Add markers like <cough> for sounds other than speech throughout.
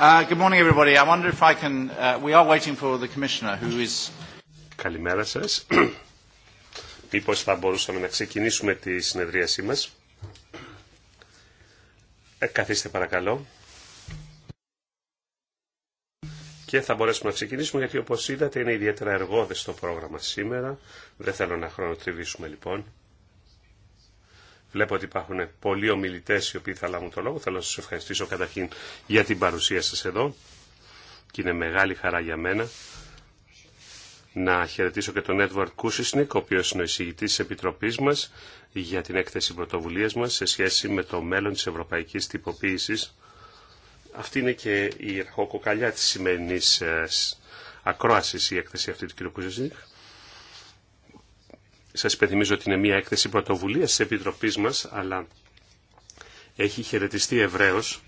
Uh, good morning everybody. I wonder if I can... Uh, we are waiting for the commissioner who is... Καλημέρα σας. <clears throat> Μήπως θα μπορούσαμε να ξεκινήσουμε τη συνεδρίασή μας. Ε, καθίστε παρακαλώ. Και θα μπορέσουμε να ξεκινήσουμε γιατί όπως είδατε είναι ιδιαίτερα εργόδες το πρόγραμμα σήμερα. Δεν θέλω να χρονοτριβήσουμε λοιπόν. Βλέπω ότι υπάρχουν πολλοί ομιλητέ οι οποίοι θα λάβουν το λόγο. Θέλω να σα ευχαριστήσω καταρχήν για την παρουσία σα εδώ και είναι μεγάλη χαρά για μένα να χαιρετήσω και τον Έντουαρτ Κούσισνικ, ο οποίο είναι ο εισηγητή τη Επιτροπή μα για την έκθεση πρωτοβουλία μα σε σχέση με το μέλλον τη ευρωπαϊκή τυποποίηση. Αυτή είναι και η αρχοκοκαλιά τη σημερινή ε, ακρόαση η έκθεση αυτή του κ. Κούσισνικ. Σας υπενθυμίζω ότι είναι μια έκθεση πρωτοβουλίας της Επιτροπής μας, αλλά έχει χαιρετιστεί ευρέως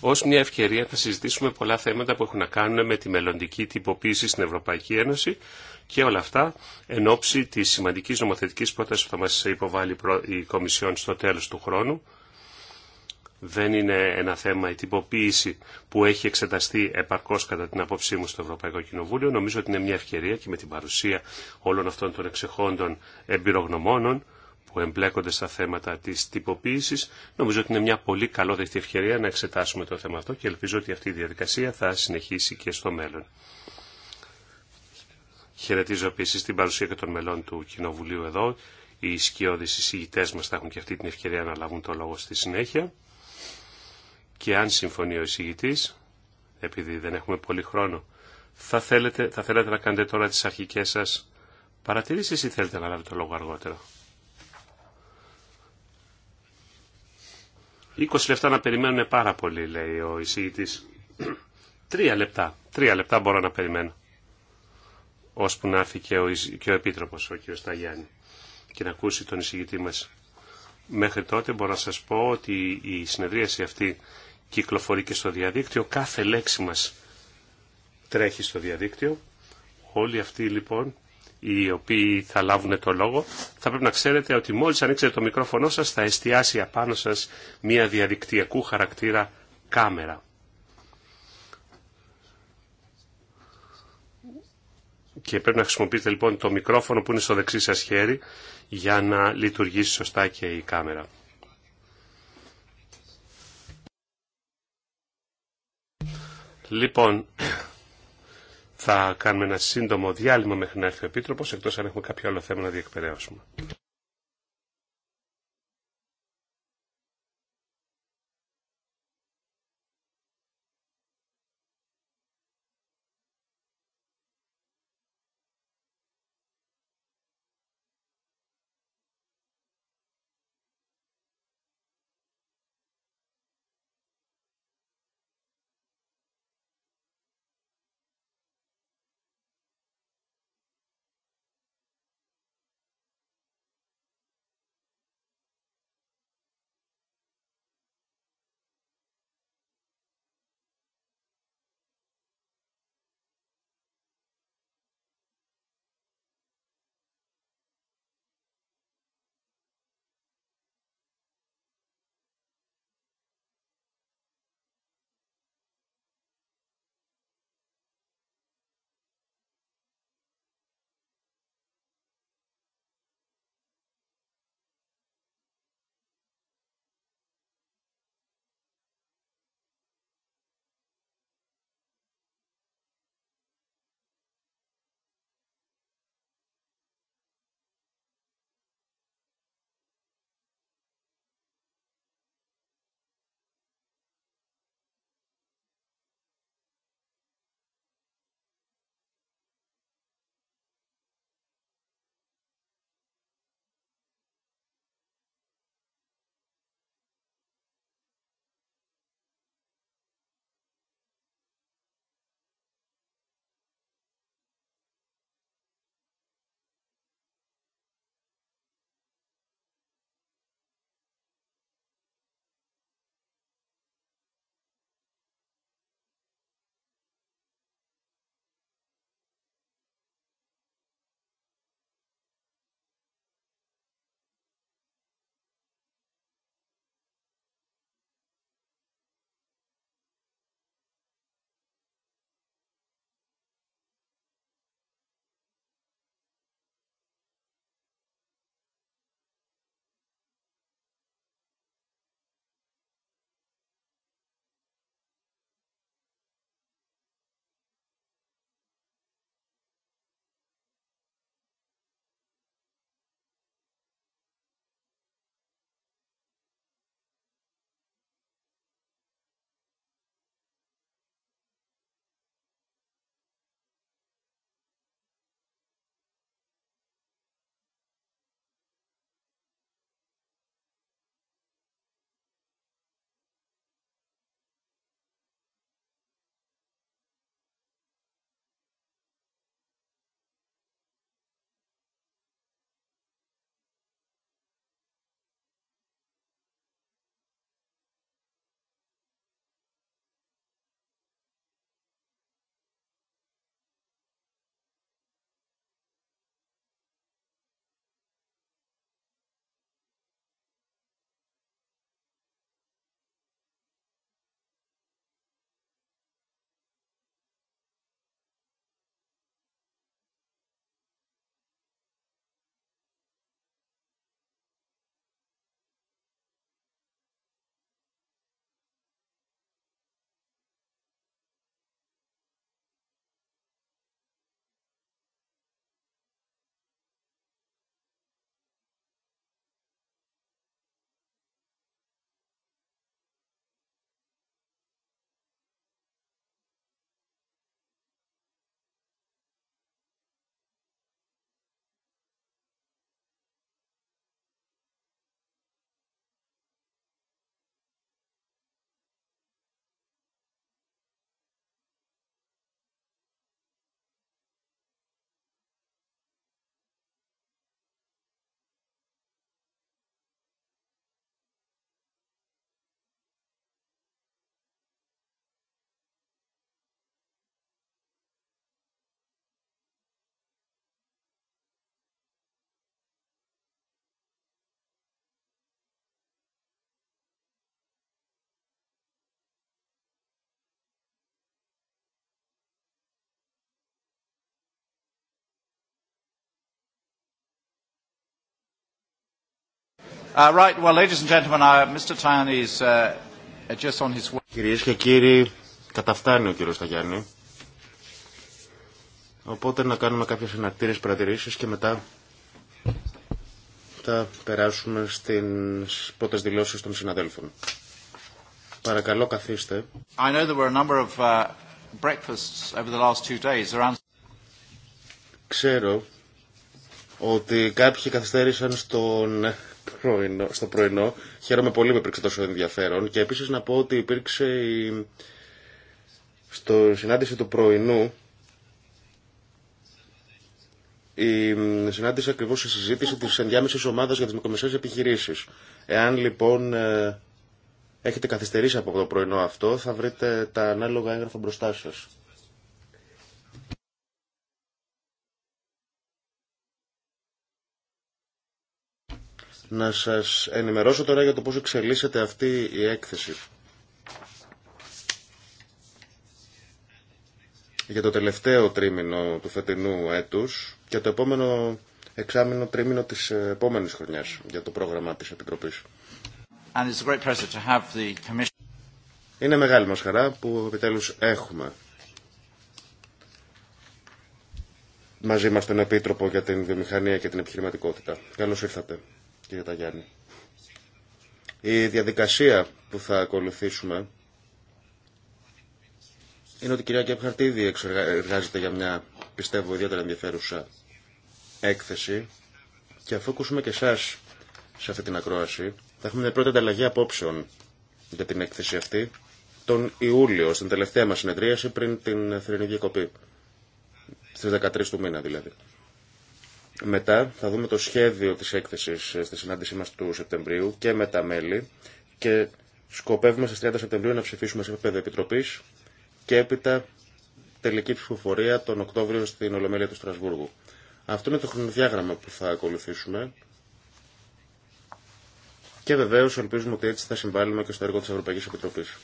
ως μια ευκαιρία θα συζητήσουμε πολλά θέματα που έχουν να κάνουν με τη μελλοντική τυποποίηση στην Ευρωπαϊκή Ένωση και όλα αυτά εν ώψη της σημαντικής νομοθετικής πρότασης που θα μας υποβάλει η Κομισιόν στο τέλος του χρόνου δεν είναι ένα θέμα η τυποποίηση που έχει εξεταστεί επαρκώς κατά την απόψή μου στο Ευρωπαϊκό Κοινοβούλιο. Νομίζω ότι είναι μια ευκαιρία και με την παρουσία όλων αυτών των εξεχόντων εμπειρογνωμόνων που εμπλέκονται στα θέματα της τυποποίησης. Νομίζω ότι είναι μια πολύ καλόδεκτη ευκαιρία να εξετάσουμε το θέμα αυτό και ελπίζω ότι αυτή η διαδικασία θα συνεχίσει και στο μέλλον. Χαιρετίζω επίση την παρουσία και των μελών του Κοινοβουλίου εδώ. Οι σκιώδεις εισηγητές μας θα έχουν και αυτή την ευκαιρία να λάβουν το λόγο στη συνέχεια και αν συμφωνεί ο εισηγητής, επειδή δεν έχουμε πολύ χρόνο, θα θέλετε, θα θέλετε να κάνετε τώρα τις αρχικές σας παρατηρήσεις ή θέλετε να λάβετε το λόγο αργότερα. 20 λεπτά να περιμένουν πάρα πολύ, λέει ο εισηγητής. <clears throat> Τρία λεπτά. Τρία λεπτά μπορώ να περιμένω. Ώσπου να έρθει και ο, και ο Επίτροπος, ο κ. Σταγιάννη, και να ακούσει τον εισηγητή μας. Μέχρι τότε μπορώ να σας πω ότι η συνεδρίαση αυτή κυκλοφορεί και στο διαδίκτυο, κάθε λέξη μας τρέχει στο διαδίκτυο. Όλοι αυτοί λοιπόν οι οποίοι θα λάβουν το λόγο, θα πρέπει να ξέρετε ότι μόλις ανοίξετε το μικρόφωνο σας θα εστιάσει απάνω σας μια διαδικτυακού χαρακτήρα κάμερα. Και πρέπει να χρησιμοποιείτε λοιπόν το μικρόφωνο που είναι στο δεξί σας χέρι για να λειτουργήσει σωστά και η κάμερα. Λοιπόν, θα κάνουμε ένα σύντομο διάλειμμα μέχρι να έρθει ο Επίτροπος, εκτός αν έχουμε κάποιο άλλο θέμα να διεκπαιρεώσουμε. Uh, well, ladies and gentlemen, uh, Mr. Is, uh, just on his... Κυρίες και κύριοι, καταφτάνει ο κύριος Σταγιάννη. Οπότε να κάνουμε κάποιες ανακτήρες παρατηρήσεις και μετά θα περάσουμε στις πρώτες δηλώσεις των συναδέλφων. Παρακαλώ καθίστε. I know there were a number of breakfasts over the last two days around... Ξέρω ότι κάποιοι καθυστέρησαν στον πρωινό, στο πρωινό. Χαίρομαι πολύ που υπήρξε τόσο ενδιαφέρον και επίσης να πω ότι υπήρξε η... στο συνάντηση του πρωινού η συνάντηση ακριβώς η συζήτηση της ενδιάμεσης ομάδας για τις μικρομεσαίες επιχειρήσεις. Εάν λοιπόν ε, έχετε καθυστερήσει από το πρωινό αυτό θα βρείτε τα ανάλογα έγγραφα μπροστά σας. Να σας ενημερώσω τώρα για το πώς εξελίσσεται αυτή η έκθεση. Για το τελευταίο τρίμηνο του φετινού έτους και το επόμενο εξάμηνο τρίμηνο της επόμενης χρονιάς για το πρόγραμμα της Επιτροπής. Είναι μεγάλη μας χαρά που επιτέλους έχουμε μαζί μας τον Επίτροπο για την Βιομηχανία και την Επιχειρηματικότητα. Καλώς ήρθατε κύριε Ταγιάννη. Η διαδικασία που θα ακολουθήσουμε είναι ότι η κυρία Κέπχαρτ ήδη εργάζεται για μια, πιστεύω, ιδιαίτερα ενδιαφέρουσα έκθεση. Και αφού ακούσουμε και εσά σε αυτή την ακρόαση, θα έχουμε μια πρώτη ανταλλαγή απόψεων για την έκθεση αυτή τον Ιούλιο, στην τελευταία μα συνεδρίαση πριν την θρηνή διακοπή. Στι 13 του μήνα δηλαδή. Μετά θα δούμε το σχέδιο της έκθεσης ε, στη συνάντησή μας του Σεπτεμβρίου και με τα μέλη και σκοπεύουμε στις 30 Σεπτεμβρίου να ψηφίσουμε σε επίπεδο επιτροπής και έπειτα τελική ψηφοφορία τον Οκτώβριο στην Ολομέλεια του Στρασβούργου. Αυτό είναι το χρονοδιάγραμμα που θα ακολουθήσουμε και βεβαίω ελπίζουμε ότι έτσι θα συμβάλλουμε και στο έργο τη Ευρωπαϊκή Επιτροπής.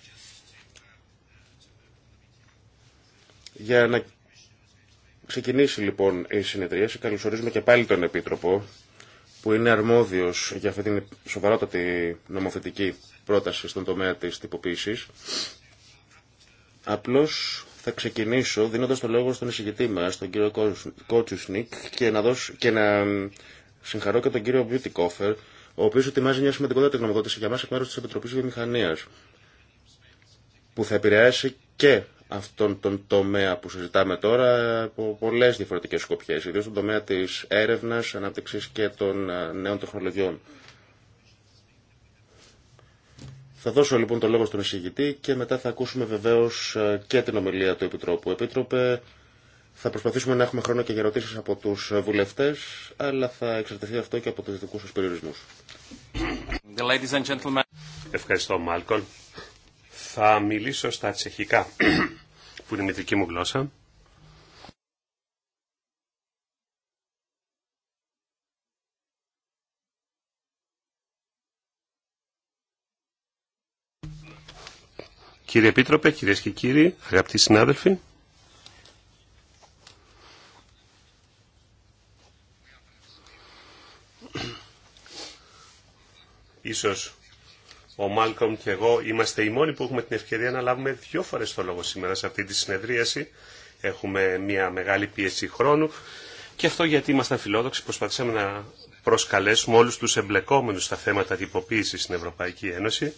Για να ξεκινήσει λοιπόν η συνεδρίαση. Καλωσορίζουμε και πάλι τον Επίτροπο που είναι αρμόδιο για αυτή την σοβαρότατη νομοθετική πρόταση στον τομέα τη τυποποίηση. Απλώ θα ξεκινήσω δίνοντα το λόγο στον εισηγητή μα, τον κύριο Κότσουσνικ και να, δώσω, και να συγχαρώ και τον κύριο Beauty ο οποίο ετοιμάζει μια σημαντικότητα γνωμοδότηση για μα εκ μέρου τη Επιτροπή Βιομηχανία, που θα επηρεάσει και αυτόν τον τομέα που συζητάμε τώρα από πολλές διαφορετικές σκοπιές, ιδίως τον τομέα της έρευνας, ανάπτυξης και των ε, νέων τεχνολογιών. Θα δώσω λοιπόν το λόγο στον εισηγητή και μετά θα ακούσουμε βεβαίως ε, και την ομιλία του Επιτρόπου. Επίτροπε, θα προσπαθήσουμε να έχουμε χρόνο και για ερωτήσεις από τους βουλευτές, αλλά θα εξαρτηθεί αυτό και από τους δικού σας περιορισμούς. Ευχαριστώ Μάλκον. Θα μιλήσω στα τσεχικά, <clears throat> που είναι η μητρική μου γλώσσα. Κύριε Επίτροπε, κυρίες και κύριοι, αγαπητοί συνάδελφοι, <clears throat> ίσως ο Μάλκομ και εγώ είμαστε οι μόνοι που έχουμε την ευκαιρία να λάβουμε δύο φορέ το λόγο σήμερα σε αυτή τη συνεδρίαση. Έχουμε μια μεγάλη πίεση χρόνου και αυτό γιατί ήμασταν φιλόδοξοι, προσπαθήσαμε να προσκαλέσουμε όλου του εμπλεκόμενου στα θέματα τυποποίηση στην Ευρωπαϊκή Ένωση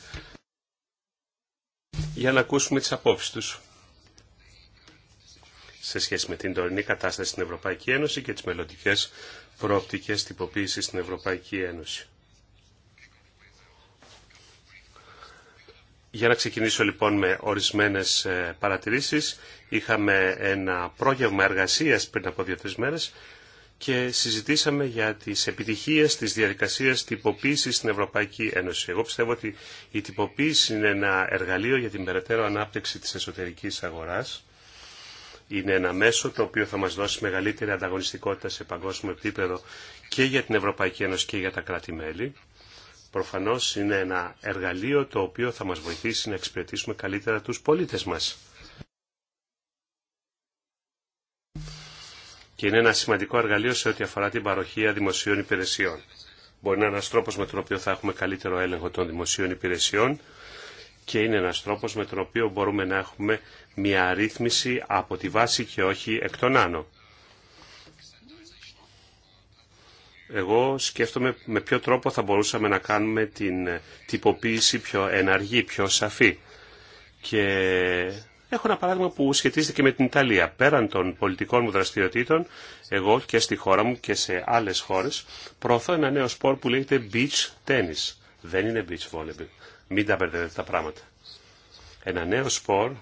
για να ακούσουμε τι απόψει του σε σχέση με την τωρινή κατάσταση στην Ευρωπαϊκή Ένωση και τις μελλοντικέ προοπτικές τυποποίησης στην Ευρωπαϊκή Ένωση. Για να ξεκινήσω λοιπόν με ορισμένες ε, παρατηρήσεις. Είχαμε ένα πρόγευμα εργασίας πριν από δύο-τρεις μέρες και συζητήσαμε για τις επιτυχίες της διαδικασίας τυποποίησης στην Ευρωπαϊκή Ένωση. Εγώ πιστεύω ότι η τυποποίηση είναι ένα εργαλείο για την περαιτέρω ανάπτυξη της εσωτερικής αγοράς. Είναι ένα μέσο το οποίο θα μας δώσει μεγαλύτερη ανταγωνιστικότητα σε παγκόσμιο επίπεδο και για την Ευρωπαϊκή Ένωση και για τα κράτη-μέλη προφανώς είναι ένα εργαλείο το οποίο θα μας βοηθήσει να εξυπηρετήσουμε καλύτερα τους πολίτες μας. Και είναι ένα σημαντικό εργαλείο σε ό,τι αφορά την παροχή δημοσίων υπηρεσιών. Μπορεί να είναι ένας τρόπος με τον οποίο θα έχουμε καλύτερο έλεγχο των δημοσίων υπηρεσιών και είναι ένας τρόπος με τον οποίο μπορούμε να έχουμε μια αρρύθμιση από τη βάση και όχι εκ των άνω. Εγώ σκέφτομαι με ποιο τρόπο θα μπορούσαμε να κάνουμε την τυποποίηση πιο εναργή, πιο σαφή. Και έχω ένα παράδειγμα που σχετίζεται και με την Ιταλία. Πέραν των πολιτικών μου δραστηριοτήτων, εγώ και στη χώρα μου και σε άλλες χώρες, προωθώ ένα νέο σπορ που λέγεται beach tennis. Δεν είναι beach volleyball. Μην τα μπερδεύετε τα πράγματα. Ένα νέο σπορ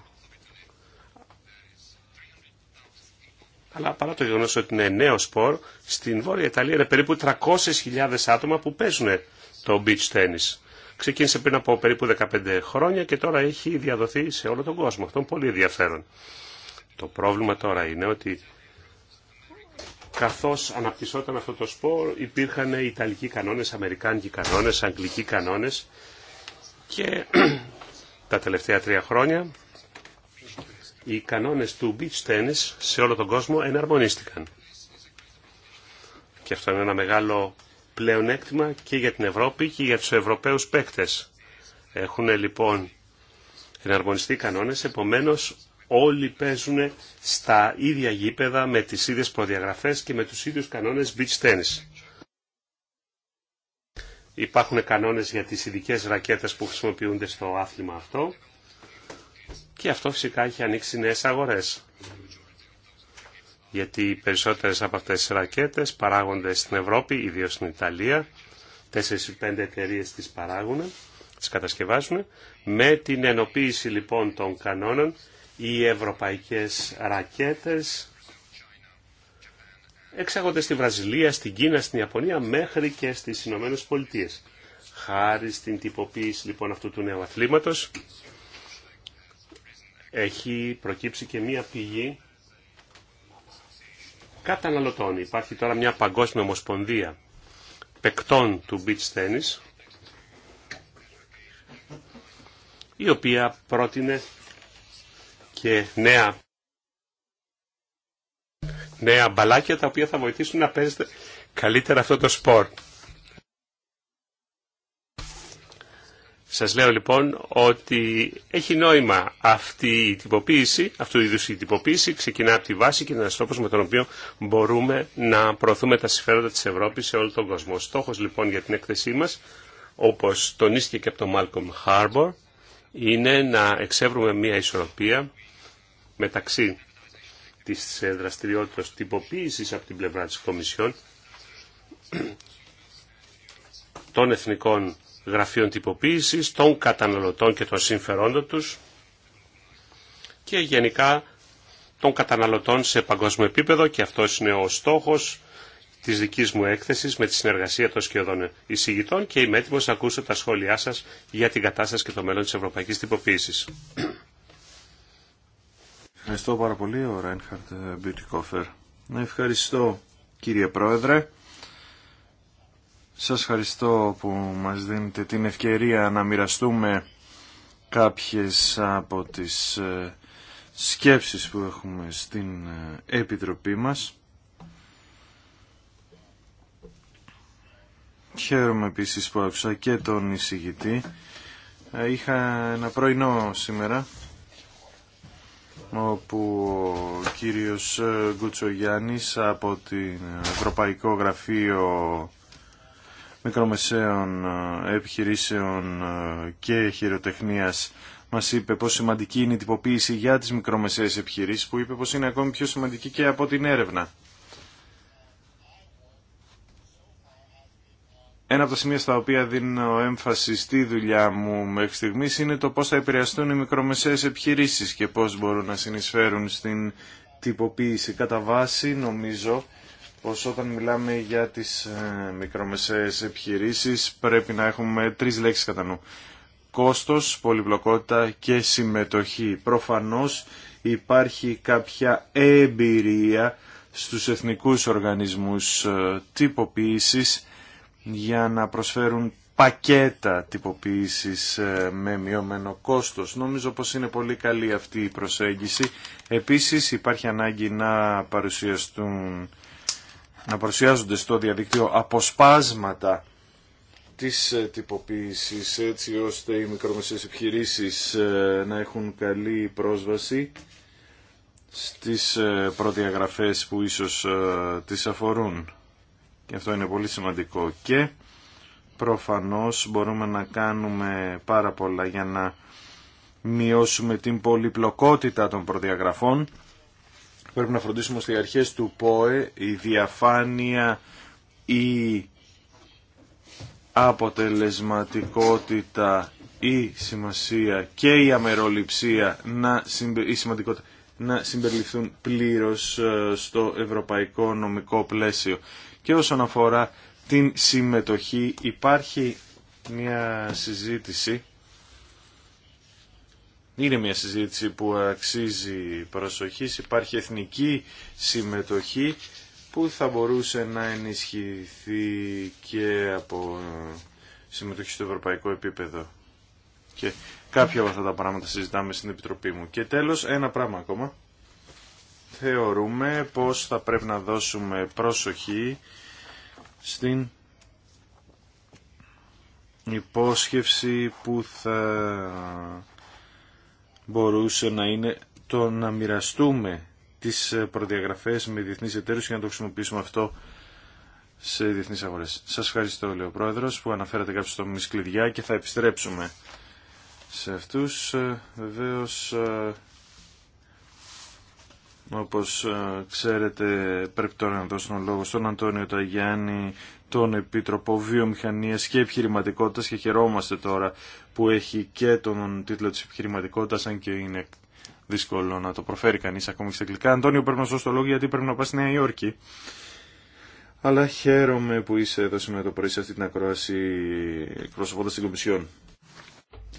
Αλλά παρά το γεγονό ότι είναι νέο σπορ, στην Βόρεια Ιταλία είναι περίπου 300.000 άτομα που παίζουν το beach tennis. Ξεκίνησε πριν από περίπου 15 χρόνια και τώρα έχει διαδοθεί σε όλο τον κόσμο. Αυτό είναι πολύ ενδιαφέρον. Το πρόβλημα τώρα είναι ότι καθώς αναπτυσσόταν αυτό το σπορ υπήρχαν Ιταλικοί κανόνες, Αμερικάνικοι κανόνες, Αγγλικοί κανόνες και <clears throat> τα τελευταία τρία χρόνια οι κανόνες του beach tennis σε όλο τον κόσμο εναρμονίστηκαν. Και αυτό είναι ένα μεγάλο πλεονέκτημα και για την Ευρώπη και για τους Ευρωπαίους παίκτες. Έχουν λοιπόν εναρμονιστεί κανόνες, επομένως όλοι παίζουν στα ίδια γήπεδα με τις ίδιες προδιαγραφές και με τους ίδιους κανόνες beach tennis. Υπάρχουν κανόνες για τις ειδικές ρακέτες που χρησιμοποιούνται στο άθλημα αυτό και αυτό φυσικά έχει ανοίξει νέες αγορές. Γιατί οι περισσότερες από αυτές τις ρακέτες παράγονται στην Ευρώπη, ιδίως στην ιταλια ή πέντε εταιρείε τις παράγουν, τις κατασκευάζουν. Με την ενοποίηση λοιπόν των κανόνων, οι ευρωπαϊκές ρακέτες εξάγονται στη Βραζιλία, στην Κίνα, στην Ιαπωνία, μέχρι και στις Ηνωμένε Πολιτείε. Χάρη στην τυποποίηση λοιπόν αυτού του νέου αθλήματος, έχει προκύψει και μία πηγή καταναλωτών. Υπάρχει τώρα μια παγκόσμια ομοσπονδία παικτών του beach tennis η οποία πρότεινε και νέα νέα μπαλάκια τα οποία θα βοηθήσουν να παίζετε καλύτερα αυτό το σπορ. Σας λέω λοιπόν ότι έχει νόημα αυτή η τυποποίηση, αυτού του είδους η τυποποίηση ξεκινά από τη βάση και είναι ένας με τον οποίο μπορούμε να προωθούμε τα συμφέροντα της Ευρώπης σε όλο τον κόσμο. Ο στόχος λοιπόν για την έκθεσή μας, όπως τονίστηκε και από τον Malcolm Harbour, είναι να εξεύρουμε μια ισορροπία μεταξύ της δραστηριότητας τυποποίησης από την πλευρά της Κομισιόν των εθνικών γραφείων τυποποίησης των καταναλωτών και των συμφερόντων τους και γενικά των καταναλωτών σε παγκόσμιο επίπεδο και αυτό είναι ο στόχος της δικής μου έκθεσης με τη συνεργασία των σχεδόν εισηγητών και είμαι έτοιμος να ακούσω τα σχόλιά σας για την κατάσταση και το μέλλον της ευρωπαϊκής τυποποίησης. Ευχαριστώ πάρα πολύ ο Ρένχαρτ Μπιουτικόφερ. Ευχαριστώ κύριε Πρόεδρε. Σας ευχαριστώ που μας δίνετε την ευκαιρία να μοιραστούμε κάποιες από τις ε, σκέψεις που έχουμε στην ε, Επιτροπή μας. Χαίρομαι επίσης που άκουσα και τον εισηγητή. Ε, είχα ένα πρωινό σήμερα όπου ο κύριος Γκουτσογιάννης από την Ευρωπαϊκό Γραφείο μικρομεσαίων ε, επιχειρήσεων ε, και χειροτεχνίας μας είπε πόσο σημαντική είναι η τυποποίηση για τις μικρομεσαίες επιχειρήσεις που είπε πως είναι ακόμη πιο σημαντική και από την έρευνα. Ένα από τα σημεία στα οποία δίνω έμφαση στη δουλειά μου μέχρι στιγμή είναι το πώς θα επηρεαστούν οι μικρομεσαίες επιχειρήσεις και πώς μπορούν να συνεισφέρουν στην τυποποίηση. Κατά βάση νομίζω πως όταν μιλάμε για τις ε, μικρομεσαίες επιχειρήσεις πρέπει να έχουμε τρεις λέξεις κατά νου. Κόστος, πολυπλοκότητα και συμμετοχή. Προφανώς υπάρχει κάποια εμπειρία στους εθνικούς οργανισμούς ε, τυποποίησης για να προσφέρουν πακέτα τυποποίησης ε, με μειωμένο κόστος. Νομίζω πως είναι πολύ καλή αυτή η προσέγγιση. Επίσης υπάρχει ανάγκη να παρουσιαστούν να παρουσιάζονται στο διαδίκτυο αποσπάσματα της ε, τυποποίησης έτσι ώστε οι μικρομεσαίες επιχειρήσεις ε, να έχουν καλή πρόσβαση στις ε, προδιαγραφές που ίσως τις αφορούν. Και αυτό είναι πολύ σημαντικό. Και προφανώς μπορούμε να κάνουμε πάρα πολλά για να μειώσουμε την πολυπλοκότητα των προδιαγραφών πρέπει να φροντίσουμε στις αρχές του ΠΟΕ η διαφάνεια, η αποτελεσματικότητα, η σημασία και η αμεροληψία να, συμπε... να συμπεριληφθούν πλήρως ε, στο ευρωπαϊκό νομικό πλαίσιο. Και όσον αφορά την συμμετοχή υπάρχει μια συζήτηση είναι μια συζήτηση που αξίζει προσοχή. Υπάρχει εθνική συμμετοχή που θα μπορούσε να ενισχυθεί και από ε, συμμετοχή στο ευρωπαϊκό επίπεδο. Και κάποια από αυτά τα πράγματα συζητάμε στην Επιτροπή μου. Και τέλος, ένα πράγμα ακόμα. Θεωρούμε πως θα πρέπει να δώσουμε προσοχή στην υπόσχευση που θα μπορούσε να είναι το να μοιραστούμε τις ε, προδιαγραφές με διεθνείς εταίρους για να το χρησιμοποιήσουμε αυτό σε διεθνείς αγορές. Σας ευχαριστώ, λέει ο Πρόεδρος, που αναφέρατε κάποιους τομείς κλειδιά και θα επιστρέψουμε σε αυτούς. Ε, βεβαίως, ε, όπως ξέρετε, πρέπει τώρα να δώσουμε τον λόγο στον Αντώνιο Ταγιάννη, τον Επίτροπο βιομηχανία και επιχειρηματικότητα και χαιρόμαστε τώρα που έχει και τον τίτλο της επιχειρηματικότητα, αν και είναι δύσκολο να το προφέρει κανείς ακόμη στα αγγλικά. Αντώνιο πρέπει να σου το λόγο γιατί πρέπει να πας στη Νέα Υόρκη. Αλλά χαίρομαι που είσαι εδώ σήμερα το πρωί σε αυτή την ακρόαση εκπροσωπώντας την Κομισιόν.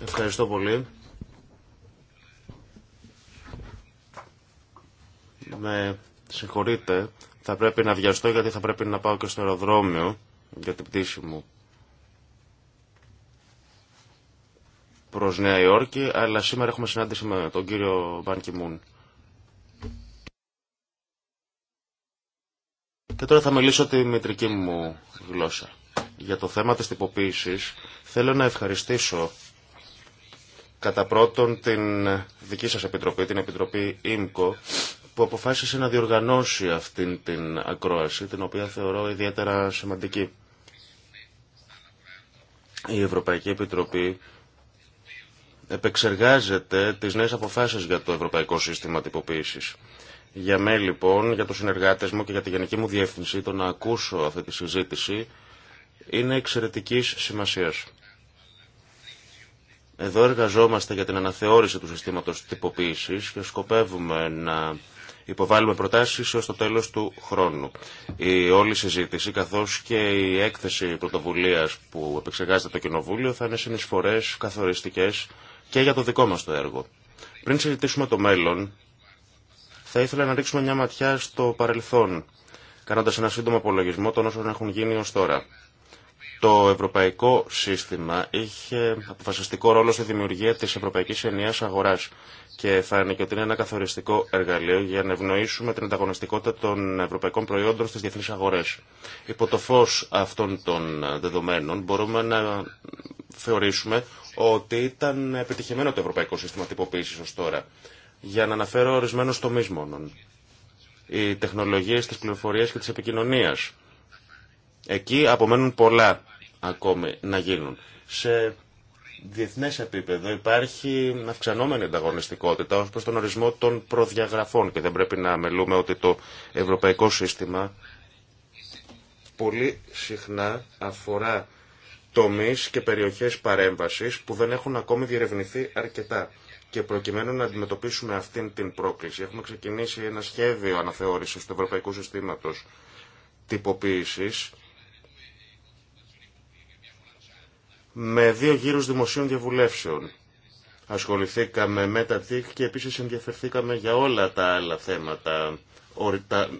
Ευχαριστώ πολύ. Με συγχωρείτε θα πρέπει να βιαστώ γιατί θα πρέπει να πάω και στο αεροδρόμιο για την πτήση μου προς Νέα Υόρκη, αλλά σήμερα έχουμε συνάντηση με τον κύριο Μπαν Κιμούν. Και τώρα θα μιλήσω τη μητρική μου γλώσσα. Για το θέμα της τυποποίησης θέλω να ευχαριστήσω κατά πρώτον την δική σας επιτροπή, την Επιτροπή ΙΜΚΟ, που αποφάσισε να διοργανώσει αυτήν την ακρόαση, την οποία θεωρώ ιδιαίτερα σημαντική. Η Ευρωπαϊκή Επιτροπή επεξεργάζεται τις νέες αποφάσεις για το Ευρωπαϊκό Σύστημα Τυποποίησης. Για μέ λοιπόν, για το συνεργάτες μου και για τη γενική μου διεύθυνση, το να ακούσω αυτή τη συζήτηση είναι εξαιρετικής σημασίας. Εδώ εργαζόμαστε για την αναθεώρηση του συστήματος τυποποίησης και σκοπεύουμε να Υποβάλλουμε προτάσεις έως το τέλος του χρόνου. Η όλη συζήτηση καθώς και η έκθεση πρωτοβουλίας που επεξεργάζεται το Κοινοβούλιο θα είναι συνεισφορές καθοριστικές και για το δικό μας το έργο. Πριν συζητήσουμε το μέλλον, θα ήθελα να ρίξουμε μια ματιά στο παρελθόν, κάνοντας ένα σύντομο απολογισμό των όσων έχουν γίνει ως τώρα. Το ευρωπαϊκό σύστημα είχε αποφασιστικό ρόλο στη δημιουργία της ευρωπαϊκής ενιαίας αγοράς και φάνηκε ότι είναι ένα καθοριστικό εργαλείο για να ευνοήσουμε την ανταγωνιστικότητα των ευρωπαϊκών προϊόντων στις διεθνείς αγορές. Υπό το φως αυτών των δεδομένων μπορούμε να θεωρήσουμε ότι ήταν επιτυχημένο το ευρωπαϊκό σύστημα τυποποίησης ως τώρα. Για να αναφέρω ορισμένους τομείς μόνον. Οι τεχνολογίες της πληροφορίας και της επικοινωνίας. Εκεί απομένουν πολλά ακόμη να γίνουν. Σε διεθνέ επίπεδο υπάρχει αυξανόμενη ανταγωνιστικότητα ω προ τον ορισμό των προδιαγραφών και δεν πρέπει να μελούμε ότι το ευρωπαϊκό σύστημα πολύ συχνά αφορά τομεί και περιοχέ παρέμβαση που δεν έχουν ακόμη διερευνηθεί αρκετά. Και προκειμένου να αντιμετωπίσουμε αυτήν την πρόκληση, έχουμε ξεκινήσει ένα σχέδιο αναθεώρηση του ευρωπαϊκού συστήματο τυποποίηση με δύο γύρους δημοσίων διαβουλεύσεων. Ασχοληθήκαμε με τα ΤΙΚ και επίσης ενδιαφερθήκαμε για όλα τα άλλα θέματα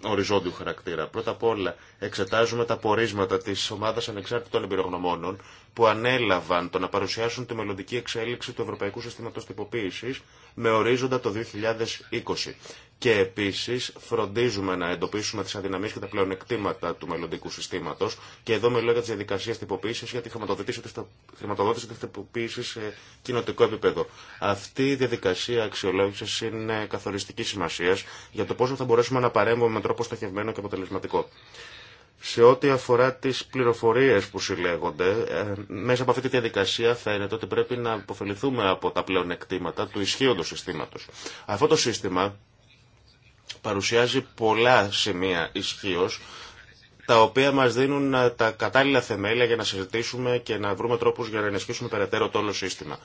οριζόντιου χαρακτήρα. Πρώτα απ' όλα εξετάζουμε τα πορίσματα της ομάδας ανεξάρτητων εμπειρογνωμόνων που ανέλαβαν το να παρουσιάσουν τη μελλοντική εξέλιξη του Ευρωπαϊκού συστήματο τυποποίηση με ορίζοντα το 2020. Και επίση φροντίζουμε να εντοπίσουμε τι αδυναμίες και τα πλεονεκτήματα του μελλοντικού συστήματο και εδώ μιλώ για τι διαδικασίε τυποποίηση για τη χρηματοδότηση τη τυποποίηση σε κοινοτικό επίπεδο. Αυτή η διαδικασία αξιολόγηση είναι καθοριστική σημασία για το πόσο θα μπορέσουμε να παρέμβουμε με τρόπο στοχευμένο και αποτελεσματικό σε ό,τι αφορά τις πληροφορίες που συλλέγονται, ε, μέσα από αυτή τη διαδικασία φαίνεται ότι πρέπει να υποφεληθούμε από τα πλεονεκτήματα του ισχύοντος συστήματος. Αυτό το σύστημα παρουσιάζει πολλά σημεία ισχύω, τα οποία μας δίνουν ε, τα κατάλληλα θεμέλια για να συζητήσουμε και να βρούμε τρόπους για να ενισχύσουμε περαιτέρω το όλο σύστημα.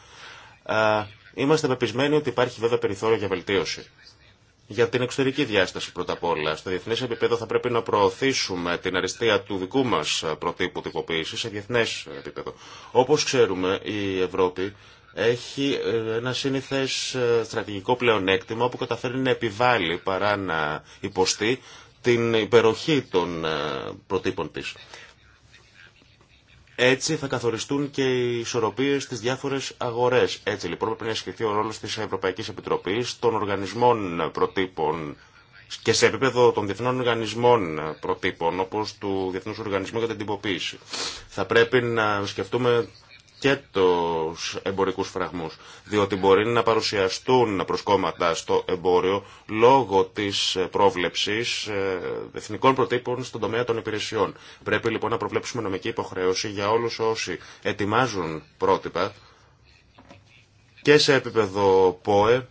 Ε, είμαστε πεπισμένοι ότι υπάρχει βέβαια περιθώριο για βελτίωση για την εξωτερική διάσταση πρώτα απ' όλα. Στο διεθνέ επίπεδο θα πρέπει να προωθήσουμε την αριστεία του δικού μα προτύπου τυποποίηση σε διεθνέ επίπεδο. Όπω ξέρουμε, η Ευρώπη έχει ε, ένα σύνηθε ε, στρατηγικό πλεονέκτημα που καταφέρει να επιβάλλει παρά να υποστεί την υπεροχή των ε, προτύπων της. Έτσι θα καθοριστούν και οι ισορροπίε στι διάφορε αγορέ. Έτσι λοιπόν πρέπει να ισχυθεί ο ρόλο τη Ευρωπαϊκή Επιτροπή, των οργανισμών προτύπων και σε επίπεδο των διεθνών οργανισμών προτύπων, όπω του Διεθνού Οργανισμού για την Τυποποίηση. Θα πρέπει να σκεφτούμε και τους εμπορικούς φραγμούς, διότι μπορεί να παρουσιαστούν προσκόμματα στο εμπόριο λόγω της πρόβλεψης ε, εθνικών προτύπων στον τομέα των υπηρεσιών. Πρέπει λοιπόν να προβλέψουμε νομική υποχρέωση για όλους όσοι ετοιμάζουν πρότυπα και σε επίπεδο ΠΟΕ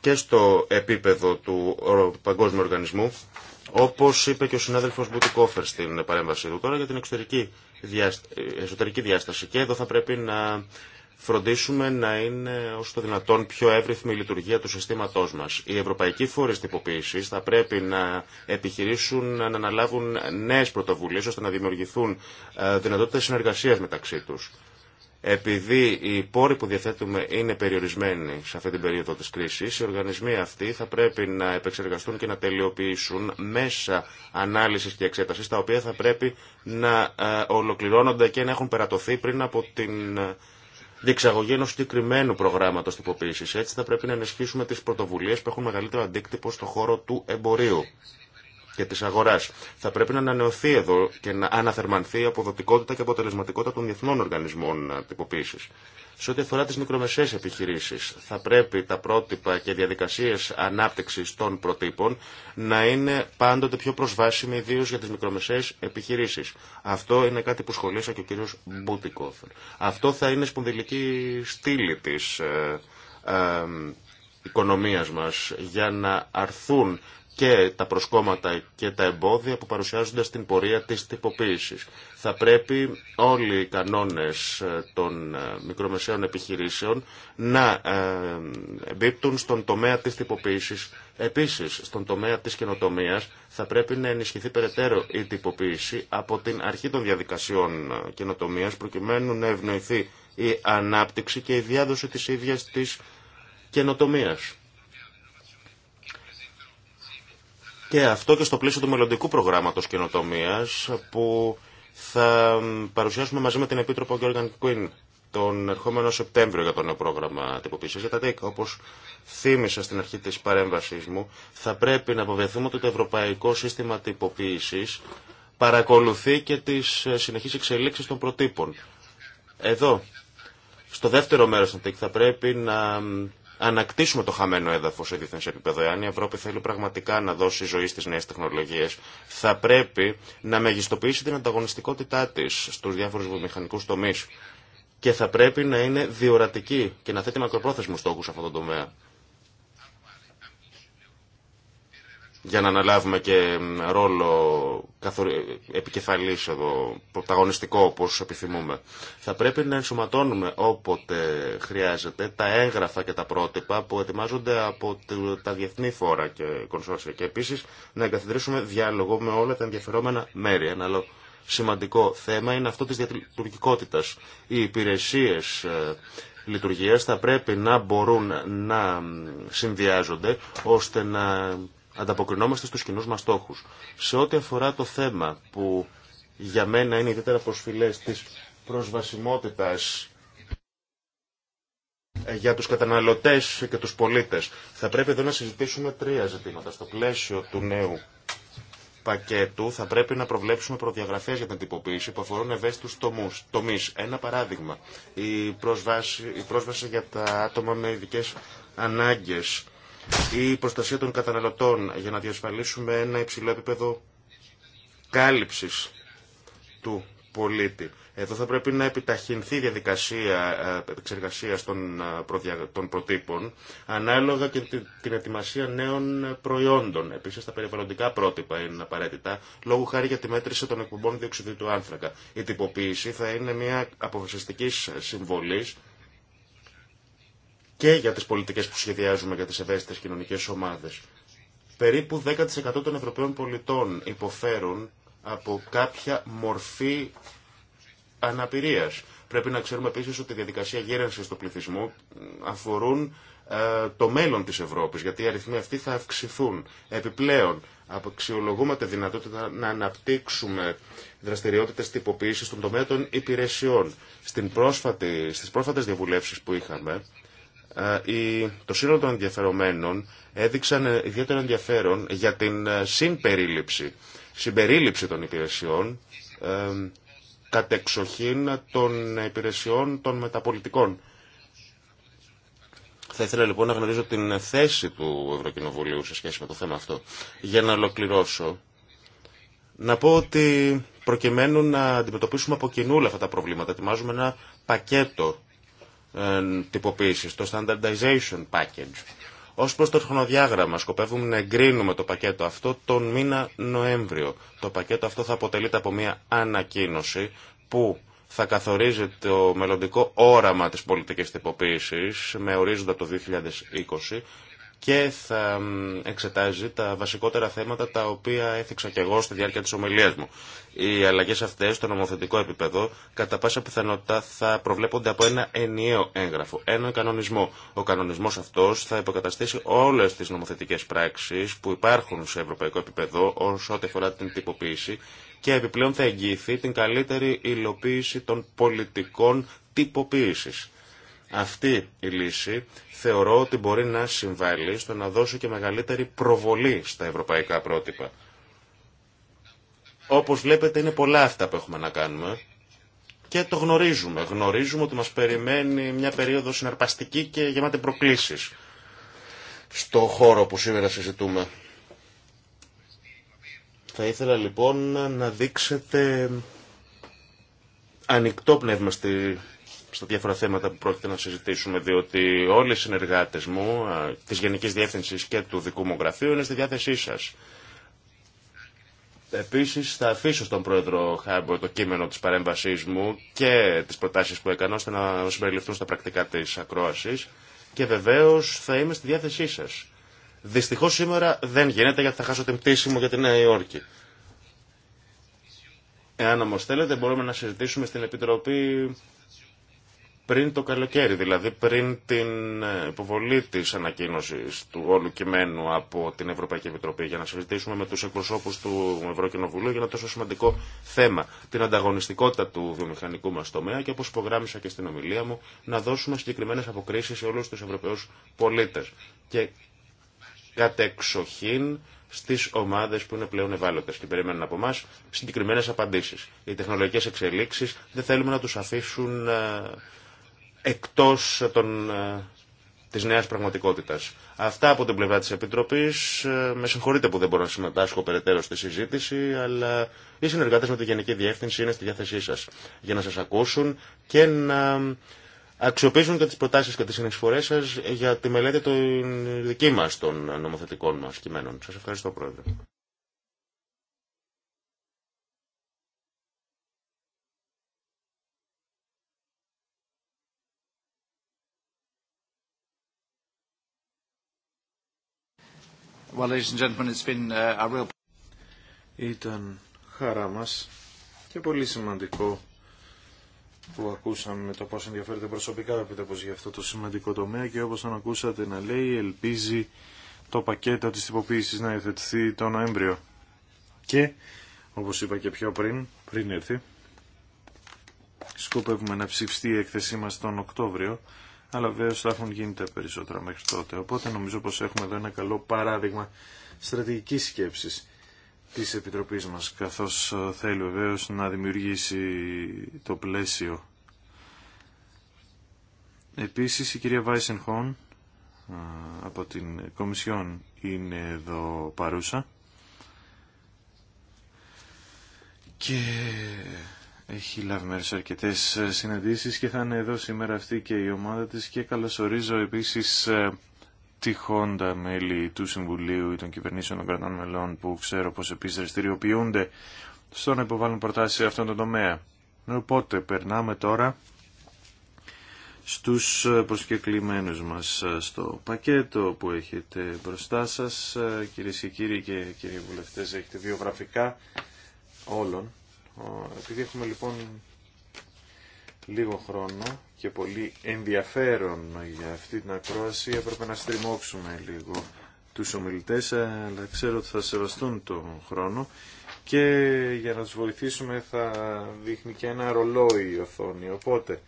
και στο επίπεδο του Παγκόσμιου Οργανισμού, όπως είπε και ο συνάδελφος Μπουτικόφερ στην παρέμβασή του τώρα για την εξωτερική εσωτερική διάσταση. Και εδώ θα πρέπει να φροντίσουμε να είναι όσο το δυνατόν πιο εύρυθμη η λειτουργία του συστήματός μας. Οι ευρωπαϊκοί φορέ τυποποίηση θα πρέπει να επιχειρήσουν να αναλάβουν νέες πρωτοβουλίες ώστε να δημιουργηθούν ε, δυνατότητες συνεργασίας μεταξύ τους. Επειδή οι πόροι που διαθέτουμε είναι περιορισμένοι σε αυτή την περίοδο της κρίσης, οι οργανισμοί αυτοί θα πρέπει να επεξεργαστούν και να τελειοποιήσουν μέσα ανάλυσης και εξέτασης, τα οποία θα πρέπει να ε, ολοκληρώνονται και να έχουν περατωθεί πριν από την ε, διεξαγωγή ενός συγκεκριμένου προγράμματος τυποποίησης. Έτσι θα πρέπει να ενισχύσουμε τις πρωτοβουλίες που έχουν μεγαλύτερο αντίκτυπο στον χώρο του εμπορίου και της αγοράς. Θα πρέπει να ανανεωθεί εδώ και να αναθερμανθεί η αποδοτικότητα και αποτελεσματικότητα των διεθνών οργανισμών τυποποίησης. Σε ό,τι αφορά τι μικρομεσαίες επιχειρήσει, θα πρέπει τα πρότυπα και διαδικασίε ανάπτυξη των προτύπων να είναι πάντοτε πιο προσβάσιμοι, ιδίω για τι μικρομεσαίες επιχειρήσει. Αυτό είναι κάτι που σχολίασα και ο κύριος Μπούτικοφ. Αυτό θα είναι σπονδυλική στήλη τη ε, ε, για να αρθούν και τα προσκόμματα και τα εμπόδια που παρουσιάζονται στην πορεία της τυποποίησης. Θα πρέπει όλοι οι κανόνες ε, των ε, μικρομεσαίων επιχειρήσεων να ε, εμπίπτουν στον τομέα της τυποποίησης. Επίσης, στον τομέα της καινοτομίας θα πρέπει να ενισχυθεί περαιτέρω η τυποποίηση από την αρχή των διαδικασιών καινοτομίας προκειμένου να ευνοηθεί η ανάπτυξη και η διάδοση της ίδιας της καινοτομίας Και αυτό και στο πλαίσιο του μελλοντικού προγράμματο καινοτομία που θα παρουσιάσουμε μαζί με την Επίτροπο Γιώργαν Κουίν τον ερχόμενο Σεπτέμβριο για το νέο πρόγραμμα τυποποίησης. Για τα ΤΕΚ, όπως θύμισα στην αρχή της παρέμβασής μου, θα πρέπει να αποβεθούμε ότι το Ευρωπαϊκό Σύστημα Τυποποίησης παρακολουθεί και τις ε, συνεχείς εξελίξεις των προτύπων. Εδώ, στο δεύτερο μέρος των ΤΕΚ, θα πρέπει να ανακτήσουμε το χαμένο έδαφο σε διεθνέ επίπεδο. Εάν η Ευρώπη θέλει πραγματικά να δώσει ζωή στι νέε τεχνολογίε, θα πρέπει να μεγιστοποιήσει την ανταγωνιστικότητά τη στου διάφορου βιομηχανικού τομεί. Και θα πρέπει να είναι διορατική και να θέτει μακροπρόθεσμου στόχου σε αυτό το τομέα. για να αναλάβουμε και ρόλο επικεφαλής εδώ, πρωταγωνιστικό όπως επιθυμούμε. Θα πρέπει να ενσωματώνουμε όποτε χρειάζεται τα έγγραφα και τα πρότυπα που ετοιμάζονται από τα διεθνή φόρα και κονσόρσια και επίσης να εγκαθιδρύσουμε διάλογο με όλα τα ενδιαφερόμενα μέρη. Ένα άλλο σημαντικό θέμα είναι αυτό της διατουργικότητας. Οι υπηρεσίες ε, λειτουργίας θα πρέπει να μπορούν να συνδυάζονται ώστε να ανταποκρινόμαστε στους κοινούς μας στόχους. Σε ό,τι αφορά το θέμα που για μένα είναι ιδιαίτερα προσφυλές της προσβασιμότητας ε, για τους καταναλωτές και τους πολίτες. Θα πρέπει εδώ να συζητήσουμε τρία ζητήματα. Στο πλαίσιο του νέου πακέτου θα πρέπει να προβλέψουμε προδιαγραφές για την τυποποίηση που αφορούν ευαίσθητου τομείς. Ένα παράδειγμα, η πρόσβαση, η πρόσβαση για τα άτομα με ειδικέ ανάγκες η προστασία των καταναλωτών για να διασφαλίσουμε ένα υψηλό επίπεδο κάλυψης του πολίτη. Εδώ θα πρέπει να επιταχυνθεί η διαδικασία ε, εξεργασίας των, ε, των προτύπων ανάλογα και την ετοιμασία νέων προϊόντων. Επίσης τα περιβαλλοντικά πρότυπα είναι απαραίτητα λόγω χάρη για τη μέτρηση των εκπομπών διοξιδίου του άνθρακα. Η τυποποίηση θα είναι μια αποφασιστική συμβολή και για τις πολιτικές που σχεδιάζουμε για τις ευαίσθητες κοινωνικές ομάδες. Περίπου 10% των Ευρωπαίων πολιτών υποφέρουν από κάποια μορφή αναπηρίας. Πρέπει να ξέρουμε επίσης ότι η διαδικασία γέρανσης του πληθυσμού αφορούν ε, το μέλλον της Ευρώπης, γιατί οι αριθμοί αυτοί θα αυξηθούν. Επιπλέον, αξιολογούμε τη δυνατότητα να αναπτύξουμε δραστηριότητες τυποποίησης στον τομέα των υπηρεσιών. Στην πρόσφατη, στις πρόσφατες διαβουλεύσεις που είχαμε, ε, το σύνολο των ενδιαφερομένων έδειξαν ιδιαίτερο ενδιαφέρον για την ε, συμπερίληψη, συμπερίληψη των υπηρεσιών ε, κατεξοχήν των υπηρεσιών των μεταπολιτικών. Θα ήθελα λοιπόν να γνωρίζω την θέση του Ευρωκοινοβουλίου σε σχέση με το θέμα αυτό. Για να ολοκληρώσω, να πω ότι προκειμένου να αντιμετωπίσουμε από κοινού αυτά τα προβλήματα, ετοιμάζουμε ένα πακέτο ε, τυποποίησης, το standardization package. Ως προς το χρονοδιάγραμμα, σκοπεύουμε να εγκρίνουμε το πακέτο αυτό τον μήνα Νοέμβριο. Το πακέτο αυτό θα αποτελείται από μια ανακοίνωση που θα καθορίζει το μελλοντικό όραμα της πολιτικής τυποποίησης με ορίζοντα το 2020 και θα εξετάζει τα βασικότερα θέματα τα οποία έθιξα και εγώ στη διάρκεια της ομιλίας μου. Οι αλλαγές αυτές στο νομοθετικό επίπεδο κατά πάσα πιθανότητα θα προβλέπονται από ένα ενιαίο έγγραφο, ένα κανονισμό. Ο κανονισμός αυτός θα υποκαταστήσει όλες τις νομοθετικές πράξεις που υπάρχουν σε ευρωπαϊκό επίπεδο όσο ό,τι αφορά την τυποποίηση και επιπλέον θα εγγυηθεί την καλύτερη υλοποίηση των πολιτικών τυποποίησης. Αυτή η λύση θεωρώ ότι μπορεί να συμβάλλει στο να δώσω και μεγαλύτερη προβολή στα ευρωπαϊκά πρότυπα. Όπως βλέπετε είναι πολλά αυτά που έχουμε να κάνουμε και το γνωρίζουμε. Γνωρίζουμε ότι μας περιμένει μια περίοδο συναρπαστική και γεμάτη προκλήσεις στο χώρο που σήμερα συζητούμε. Θα ήθελα λοιπόν να δείξετε ανοιχτό πνεύμα στη στα διάφορα θέματα που πρόκειται να συζητήσουμε, διότι όλοι οι συνεργάτε μου, τη γενική διεύθυνση και του δικού μου γραφείου, είναι στη διάθεσή σα. Επίση, θα αφήσω στον πρόεδρο Χάμπο το κείμενο τη παρέμβασής μου και τι προτάσει που έκανα ώστε να συμπεριληφθούν στα πρακτικά τη ακρόαση και βεβαίω θα είμαι στη διάθεσή σα. Δυστυχώ σήμερα δεν γίνεται γιατί θα χάσω την πτήση μου για τη Νέα Υόρκη. Εάν όμω θέλετε μπορούμε να συζητήσουμε στην Επιτροπή πριν το καλοκαίρι, δηλαδή πριν την ε, υποβολή τη ανακοίνωση του όλου κειμένου από την Ευρωπαϊκή Επιτροπή για να συζητήσουμε με του εκπροσώπους του Ευρωκοινοβουλίου για ένα τόσο σημαντικό θέμα, την ανταγωνιστικότητα του βιομηχανικού μα τομέα και όπω υπογράμμισα και στην ομιλία μου, να δώσουμε συγκεκριμένε αποκρίσει σε όλου του Ευρωπαίους πολίτε. και κατεξοχήν στι ομάδε που είναι πλέον ευάλωτε και περιμένουν από εμά συγκεκριμένε απαντήσει. Οι τεχνολογικέ εξελίξει δεν θέλουμε να του αφήσουν ε, εκτός των, ε, της νέας πραγματικότητας. Αυτά από την πλευρά της Επιτροπής. Ε, με συγχωρείτε που δεν μπορώ να συμμετάσχω περαιτέρω στη συζήτηση, αλλά οι συνεργάτες με τη Γενική Διεύθυνση είναι στη διάθεσή σας για να σας ακούσουν και να αξιοποιήσουν και τις προτάσεις και τις συνεισφορές σας για τη μελέτη των δική μας των νομοθετικών μας κειμένων. Σας ευχαριστώ Πρόεδρε. Uh, Ήταν χαρά μας και πολύ σημαντικό που ακούσαμε το πώς ενδιαφέρεται προσωπικά ο για αυτό το σημαντικό τομέα και όπως τον ακούσατε να λέει ελπίζει το πακέτο της τυποποίησης να υιοθετηθεί το Νοέμβριο. Και, όπως είπα και πιο πριν, πριν έρθει, σκοπεύουμε να ψηφιστεί η έκθεσή μας τον Οκτώβριο αλλά βέβαια θα έχουν γίνει τα περισσότερα μέχρι τότε. Οπότε νομίζω πως έχουμε εδώ ένα καλό παράδειγμα στρατηγικής σκέψης της Επιτροπής μας, καθώς ε, θέλει βεβαίω να δημιουργήσει το πλαίσιο. Επίσης η κυρία Βάισενχόν ε, από την Κομισιόν είναι εδώ παρούσα και έχει λάβει σε αρκετές ε, συναντήσεις και θα είναι εδώ σήμερα αυτή και η ομάδα της και καλωσορίζω επίσης ε, Χόντα μέλη του Συμβουλίου ή των κυβερνήσεων των κρατών μελών που ξέρω πως επίσης δραστηριοποιούνται στο να υποβάλουν προτάσεις σε αυτόν τον τομέα. Οπότε περνάμε τώρα στους ε, προσκεκλημένους μας στο πακέτο που έχετε μπροστά σας. Κυρίε και κύριοι και κύριοι βουλευτές έχετε βιογραφικά όλων επειδή έχουμε λοιπόν λίγο χρόνο και πολύ ενδιαφέρον για αυτή την ακρόαση, έπρεπε να στριμώξουμε λίγο τους ομιλητές, αλλά ξέρω ότι θα σεβαστούν τον χρόνο και για να τους βοηθήσουμε θα δείχνει και ένα ρολόι η οθόνη. Οπότε,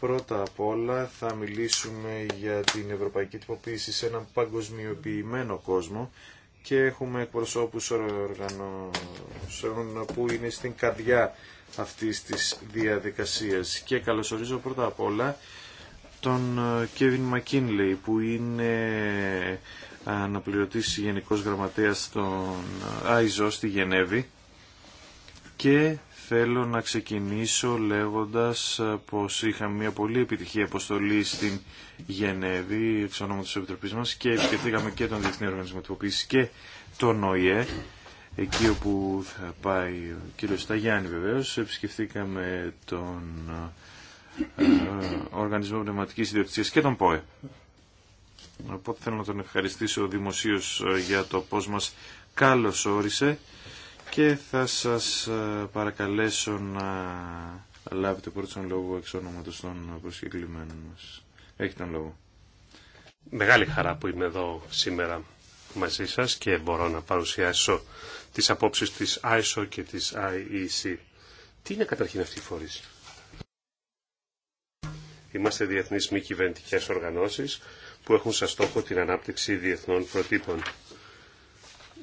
πρώτα απ' όλα θα μιλήσουμε για την ευρωπαϊκή τυποποίηση σε έναν παγκοσμιοποιημένο κόσμο και έχουμε εκπροσώπους οργανώσεων που είναι στην καρδιά αυτής της διαδικασία. Και καλωσορίζω πρώτα απ' όλα τον Κέβιν ε, Μακίνλεϊ που είναι ε, αναπληρωτής γενικός γραμματέας στον ε, ΆΙΖΟ στη Γενέβη και Θέλω να ξεκινήσω λέγοντας πως είχαμε μια πολύ επιτυχή αποστολή στην Γενέβη εξ ονόματο της Επιτροπής μας και επισκεφθήκαμε και τον Διεθνή Οργανισμό Τυποποίησης και τον ΟΗΕ εκεί όπου θα πάει ο κύριο Σταγιάννη βεβαίως επισκεφθήκαμε τον ε, Οργανισμό Πνευματική Ιδιοκτησίας και τον ΠΟΕ οπότε θέλω να τον ευχαριστήσω δημοσίως ε, για το πώ μα καλωσόρισε όρισε και θα σας ε, παρακαλέσω να λάβετε πρώτον τον λόγο εξ ονόματος των προσκεκλημένων μας. Έχει τον λόγο. Μεγάλη χαρά που είμαι εδώ σήμερα μαζί σας και μπορώ να παρουσιάσω τις απόψεις της ISO και της IEC. Τι είναι καταρχήν αυτή η φορήση. Είμαστε διεθνείς μη κυβερνητικέ οργανώσεις που έχουν σαν στόχο την ανάπτυξη διεθνών προτύπων.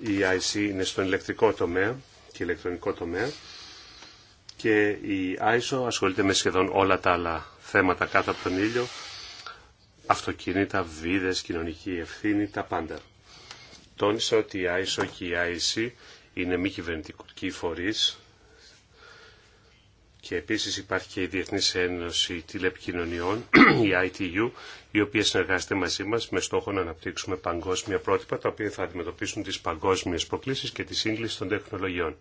Η IC είναι στον ηλεκτρικό τομέα και ηλεκτρονικό τομέα και η ISO ασχολείται με σχεδόν όλα τα άλλα θέματα κάτω από τον ήλιο, αυτοκίνητα, βίδες, κοινωνική ευθύνη, τα πάντα. Τόνισα ότι η ISO και η IEC είναι μη κυβερνητικοί φορείς και επίσης υπάρχει και η Διεθνής Ένωση Τηλεπικοινωνιών, η ITU, η οποία συνεργάζεται μαζί μας με στόχο να αναπτύξουμε παγκόσμια πρότυπα, τα οποία θα αντιμετωπίσουν τις παγκόσμιες προκλήσεις και τη σύγκληση των τεχνολογιών.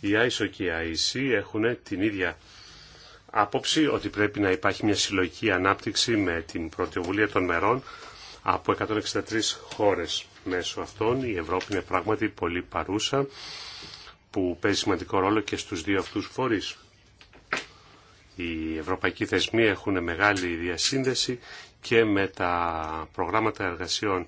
Η ISO και η IEC έχουν την ίδια άποψη ότι πρέπει να υπάρχει μια συλλογική ανάπτυξη με την πρωτοβουλία των μερών από 163 χώρες. Μέσω αυτών η Ευρώπη είναι πράγματι πολύ παρούσα που παίζει σημαντικό ρόλο και στους δύο αυτούς φορείς. Οι ευρωπαϊκοί θεσμοί έχουν μεγάλη διασύνδεση και με τα προγράμματα εργασιών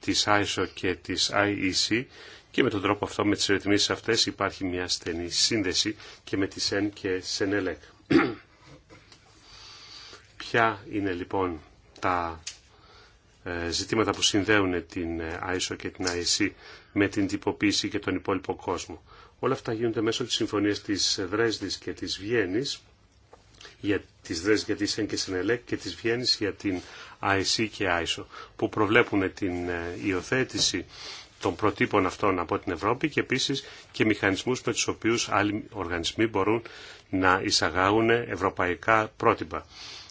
της ISO και της IEC και με τον τρόπο αυτό με τις ρυθμίσεις αυτές υπάρχει μια στενή σύνδεση και με τη ΣΕΝ και ΣΕΝΕΛΕΚ. <clears throat> Ποια είναι λοιπόν τα ε, ζητήματα που συνδέουν την ε, ISO και την IEC με την τυποποίηση και τον υπόλοιπο κόσμο. Όλα αυτά γίνονται μέσω της συμφωνίας της Δρέσδης και της Βιέννης, για τις Δρέσδης για τη ΣΕΝ και ΣΕΝΕΛΕΚ και της Βιέννης για την ΑΕΣΥ και ΆΙΣΟ, που προβλέπουν την ε, υιοθέτηση των προτύπων αυτών από την Ευρώπη και επίσης και μηχανισμούς με τους οποίους άλλοι οργανισμοί μπορούν να εισαγάγουν ευρωπαϊκά πρότυπα,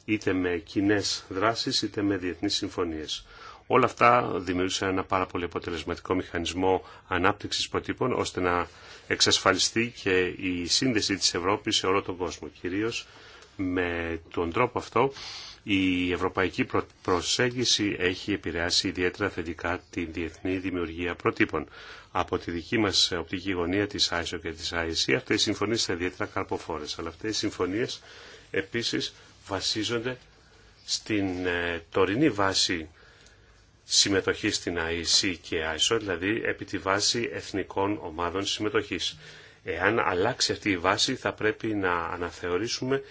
είτε με κοινέ δράσεις είτε με διεθνείς συμφωνίες. Όλα αυτά δημιούργησαν ένα πάρα πολύ αποτελεσματικό μηχανισμό ανάπτυξης προτύπων ώστε να εξασφαλιστεί και η σύνδεση της Ευρώπης σε όλο τον κόσμο. Κυρίως με τον τρόπο αυτό η ευρωπαϊκή προσέγγιση έχει επηρεάσει ιδιαίτερα θετικά την διεθνή δημιουργία προτύπων. Από τη δική μας οπτική γωνία της ISO και της IEC αυτές οι συμφωνίες είναι ιδιαίτερα καρποφόρες. Αλλά αυτές οι συμφωνίες επίσης βασίζονται στην ε, τωρινή βάση συμμετοχή στην IEC και ISO, δηλαδή επί τη βάση εθνικών ομάδων συμμετοχής. Εάν αλλάξει αυτή η βάση θα πρέπει να αναθεωρήσουμε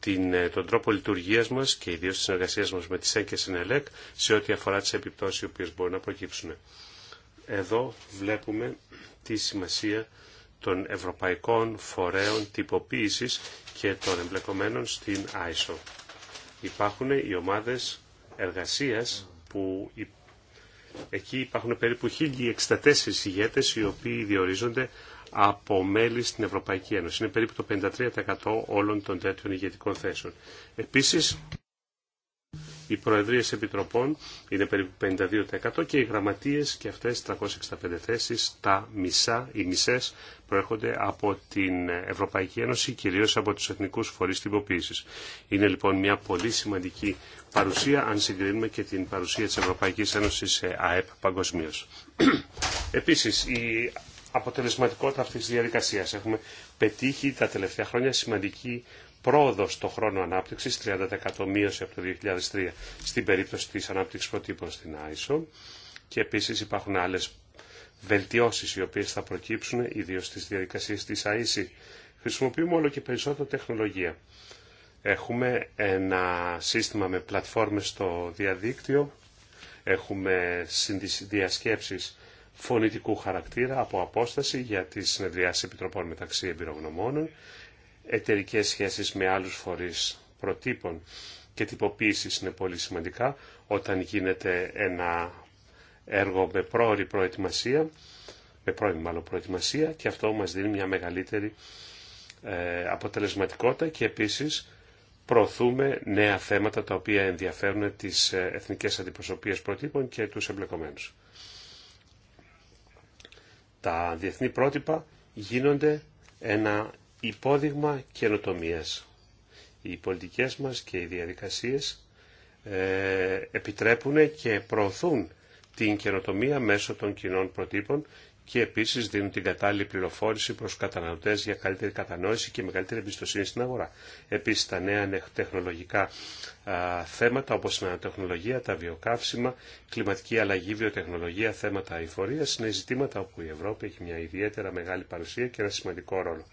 την, ε, τον τρόπο λειτουργία μας και ιδίως τη συνεργασία μας με τι ΣΕΚ και σε ό,τι αφορά τις επιπτώσεις οι οποίε μπορούν να προκύψουν. Εδώ βλέπουμε τη σημασία των ευρωπαϊκών φορέων τυποποίηση και των εμπλεκομένων στην ISO. Υπάρχουν οι ομάδε εργασίας που εκεί υπάρχουν περίπου 1.064 ηγέτες οι οποίοι διορίζονται από μέλη στην Ευρωπαϊκή Ένωση. Είναι περίπου το 53% όλων των τέτοιων ηγετικών θέσεων. Επίσης, οι προεδρίες επιτροπών είναι περίπου 52% και οι γραμματείες και αυτές 365 θέσεις, τα μισά, οι μισές προέρχονται από την Ευρωπαϊκή Ένωση, κυρίως από τους εθνικούς φορείς τυποποίησης. Είναι λοιπόν μια πολύ σημαντική παρουσία, αν συγκρίνουμε και την παρουσία της Ευρωπαϊκής Ένωσης σε ΑΕΠ παγκοσμίω. <clears throat> Επίσης, η αποτελεσματικότητα αυτής της διαδικασίας. Έχουμε πετύχει τα τελευταία χρόνια σημαντική πρόοδο στο χρόνο ανάπτυξης, 30% μείωση από το 2003 στην περίπτωση της ανάπτυξης προτύπων στην ISO και επίσης υπάρχουν άλλε βελτιώσεις οι οποίες θα προκύψουν ιδίω στι διαδικασίες της ISO. Χρησιμοποιούμε όλο και περισσότερο τεχνολογία. Έχουμε ένα σύστημα με πλατφόρμες στο διαδίκτυο, έχουμε διασκέψεις φωνητικού χαρακτήρα από απόσταση για τις συνεδριάσεις επιτροπών μεταξύ εμπειρογνωμόνων εταιρικέ σχέσεις με άλλους φορείς προτύπων και τυποποίηση είναι πολύ σημαντικά όταν γίνεται ένα έργο με πρόορη προετοιμασία, με πρώιμη μάλλον προετοιμασία και αυτό μας δίνει μια μεγαλύτερη ε, αποτελεσματικότητα και επίσης προωθούμε νέα θέματα τα οποία ενδιαφέρουν τις ε, εθνικές αντιπροσωπείες προτύπων και τους εμπλεκομένους. Τα διεθνή πρότυπα γίνονται ένα υπόδειγμα καινοτομίας. Οι πολιτικές μας και οι διαδικασίες ε, επιτρέπουν και προωθούν την καινοτομία μέσω των κοινών προτύπων και επίσης δίνουν την κατάλληλη πληροφόρηση προς καταναλωτές για καλύτερη κατανόηση και μεγαλύτερη εμπιστοσύνη στην αγορά. Επίσης τα νέα τεχνολογικά θέματα όπως η ανατεχνολογία, τα βιοκαύσιμα, κλιματική αλλαγή, βιοτεχνολογία, θέματα αηφορία είναι ζητήματα όπου η Ευρώπη έχει μια ιδιαίτερα μεγάλη παρουσία και ένα σημαντικό ρόλο.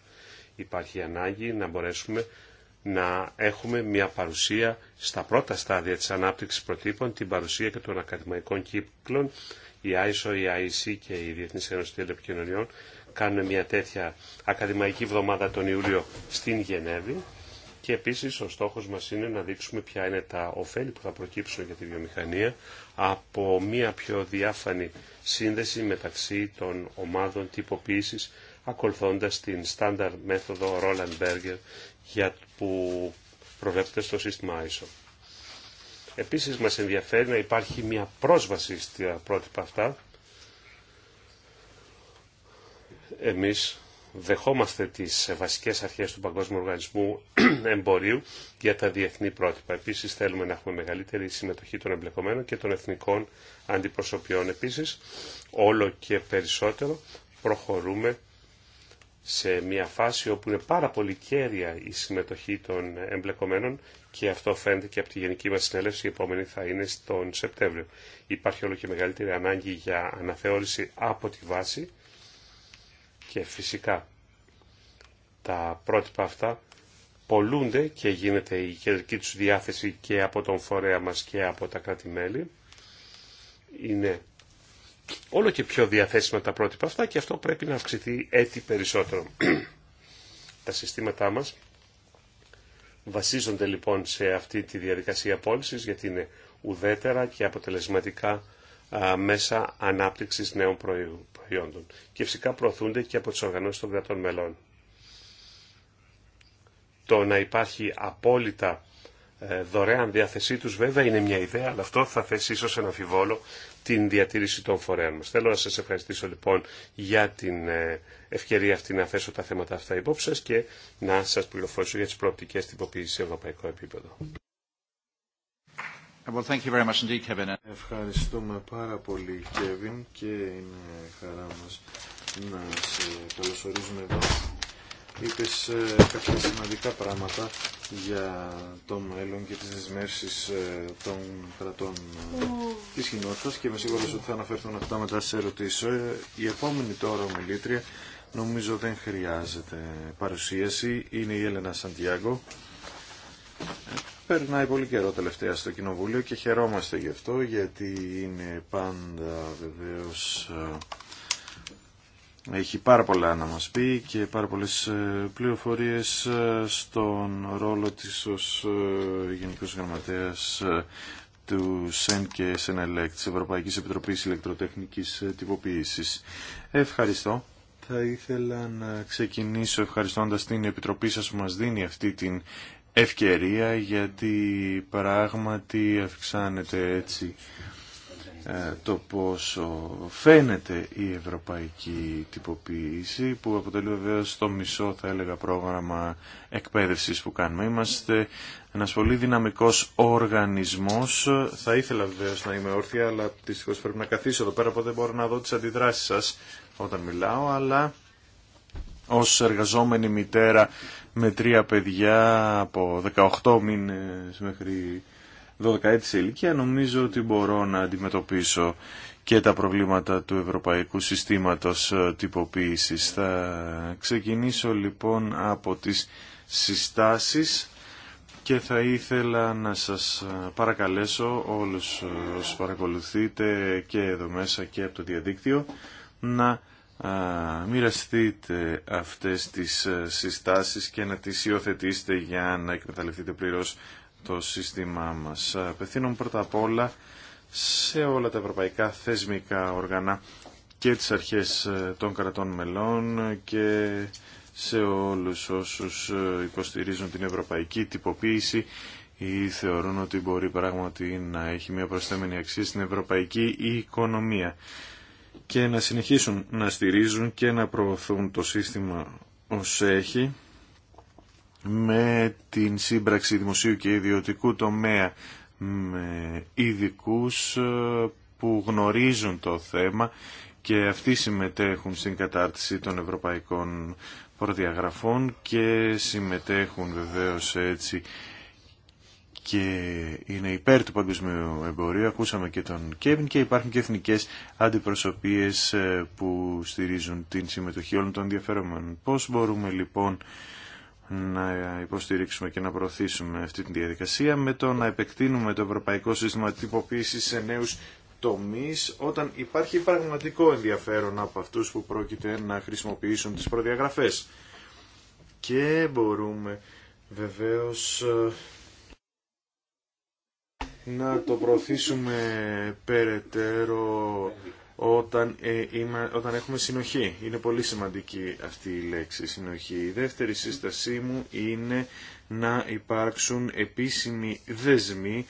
Υπάρχει ανάγκη να μπορέσουμε να έχουμε μια παρουσία στα πρώτα στάδια της ανάπτυξης προτύπων, την παρουσία και των ακαδημαϊκών κύκλων. Η ISO, η IEC και η Διεθνής Ένωση Τηλεπικοινωνιών κάνουν μια τέτοια ακαδημαϊκή βδομάδα τον Ιούλιο στην Γενέβη και επίσης ο στόχος μας είναι να δείξουμε ποια είναι τα ωφέλη που θα προκύψουν για τη βιομηχανία από μια πιο διάφανη σύνδεση μεταξύ των ομάδων τυποποίησης ακολουθώντας την στάνταρ μέθοδο Roland Berger για που προβλέπεται στο σύστημα ISO. Επίσης μας ενδιαφέρει να υπάρχει μια πρόσβαση στα πρότυπα αυτά. Εμείς δεχόμαστε τις βασικές αρχές του Παγκόσμιου Οργανισμού <clears throat> Εμπορίου για τα διεθνή πρότυπα. Επίσης θέλουμε να έχουμε μεγαλύτερη συμμετοχή των εμπλεκομένων και των εθνικών αντιπροσωπιών. Επίσης όλο και περισσότερο προχωρούμε σε μια φάση όπου είναι πάρα πολύ κέρια η συμμετοχή των εμπλεκομένων και αυτό φαίνεται και από τη Γενική μας Συνέλευση, η επόμενη θα είναι στον Σεπτέμβριο. Υπάρχει όλο και μεγαλύτερη ανάγκη για αναθεώρηση από τη βάση και φυσικά τα πρότυπα αυτά πολλούνται και γίνεται η κεντρική τους διάθεση και από τον φορέα μας και από τα κράτη-μέλη. Είναι όλο και πιο διαθέσιμα τα πρότυπα αυτά και αυτό πρέπει να αυξηθεί έτσι περισσότερο. <clears throat> τα συστήματά μας βασίζονται λοιπόν σε αυτή τη διαδικασία πώλησης γιατί είναι ουδέτερα και αποτελεσματικά μέσα ανάπτυξης νέων προϊόντων και φυσικά προωθούνται και από τις οργανώσεις των κρατών μελών. Το να υπάρχει απόλυτα ε, δωρεάν διάθεσή τους βέβαια είναι μια ιδέα, αλλά αυτό θα θέσει ίσως ένα αμφιβόλο την διατήρηση των φορέων μας. Θέλω να σας ευχαριστήσω λοιπόν για την ε, ευκαιρία αυτή να θέσω τα θέματα αυτά υπόψη σας και να σας πληροφορήσω για τις προοπτικές τυποποίησης σε ευρωπαϊκό επίπεδο. thank you very much indeed, Kevin. Ευχαριστούμε πάρα πολύ, Κέβιν, και είναι χαρά μας να σε καλωσορίζουμε εδώ. Είπες ε, κάποια σημαντικά πράγματα για το μέλλον και τις δεσμεύσεις ε, των κρατών ε, της κοινότητας και είμαι σίγουρος ότι θα αναφέρθουν αυτά μετά σε ερωτήσω. Ε, η επόμενη τώρα ομιλήτρια νομίζω δεν χρειάζεται παρουσίαση. Είναι η Έλενα Σαντιάγκο. Περνάει πολύ καιρό τελευταία στο Κοινοβούλιο και χαιρόμαστε γι' αυτό γιατί είναι πάντα βεβαίως έχει πάρα πολλά να μας πει και πάρα πολλές ε, πληροφορίες ε, στον ρόλο της ως ε, Γενικός Γραμματέας του ΣΕΝ και ΣΕΝΕΛΕΚ της Ευρωπαϊκής Επιτροπής Ηλεκτροτεχνικής Τυποποίησης. Ευχαριστώ. Θα ήθελα να ξεκινήσω ευχαριστώντας την Επιτροπή σας που μας δίνει αυτή την ευκαιρία γιατί πράγματι αυξάνεται έτσι ε, το πόσο φαίνεται η ευρωπαϊκή τυποποίηση που αποτελεί βεβαίω το μισό θα έλεγα πρόγραμμα εκπαίδευσης που κάνουμε. Είμαστε ένας πολύ δυναμικός οργανισμός. Θα ήθελα βεβαίω να είμαι όρθια αλλά δυστυχώς πρέπει να καθίσω εδώ πέρα δεν μπορώ να δω τις αντιδράσεις σας όταν μιλάω αλλά ως εργαζόμενη μητέρα με τρία παιδιά από 18 μήνες μέχρι 12 έτη ηλικία νομίζω ότι μπορώ να αντιμετωπίσω και τα προβλήματα του Ευρωπαϊκού Συστήματος ε, Τυποποίησης. Θα ξεκινήσω λοιπόν από τις συστάσεις και θα ήθελα να σας ε, παρακαλέσω όλους ε, όσους παρακολουθείτε και εδώ μέσα και από το διαδίκτυο να μοιραστείτε αυτές τις συστάσεις και να τις υιοθετήσετε για να εκμεταλλευτείτε πλήρως το σύστημά μας. Απευθύνομαι πρώτα απ' όλα σε όλα τα ευρωπαϊκά θεσμικά οργανά και τις αρχές ε, των κρατών μελών και σε όλους όσους ε, υποστηρίζουν την ευρωπαϊκή τυποποίηση ή θεωρούν ότι μπορεί πράγματι να έχει μια προσθέμενη αξία στην ευρωπαϊκή οικονομία και να συνεχίσουν να στηρίζουν και να προωθούν το σύστημα ως έχει με την σύμπραξη δημοσίου και ιδιωτικού τομέα με ειδικού ε, που γνωρίζουν το θέμα και αυτοί συμμετέχουν στην κατάρτιση των ευρωπαϊκών προδιαγραφών και συμμετέχουν βεβαίως έτσι και είναι υπέρ του παγκοσμίου εμπορίου. Ακούσαμε και τον Κέβιν και υπάρχουν και εθνικές αντιπροσωπείες ε, που στηρίζουν την συμμετοχή όλων των ενδιαφέρομενων. Πώς μπορούμε λοιπόν να υποστηρίξουμε και να προωθήσουμε αυτή τη διαδικασία με το να επεκτείνουμε το ευρωπαϊκό σύστημα τυποποίησης σε νέους τομεί όταν υπάρχει πραγματικό ενδιαφέρον από αυτούς που πρόκειται να χρησιμοποιήσουν τις προδιαγραφές. Και μπορούμε βεβαίω ε, να το προωθήσουμε περαιτέρω όταν, ε, είμα, έχουμε συνοχή. Είναι πολύ σημαντική αυτή η λέξη συνοχή. Η δεύτερη σύστασή μου είναι να υπάρξουν επίσημοι δεσμοί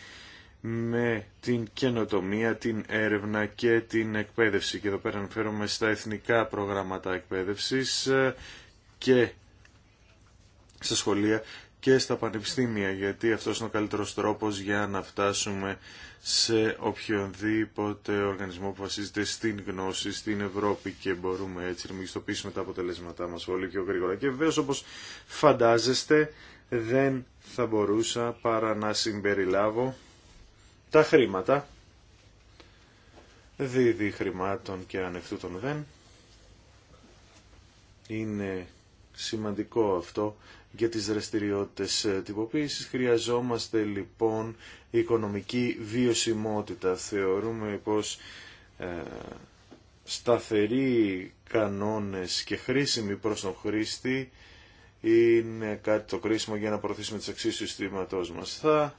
με την καινοτομία, την έρευνα και την εκπαίδευση. Και εδώ πέρα αναφέρομαι στα εθνικά προγράμματα εκπαίδευσης ε, και στα σχολεία και στα πανεπιστήμια, γιατί αυτός είναι ο καλύτερος τρόπος για να φτάσουμε σε οποιονδήποτε οργανισμό που βασίζεται στην γνώση στην Ευρώπη και μπορούμε έτσι να μεγιστοποιήσουμε τα αποτελέσματά μας πολύ πιο γρήγορα. Και βεβαίω όπως φαντάζεστε δεν θα μπορούσα παρά να συμπεριλάβω τα χρήματα, δίδυ χρημάτων και των δεν. Είναι σημαντικό αυτό για τις δραστηριότητες τυποποίησης. Χρειαζόμαστε λοιπόν οικονομική βιωσιμότητα. Θεωρούμε πως ε, σταθεροί κανόνες και χρήσιμοι προς τον χρήστη είναι κάτι το κρίσιμο για να προωθήσουμε τις αξίες του συστήματός μας. Θα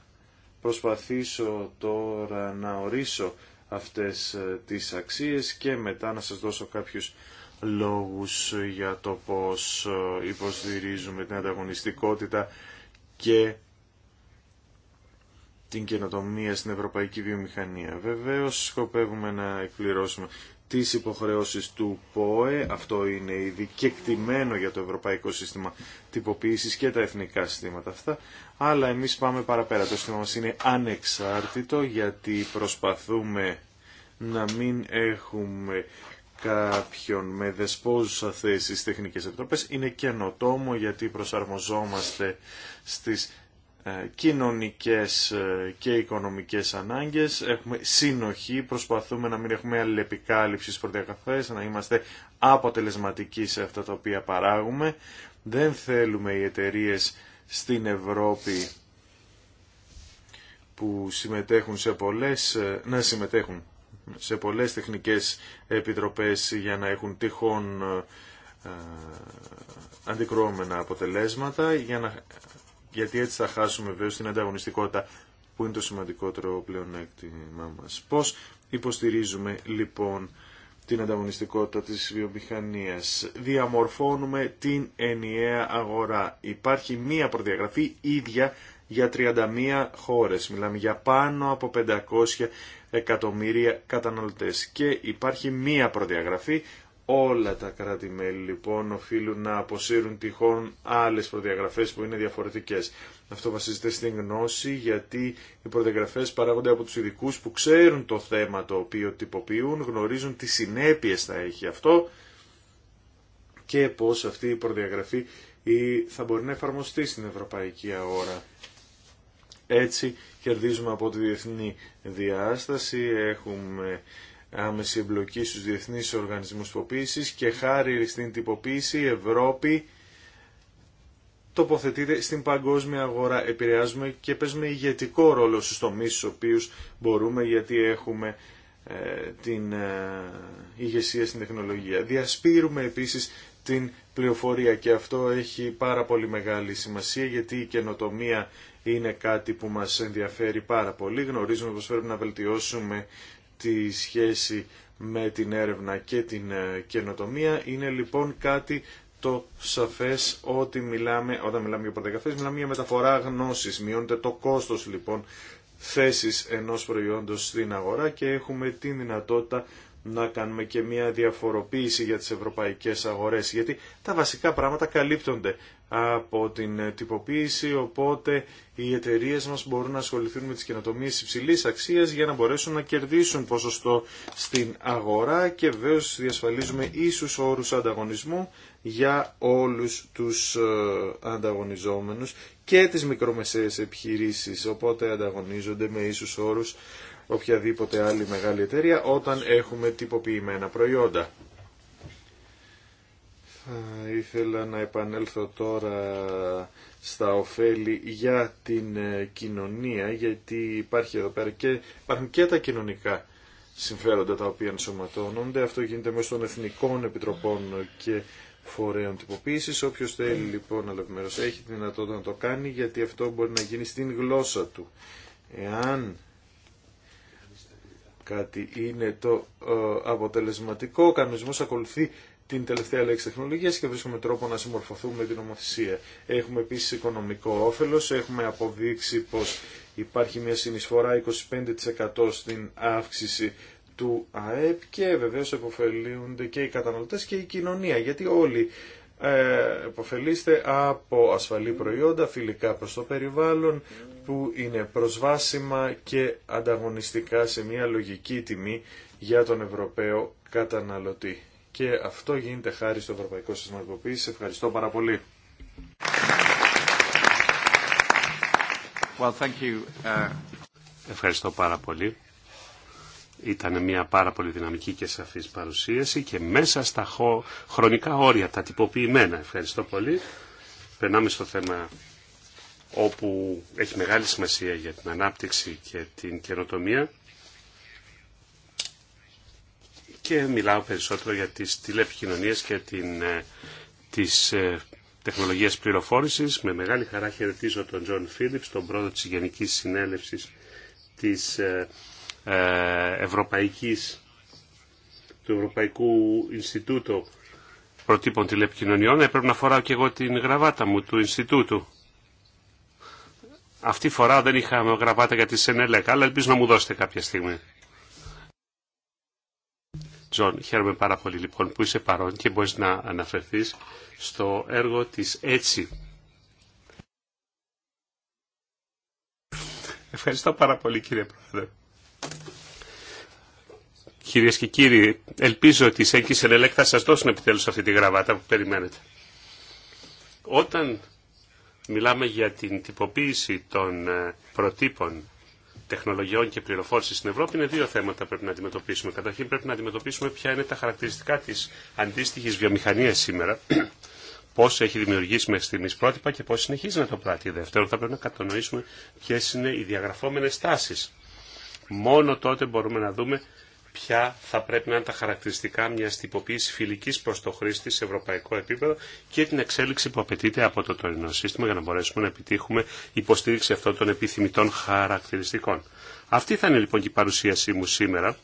προσπαθήσω τώρα να ορίσω αυτές ε, τις αξίες και μετά να σας δώσω κάποιους λόγους για το πώς ε, υποστηρίζουμε την ανταγωνιστικότητα και την καινοτομία στην ευρωπαϊκή βιομηχανία. βεβαίω. σκοπεύουμε να εκπληρώσουμε τις υποχρεώσεις του ΠΟΕ, αυτό είναι ήδη κτημένο για το Ευρωπαϊκό Σύστημα τυποποίηση και τα εθνικά συστήματα αυτά, αλλά εμείς πάμε παραπέρα. Το σύστημα μα είναι ανεξάρτητο γιατί προσπαθούμε να μην έχουμε κάποιον με δεσπόζουσα θέση στις τεχνικές επιτροπές. Είναι καινοτόμο γιατί προσαρμοζόμαστε στις ε, κοινωνικές ε, και οικονομικές ανάγκες, έχουμε συνοχή, προσπαθούμε να μην έχουμε αλληλεπικάλυψη στις να είμαστε αποτελεσματικοί σε αυτά τα οποία παράγουμε. Δεν θέλουμε οι εταιρείε στην Ευρώπη που συμμετέχουν σε πολλές, ε, να συμμετέχουν σε πολλές τεχνικές επιτροπές για να έχουν τυχόν αντικρώμενα αποτελέσματα για να γιατί έτσι θα χάσουμε βέβαια την ανταγωνιστικότητα που είναι το σημαντικότερο πλεονέκτημά μας. Πώς υποστηρίζουμε λοιπόν την ανταγωνιστικότητα της βιομηχανίας. Διαμορφώνουμε την ενιαία αγορά. Υπάρχει μία προδιαγραφή ίδια για 31 χώρες. Μιλάμε για πάνω από 500 εκατομμύρια καταναλωτές. Και υπάρχει μία προδιαγραφή Όλα τα κράτη-μέλη λοιπόν οφείλουν να αποσύρουν τυχόν άλλες προδιαγραφές που είναι διαφορετικές. Αυτό βασίζεται στην γνώση γιατί οι προδιαγραφές παράγονται από τους ειδικού που ξέρουν το θέμα το οποίο τυποποιούν, γνωρίζουν τι συνέπειες θα έχει αυτό και πώς αυτή η προδιαγραφή θα μπορεί να εφαρμοστεί στην ευρωπαϊκή αγορά. Έτσι κερδίζουμε από τη διεθνή διάσταση, έχουμε άμεση εμπλοκή στους διεθνείς οργανισμούς τυποποίησης και χάρη στην τυποποίηση η Ευρώπη τοποθετείται στην παγκόσμια αγορά. Επηρεάζουμε και παίζουμε ηγετικό ρόλο στους τομείς στους οποίους μπορούμε γιατί έχουμε ε, την ε, ηγεσία στην τεχνολογία. Διασπείρουμε επίσης την πληροφορία και αυτό έχει πάρα πολύ μεγάλη σημασία γιατί η καινοτομία είναι κάτι που μας ενδιαφέρει πάρα πολύ. Γνωρίζουμε πως πρέπει να βελτιώσουμε τη σχέση με την έρευνα και την ε, καινοτομία. Είναι λοιπόν κάτι το σαφές ότι μιλάμε, όταν μιλάμε για πρωτακαφές, μιλάμε για μεταφορά γνώσης. Μειώνεται το κόστος λοιπόν θέσης ενός προϊόντος στην αγορά και έχουμε την δυνατότητα να κάνουμε και μια διαφοροποίηση για τις ευρωπαϊκές αγορές γιατί τα βασικά πράγματα καλύπτονται από την τυποποίηση, οπότε οι εταιρείε μας μπορούν να ασχοληθούν με τις καινοτομίε υψηλής αξίας για να μπορέσουν να κερδίσουν ποσοστό στην αγορά και βεβαίω διασφαλίζουμε ίσους όρους ανταγωνισμού για όλους τους ε, ανταγωνιζόμενους και τις μικρομεσαίες επιχειρήσεις, οπότε ανταγωνίζονται με ίσους όρους οποιαδήποτε άλλη μεγάλη εταιρεία όταν έχουμε τυποποιημένα προϊόντα ήθελα να επανέλθω τώρα στα ωφέλη για την ε, κοινωνία, γιατί υπάρχει εδώ πέρα και, υπάρχουν και τα κοινωνικά συμφέροντα τα οποία ενσωματώνονται. Αυτό γίνεται μέσω των εθνικών επιτροπών και φορέων τυποποίηση. Όποιο θέλει λοιπόν να έχει τη δυνατότητα να το κάνει, γιατί αυτό μπορεί να γίνει στην γλώσσα του. Εάν κάτι είναι το ε, αποτελεσματικό, ο κανονισμός ακολουθεί την τελευταία λέξη τεχνολογία και βρίσκουμε τρόπο να συμμορφωθούμε με την νομοθεσία. Έχουμε επίση οικονομικό όφελο, έχουμε αποδείξει πω υπάρχει μια συνεισφορά 25% στην αύξηση του ΑΕΠ και βεβαίω επωφελούνται και οι καταναλωτέ και η κοινωνία γιατί όλοι ε, επωφελείστε από ασφαλή προϊόντα, φιλικά προ το περιβάλλον, που είναι προσβάσιμα και ανταγωνιστικά σε μια λογική τιμή για τον Ευρωπαίο καταναλωτή και αυτό γίνεται χάρη στο Ευρωπαϊκό Σύστημα Ευχαριστώ πάρα πολύ. Well, thank you. Uh, Ευχαριστώ πάρα πολύ. Ήταν μια πάρα πολύ δυναμική και σαφής παρουσίαση και μέσα στα χρονικά όρια, τα τυποποιημένα. Ευχαριστώ πολύ. Περνάμε στο θέμα όπου έχει μεγάλη σημασία για την ανάπτυξη και την καινοτομία και μιλάω περισσότερο για τις τηλεπικοινωνίες και την, ε, τις ε, τεχνολογίες πληροφόρησης. Με μεγάλη χαρά χαιρετίζω τον Τζον Φίλιπς, τον πρόεδρο της Γενικής Συνέλευσης της ε, Ευρωπαϊκής, του Ευρωπαϊκού Ινστιτούτου Προτύπων Τηλεπικοινωνιών. Έπρεπε να φοράω και εγώ την γραβάτα μου του Ινστιτούτου. Αυτή φορά δεν είχαμε γραβάτα για τη ΣΕΝΕΛΕΚ, αλλά ελπίζω να μου δώσετε κάποια στιγμή. Τζον, χαίρομαι πάρα πολύ λοιπόν που είσαι παρόν και μπορείς να αναφερθείς στο έργο της Έτσι. Ευχαριστώ πάρα πολύ κύριε Πρόεδρε. Κυρίες και κύριοι, ελπίζω ότι η Σέγκη Ελέκ θα σας δώσουν επιτέλους αυτή τη γραβάτα που περιμένετε. Όταν μιλάμε για την τυποποίηση των ε, προτύπων τεχνολογιών και πληροφόρηση στην Ευρώπη είναι δύο θέματα που πρέπει να αντιμετωπίσουμε. Καταρχήν πρέπει να αντιμετωπίσουμε ποια είναι τα χαρακτηριστικά της αντίστοιχη βιομηχανίας σήμερα, <clears throat> πώς έχει δημιουργήσει μέχρι στιγμή πρότυπα και πώς συνεχίζει να το πράττει. Δεύτερον, θα πρέπει να κατανοήσουμε ποιε είναι οι διαγραφόμενε τάσει. Μόνο τότε μπορούμε να δούμε ποια θα πρέπει να είναι τα χαρακτηριστικά μια τυποποίηση φιλική προ το χρήστη σε ευρωπαϊκό επίπεδο και την εξέλιξη που απαιτείται από το τωρινό σύστημα για να μπορέσουμε να επιτύχουμε υποστήριξη αυτών των επιθυμητών χαρακτηριστικών. Αυτή θα είναι λοιπόν και η παρουσίασή μου σήμερα.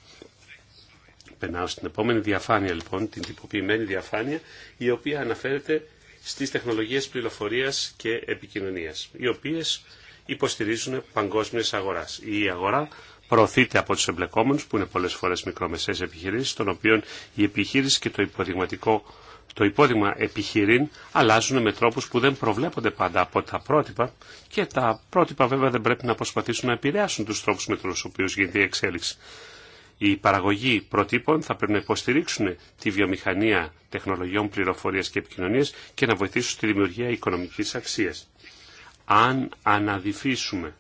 Περνάω στην επόμενη διαφάνεια λοιπόν, την τυποποιημένη διαφάνεια, η οποία αναφέρεται στις τεχνολογίες πληροφορίας και επικοινωνίας, οι οποίες υποστηρίζουν παγκόσμιες αγοράς. Η αγορά προωθείται από τους εμπλεκόμενους, που είναι πολλές φορές μικρομεσαίες επιχειρήσεις, των οποίων η επιχείρηση και το υποδειγματικό το υπόδειγμα επιχειρήν αλλάζουν με τρόπους που δεν προβλέπονται πάντα από τα πρότυπα και τα πρότυπα βέβαια δεν πρέπει να προσπαθήσουν να επηρεάσουν τους τρόπους με τους οποίους γίνεται η εξέλιξη. Οι παραγωγοί προτύπων θα πρέπει να υποστηρίξουν τη βιομηχανία τεχνολογιών πληροφορίας και επικοινωνίας και να βοηθήσουν στη δημιουργία οικονομικής αξίας. Αν αναδυφίσουμε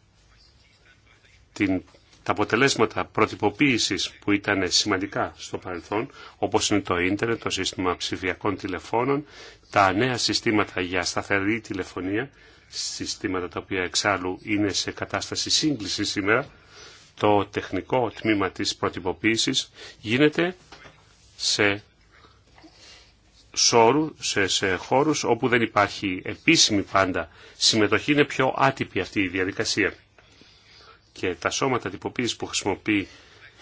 την τα αποτελέσματα προτυποποίησης που ήταν σημαντικά στο παρελθόν, όπως είναι το ίντερνετ, το σύστημα ψηφιακών τηλεφώνων, τα νέα συστήματα για σταθερή τηλεφωνία, συστήματα τα οποία εξάλλου είναι σε κατάσταση σύγκληση σήμερα, το τεχνικό τμήμα της προτυποποίησης γίνεται σε σόρου σε, σε χώρους όπου δεν υπάρχει επίσημη πάντα συμμετοχή, είναι πιο άτυπη αυτή η διαδικασία και τα σώματα τυποποίησης που χρησιμοποιεί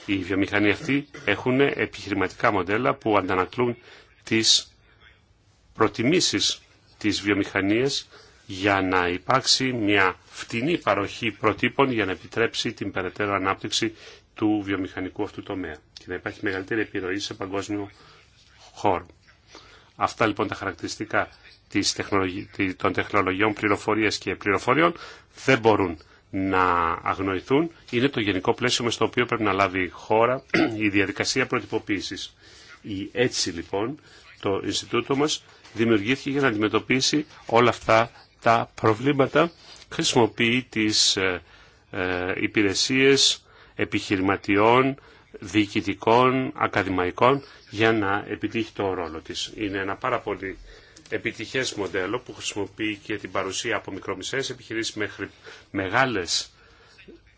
η βιομηχανία αυτή έχουν επιχειρηματικά μοντέλα που αντανακλούν τις προτιμήσεις της βιομηχανίας για να υπάρξει μια φτηνή παροχή προτύπων για να επιτρέψει την περαιτέρω ανάπτυξη του βιομηχανικού αυτού τομέα και να υπάρχει μεγαλύτερη επιρροή σε παγκόσμιο χώρο. Αυτά λοιπόν τα χαρακτηριστικά των τεχνολογιών πληροφορίας και πληροφοριών δεν μπορούν να αγνοηθούν είναι το γενικό πλαίσιο με στο οποίο πρέπει να λάβει η χώρα <clears throat> η διαδικασία προτυποποίησης. Η έτσι λοιπόν το Ινστιτούτο μας δημιουργήθηκε για να αντιμετωπίσει όλα αυτά τα προβλήματα. Χρησιμοποιεί τις ε, ε υπηρεσίες επιχειρηματιών, διοικητικών, ακαδημαϊκών για να επιτύχει το ρόλο της. Είναι ένα πάρα πολύ Επιτυχέ μοντέλο που χρησιμοποιεί και την παρουσία από μικρομεσαίες επιχειρήσει μέχρι μεγάλες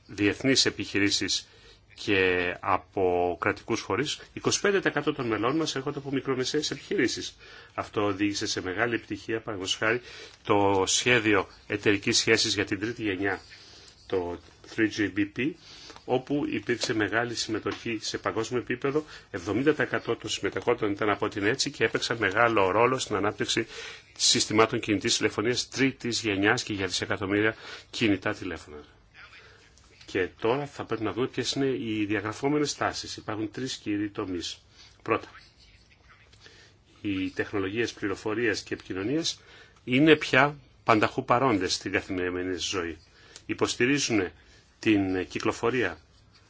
διεθνείς επιχειρήσεις και από κρατικούς φορείς, 25% των μελών μας έρχονται από μικρομεσαίες επιχειρήσεις. Αυτό οδήγησε σε μεγάλη επιτυχία, χάρη, το σχέδιο εταιρική σχέση για την τρίτη γενιά, το 3GBP, όπου υπήρξε μεγάλη συμμετοχή σε παγκόσμιο επίπεδο. 70% των συμμετεχόντων ήταν από την έτσι και έπαιξαν μεγάλο ρόλο στην ανάπτυξη συστημάτων κινητής τηλεφωνίας τρίτης γενιάς και για δισεκατομμύρια κινητά τηλέφωνα. Και τώρα θα πρέπει να δούμε ποιε είναι οι διαγραφόμενες τάσεις. Υπάρχουν τρεις κύριοι τομεί. Πρώτα, οι τεχνολογίες πληροφορίας και επικοινωνίας είναι πια πανταχού παρόντες στην καθημερινή ζωή. Υποστηρίζουν την κυκλοφορία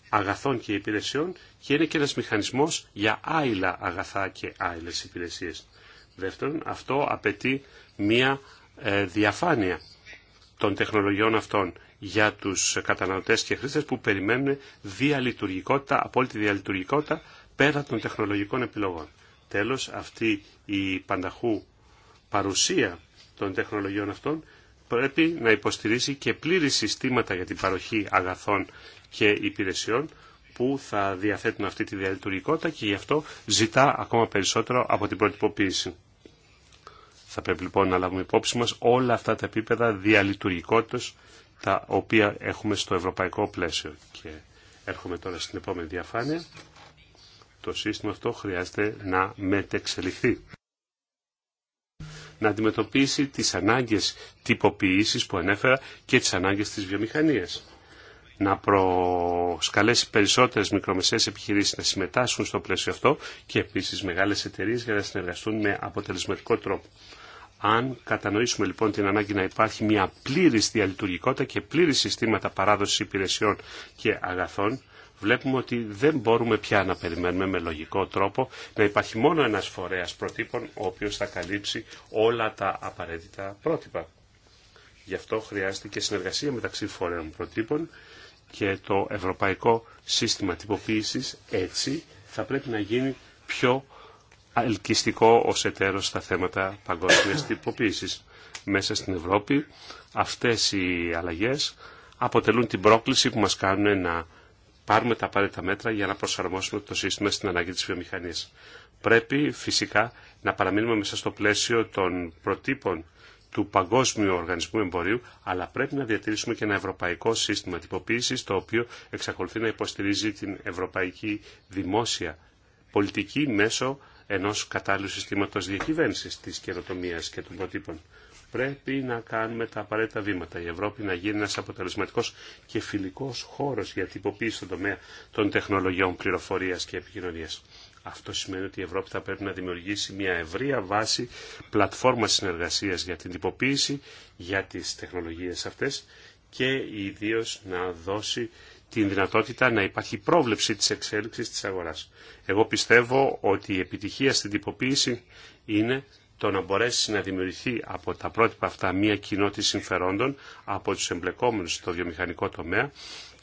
αγαθών και υπηρεσιών και είναι και ένας μηχανισμός για άειλα αγαθά και άειλες υπηρεσίες. Δεύτερον, αυτό απαιτεί μία ε, διαφάνεια των τεχνολογιών αυτών για τους καταναλωτές και χρήστες που περιμένουν διαλειτουργικότητα, απόλυτη διαλειτουργικότητα πέρα των τεχνολογικών επιλογών. Τέλος, αυτή η πανταχού παρουσία των τεχνολογιών αυτών πρέπει να υποστηρίσει και πλήρη συστήματα για την παροχή αγαθών και υπηρεσιών που θα διαθέτουν αυτή τη διαλειτουργικότητα και γι' αυτό ζητά ακόμα περισσότερο από την προτυποποίηση. Θα πρέπει λοιπόν να λάβουμε υπόψη μας όλα αυτά τα επίπεδα διαλειτουργικότητας τα οποία έχουμε στο ευρωπαϊκό πλαίσιο. Και έρχομαι τώρα στην επόμενη διαφάνεια. Το σύστημα αυτό χρειάζεται να μετεξελιχθεί να αντιμετωπίσει τις ανάγκες τυποποίησης που ανέφερα και τις ανάγκες της βιομηχανίας. Να προσκαλέσει περισσότερες μικρομεσαίες επιχειρήσεις να συμμετάσχουν στο πλαίσιο αυτό και επίσης μεγάλες εταιρείες για να συνεργαστούν με αποτελεσματικό τρόπο. Αν κατανοήσουμε λοιπόν την ανάγκη να υπάρχει μια πλήρης διαλειτουργικότητα και πλήρης συστήματα παράδοσης υπηρεσιών και αγαθών, βλέπουμε ότι δεν μπορούμε πια να περιμένουμε με λογικό τρόπο να υπάρχει μόνο ένας φορέας προτύπων ο οποίος θα καλύψει όλα τα απαραίτητα πρότυπα. Γι' αυτό χρειάζεται και συνεργασία μεταξύ φορέων προτύπων και το ευρωπαϊκό σύστημα τυποποίησης έτσι θα πρέπει να γίνει πιο ελκυστικό ως εταίρος στα θέματα παγκόσμιας τυποποίησης. Μέσα στην Ευρώπη αυτές οι αλλαγές αποτελούν την πρόκληση που μας κάνουν να πάρουμε τα απαραίτητα μέτρα για να προσαρμόσουμε το σύστημα στην ανάγκη της βιομηχανίας. Πρέπει φυσικά να παραμείνουμε μέσα στο πλαίσιο των προτύπων του Παγκόσμιου Οργανισμού Εμπορίου, αλλά πρέπει να διατηρήσουμε και ένα ευρωπαϊκό σύστημα τυποποίηση, το οποίο εξακολουθεί να υποστηρίζει την ευρωπαϊκή δημόσια πολιτική μέσω ενό κατάλληλου συστήματο διακυβέρνηση τη καινοτομία και των προτύπων πρέπει να κάνουμε τα απαραίτητα βήματα. Η Ευρώπη να γίνει ένας αποτελεσματικός και φιλικός χώρος για τυποποίηση στον τομέα των τεχνολογιών πληροφορίας και επικοινωνίας. Αυτό σημαίνει ότι η Ευρώπη θα πρέπει να δημιουργήσει μια ευρεία βάση πλατφόρμα συνεργασίας για την τυποποίηση για τις τεχνολογίες αυτές και ιδίω να δώσει την δυνατότητα να υπάρχει πρόβλεψη της εξέλιξης της αγοράς. Εγώ πιστεύω ότι η επιτυχία στην τυποποίηση είναι το να μπορέσει να δημιουργηθεί από τα πρότυπα αυτά μια κοινότητα συμφερόντων από τους εμπλεκόμενους στο βιομηχανικό τομέα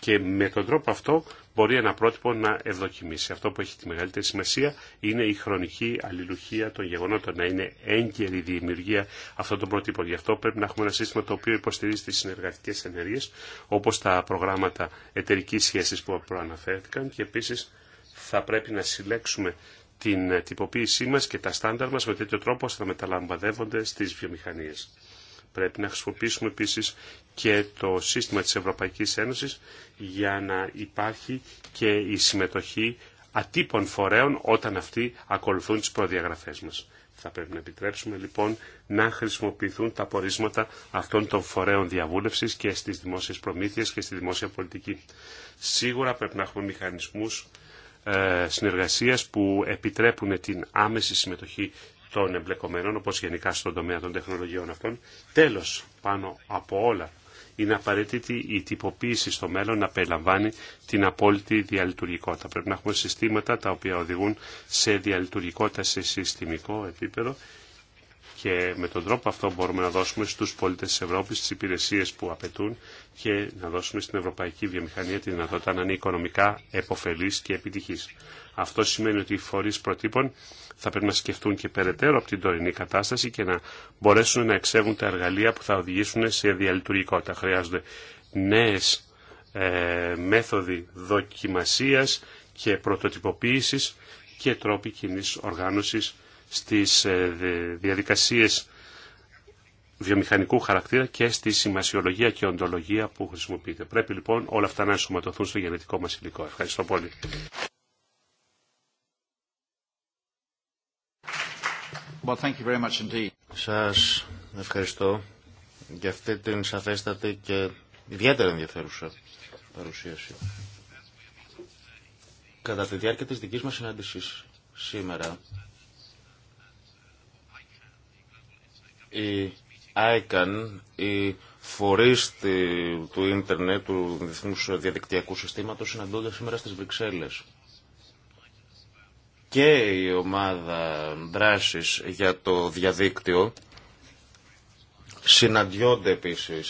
και με τον τρόπο αυτό μπορεί ένα πρότυπο να ευδοκιμήσει. Αυτό που έχει τη μεγαλύτερη σημασία είναι η χρονική αλληλουχία των γεγονότων, να είναι έγκαιρη η δημιουργία αυτών των πρότυπων. Γι' αυτό πρέπει να έχουμε ένα σύστημα το οποίο υποστηρίζει τι συνεργατικέ ενέργειε, όπω τα προγράμματα εταιρική σχέση που προαναφέρθηκαν και επίση θα πρέπει να συλλέξουμε την τυποποίησή μας και τα στάνταρ μας με τέτοιο τρόπο ώστε να μεταλαμβαδεύονται στις βιομηχανίες. Πρέπει να χρησιμοποιήσουμε επίσης και το σύστημα της Ευρωπαϊκής Ένωσης για να υπάρχει και η συμμετοχή ατύπων φορέων όταν αυτοί ακολουθούν τις προδιαγραφές μας. Θα πρέπει να επιτρέψουμε λοιπόν να χρησιμοποιηθούν τα πορίσματα αυτών των φορέων διαβούλευσης και στις δημόσιες προμήθειες και στη δημόσια πολιτική. Σίγουρα πρέπει να έχουμε μηχανισμούς ε, συνεργασίας που επιτρέπουν την άμεση συμμετοχή των εμπλεκομένων, όπως γενικά στον τομέα των τεχνολογιών αυτών. Τέλος, πάνω από όλα, είναι απαραίτητη η τυποποίηση στο μέλλον να περιλαμβάνει την απόλυτη διαλειτουργικότητα. Πρέπει να έχουμε συστήματα τα οποία οδηγούν σε διαλειτουργικότητα σε συστημικό επίπεδο και με τον τρόπο αυτό μπορούμε να δώσουμε στους πολίτες της Ευρώπης τις υπηρεσίες που απαιτούν και να δώσουμε στην ευρωπαϊκή βιομηχανία τη δυνατότητα να είναι οικονομικά επωφελής και επιτυχής. Αυτό σημαίνει ότι οι φορείς προτύπων θα πρέπει να σκεφτούν και περαιτέρω από την τωρινή κατάσταση και να μπορέσουν να εξεύουν τα εργαλεία που θα οδηγήσουν σε διαλειτουργικότητα. Χρειάζονται νέε ε, μέθοδοι δοκιμασία και πρωτοτυποποίηση και τρόποι κοινή οργάνωση στις ε, διαδικασίες βιομηχανικού χαρακτήρα και στη σημασιολογία και οντολογία που χρησιμοποιείται. Πρέπει λοιπόν όλα αυτά να ενσωματωθούν στο γενετικό μας υλικό. Ευχαριστώ πολύ. Well, thank you very much indeed. Σας ευχαριστώ για αυτή την σαφέστατη και ιδιαίτερα ενδιαφέρουσα παρουσίαση. Κατά τη διάρκεια της δικής μας συνάντησης σήμερα, η ICAN, οι φορείς του ίντερνετ, του διεθνού Διαδικτυακού συστήματο, συναντώνται σήμερα στι Βρυξέλλες. Και η ομάδα δράση για το διαδίκτυο συναντιόνται επίση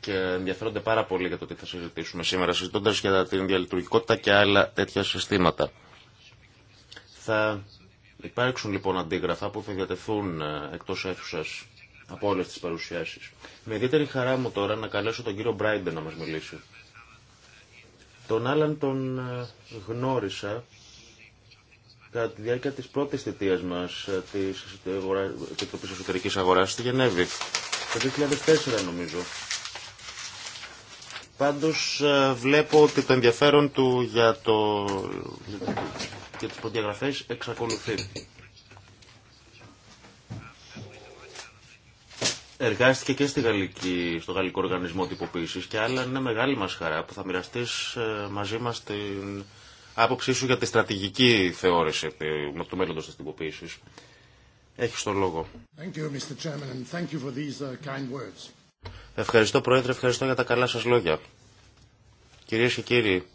και ενδιαφέρονται πάρα πολύ για το τι θα συζητήσουμε σήμερα, συζητώντα για την διαλειτουργικότητα και άλλα τέτοια συστήματα. Θα υπάρξουν λοιπόν αντίγραφα που θα διατεθούν ε, εκτός αίθουσας από όλε τι παρουσιάσει. Με ιδιαίτερη χαρά μου τώρα να καλέσω τον κύριο Μπράιντε να μας μιλήσει. Τον άλλον τον ε, γνώρισα κατά τη διάρκεια της πρώτης θητεία μας ε, τη Επιτροπή Εσωτερική Αγοράς στη Γενέβη. Το 2004 νομίζω. Πάντως ε, βλέπω ότι το ενδιαφέρον του για, το, για τις προδιαγραφές εξακολουθεί. Εργάστηκε και στη Γαλλική, στο Γαλλικό Οργανισμό Τυποποίησης και άλλα είναι μεγάλη μας χαρά που θα μοιραστείς ε, μαζί μας την άποψή σου για τη στρατηγική θεώρηση του μέλλοντος της τυποποίησης. Έχεις τον λόγο. Ευχαριστώ Πρόεδρε, ευχαριστώ για τα καλά σας λόγια. Κυρίες και κύριοι,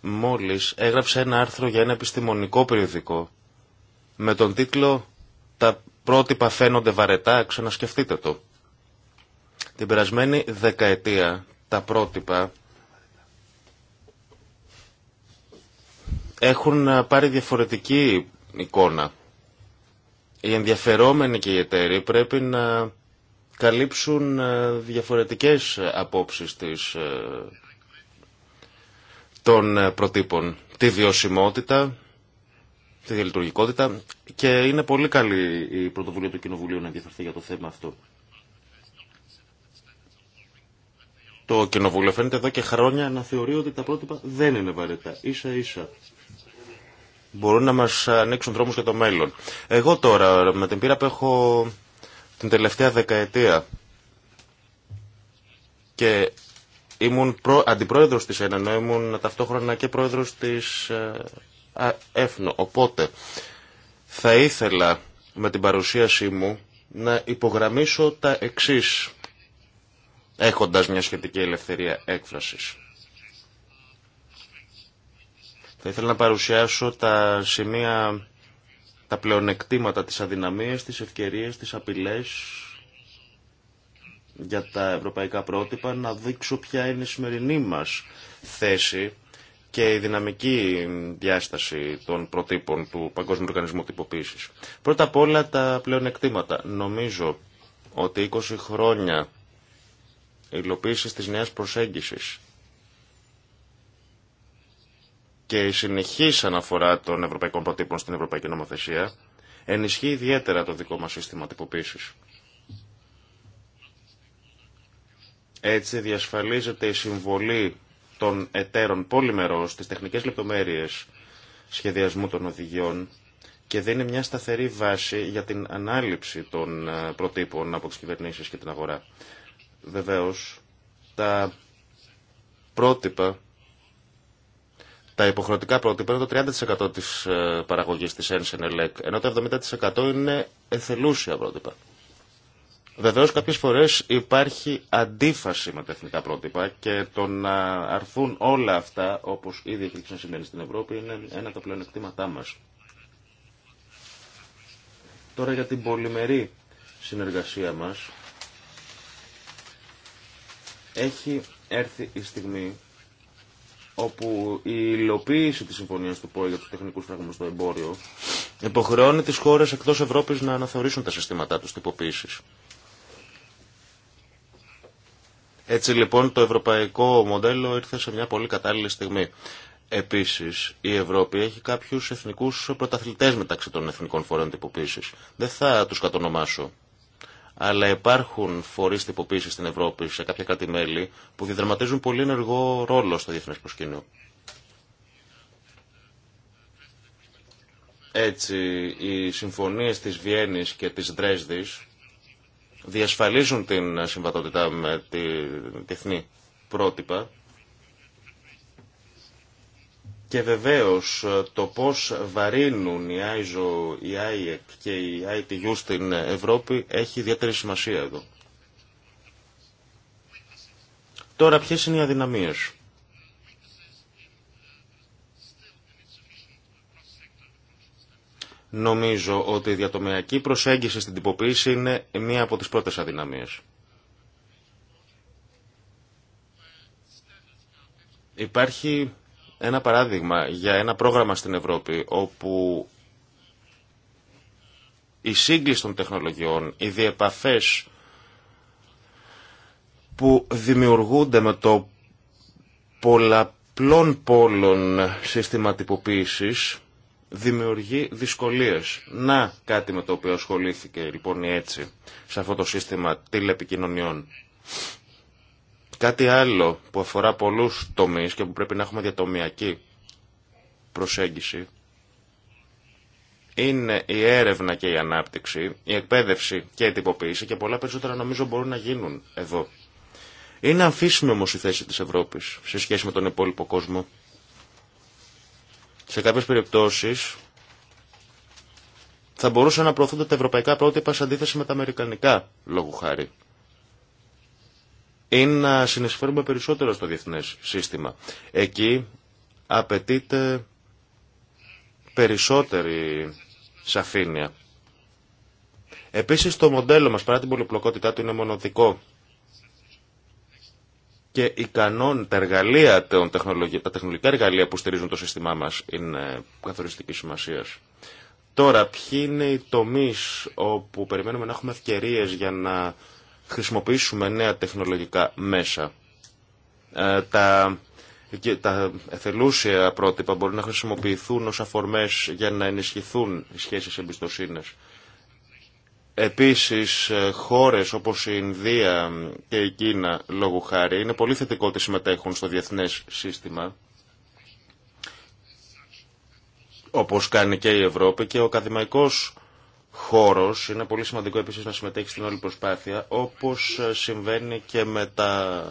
μόλις έγραψε ένα άρθρο για ένα επιστημονικό περιοδικό με τον τίτλο «Τα πρότυπα φαίνονται βαρετά, ξανασκεφτείτε το. Την περασμένη δεκαετία τα πρότυπα έχουν ε, πάρει διαφορετική εικόνα. Οι ενδιαφερόμενοι και οι εταίροι πρέπει να καλύψουν ε, διαφορετικές ε, απόψεις της, των προτύπων. Τη βιωσιμότητα, τη διαλειτουργικότητα και είναι πολύ καλή η πρωτοβουλία του Κοινοβουλίου να ενδιαφερθεί για το θέμα αυτό. Το Κοινοβούλιο φαίνεται εδώ και χρόνια να θεωρεί ότι τα πρότυπα δεν είναι βαρετά. Ίσα ίσα μπορούν να μας ανοίξουν δρόμους για το μέλλον. Εγώ τώρα με την πείρα που έχω την τελευταία δεκαετία και ήμουν προ, αντιπρόεδρος της ήμουν ταυτόχρονα και πρόεδρος της ε, έφνο. Οπότε θα ήθελα με την παρουσίασή μου να υπογραμμίσω τα εξής έχοντας μια σχετική ελευθερία έκφρασης. Θα ήθελα να παρουσιάσω τα σημεία, τα πλεονεκτήματα, τις αδυναμίες, τις ευκαιρίες, τις απειλές για τα ευρωπαϊκά πρότυπα, να δείξω ποια είναι η σημερινή μας θέση και η δυναμική διάσταση των προτύπων του Παγκόσμιου Οργανισμού Τυποποίησης. Πρώτα απ' όλα τα πλέον εκτήματα. Νομίζω ότι 20 χρόνια υλοποίησης της νέας προσέγγισης και η συνεχής αναφορά των ευρωπαϊκών προτύπων στην ευρωπαϊκή νομοθεσία ενισχύει ιδιαίτερα το δικό μας σύστημα τυποποίησης. Έτσι διασφαλίζεται η συμβολή των εταίρων πολυμερό τις τεχνικές λεπτομέρειες σχεδιασμού των οδηγιών και δεν είναι μια σταθερή βάση για την ανάληψη των ε, προτύπων από τις κυβερνήσεις και την αγορά. Βεβαίως, τα πρότυπα, τα υποχρεωτικά πρότυπα είναι το 30% της ε, παραγωγής της Ένσενελέκ, ενώ το 70% είναι εθελούσια πρότυπα. Βεβαίω κάποιε φορέ υπάρχει αντίφαση με τα εθνικά πρότυπα και το να αρθούν όλα αυτά όπω ήδη έχει να στην Ευρώπη είναι ένα από τα πλεονεκτήματά μα. Τώρα για την πολυμερή συνεργασία μα. έχει έρθει η στιγμή όπου η υλοποίηση της συμφωνίας του ΠΟΕ για τους τεχνικούς φραγμούς στο εμπόριο υποχρεώνει τις χώρες εκτός Ευρώπης να αναθεωρήσουν τα συστήματά τους τυποποίησης. Έτσι λοιπόν το ευρωπαϊκό μοντέλο ήρθε σε μια πολύ κατάλληλη στιγμή. Επίσης, η Ευρώπη έχει κάποιους εθνικούς πρωταθλητές μεταξύ των εθνικών φορέων τυποποίησης. Δεν θα τους κατονομάσω. Αλλά υπάρχουν φορείς τυποποίησης στην Ευρώπη σε κάποια κρατη μέλη που διδραματίζουν πολύ ενεργό ρόλο στο διεθνές προσκήνιο. Έτσι, οι συμφωνίες της Βιέννης και της Δρέσδης διασφαλίζουν την συμβατότητα με τη διεθνή πρότυπα και βεβαίως το πώς βαρύνουν η ISO, η IEC και η ITU στην Ευρώπη έχει ιδιαίτερη σημασία εδώ. Τώρα ποιες είναι οι αδυναμίες. Νομίζω ότι η διατομιακή προσέγγιση στην τυποποίηση είναι μία από τις πρώτες αδυναμίες. Υπάρχει ένα παράδειγμα για ένα πρόγραμμα στην Ευρώπη όπου η σύγκληση των τεχνολογιών, οι διεπαφές που δημιουργούνται με το πολλαπλών πόλων σύστημα τυποποίησης δημιουργεί δυσκολίες. Να κάτι με το οποίο ασχολήθηκε λοιπόν η έτσι σε αυτό το σύστημα τηλεπικοινωνιών. Κάτι άλλο που αφορά πολλούς τομείς και που πρέπει να έχουμε διατομιακή προσέγγιση είναι η έρευνα και η ανάπτυξη, η εκπαίδευση και η τυποποίηση και πολλά περισσότερα νομίζω μπορούν να γίνουν εδώ. Είναι αμφίσιμη όμως η θέση της Ευρώπης σε σχέση με τον υπόλοιπο κόσμο. Σε κάποιες περιπτώσεις θα μπορούσαν να προωθούνται τα ευρωπαϊκά πρότυπα σε αντίθεση με τα αμερικανικά, λόγου χάρη. Ή να συνεισφέρουμε περισσότερο στο διεθνές σύστημα. Εκεί απαιτείται περισσότερη σαφήνεια. Επίσης το μοντέλο μας, παρά την πολυπλοκότητά του, είναι μονοδικό και οι τα, εργαλεία, των τα τεχνολογικά εργαλεία που στηρίζουν το σύστημά μας είναι καθοριστική σημασία. Τώρα, ποιοι είναι οι τομείς όπου περιμένουμε να έχουμε ευκαιρίε για να χρησιμοποιήσουμε νέα τεχνολογικά μέσα. Ε, τα, τα εθελούσια πρότυπα μπορεί να χρησιμοποιηθούν ως αφορμές για να ενισχυθούν οι σχέσεις εμπιστοσύνες. Επίσης, ε, χώρες όπως η Ινδία και η Κίνα, λόγου χάρη, είναι πολύ θετικό ότι συμμετέχουν στο διεθνές σύστημα, όπως κάνει και η Ευρώπη και ο ακαδημαϊκός χώρος είναι πολύ σημαντικό επίσης να συμμετέχει στην όλη προσπάθεια, όπως ε, συμβαίνει και με τα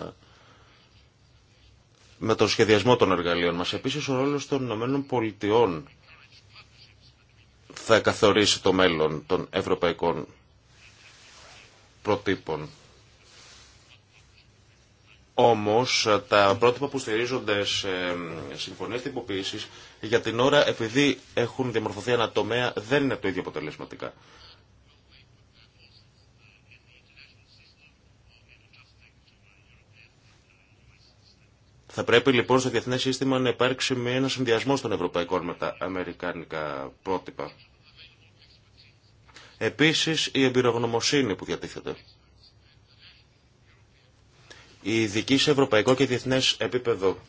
με τον σχεδιασμό των εργαλείων μας. Επίσης ο ρόλος των Ηνωμένων Πολιτειών θα καθορίσει το μέλλον των ευρωπαϊκών προτύπων. Όμως τα πρότυπα που στηρίζονται σε συμφωνίες για την ώρα επειδή έχουν διαμορφωθεί ανατομέα δεν είναι το ίδιο αποτελεσματικά. Θα πρέπει λοιπόν στο διεθνέ σύστημα να υπάρξει με ένα συνδυασμό των ευρωπαϊκών με τα αμερικάνικα πρότυπα. Επίσης η εμπειρογνωμοσύνη που διατίθεται. Η ειδική σε ευρωπαϊκό και διεθνές επίπεδο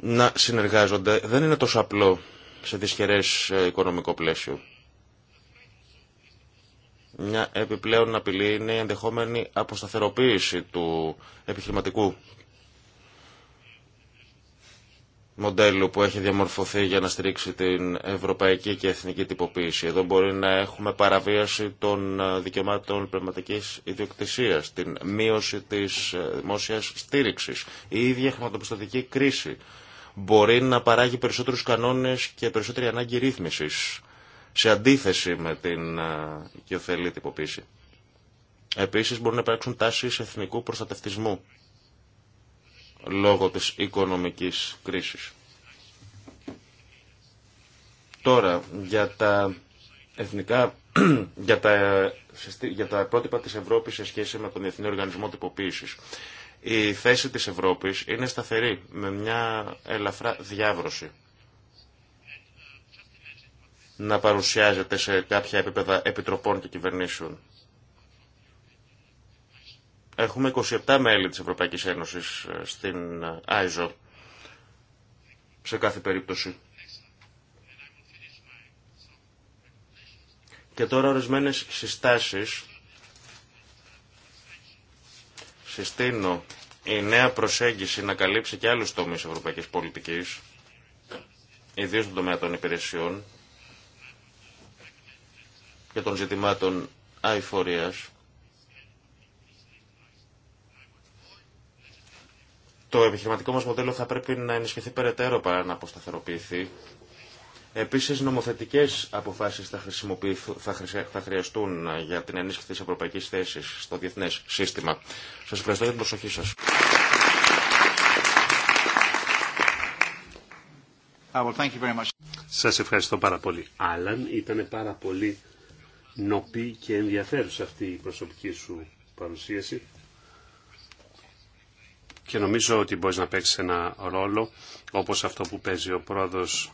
να συνεργάζονται δεν είναι τόσο απλό σε δυσχερές ε, οικονομικό πλαίσιο. Μια επιπλέον απειλή είναι η ενδεχόμενη αποσταθεροποίηση του επιχειρηματικού μοντέλου που έχει διαμορφωθεί για να στηρίξει την ευρωπαϊκή και εθνική τυποποίηση. Εδώ μπορεί να έχουμε παραβίαση των ε, δικαιωμάτων πνευματικής ιδιοκτησίας, την μείωση της ε, δημόσιας στήριξης, η ίδια χρηματοπιστωτική κρίση. Μπορεί να παράγει περισσότερους κανόνες και περισσότερη ανάγκη ρύθμισης σε αντίθεση με την ε, οικειοθελή τυποποίηση. Επίσης μπορεί να υπάρξουν τάσεις εθνικού προστατευτισμού λόγω της οικονομικής κρίσης. Τώρα, για τα εθνικά, <clears throat> για τα, για τα πρότυπα της Ευρώπης σε σχέση με τον Εθνικό Οργανισμό Τυποποίησης. Η θέση της Ευρώπης είναι σταθερή, με μια ελαφρά διάβρωση να παρουσιάζεται σε κάποια επίπεδα επιτροπών και κυβερνήσεων. Έχουμε 27 μέλη της Ευρωπαϊκής Ένωσης ε, στην ε, ΆΙΖΟ σε κάθε περίπτωση. Και τώρα ορισμένε συστάσεις συστήνω η νέα προσέγγιση να καλύψει και άλλους τομείς ευρωπαϊκής πολιτικής, ιδίως στον τομέα των υπηρεσιών και των ζητημάτων αηφορίας. Το επιχειρηματικό μας μοντέλο θα πρέπει να ενισχυθεί περαιτέρω παρά να αποσταθεροποιηθεί. Επίσης, νομοθετικές αποφάσεις θα, θα, θα χρειαστούν για την ενίσχυση της ευρωπαϊκής θέσης στο διεθνές σύστημα. Σας ευχαριστώ για την προσοχή σας. Σας ευχαριστώ πάρα πολύ. Άλαν, ήταν πάρα πολύ νοπή και ενδιαφέρουσα αυτή η προσωπική σου παρουσίαση και νομίζω ότι μπορείς να παίξεις ένα ρόλο όπως αυτό που παίζει ο πρόεδρος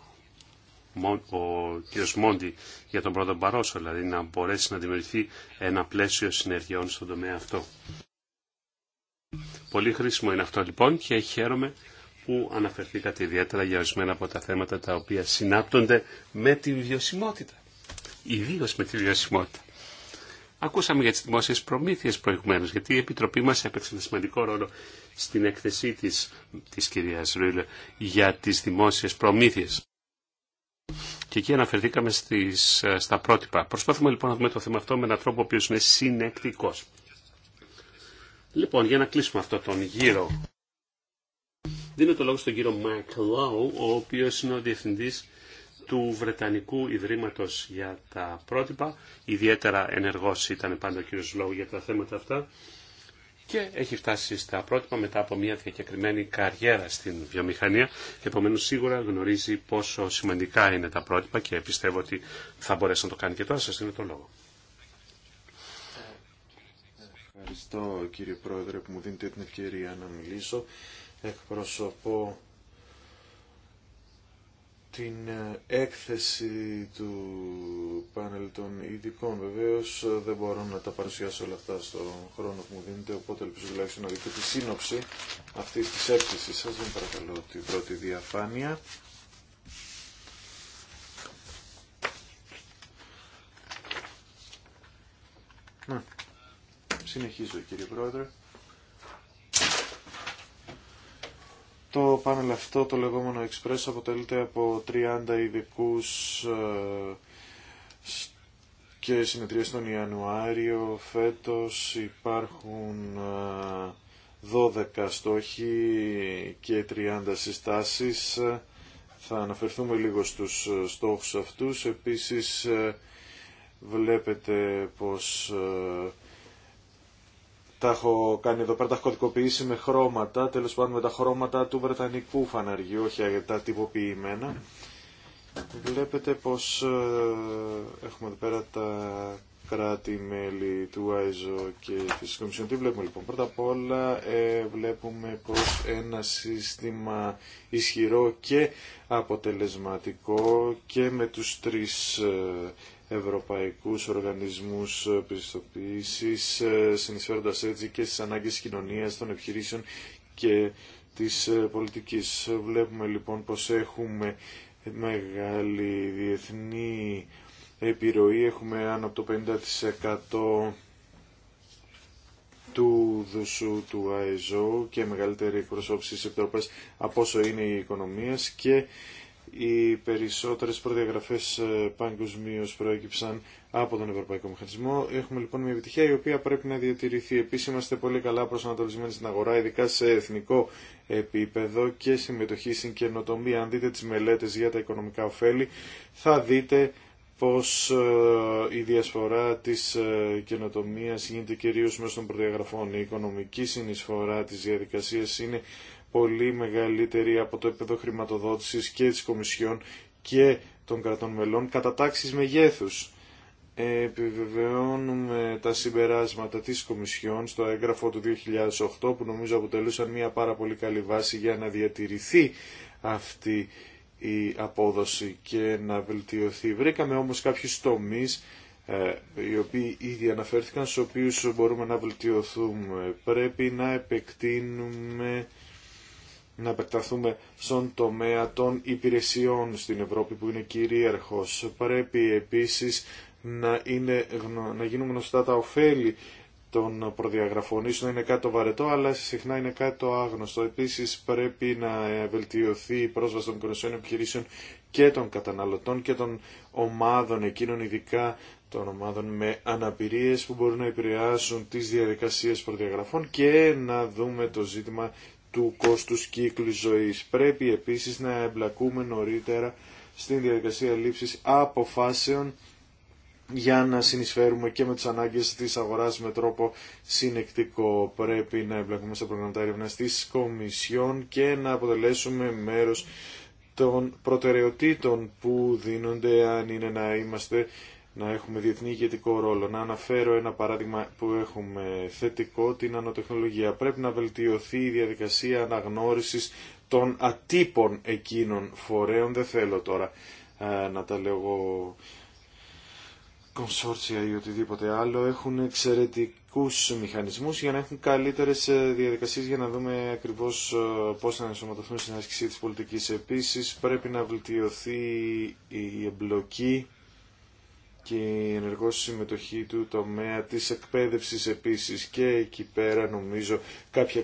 ο κ. Μόντι για τον πρόεδρο Μπαρόσο, δηλαδή να μπορέσει να δημιουργηθεί ένα πλαίσιο συνεργειών στον τομέα αυτό. Πολύ χρήσιμο είναι αυτό λοιπόν και χαίρομαι που αναφερθήκατε ιδιαίτερα για ορισμένα από τα θέματα τα οποία συνάπτονται με τη βιωσιμότητα. Ιδίω με τη βιωσιμότητα. Ακούσαμε για τις δημόσιες προμήθειες προηγουμένως, γιατί η Επιτροπή μας έπαιξε ένα σημαντικό ρόλο στην έκθεσή της, της κυρίας Ρούλε για τις δημόσιες προμήθειες. Και εκεί αναφερθήκαμε στις, στα πρότυπα. Προσπαθούμε λοιπόν να δούμε το θέμα αυτό με έναν τρόπο ο οποίο είναι συνεκτικός. Λοιπόν, για να κλείσουμε αυτό τον γύρο. Δίνω το λόγο στον κύριο Μακ Λόου, ο οποίος είναι ο Διευθυντής του Βρετανικού Ιδρύματος για τα πρότυπα. Ιδιαίτερα ενεργός ήταν πάντα ο κύριος Λόγου για τα θέματα αυτά και έχει φτάσει στα πρότυπα μετά από μια διακεκριμένη καριέρα στην βιομηχανία και επομένω σίγουρα γνωρίζει πόσο σημαντικά είναι τα πρότυπα και πιστεύω ότι θα μπορέσει να το κάνει και τώρα. σα δίνω το λόγο. Ευχαριστώ κύριε Πρόεδρε που μου δίνετε την ευκαιρία να μιλήσω. Εκπροσωπώ την ε, έκθεση του πάνελ των ειδικών. Βεβαίως ε, δεν μπορώ να τα παρουσιάσω όλα αυτά στον χρόνο που μου δίνετε, οπότε ελπίζω τουλάχιστον να δείτε τη σύνοψη αυτής της έκθεσης σας. Δεν παρακαλώ την πρώτη διαφάνεια. Να. Συνεχίζω κύριε Πρόεδρε. Το πάνελ αυτό, το λεγόμενο Express, αποτελείται από 30 ειδικού ε, και συνεδρίες τον Ιανουάριο φέτος υπάρχουν 12 ε, στόχοι και 30 συστάσεις. Θα αναφερθούμε λίγο στους ε, στόχους αυτούς. Επίσης βλέπετε πως τα έχω κάνει εδώ πέρα, τα έχω κωδικοποιήσει με χρώματα, Τέλο πάντων με τα χρώματα του Βρετανικού φαναριού, όχι τα τυποποιημένα. Βλέπετε πως ε, έχουμε εδώ πέρα τα κράτη-μέλη του ΆΙΖΟ και τη Κομισιόν. Τι βλέπουμε λοιπόν. Πρώτα απ' όλα ε, βλέπουμε πως ένα σύστημα ισχυρό και αποτελεσματικό και με τους τρεις ε, ευρωπαϊκούς οργανισμούς πιστοποίησης, ε, συνεισφέροντας έτσι και στις ανάγκες κοινωνίας των επιχειρήσεων και της ε, πολιτικής. Βλέπουμε λοιπόν πως έχουμε μεγάλη διεθνή επιρροή, έχουμε άνω από το 50% του δουσού του ΑΕΖΟ και μεγαλύτερη προσώπηση στις επιτροπές από όσο είναι η οικονομίες και οι περισσότερες προδιαγραφές ε, παγκοσμίω προέκυψαν από τον Ευρωπαϊκό Μηχανισμό. Έχουμε λοιπόν μια επιτυχία η οποία πρέπει να διατηρηθεί. Επίσης είμαστε πολύ καλά προσανατολισμένοι στην αγορά, ειδικά σε εθνικό επίπεδο και συμμετοχή στην καινοτομία. Αν δείτε τις μελέτες για τα οικονομικά ωφέλη θα δείτε πως ε, η διασφορά της ε, καινοτομίας γίνεται κυρίως μέσω των προδιαγραφών. Η οικονομική συνεισφορά της διαδικασίας είναι πολύ μεγαλύτερη από το επίπεδο χρηματοδότησης και της Κομισιόν και των κρατών μελών κατά τάξης μεγέθους. Επιβεβαιώνουμε τα συμπεράσματα της Κομισιόν στο έγγραφο του 2008 που νομίζω αποτελούσαν μια πάρα πολύ καλή βάση για να διατηρηθεί αυτή η απόδοση και να βελτιωθεί. Βρήκαμε όμως κάποιους τομείς ε, οι οποίοι ήδη αναφέρθηκαν, στους οποίους μπορούμε να βελτιωθούμε. Πρέπει να επεκτείνουμε να επεκταθούμε στον τομέα των υπηρεσιών στην Ευρώπη που είναι κυρίαρχος. Πρέπει επίσης να, είναι, να γίνουν γνωστά τα ωφέλη των προδιαγραφών. Ίσως να είναι κάτι το βαρετό, αλλά συχνά είναι κάτι το άγνωστο. Επίσης πρέπει να βελτιωθεί η πρόσβαση των κοινωνικών επιχειρήσεων και των καταναλωτών και των ομάδων εκείνων, ειδικά των ομάδων με αναπηρίες που μπορούν να επηρεάσουν τις διαδικασίες προδιαγραφών και να δούμε το ζήτημα του κόστους κύκλου ζωής. Πρέπει επίσης να εμπλακούμε νωρίτερα στην διαδικασία λήψης αποφάσεων για να συνεισφέρουμε και με τις ανάγκες της αγοράς με τρόπο συνεκτικό. Πρέπει να εμπλακούμε στα προγράμματα έρευνα της Κομισιόν και να αποτελέσουμε μέρος των προτεραιοτήτων που δίνονται αν είναι να είμαστε να έχουμε διεθνή ηγετικό ρόλο. Να αναφέρω ένα παράδειγμα που έχουμε θετικό, την ανοτεχνολογία. Πρέπει να βελτιωθεί η διαδικασία αναγνώρισης των ατύπων εκείνων φορέων. Δεν θέλω τώρα ε, να τα λέω εγώ κονσόρτσια ή οτιδήποτε άλλο. Έχουν εξαιρετικούς μηχανισμούς για να έχουν καλύτερες ε, διαδικασίες για να δούμε ακριβώς ε, πώς θα ενσωματωθούν στην άσκηση της πολιτικής. Επίσης πρέπει να βελτιωθεί η εμπλοκή και η ενεργό συμμετοχή του τομέα της εκπαίδευσης επίσης και εκεί πέρα νομίζω κάποια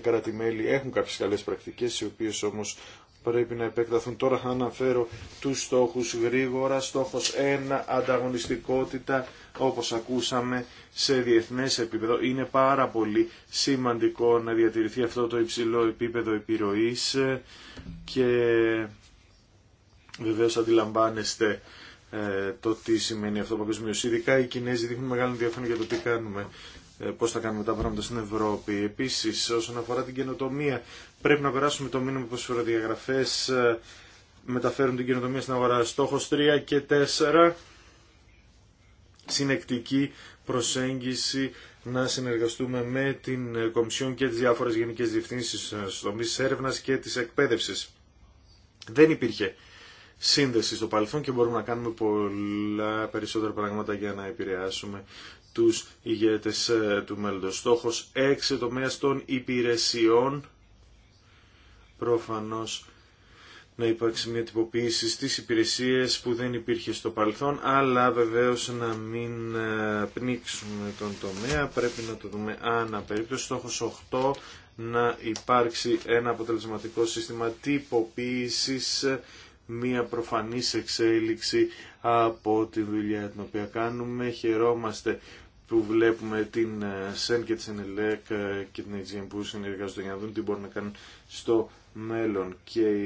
έχουν κάποιες καλές πρακτικές οι οποίες όμως πρέπει να επεκταθούν. Τώρα θα αναφέρω τους στόχους γρήγορα. Στόχος 1, ανταγωνιστικότητα, όπως ακούσαμε, σε διεθνές επίπεδο. Είναι πάρα πολύ σημαντικό να διατηρηθεί αυτό το υψηλό επίπεδο επιρροής και βεβαίως αντιλαμβάνεστε ε, το τι σημαίνει αυτό παγκοσμίω. Ειδικά οι Κινέζοι δείχνουν μεγάλο ενδιαφέρον για το τι κάνουμε, ε, πώ θα κάνουμε τα πράγματα στην Ευρώπη. Επίση, όσον αφορά την καινοτομία, πρέπει να περάσουμε το μήνυμα πω οι φοροδιαγραφέ ε, μεταφέρουν την καινοτομία στην αγορά. Στόχο 3 και 4. Συνεκτική προσέγγιση να συνεργαστούμε με την Κομισιόν και τις διάφορες γενικές διευθύνσεις στο τομείς έρευνας και της εκπαίδευσης. Δεν υπήρχε σύνδεση στο παρελθόν και μπορούμε να κάνουμε πολλά περισσότερα πράγματα για να επηρεάσουμε τους ηγέτες ε, του μέλλοντος. Στόχος 6 τομέας των υπηρεσιών προφανώς να υπάρξει μια τυποποίηση στις υπηρεσίες που δεν υπήρχε στο παρελθόν, αλλά βεβαίως να μην ε, πνίξουμε τον τομέα, πρέπει να το δούμε ανά περίπτωση. Στόχος 8, να υπάρξει ένα αποτελεσματικό σύστημα τυποποίησης ε, μία προφανής εξέλιξη από τη δουλειά την οποία κάνουμε. Χαιρόμαστε που βλέπουμε την ε, ΣΕΝ και την ΕΛΕΚ και την AGM που συνεργάζονται για να δουν τι μπορούν να κάνουν στο μέλλον. Και οι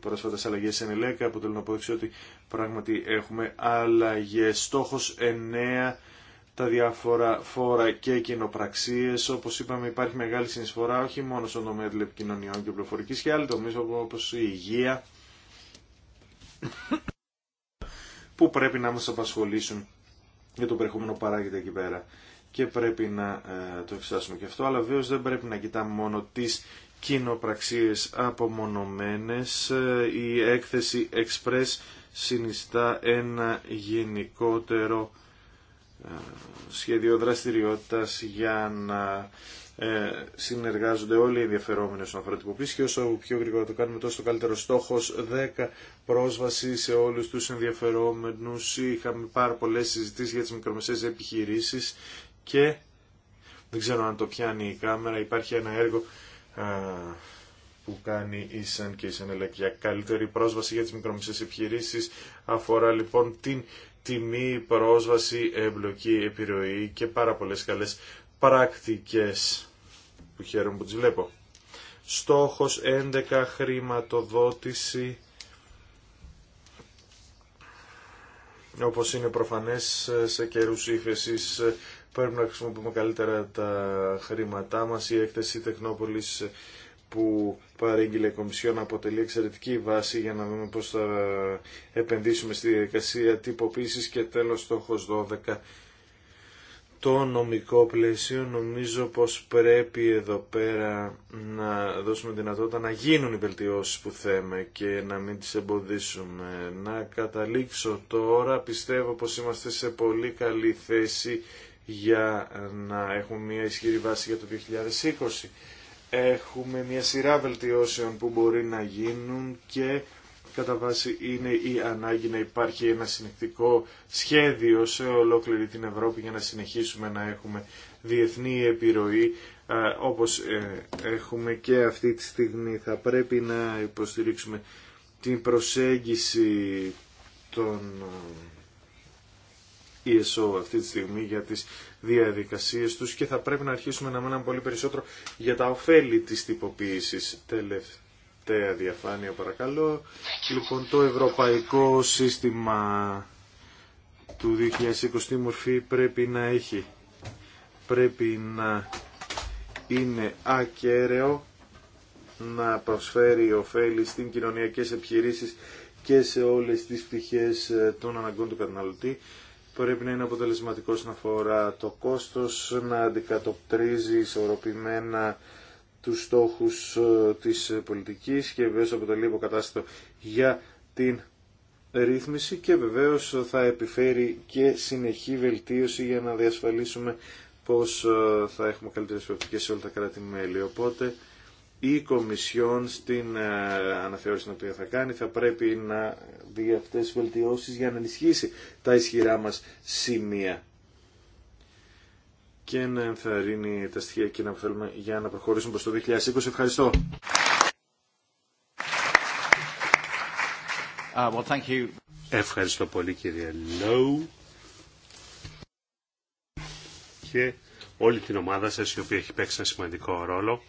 πρόσφατες αλλαγέ στην ΕΝΕΛΕΚ αποτελούν απόδειξη ότι πράγματι έχουμε αλλαγές. Στόχος 9 τα διάφορα φόρα και κοινοπραξίε. Όπω είπαμε, υπάρχει μεγάλη συνεισφορά όχι μόνο στον τομέα τηλεπικοινωνιών και πληροφορική και άλλοι τομεί όπω η υγεία που πρέπει να μας απασχολήσουν για το περιεχόμενο παράγεται εκεί πέρα. Και πρέπει να ε, το εξετάσουμε και αυτό, αλλά βέβαια δεν πρέπει να κοιτάμε μόνο τις κοινοπραξίες απομονωμένες. Ε, η έκθεση Express συνιστά ένα γενικότερο ε, σχέδιο δραστηριότητας για να ε, συνεργάζονται όλοι οι ενδιαφερόμενοι στον αφορά και όσο πιο γρήγορα το κάνουμε τόσο το καλύτερο στόχος 10 πρόσβαση σε όλους τους ενδιαφερόμενους είχαμε πάρα πολλές συζητήσεις για τις μικρομεσαίες επιχειρήσεις και δεν ξέρω αν το πιάνει η κάμερα υπάρχει ένα έργο α, που κάνει η ΣΑΝ και η ΣΑΝ για καλύτερη πρόσβαση για τις μικρομεσαίες επιχειρήσεις αφορά λοιπόν την τιμή, πρόσβαση, εμπλοκή, επιρροή και πάρα πολλές καλές πράκτικες που χαίρομαι που τις βλέπω. Στόχος 11 χρηματοδότηση όπως είναι προφανές σε καιρούς ύφεσης ε, πρέπει να χρησιμοποιούμε καλύτερα τα χρήματά μας. Η έκθεση Τεχνόπολης ε, που παρέγγειλε η Κομισιόν αποτελεί εξαιρετική βάση για να δούμε πώς θα επενδύσουμε στη διαδικασία τυποποίησης και τέλος στόχος 12 το νομικό πλαίσιο νομίζω πως πρέπει εδώ πέρα να δώσουμε δυνατότητα να γίνουν οι βελτιώσεις που θέμε και να μην τις εμποδίσουμε. Να καταλήξω τώρα, πιστεύω πως είμαστε σε πολύ καλή θέση για να έχουμε μια ισχυρή βάση για το 2020. Έχουμε μια σειρά βελτιώσεων που μπορεί να γίνουν και κατά βάση είναι η ανάγκη να υπάρχει ένα συνεκτικό σχέδιο σε ολόκληρη την Ευρώπη για να συνεχίσουμε να έχουμε διεθνή επιρροή όπως ε, έχουμε και αυτή τη στιγμή. Θα πρέπει να υποστηρίξουμε την προσέγγιση των ESO αυτή τη στιγμή για τις διαδικασίες τους και θα πρέπει να αρχίσουμε να μέναμε πολύ περισσότερο για τα ωφέλη της τυποποίησης. Τελευταία τελευταία διαφάνεια παρακαλώ. Λοιπόν, το ευρωπαϊκό σύστημα του 2020 τι μορφή πρέπει να έχει. Πρέπει να είναι ακέραιο να προσφέρει ωφέλη στην κοινωνιακές επιχειρήσεις και σε όλες τις πτυχές ε, των αναγκών του καταναλωτή. Πρέπει να είναι αποτελεσματικό να αφορά το κόστος, να αντικατοπτρίζει ισορροπημένα τους στόχους ε, της ε, πολιτικής και βεβαίως αποτελεί υποκατάστατο για την ρύθμιση και βεβαίως θα επιφέρει και συνεχή βελτίωση για να διασφαλίσουμε πως ε, θα έχουμε καλύτερες προοπτικές σε όλα τα κράτη-μέλη. Οπότε η Κομισιόν στην αναθεώρηση την οποία θα κάνει θα πρέπει να δει αυτές τις βελτιώσεις για να ενισχύσει τα ισχυρά μας σημεία και να ενθαρρύνει τα στοιχεία εκείνα που θέλουμε για να προχωρήσουμε προς το 2020. Ευχαριστώ. Uh, well, thank you. Ευχαριστώ πολύ κύριε Λόου και όλη την ομάδα σας η οποία έχει παίξει ένα σημαντικό ρόλο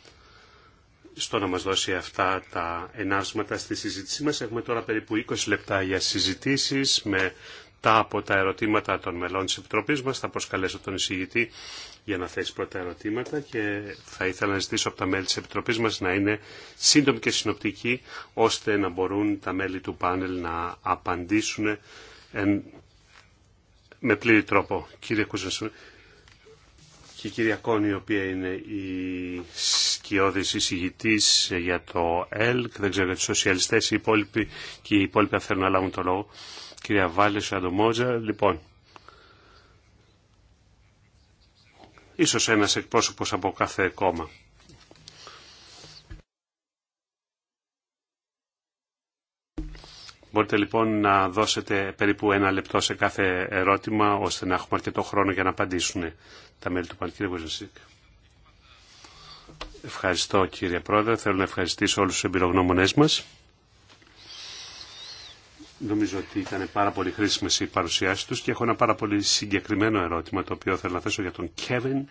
στο να μας δώσει αυτά τα ενάρσματα στη συζήτησή μας. Έχουμε τώρα περίπου 20 λεπτά για συζητήσεις με τα από τα ερωτήματα των μελών της Επιτροπής μας θα προσκαλέσω τον εισηγητή για να θέσει πρώτα ερωτήματα και θα ήθελα να ζητήσω από τα μέλη της Επιτροπής μας να είναι σύντομοι και συνοπτικοί ώστε να μπορούν τα μέλη του πάνελ να απαντήσουν με πλήρη τρόπο. Κύριε και η κυρία Κόνη η οποία είναι η σκιώδης εισηγητής για το ΕΛΚ, δεν ξέρω για τους σοσιαλιστές οι υπόλοιποι και οι υπόλοιποι θέλουν να λάβουν το λόγο κυρία Βάλλη Σαντομόζα. Λοιπόν, ίσως ένας εκπρόσωπος από κάθε κόμμα. Μπορείτε λοιπόν να δώσετε περίπου ένα λεπτό σε κάθε ερώτημα, ώστε να έχουμε αρκετό χρόνο για να απαντήσουν τα μέλη του Πανεπιστημίου Βοζασικ. Ευχαριστώ κύριε Πρόεδρε. Θέλω να ευχαριστήσω όλους τους εμπειρογνώμονές μας. Νομίζω ότι ήταν πάρα πολύ χρήσιμε οι παρουσιάσει του και έχω ένα πάρα πολύ συγκεκριμένο ερώτημα το οποίο θέλω να θέσω για τον Κέβιν.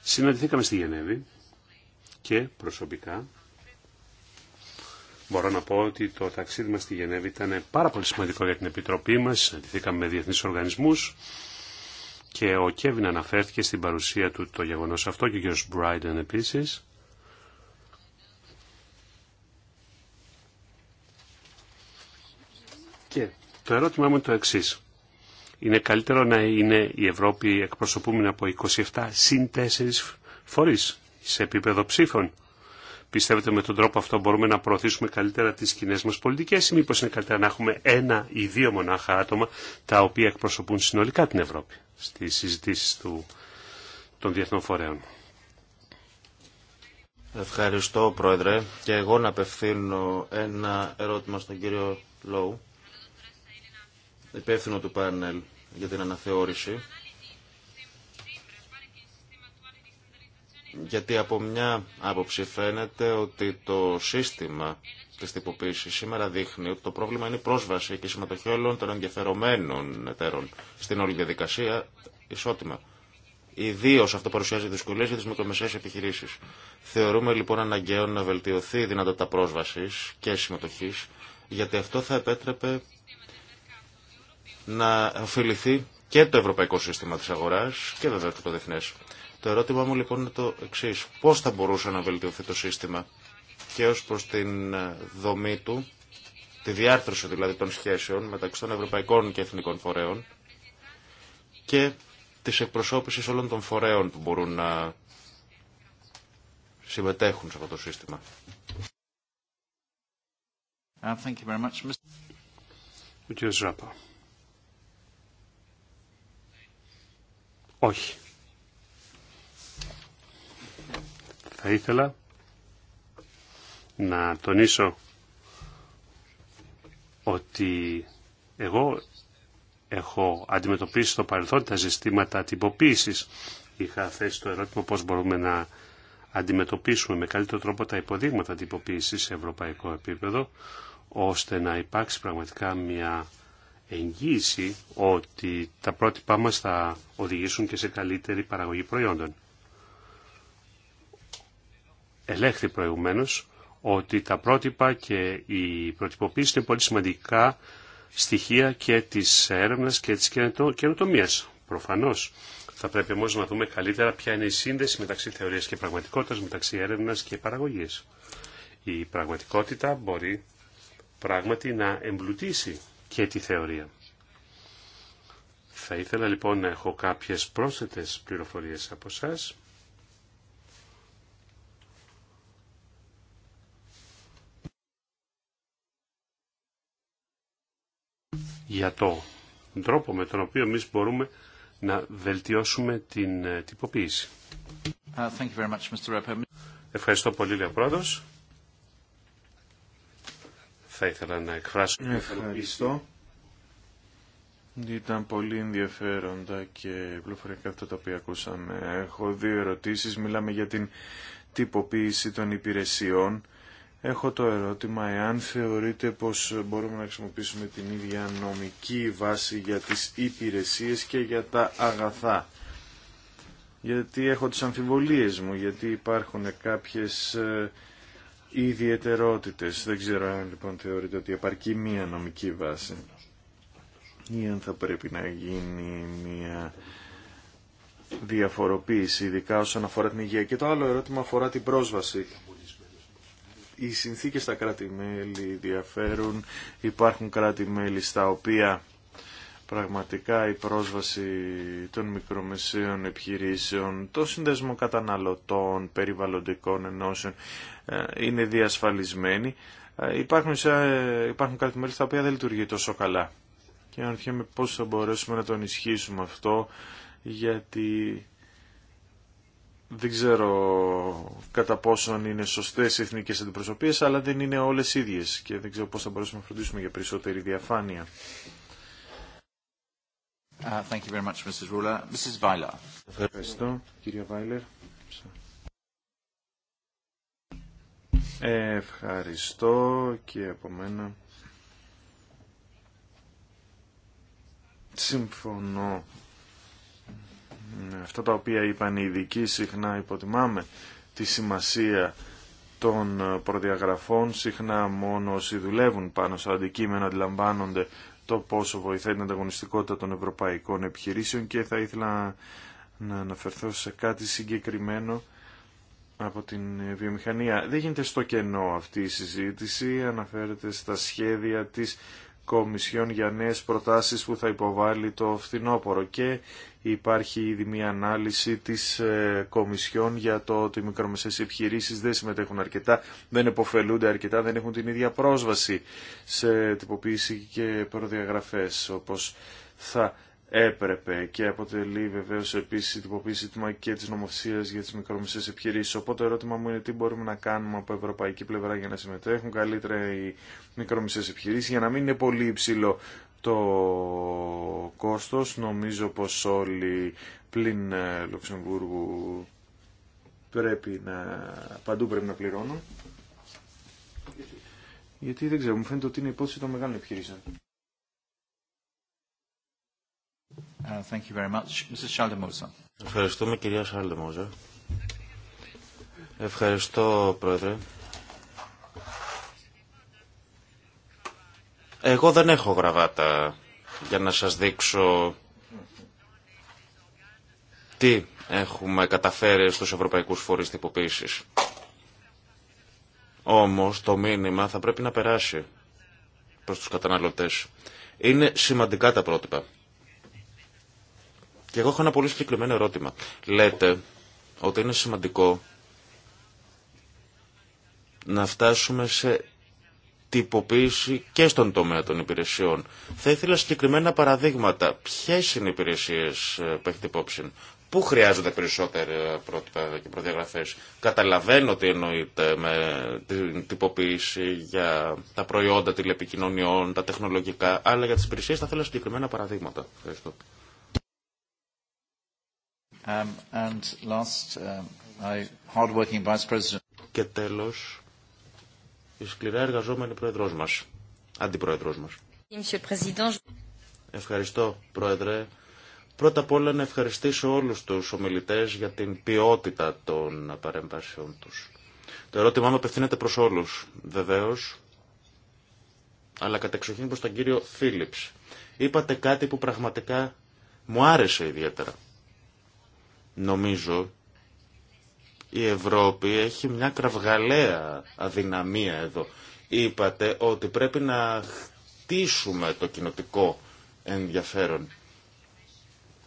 Συναντηθήκαμε στη Γενέβη και προσωπικά μπορώ να πω ότι το ταξίδι μας στη Γενέβη ήταν πάρα πολύ σημαντικό για την Επιτροπή μας. Συναντηθήκαμε με διεθνείς οργανισμούς και ο Κέβιν αναφέρθηκε στην παρουσία του το γεγονός αυτό και ο κ. Μπράιντεν επίσης. Και το ερώτημά μου είναι το εξή. Είναι καλύτερο να είναι η Ευρώπη εκπροσωπούμενη από 27 συν 4 φορεί σε επίπεδο ψήφων. Πιστεύετε με τον τρόπο αυτό μπορούμε να προωθήσουμε καλύτερα τις κοινέ μας πολιτικές ή μήπως είναι καλύτερα να έχουμε ένα ή δύο μονάχα άτομα τα οποία εκπροσωπούν συνολικά την Ευρώπη στις συζητήσεις του, των διεθνών φορέων. Ευχαριστώ Πρόεδρε και εγώ να απευθύνω ένα ερώτημα στον κύριο Λόου υπεύθυνο του πάνελ για την αναθεώρηση. Γιατί από μια άποψη φαίνεται ότι το σύστημα της τυποποίησης σήμερα δείχνει ότι το πρόβλημα είναι η πρόσβαση και η συμμετοχή όλων των ενδιαφερομένων εταίρων στην όλη διαδικασία ισότιμα. Ιδίω αυτό παρουσιάζει δυσκολίε για τι μικρομεσαίε επιχειρήσει. Θεωρούμε λοιπόν αναγκαίο να βελτιωθεί η δυνατότητα πρόσβαση και συμμετοχή, γιατί αυτό θα επέτρεπε να ωφεληθεί και το ευρωπαϊκό σύστημα της αγοράς και βέβαια και το διεθνές. Το ερώτημά μου λοιπόν είναι το εξή. Πώς θα μπορούσε να βελτιωθεί το σύστημα και ως προς την ε, δομή του, τη διάρθρωση δηλαδή των σχέσεων μεταξύ των ευρωπαϊκών και εθνικών φορέων και της εκπροσώπησης όλων των φορέων που μπορούν να συμμετέχουν σε αυτό το σύστημα. Uh, thank you very much, Mr. Όχι. Θα ήθελα να τονίσω ότι εγώ έχω αντιμετωπίσει στο παρελθόν τα ζητήματα τυποποίησης. Είχα θέσει το ερώτημα πώς μπορούμε να αντιμετωπίσουμε με καλύτερο τρόπο τα υποδείγματα τυποποίησης σε ευρωπαϊκό επίπεδο, ώστε να υπάρξει πραγματικά μια εγγύηση ότι τα πρότυπά μας θα οδηγήσουν και σε καλύτερη παραγωγή προϊόντων. Ελέγχθη προηγουμένως ότι τα πρότυπα και η προτυποποίηση είναι πολύ σημαντικά στοιχεία και της έρευνας και της καινοτομίας. Προφανώς θα πρέπει όμως να δούμε καλύτερα ποια είναι η σύνδεση μεταξύ θεωρίας και πραγματικότητας, μεταξύ έρευνας και παραγωγής. Η πραγματικότητα μπορεί πράγματι να εμπλουτίσει και τη θεωρία. Θα ήθελα λοιπόν να έχω κάποιες πρόσθετες πληροφορίες από σας. για το τρόπο με τον οποίο εμεί μπορούμε να βελτιώσουμε την ε, τυποποίηση. Uh, thank you very much, Mr. Ευχαριστώ πολύ, Λεωπρόδος θα ήθελα να εκφράσω. Ευχαριστώ. Ήταν πολύ ενδιαφέροντα και πληροφορικά αυτά τα οποία ακούσαμε. Έχω δύο ερωτήσεις. Μιλάμε για την τυποποίηση των υπηρεσιών. Έχω το ερώτημα εάν θεωρείτε πως μπορούμε να χρησιμοποιήσουμε την ίδια νομική βάση για τις υπηρεσίες και για τα αγαθά. Γιατί έχω τις αμφιβολίες μου, γιατί υπάρχουν κάποιες ε, ιδιαιτερότητε. Δεν ξέρω αν λοιπόν θεωρείτε ότι επαρκεί μία νομική βάση ή αν θα πρέπει να γίνει μία διαφοροποίηση, ειδικά όσον αφορά την υγεία. Και το άλλο ερώτημα αφορά την πρόσβαση. Οι συνθήκες στα κράτη-μέλη διαφέρουν. Υπάρχουν κράτη-μέλη στα οποία πραγματικά η πρόσβαση των μικρομεσαίων επιχειρήσεων, το συνδέσμο καταναλωτών, περιβαλλοντικών ενώσεων ε, είναι διασφαλισμένη. Ε, υπάρχουν, υπάρχουν κάτι μέλη τα οποία δεν λειτουργεί τόσο καλά. Και αν αναρωτιέμαι πώς θα μπορέσουμε να το ισχύσουμε αυτό, γιατί δεν ξέρω κατά πόσον είναι σωστές οι εθνικές αντιπροσωπείες, αλλά δεν είναι όλες ίδιες και δεν ξέρω πώς θα μπορέσουμε να φροντίσουμε για περισσότερη διαφάνεια. Uh, Ευχαριστώ, κύριε Βάιλερ. Ευχαριστώ και από μένα. Συμφωνώ αυτά τα οποία είπαν οι ειδικοί συχνά υποτιμάμε τη σημασία των προδιαγραφών συχνά μόνο όσοι δουλεύουν πάνω στο αντικείμενο αντιλαμβάνονται το πόσο βοηθάει την ανταγωνιστικότητα των ευρωπαϊκών επιχειρήσεων και θα ήθελα να αναφερθώ σε κάτι συγκεκριμένο από την βιομηχανία. Δεν γίνεται στο κενό αυτή η συζήτηση, αναφέρεται στα σχέδια της Κομισιόν για νέες προτάσεις που θα υποβάλει το φθινόπωρο και υπάρχει ήδη μια ανάλυση της ε, Κομισιόν για το ότι οι μικρομεσαίες επιχειρήσεις δεν συμμετέχουν αρκετά, δεν επωφελούνται αρκετά, δεν έχουν την ίδια πρόσβαση σε τυποποίηση και προδιαγραφές όπως θα έπρεπε και αποτελεί βεβαίω επίση η τυποποίηση και τη νομοθεσία για τι μικρομεσαίε επιχειρήσει. Οπότε το ερώτημα μου είναι τι μπορούμε να κάνουμε από ευρωπαϊκή πλευρά για να συμμετέχουν καλύτερα οι μικρομεσαίε επιχειρήσει για να μην είναι πολύ υψηλό το κόστο. Νομίζω πω όλοι πλην ε, Λουξεμβούργου πρέπει να, παντού πρέπει να πληρώνουν. Γιατί δεν ξέρω, μου φαίνεται ότι είναι υπόθεση των μεγάλων επιχειρήσεων. Uh, Ευχαριστούμε κυρία Σαλδεμόζα. Ευχαριστώ πρόεδρε. Εγώ δεν έχω γραβάτα για να σας δείξω τι έχουμε καταφέρει στους ευρωπαϊκούς φορείς τυποποίησης. Όμως το μήνυμα θα πρέπει να περάσει προς τους καταναλωτές. Είναι σημαντικά τα πρότυπα. Και εγώ έχω ένα πολύ συγκεκριμένο ερώτημα. Λέτε ότι είναι σημαντικό να φτάσουμε σε τυποποίηση και στον τομέα των υπηρεσιών. Θα ήθελα συγκεκριμένα παραδείγματα. Ποιε είναι οι υπηρεσίε ε, που έχετε υπόψη, Πού χρειάζονται περισσότερα πρότυπα και προδιαγραφέ. Καταλαβαίνω ότι εννοείται με την τυποποίηση για τα προϊόντα τηλεπικοινωνιών, τα τεχνολογικά, αλλά για τι υπηρεσίε θα ήθελα συγκεκριμένα παραδείγματα. Ευχαριστώ. Um, um, Και τέλος, η σκληρά εργαζόμενη πρόεδρός μας, αντιπρόεδρός μας. Ευχαριστώ, Πρόεδρε. Πρώτα απ' όλα να ευχαριστήσω όλους τους ομιλητές για την ποιότητα των παρέμβασεων τους. Το ερώτημά μου απευθύνεται προς όλους, βεβαίως, αλλά κατεξοχήν προς τον κύριο Φίλιπς. Είπατε κάτι που πραγματικά μου άρεσε ιδιαίτερα. Νομίζω η Ευρώπη έχει μια κραυγαλαία αδυναμία εδώ. Είπατε ότι πρέπει να χτίσουμε το κοινοτικό ενδιαφέρον.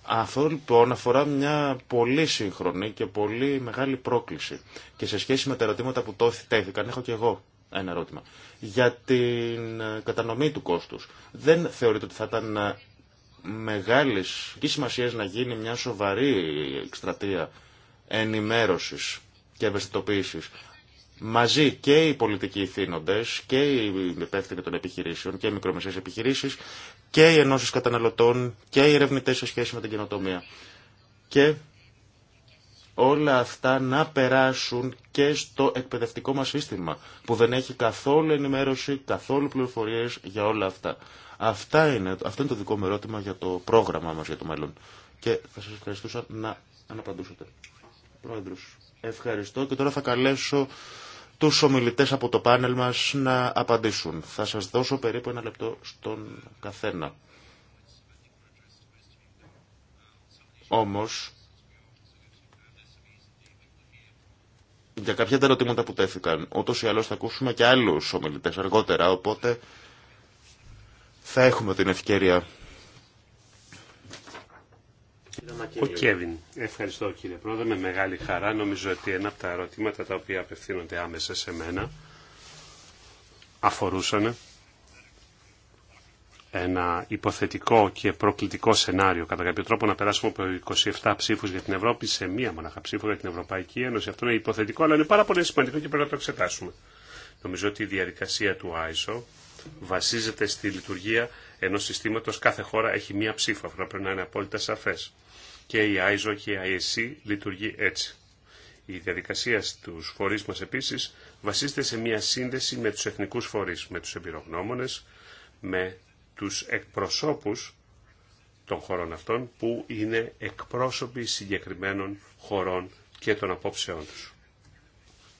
Αυτό λοιπόν αφορά μια πολύ σύγχρονη και πολύ μεγάλη πρόκληση. Και σε σχέση με τα ερωτήματα που τέθηκαν, έχω και εγώ ένα ερώτημα. Για την ε, κατανομή του κόστους. Δεν θεωρείτε ότι θα ήταν ε, μεγάλη και σημασία να γίνει μια σοβαρή εκστρατεία ενημέρωση και ευαισθητοποίηση Μαζί και οι πολιτικοί ηθήνοντε και οι υπεύθυνοι των επιχειρήσεων και οι μικρομεσαίε επιχειρήσει και οι ενώσει καταναλωτών και οι ερευνητέ σε σχέση με την καινοτομία. Και όλα αυτά να περάσουν και στο εκπαιδευτικό μας σύστημα που δεν έχει καθόλου ενημέρωση, καθόλου πληροφορίες για όλα αυτά. Αυτά είναι, αυτό είναι το δικό μου ερώτημα για το πρόγραμμά μας για το μέλλον. Και θα σας ευχαριστούσα να αναπαντούσετε. Πρόεδρος, ευχαριστώ και τώρα θα καλέσω τους ομιλητές από το πάνελ μας να απαντήσουν. Θα σας δώσω περίπου ένα λεπτό στον καθένα. Όμως, για κάποια τα ερωτήματα που τέθηκαν, ότως ή άλλως θα ακούσουμε και άλλους ομιλητές αργότερα, οπότε θα έχουμε την ευκαιρία. Ο Κέβιν, ευχαριστώ κύριε Πρόεδρε, με μεγάλη χαρά. Νομίζω ότι ένα από τα ερωτήματα τα οποία απευθύνονται άμεσα σε μένα αφορούσαν ένα υποθετικό και προκλητικό σενάριο κατά κάποιο τρόπο να περάσουμε από 27 ψήφους για την Ευρώπη σε μία μοναχα ψήφο για την Ευρωπαϊκή Ένωση. Αυτό είναι υποθετικό, αλλά είναι πάρα πολύ σημαντικό και πρέπει να το εξετάσουμε. Νομίζω ότι η διαδικασία του ISO βασίζεται στη λειτουργία ενός συστήματος. Κάθε χώρα έχει μία ψήφο. Αυτό πρέπει να είναι απόλυτα σαφές. Και η ISO και η ISC λειτουργεί έτσι. Η διαδικασία στους φορείς μας επίσης βασίζεται σε μία σύνδεση με τους εθνικούς φορείς, με τους εμπειρογνώμονες, με τους εκπροσώπους των χωρών αυτών που είναι εκπρόσωποι συγκεκριμένων χωρών και των απόψεών τους.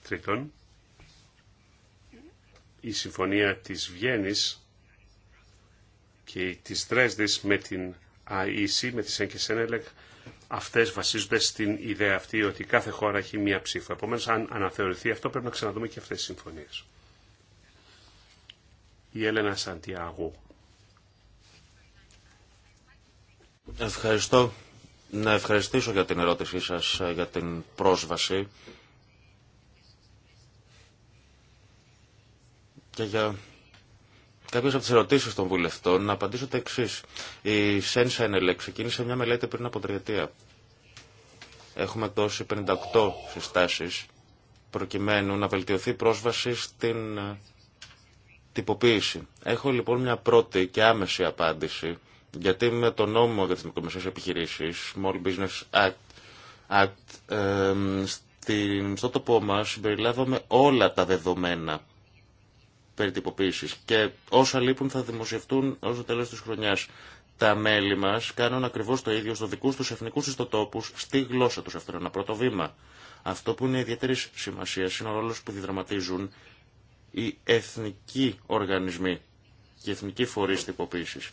Τρίτον, η συμφωνία της Βιέννης και της Δρέσδης με την ΑΕΣΥ, με τη Σένελεκ, αυτές βασίζονται στην ιδέα αυτή ότι κάθε χώρα έχει μία ψήφο. Επομένως, αν αναθεωρηθεί αυτό, πρέπει να ξαναδούμε και αυτές τις συμφωνίες. Η Έλενα Σαντιάγου. Ευχαριστώ. Να ευχαριστήσω για την ερώτησή σας ε, για την πρόσβαση και για κάποιε από τι ερωτήσει των βουλευτών να απαντήσω τα εξή. Η Sensa NL ξεκίνησε μια μελέτη πριν από τριετία. Έχουμε δώσει 58 συστάσεις προκειμένου να βελτιωθεί η πρόσβαση στην ε, τυποποίηση. Έχω λοιπόν μια πρώτη και άμεση απάντηση γιατί με το νόμο για τις μικρομεσαίες επιχειρήσεις, Small Business Act, Act ε, στην, στο τοπό μας συμπεριλάβαμε όλα τα δεδομένα και όσα λείπουν θα δημοσιευτούν ως το τέλος της χρονιάς. Τα μέλη μας κάνουν ακριβώς το ίδιο στο δικού τους εθνικούς ιστοτόπους, στη γλώσσα τους. Αυτό είναι ένα πρώτο βήμα. Αυτό που είναι ιδιαίτερη σημασία είναι ο ρόλος που διδραματίζουν οι εθνικοί οργανισμοί και οι εθνικοί φορείς τυποποίησης.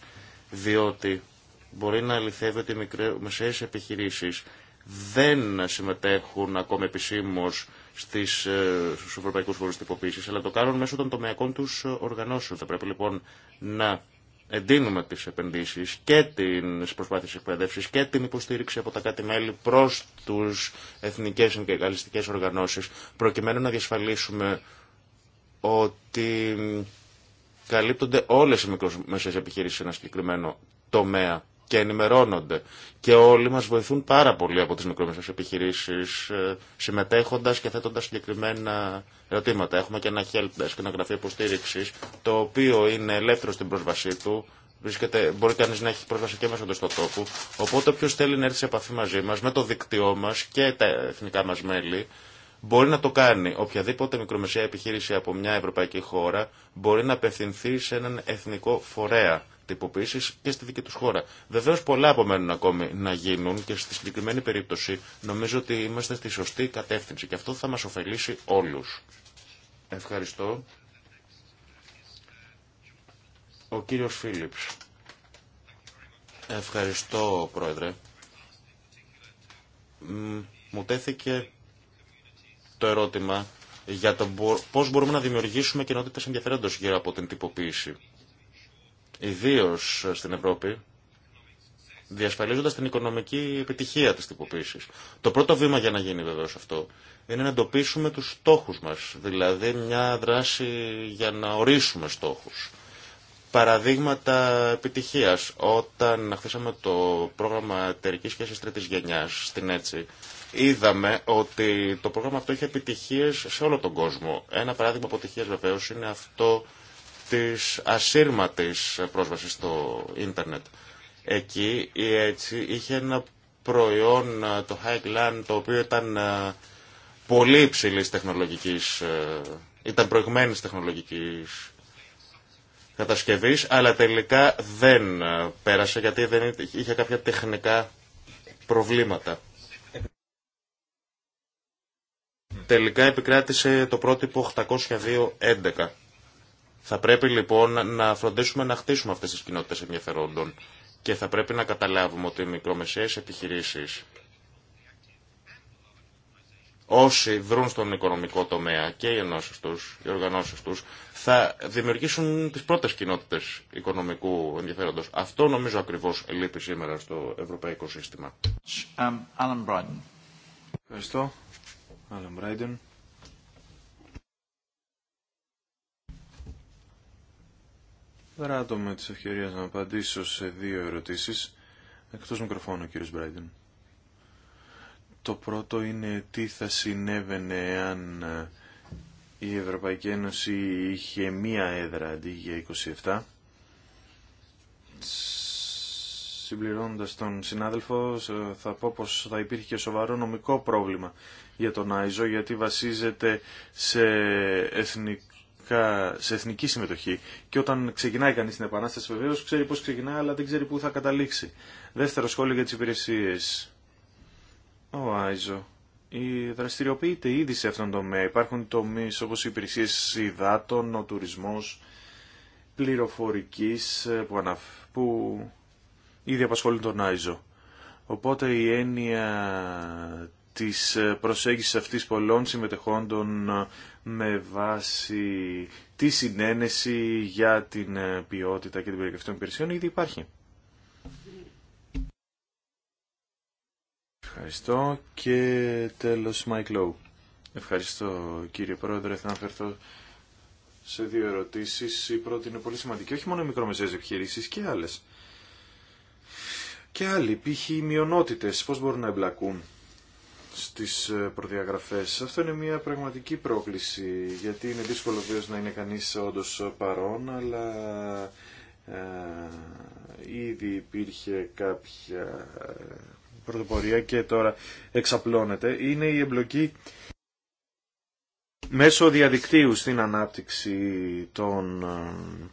Διότι μπορεί να αληθεύει ότι οι μεσαίες επιχειρήσεις δεν συμμετέχουν ακόμη επισήμως στις, ε, στους ευρωπαϊκούς φορούς αλλά το κάνουν μέσω των τομεακών τους οργανώσεων. Θα πρέπει λοιπόν να εντείνουμε τις επενδύσεις και τις προσπάθειες εκπαίδευση και την υποστήριξη από τα κάτι μέλη προς τους εθνικές εγκαλιστικές οργανώσεις, προκειμένου να διασφαλίσουμε ότι καλύπτονται όλες οι μικρομεσαίες επιχειρήσεις σε ένα συγκεκριμένο τομέα και ενημερώνονται. Και όλοι μας βοηθούν πάρα πολύ από τις μικρομεσαίες επιχειρήσεις, ε, συμμετέχοντας και θέτοντας συγκεκριμένα ερωτήματα. Έχουμε και ένα helpdesk, ένα γραφείο υποστήριξη, το οποίο είναι ελεύθερο στην πρόσβασή του, Βρίσκεται, μπορεί κανεί να έχει πρόσβαση και μέσα στο τόπο. Οπότε, όποιο θέλει να έρθει σε επαφή μαζί μα, με το δίκτυό μα και τα εθνικά μα μέλη, μπορεί να το κάνει. Οποιαδήποτε μικρομεσαία επιχείρηση από μια ευρωπαϊκή χώρα μπορεί να απευθυνθεί σε έναν εθνικό φορέα τυποποίηση και στη δική του χώρα. Βεβαίω πολλά απομένουν ακόμη να γίνουν και στη συγκεκριμένη περίπτωση νομίζω ότι είμαστε στη σωστή κατεύθυνση και αυτό θα μα ωφελήσει όλου. Ευχαριστώ. Ο κύριος Φίλιπς. Ευχαριστώ, Πρόεδρε. Μου τέθηκε το ερώτημα για το πώς μπορούμε να δημιουργήσουμε κοινότητες ενδιαφέροντος γύρω από την τυποποίηση. Ιδίω στην Ευρώπη, διασφαλίζοντα την οικονομική επιτυχία της τυποποίησης. Το πρώτο βήμα για να γίνει βεβαίως αυτό είναι να εντοπίσουμε τους στόχους μας, δηλαδή μια δράση για να ορίσουμε στόχους. Παραδείγματα επιτυχίας. Όταν χτίσαμε το πρόγραμμα εταιρική σχέση τρίτη Γενιά, στην ΕΤΣΙ, είδαμε ότι το πρόγραμμα αυτό είχε επιτυχίε σε όλο τον κόσμο. Ένα παράδειγμα αποτυχία βεβαίω είναι αυτό της ασύρματης πρόσβασης στο ίντερνετ. Εκεί έτσι είχε ένα προϊόν, ε, το Highland, το οποίο ήταν ε, πολύ υψηλή τεχνολογικής, ε, ήταν προηγμένης τεχνολογικής κατασκευής, αλλά τελικά δεν πέρασε γιατί δεν είχε κάποια τεχνικά προβλήματα. Τελικά επικράτησε το πρότυπο 802.11. Θα πρέπει λοιπόν να φροντίσουμε να χτίσουμε αυτές τις κοινότητες ενδιαφερόντων και θα πρέπει να καταλάβουμε ότι οι μικρομεσαίες επιχειρήσεις όσοι δρούν στον οικονομικό τομέα και οι ενώσει του, οι οργανώσει του, θα δημιουργήσουν τι πρώτε κοινότητε οικονομικού ενδιαφέροντο. Αυτό νομίζω ακριβώ λείπει σήμερα στο ευρωπαϊκό σύστημα. Ευχαριστώ. Alan Δράτω με τις ευκαιρίες να απαντήσω σε δύο ερωτήσεις, εκτός μικροφώνου κύριος Μπράιντεν. Το πρώτο είναι τι θα συνέβαινε αν ε, η Ευρωπαϊκή Ένωση είχε μία έδρα αντί για 27. Συμπληρώνοντας τον συνάδελφο, θα πω πως θα υπήρχε και σοβαρό νομικό πρόβλημα για τον Άιζο, γιατί βασίζεται σε εθνικό σε εθνική συμμετοχή και όταν ξεκινάει κανεί την επανάσταση βεβαίω, ξέρει πω ξεκινά αλλά δεν ξέρει πού θα καταλήξει. Δεύτερο σχόλιο για τι υπηρεσίε Ο Άιζο. Η δραστηριοποιείται ήδη σε αυτόν τον τομέα. Υπάρχουν τομεί όπω οι υπηρεσίε υδάτων, ο τουρισμό πληροφορική ε, που, ανα... που ήδη απασχολούν τον Άιζο. Οπότε η έννοια της ε, προσέγγισης αυτής πολλών συμμετεχόντων ε, με βάση τη συνένεση για την ε, ποιότητα και την περιοχή των υπηρεσιών ήδη υπάρχει. Ευχαριστώ και τέλος Mike Λόου. Ευχαριστώ κύριε Πρόεδρε, θα αναφερθώ σε δύο ερωτήσεις. Η πρώτη είναι πολύ σημαντική, όχι μόνο οι μικρομεσαίες επιχειρήσεις και άλλες. Και άλλοι, π.χ. οι μειονότητες, πώς μπορούν να εμπλακούν στις ε, προδιαγραφές. Αυτό είναι μια πραγματική πρόκληση, γιατί είναι δύσκολο βέβαια να είναι κανείς όντως παρόν, αλλά ε, ήδη υπήρχε κάποια ε, πρωτοπορία και τώρα εξαπλώνεται. Είναι η εμπλοκή μέσω διαδικτύου στην ανάπτυξη των ε,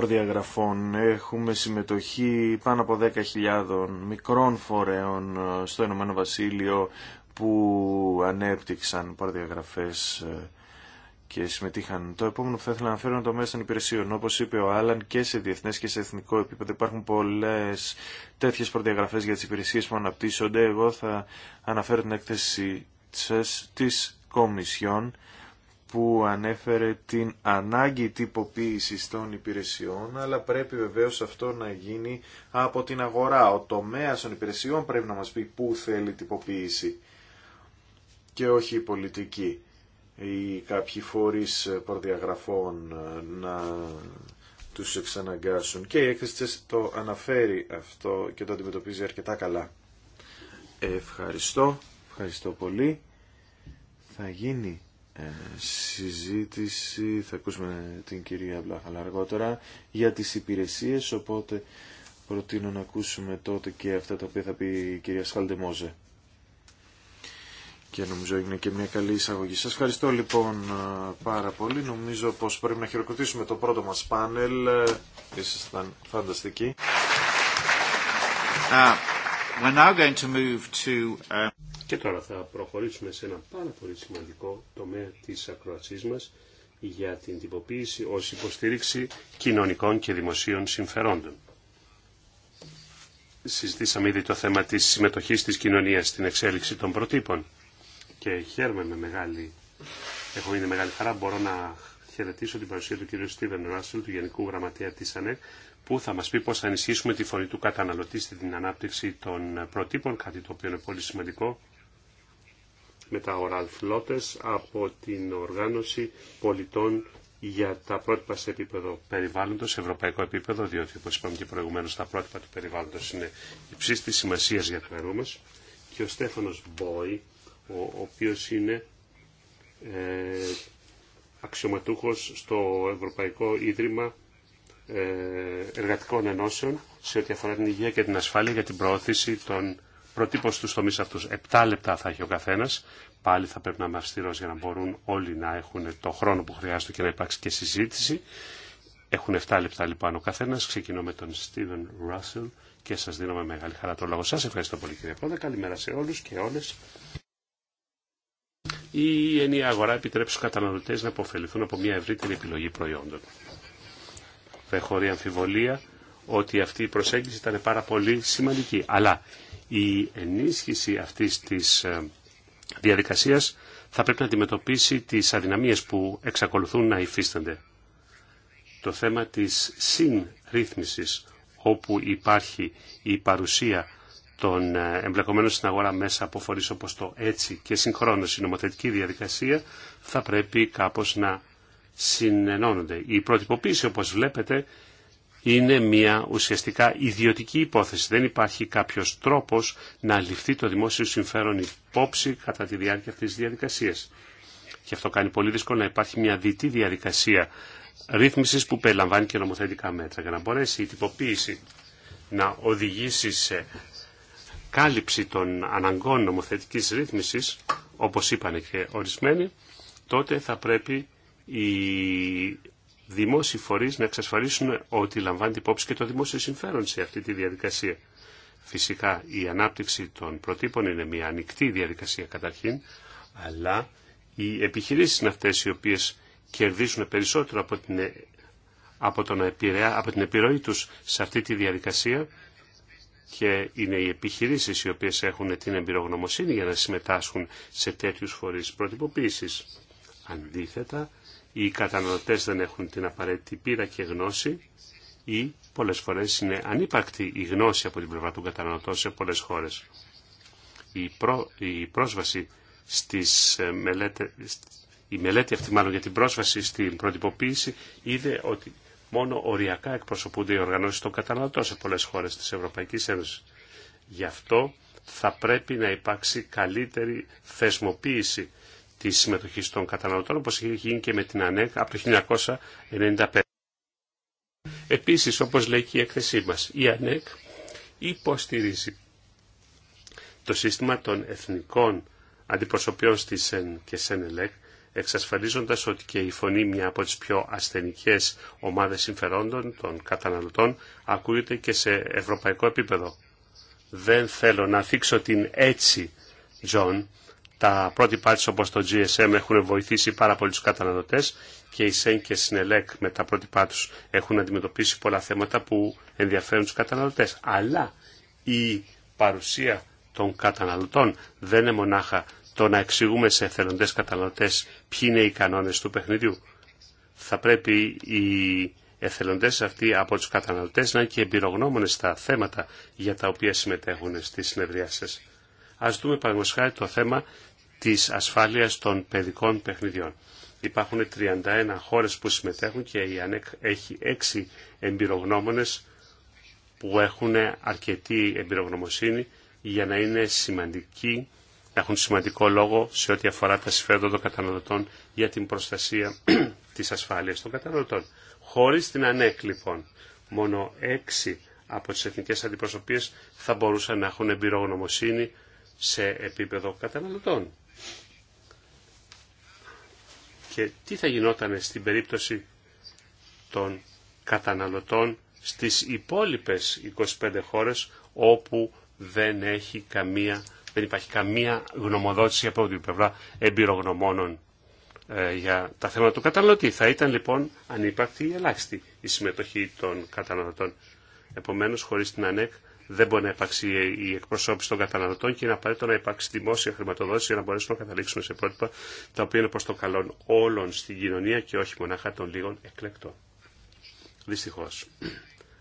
προδιαγραφών. Έχουμε συμμετοχή πάνω από 10.000 μικρών φορέων ε, στο Ηνωμένο Βασίλειο που ανέπτυξαν προδιαγραφές ε, και συμμετείχαν. Το επόμενο που θα ήθελα να αναφέρω είναι το μέσο των υπηρεσιών. Όπως είπε ο Άλλαν και σε διεθνές και σε εθνικό επίπεδο υπάρχουν πολλές τέτοιες προδιαγραφέ για τις υπηρεσίες που αναπτύσσονται. Εγώ θα αναφέρω την έκθεση της Κομισιόν που ανέφερε την ανάγκη τυποποίησης των υπηρεσιών, αλλά πρέπει βεβαίως αυτό να γίνει από την αγορά. Ο τομέας των υπηρεσιών πρέπει να μας πει πού θέλει τυποποίηση και όχι η πολιτική ή κάποιοι φορείς προδιαγραφών να τους εξαναγκάσουν. Και η έκθεση το αναφέρει αυτό και το αντιμετωπίζει αρκετά καλά. Ευχαριστώ. Ευχαριστώ πολύ. Θα γίνει ε, συζήτηση, θα ακούσουμε την κυρία Βλάχα αργότερα, για τις υπηρεσίες, οπότε προτείνω να ακούσουμε τότε και αυτά τα οποία θα πει η κυρία Σχαλντεμόζε. Και νομίζω έγινε και μια καλή εισαγωγή. Σας ευχαριστώ λοιπόν ε, πάρα πολύ. Νομίζω πως πρέπει να χειροκροτήσουμε το πρώτο μας πάνελ. Ήσασταν ε, φανταστικοί. Uh, και τώρα θα προχωρήσουμε σε ένα πάρα πολύ σημαντικό τομέα της ακροασής μας για την τυποποίηση ως υποστήριξη κοινωνικών και δημοσίων συμφερόντων. Συζητήσαμε ήδη το θέμα της συμμετοχής της κοινωνίας στην εξέλιξη των προτύπων και χαίρομαι με μεγάλη, έχω μεγάλη χαρά, μπορώ να χαιρετήσω την παρουσία του κ. Στίβεν Ράσελ, του Γενικού Γραμματέα της ΑΝΕΚ, που θα μας πει πώς θα ενισχύσουμε τη φωνή του καταναλωτή στην ανάπτυξη των προτύπων, κάτι το οποίο είναι πολύ σημαντικό, με τα flotters από την οργάνωση πολιτών για τα πρότυπα σε επίπεδο περιβάλλοντος, σε ευρωπαϊκό επίπεδο, διότι όπως είπαμε και προηγουμένως τα πρότυπα του περιβάλλοντος είναι υψής της σημασίας για το έργο μας, και ο Στέφανος Μπόι, ο, ο είναι ε, στο Ευρωπαϊκό Ίδρυμα ε, εργατικών ενώσεων σε ό,τι αφορά την υγεία και την ασφάλεια για την προώθηση των προτύπων στους τομείς αυτούς. Επτά λεπτά θα έχει ο καθένας. Πάλι θα πρέπει να είμαι αυστηρός για να μπορούν όλοι να έχουν το χρόνο που χρειάζεται και να υπάρξει και συζήτηση. Έχουν 7 λεπτά λοιπόν ο καθένας. Ξεκινώ με τον Στίβεν Ράσελ και σας δίνω με μεγάλη χαρά το λόγο σας. Ευχαριστώ πολύ κύριε Πρόεδρε. Καλημέρα σε όλους και όλες. Η ενιαία αγορά επιτρέψει στους καταναλωτές να αποφεληθούν από μια ευρύτερη επιλογή προϊόντων δεν χωρεί αμφιβολία ότι αυτή η προσέγγιση ήταν πάρα πολύ σημαντική. Αλλά η ενίσχυση αυτής της ε, διαδικασίας θα πρέπει να αντιμετωπίσει τις αδυναμίες που εξακολουθούν να υφίστανται. Το θέμα της συνρύθμισης όπου υπάρχει η παρουσία των ε, εμπλεκομένων στην αγορά μέσα από φορείς όπως το έτσι και συγχρόνως η νομοθετική διαδικασία θα πρέπει κάπως να συνενώνονται. Η προτυποποίηση όπως βλέπετε είναι μια ουσιαστικά ιδιωτική υπόθεση. Δεν υπάρχει κάποιος τρόπος να ληφθεί το δημόσιο συμφέρον υπόψη κατά τη διάρκεια αυτής της διαδικασίας. Και αυτό κάνει πολύ δύσκολο να υπάρχει μια διτή διαδικασία ρύθμισης που περιλαμβάνει και νομοθετικά μέτρα. Για να μπορέσει η τυποποίηση να οδηγήσει σε κάλυψη των αναγκών νομοθετικής ρύθμισης, όπως είπαν και ορισμένοι, τότε θα πρέπει οι δημόσιοι φορείς να εξασφαλίσουν ότι λαμβάνεται υπόψη και το δημόσιο συμφέρον σε αυτή τη διαδικασία. Φυσικά η ανάπτυξη των προτύπων είναι μια ανοιχτή διαδικασία καταρχήν, αλλά οι επιχειρήσεις είναι αυτές οι οποίες κερδίζουν περισσότερο από την, από τον επηρεά, από την επιρροή τους σε αυτή τη διαδικασία και είναι οι επιχειρήσεις οι οποίες έχουν την εμπειρογνωμοσύνη για να συμμετάσχουν σε τέτοιους φορείς προτυποποίησης. Αντίθετα, οι καταναλωτές δεν έχουν την απαραίτητη πείρα και γνώση ή πολλές φορές είναι ανύπαρκτη η γνώση από την πλευρά των καταναλωτών σε πολλές χώρες. Η, πρό, ε, η μελέτη αυτή μάλλον για την πρόσβαση στην προτυποποίηση είδε ότι μόνο οριακά εκπροσωπούνται οι οργανώσεις των καταναλωτών σε πολλές χώρες της Ευρωπαϊκής Ένωσης. Γι' αυτό θα πρέπει να υπάρξει καλύτερη θεσμοποίηση τη συμμετοχή των καταναλωτών, όπω έχει γίνει και με την ΑΝΕΚ από το 1995. Επίσης, όπως λέει και η έκθεσή μας, η ΑΝΕΚ υποστηρίζει το σύστημα των εθνικών αντιπροσωπιών στη ΣΕΝ και ΣΕΝΕΛΕΚ, εξασφαλίζοντας ότι και η φωνή μια από τις πιο ασθενικές ομάδες συμφερόντων των καταναλωτών ακούγεται και σε ευρωπαϊκό επίπεδο. Δεν θέλω να θίξω την έτσι, Τζον, τα πρώτη της όπω το GSM έχουν βοηθήσει πάρα πολύ του καταναλωτέ και η ΣΕΝ και η ΣΝΕΛΕΚ με τα πρότυπά τους έχουν αντιμετωπίσει πολλά θέματα που ενδιαφέρουν του καταναλωτέ. Αλλά η παρουσία των καταναλωτών δεν είναι μονάχα το να εξηγούμε σε εθελοντέ καταναλωτέ ποιοι είναι οι κανόνε του παιχνιδιού. Θα πρέπει οι εθελοντές αυτοί από τους καταναλωτές να είναι και εμπειρογνώμονες στα θέματα για τα οποία συμμετέχουν στις συνεδριάσεις. Ας δούμε παραγωγικά το θέμα της ασφάλειας των παιδικών παιχνιδιών. Υπάρχουν 31 χώρες που συμμετέχουν και η ΑΝΕΚ έχει 6 εμπειρογνώμονες που έχουν αρκετή εμπειρογνωμοσύνη για να είναι σημαντικοί, έχουν σημαντικό λόγο σε ό,τι αφορά τα συμφέροντα των καταναλωτών για την προστασία <clears throat> της ασφάλειας των καταναλωτών. Χωρίς την ΑΝΕΚ λοιπόν, μόνο 6 από τις εθνικές αντιπροσωπείες θα μπορούσαν να έχουν εμπειρογνωμοσύνη σε επίπεδο καταναλωτών και τι θα γινόταν στην περίπτωση των καταναλωτών στις υπόλοιπες 25 χώρες όπου δεν, έχει καμία, δεν υπάρχει καμία γνωμοδότηση από την πλευρά εμπειρογνωμόνων ε, για τα θέματα του καταναλωτή. Θα ήταν λοιπόν ανύπαρκτη ή ελάχιστη η συμμετοχή των καταναλωτών. Επομένως, χωρίς την ΑΝΕΚ δεν μπορεί να υπάρξει η εκπροσώπηση των καταναλωτών και είναι απαραίτητο να υπάρξει δημόσια χρηματοδότηση για να μπορέσουμε να καταλήξουμε σε πρότυπα τα οποία είναι προ το καλό όλων στην κοινωνία και όχι μονάχα των λίγων εκλεκτών. Δυστυχώ.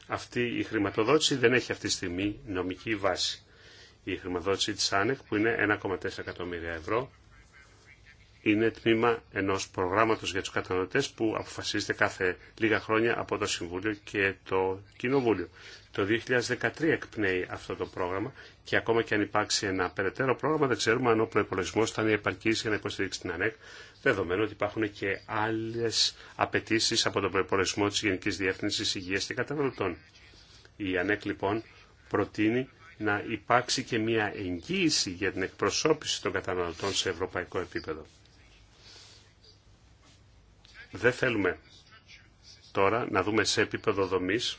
Αυτή η χρηματοδότηση δεν έχει αυτή τη στιγμή νομική βάση. Η χρηματοδότηση τη ΑΝΕΚ που είναι 1,4 εκατομμύρια ευρώ είναι τμήμα ενός προγράμματος για τους καταναλωτές που αποφασίζεται κάθε λίγα χρόνια από το Συμβούλιο και το Κοινοβούλιο. Το 2013 εκπνέει αυτό το πρόγραμμα και ακόμα και αν υπάρξει ένα περαιτέρω πρόγραμμα δεν ξέρουμε αν ο προπολογισμό θα είναι επαρκή για να υποστηρίξει την ΑΝΕΚ, δεδομένου ότι υπάρχουν και άλλε απαιτήσει από τον προπολογισμό τη Γενική Διεύθυνση Υγεία και Καταναλωτών. Η ΑΝΕΚ λοιπόν προτείνει να υπάρξει και μια εγγύηση για την εκπροσώπηση των καταναλωτών σε ευρωπαϊκό επίπεδο. Δεν θέλουμε τώρα να δούμε σε επίπεδο δομής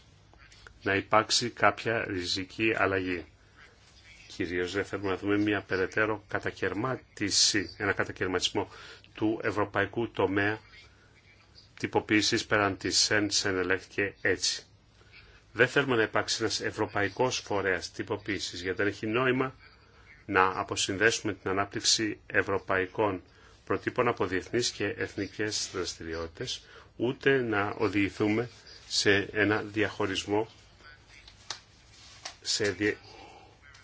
να υπάρξει κάποια ριζική αλλαγή. Κυρίως δεν θέλουμε να δούμε μια περαιτέρω κατακαιρμάτιση, ένα κατακαιρματισμό του ευρωπαϊκού τομέα τυποποίησης πέραν τη ΣΕΝ, και έτσι. Δεν θέλουμε να υπάρξει ένας ευρωπαϊκός φορέας τυποποίησης, γιατί δεν έχει νόημα να αποσυνδέσουμε την ανάπτυξη ευρωπαϊκών προτύπων από διεθνείς και εθνικές δραστηριότητες, ούτε να οδηγηθούμε σε ένα διαχωρισμό σε,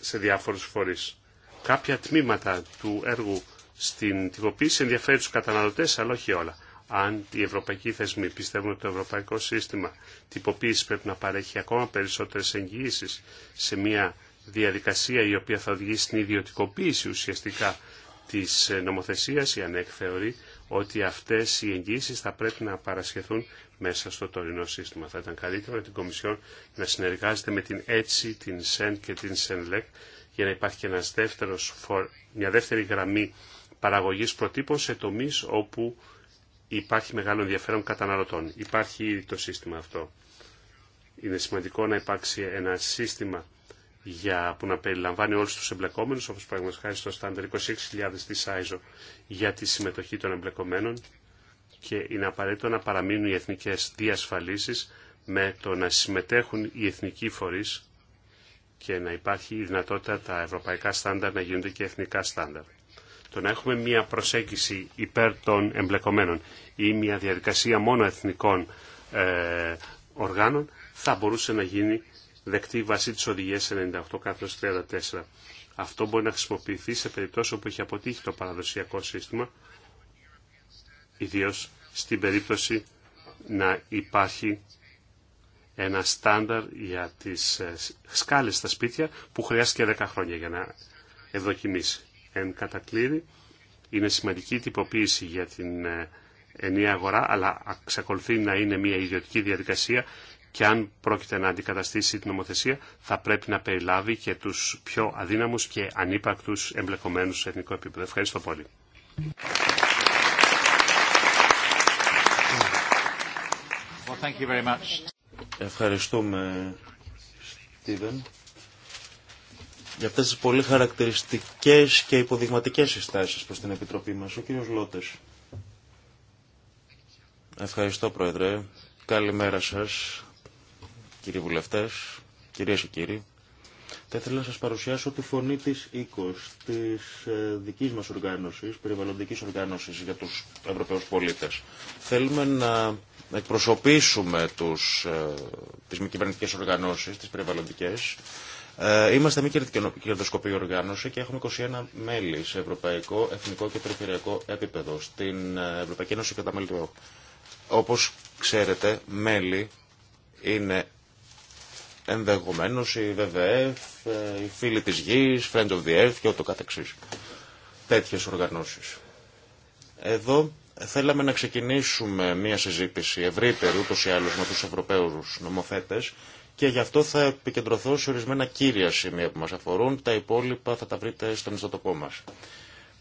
σε διάφορους φορείς. Κάποια τμήματα του έργου στην τυποποίηση ενδιαφέρει τους καταναλωτές, αλλά όχι όλα. Αν οι ευρωπαϊκοί θεσμοί πιστεύουν ότι το ευρωπαϊκό σύστημα τυποποίηση πρέπει να παρέχει ακόμα περισσότερες εγγυήσεις σε μια διαδικασία η οποία θα οδηγήσει στην ιδιωτικοποίηση ουσιαστικά της ε, νομοθεσίας, η ΑΝΕΚ θεωρεί ότι αυτές οι εγγύησεις θα πρέπει να παρασχεθούν μέσα στο τωρινό σύστημα. Θα ήταν καλύτερο την Κομισιόν να συνεργάζεται με την ΕΤΣΙ, την ΣΕΝ και την ΣΕΝΛΕΚ για να υπάρχει και δεύτερος, μια δεύτερη γραμμή παραγωγής προτύπων σε τομείς όπου υπάρχει μεγάλο ενδιαφέρον καταναλωτών. Υπάρχει ήδη το σύστημα αυτό. Είναι σημαντικό να υπάρξει ένα σύστημα για, που να περιλαμβάνει όλους τους εμπλεκόμενους, όπως παραδείγματος χάρη στο στάνταρ 26.000 της ISO για τη συμμετοχή των εμπλεκομένων και είναι απαραίτητο να παραμείνουν οι εθνικές διασφαλίσεις με το να συμμετέχουν οι εθνικοί φορείς και να υπάρχει η δυνατότητα τα ευρωπαϊκά στάνταρ να γίνονται και εθνικά στάνταρ. Το να έχουμε μια προσέγγιση υπέρ των εμπλεκομένων ή μια διαδικασία μόνο εθνικών ε, οργάνων θα μπορούσε να γίνει δεκτή βάση της οδηγίας 98-34. Αυτό μπορεί να χρησιμοποιηθεί σε περιπτώσει όπου έχει αποτύχει το παραδοσιακό σύστημα, ιδίως στην περίπτωση να υπάρχει ένα στάνταρ για τις ε, σκάλες στα σπίτια που χρειάστηκε 10 χρόνια για να ευδοκιμήσει. Εν κατακλείδη, είναι σημαντική τυποποίηση για την ε, ενία αγορά, αλλά εξακολουθεί να είναι μια ιδιωτική διαδικασία και αν πρόκειται να αντικαταστήσει την νομοθεσία θα πρέπει να περιλάβει και τους πιο αδύναμους και ανύπαρκτους εμπλεκομένους σε εθνικό επίπεδο. Ευχαριστώ πολύ. Ευχαριστούμε, Στίβεν, για αυτές τις πολύ χαρακτηριστικές και υποδειγματικές συστάσεις προς την Επιτροπή μας. Ο κύριος Λότες. Ευχαριστώ, Πρόεδρε. Καλημέρα σας κύριοι βουλευτές, κυρίε και κύριοι, θα ήθελα να σας παρουσιάσω τη φωνή τη οίκο της ε, δική μα οργάνωση, περιβαλλοντική οργάνωσης για τους Ευρωπαίους πολίτες. Θέλουμε να εκπροσωπήσουμε τους, ε, τις μη κυβερνητικές οργανώσεις, τις περιβαλλοντικές, ε, Είμαστε μη κερδοσκοπή οργάνωση και έχουμε 21 μέλη σε ευρωπαϊκό, εθνικό και περιφερειακό επίπεδο. Στην Ευρωπαϊκή Ένωση Κατά μέλη του Όπως ξέρετε, μέλη είναι ενδεχομένως η ΒΒΕΦ, οι φίλοι της γης, Friends of the Earth και ούτω καθεξής. Τέτοιες οργανώσεις. Εδώ θέλαμε να ξεκινήσουμε μια συζήτηση ευρύτερη ούτως ή άλλως με τους Ευρωπαίους νομοθέτες και γι' αυτό θα επικεντρωθώ σε ορισμένα κύρια σημεία που μας αφορούν, τα υπόλοιπα θα τα βρείτε στον ιστοτοπό μας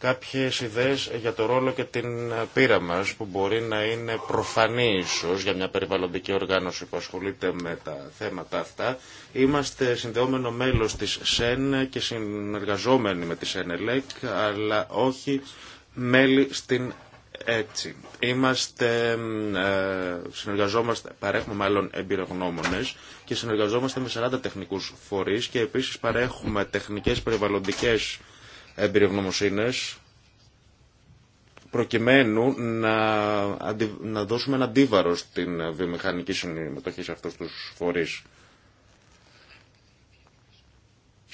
κάποιες ιδέες για το ρόλο και την πείρα μας που μπορεί να είναι προφανή ίσως για μια περιβαλλοντική οργάνωση που ασχολείται με τα θέματα αυτά. Είμαστε συνδεόμενο μέλος της ΣΕΝ και συνεργαζόμενοι με τη ΣΕΝΕΛΕΚ αλλά όχι μέλη στην έτσι. Είμαστε, ε, συνεργαζόμαστε, παρέχουμε μάλλον εμπειρογνώμονες και συνεργαζόμαστε με 40 τεχνικούς φορείς και επίσης παρέχουμε τεχνικές περιβαλλοντικές εμπειρογνωμοσύνες προκειμένου να, να δώσουμε ένα αντίβαρο στην βιομηχανική συμμετοχή σε αυτούς τους φορείς.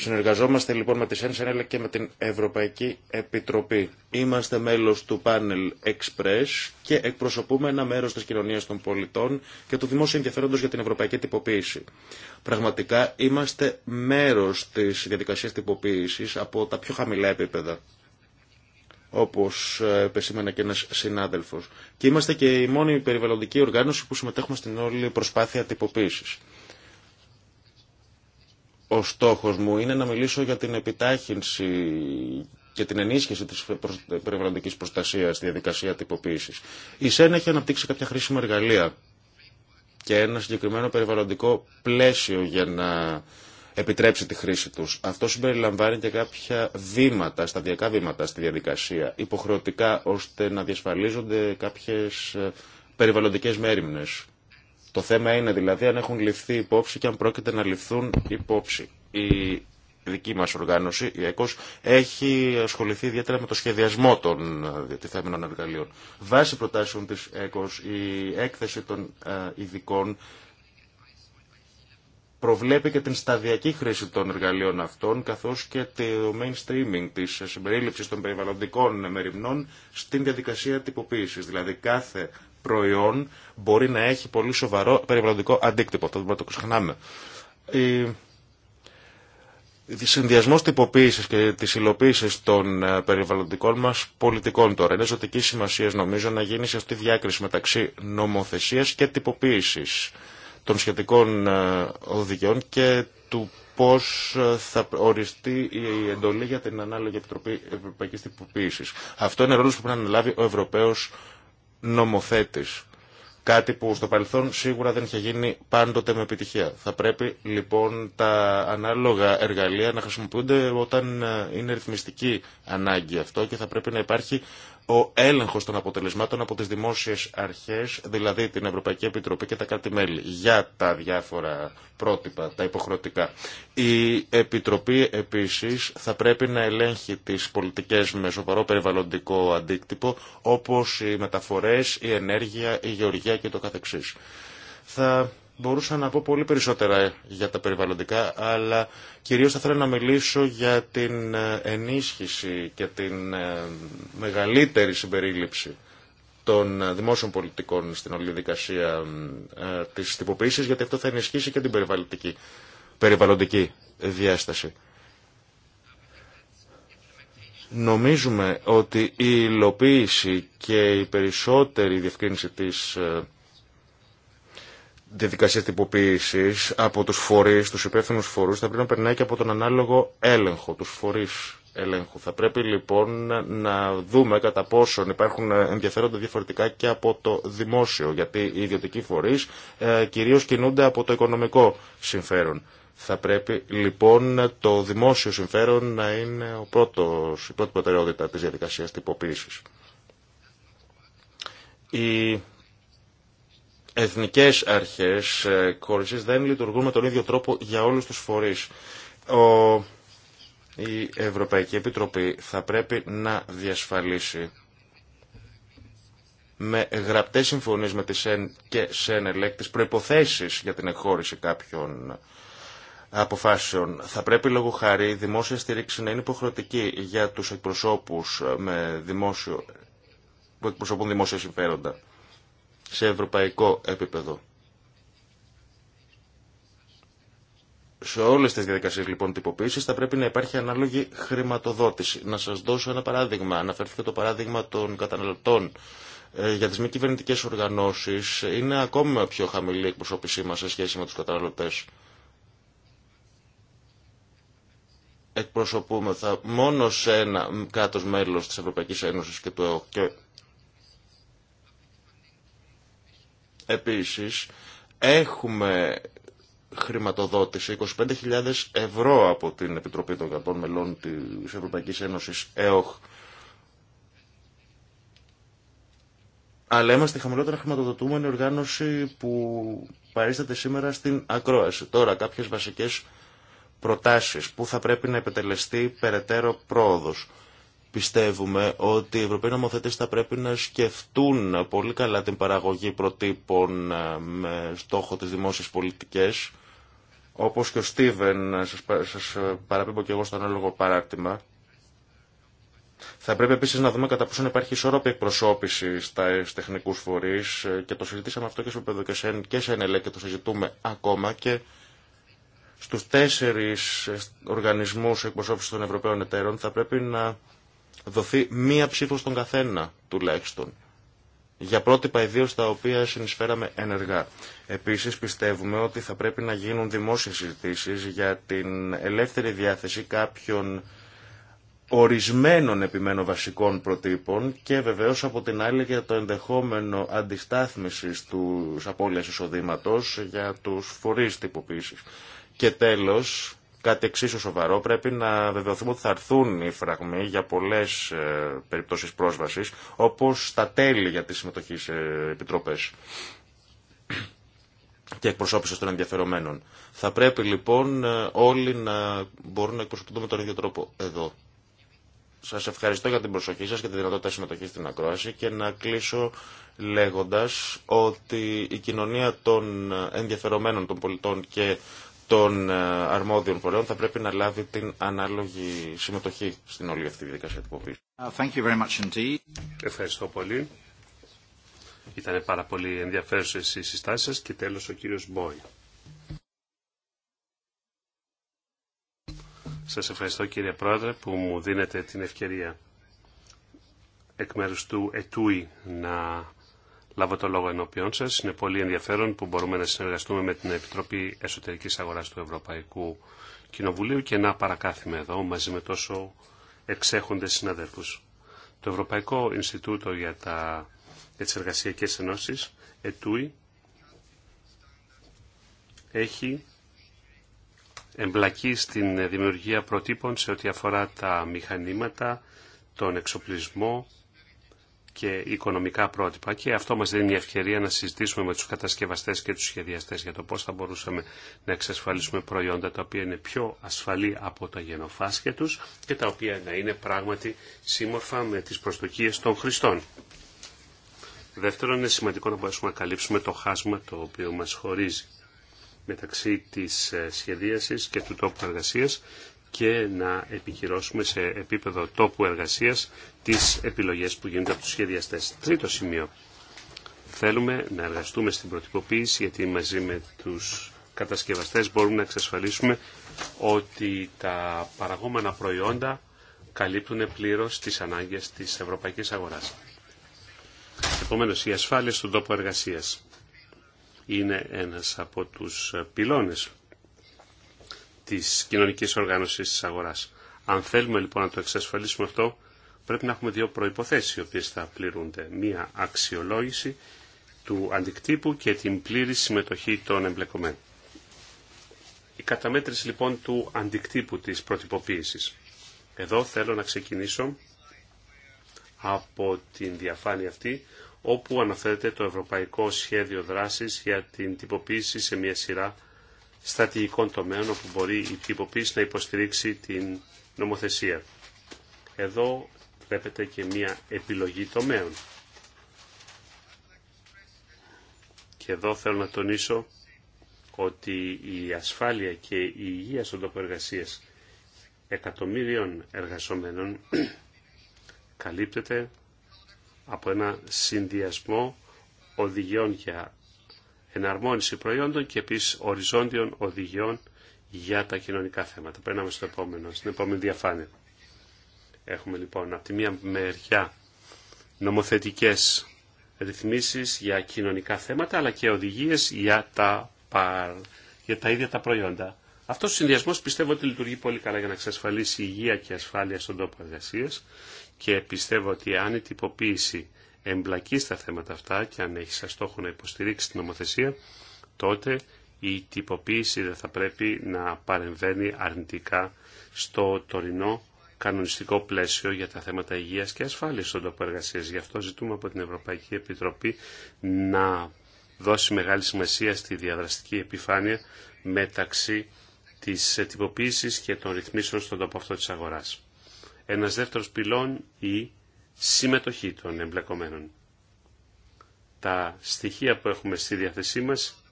Συνεργαζόμαστε λοιπόν με τη αλλά και με την Ευρωπαϊκή Επιτροπή. Είμαστε μέλος του Panel Express και εκπροσωπούμε ένα μέρος της κοινωνίας των πολιτών και του δημόσιου ενδιαφέροντος για την ευρωπαϊκή τυποποίηση. Πραγματικά είμαστε μέρος της διαδικασίας τυποποίησης από τα πιο χαμηλά επίπεδα όπως ε, επεσήμανε και ένας συνάδελφος. Και είμαστε και η μόνη περιβαλλοντική οργάνωση που συμμετέχουμε στην όλη προσπάθεια τυποποίησης. Ο στόχος μου είναι να μιλήσω για την επιτάχυνση και την ενίσχυση της περιβαλλοντικής προστασίας στη διαδικασία τυποποίησης. Η ΣΕΝ έχει αναπτύξει κάποια χρήσιμα εργαλεία και ένα συγκεκριμένο περιβαλλοντικό πλαίσιο για να επιτρέψει τη χρήση τους. Αυτό συμπεριλαμβάνει και κάποια βήματα, σταδιακά βήματα στη διαδικασία, υποχρεωτικά ώστε να διασφαλίζονται κάποιες ε, περιβαλλοντικές μέρημνες το θέμα είναι δηλαδή αν έχουν ληφθεί υπόψη και αν πρόκειται να ληφθούν υπόψη. Η δική μας οργάνωση, η ΕΚΟΣ, έχει ασχοληθεί ιδιαίτερα με το σχεδιασμό των ε, διατηθέμενων εργαλείων. Βάσει προτάσεων της ΕΚΟΣ, η έκθεση των ε, ειδικών προβλέπει και την σταδιακή χρήση των εργαλείων αυτών, καθώς και το mainstreaming της συμπερίληψης των περιβαλλοντικών μεριμνών στην διαδικασία τυποποίησης. Δηλαδή κάθε προϊόν μπορεί να έχει πολύ σοβαρό περιβαλλοντικό αντίκτυπο. Αυτό δεν το ξεχνάμε. Η συνδυασμό τυποποίηση και τη υλοποίηση των ε, περιβαλλοντικών μα πολιτικών τώρα είναι ζωτική σημασία νομίζω να γίνει σε αυτή τη διάκριση μεταξύ νομοθεσία και τυποποίηση των σχετικών ε, οδηγιών και του πώ ε, θα οριστεί η εντολή για την ανάλογη Επιτροπή Ευρωπαϊκή Τυποποίηση. Αυτό είναι ρόλο που πρέπει να αναλάβει ο Ευρωπαίο νομοθέτης. Κάτι που στο παρελθόν σίγουρα δεν είχε γίνει πάντοτε με επιτυχία. Θα πρέπει λοιπόν τα ανάλογα εργαλεία να χρησιμοποιούνται όταν ε, είναι ρυθμιστική ανάγκη αυτό και θα πρέπει να υπάρχει ο έλεγχος των αποτελεσμάτων από τις δημόσιες αρχές, δηλαδή την Ευρωπαϊκή Επιτροπή και τα κράτη-μέλη για τα διάφορα πρότυπα, τα υποχρεωτικά. Η Επιτροπή επίσης θα πρέπει να ελέγχει τις πολιτικές με σοβαρό περιβαλλοντικό αντίκτυπο, όπως οι μεταφορές, η ενέργεια, η γεωργία και το καθεξής. Θα Μπορούσα να πω πολύ περισσότερα για τα περιβαλλοντικά, αλλά κυρίως θα ήθελα να μιλήσω για την ε, ενίσχυση και την ε, μεγαλύτερη συμπερίληψη των ε, δημόσιων πολιτικών στην όλη δικασία της τυποποίησης, γιατί αυτό θα ενισχύσει και την περιβαλλοντική, περιβαλλοντική διάσταση. Νομίζουμε ότι η υλοποίηση και η περισσότερη διευκρίνηση της διαδικασία τυποποίηση από του φορεί, του υπεύθυνου φορού, θα πρέπει να περνάει και από τον ανάλογο έλεγχο, του φορεί ελέγχου. Θα πρέπει λοιπόν να δούμε κατά πόσον υπάρχουν ε, ενδιαφέροντα διαφορετικά και από το δημόσιο, γιατί οι ιδιωτικοί φορεί ε, κυρίω κινούνται από το οικονομικό συμφέρον. Θα πρέπει λοιπόν το δημόσιο συμφέρον να είναι ο πρώτος, η πρώτη προτεραιότητα της διαδικασίας τυποποίησης. Η εθνικές αρχές ε, κόρησης δεν λειτουργούν με τον ίδιο τρόπο για όλους τους φορείς. Η Ευρωπαϊκή Επιτροπή θα πρέπει να διασφαλίσει με γραπτές συμφωνίες με τη εν και σε τις προϋποθέσεις για την εκχώρηση κάποιων αποφάσεων. Θα πρέπει λόγω χάρη η δημόσια στήριξη να είναι υποχρεωτική για τους εκπροσώπους με δημόσιο, που εκπροσωπούν δημόσια συμφέροντα σε ευρωπαϊκό επίπεδο. Σε όλες τις διαδικασίες λοιπόν τυποποίησης θα πρέπει να υπάρχει ανάλογη χρηματοδότηση. Να σας δώσω ένα παράδειγμα. Αναφέρθηκε το παράδειγμα των καταναλωτών ε, για τις μη κυβερνητικέ οργανώσεις. Είναι ακόμη πιο χαμηλή η εκπροσώπησή μας σε σχέση με τους καταναλωτές. Εκπροσωπούμεθα μόνο σε ένα κάτω μέλος της Ευρωπαϊκής Ένωσης και του ΕΟΚ Επίσης, έχουμε χρηματοδότηση 25.000 ευρώ από την Επιτροπή των Κατών Μελών της Ευρωπαϊκής Ένωσης ΕΟΧ. Αλλά είμαστε χαμηλότερα χρηματοδοτούμενη οργάνωση που παρίσταται σήμερα στην ακρόαση. Τώρα κάποιες βασικές προτάσεις που θα πρέπει να επιτελεστεί περαιτέρω πρόοδος πιστεύουμε ότι οι Ευρωπαίοι νομοθέτες θα πρέπει να σκεφτούν πολύ καλά την παραγωγή προτύπων ε, με στόχο της δημόσιας πολιτικές, όπως και ο Στίβεν, ε, σας ε, παραπέμπω και εγώ στο ανάλογο παράρτημα. Θα πρέπει επίσης να δούμε κατά πόσο υπάρχει ισόρροπη εκπροσώπηση στα τεχνικούς φορείς και το συζητήσαμε αυτό και στο επίπεδο και σε ΕΝΕΛΕ και το συζητούμε ακόμα και στους τέσσερις οργανισμούς εκπροσώπησης των Ευρωπαίων εταίρων θα πρέπει να δοθεί μία ψήφο στον καθένα τουλάχιστον για πρότυπα ιδίω τα οποία συνεισφέραμε ενεργά. Επίση, πιστεύουμε ότι θα πρέπει να γίνουν δημόσιε συζητήσει για την ελεύθερη διάθεση κάποιων ορισμένων επιμένων βασικών προτύπων και βεβαίω από την άλλη για το ενδεχόμενο αντισταθμίση του απώλεια εισοδήματο για τους φορεί τυποποίηση. Και τέλο, κάτι εξίσου σοβαρό. Πρέπει να βεβαιωθούμε ότι θα έρθουν οι φραγμοί για πολλέ ε, περιπτώσει πρόσβαση, όπω τα τέλη για τη συμμετοχή σε επιτροπέ και εκπροσώπηση των ενδιαφερομένων. Θα πρέπει λοιπόν ε, όλοι να μπορούν να εκπροσωπηθούν με τον ίδιο τρόπο εδώ. Σα ευχαριστώ για την προσοχή σα και τη δυνατότητα συμμετοχή στην ακρόαση και να κλείσω λέγοντα ότι η κοινωνία των ενδιαφερομένων των πολιτών και των ε, αρμόδιων φορέων θα πρέπει να λάβει την ανάλογη συμμετοχή στην όλη αυτή τη δικασία τυποποίηση. Uh, ευχαριστώ πολύ. Ήταν πάρα πολύ ενδιαφέρουσες οι συστάσεις σας και τέλος ο κύριος Μπόι. Σας ευχαριστώ κύριε Πρόεδρε που μου δίνετε την ευκαιρία εκ μέρους του ΕΤΟΥΙ να λάβω το λόγο ενώπιον σα, Είναι πολύ ενδιαφέρον που μπορούμε να συνεργαστούμε με την Επιτροπή Εσωτερικής Αγοράς του Ευρωπαϊκού Κοινοβουλίου και να παρακάθουμε εδώ μαζί με τόσο εξέχοντες συναδέλφους. Το Ευρωπαϊκό Ινστιτούτο για, τα, για τις Εργασιακές ΕΤΟΥΙ, έχει εμπλακεί στην δημιουργία προτύπων σε ό,τι αφορά τα μηχανήματα, τον εξοπλισμό, και οικονομικά πρότυπα και αυτό μας δίνει μια ευκαιρία να συζητήσουμε με τους κατασκευαστές και τους σχεδιαστές για το πώς θα μπορούσαμε να εξασφαλίσουμε προϊόντα τα οποία είναι πιο ασφαλή από τα γενοφάσκια τους και τα οποία να είναι πράγματι σύμμορφα με τις προσδοκίες των χρηστών. Δεύτερον, είναι σημαντικό να μπορέσουμε να καλύψουμε το χάσμα το οποίο μας χωρίζει μεταξύ της ε, σχεδίασης και του τόπου εργασίας και να επικυρώσουμε σε επίπεδο τόπου εργασίας τις επιλογές που γίνονται από τους σχεδιαστές. Τρίτο σημείο. Θέλουμε να εργαστούμε στην προτυποποίηση γιατί μαζί με τους κατασκευαστές μπορούμε να εξασφαλίσουμε ότι τα παραγόμενα προϊόντα καλύπτουν πλήρως τις ανάγκες της ευρωπαϊκής αγοράς. Επομένως, η ασφάλεια στον τόπο εργασίας είναι ένας από τους πυλώνες της κοινωνικής οργάνωσης της αγοράς. Αν θέλουμε λοιπόν να το εξασφαλίσουμε αυτό, πρέπει να έχουμε δύο προϋποθέσεις οι οποίες θα πληρούνται. Μία αξιολόγηση του αντικτύπου και την πλήρη συμμετοχή των εμπλεκομένων. Η καταμέτρηση λοιπόν του αντικτύπου της προτυποποίησης. Εδώ θέλω να ξεκινήσω από την διαφάνεια αυτή, όπου αναφέρεται το Ευρωπαϊκό Σχέδιο Δράσης για την τυποποίηση σε μια σειρά στρατηγικών τομέων όπου μπορεί η τυποποίηση να υποστηρίξει την νομοθεσία. Εδώ βλέπετε και μία επιλογή τομέων. Και εδώ θέλω να τονίσω ότι η ασφάλεια και η υγεία στον τόπο εκατομμύριων εργαζομένων <clears throat> καλύπτεται από ένα συνδυασμό οδηγιών για εναρμόνιση προϊόντων και επίσης οριζόντιων οδηγιών για τα κοινωνικά θέματα. Περνάμε στο επόμενο, στην επόμενη διαφάνεια. Έχουμε λοιπόν από τη μία μεριά νομοθετικές ρυθμίσεις για κοινωνικά θέματα αλλά και οδηγίες για τα, για τα ίδια τα προϊόντα. Αυτό ο συνδυασμό πιστεύω ότι λειτουργεί πολύ καλά για να εξασφαλίσει υγεία και ασφάλεια στον τόπο εργασία και πιστεύω ότι αν η τυποποίηση εμπλακεί στα θέματα αυτά και αν έχει σαν στόχο να υποστηρίξει την νομοθεσία, τότε η τυποποίηση δεν θα πρέπει να παρεμβαίνει αρνητικά στο τωρινό κανονιστικό πλαίσιο για τα θέματα υγείας και ασφάλειας στον τόπο εργασία. Γι' αυτό ζητούμε από την Ευρωπαϊκή Επιτροπή να δώσει μεγάλη σημασία στη διαδραστική επιφάνεια μεταξύ της τυποποίησης και των ρυθμίσεων στον τόπο αυτό της αγοράς. Ένας δεύτερος πυλών η συμμετοχή των εμπλεκομένων. Τα στοιχεία που έχουμε στη διάθεσή μας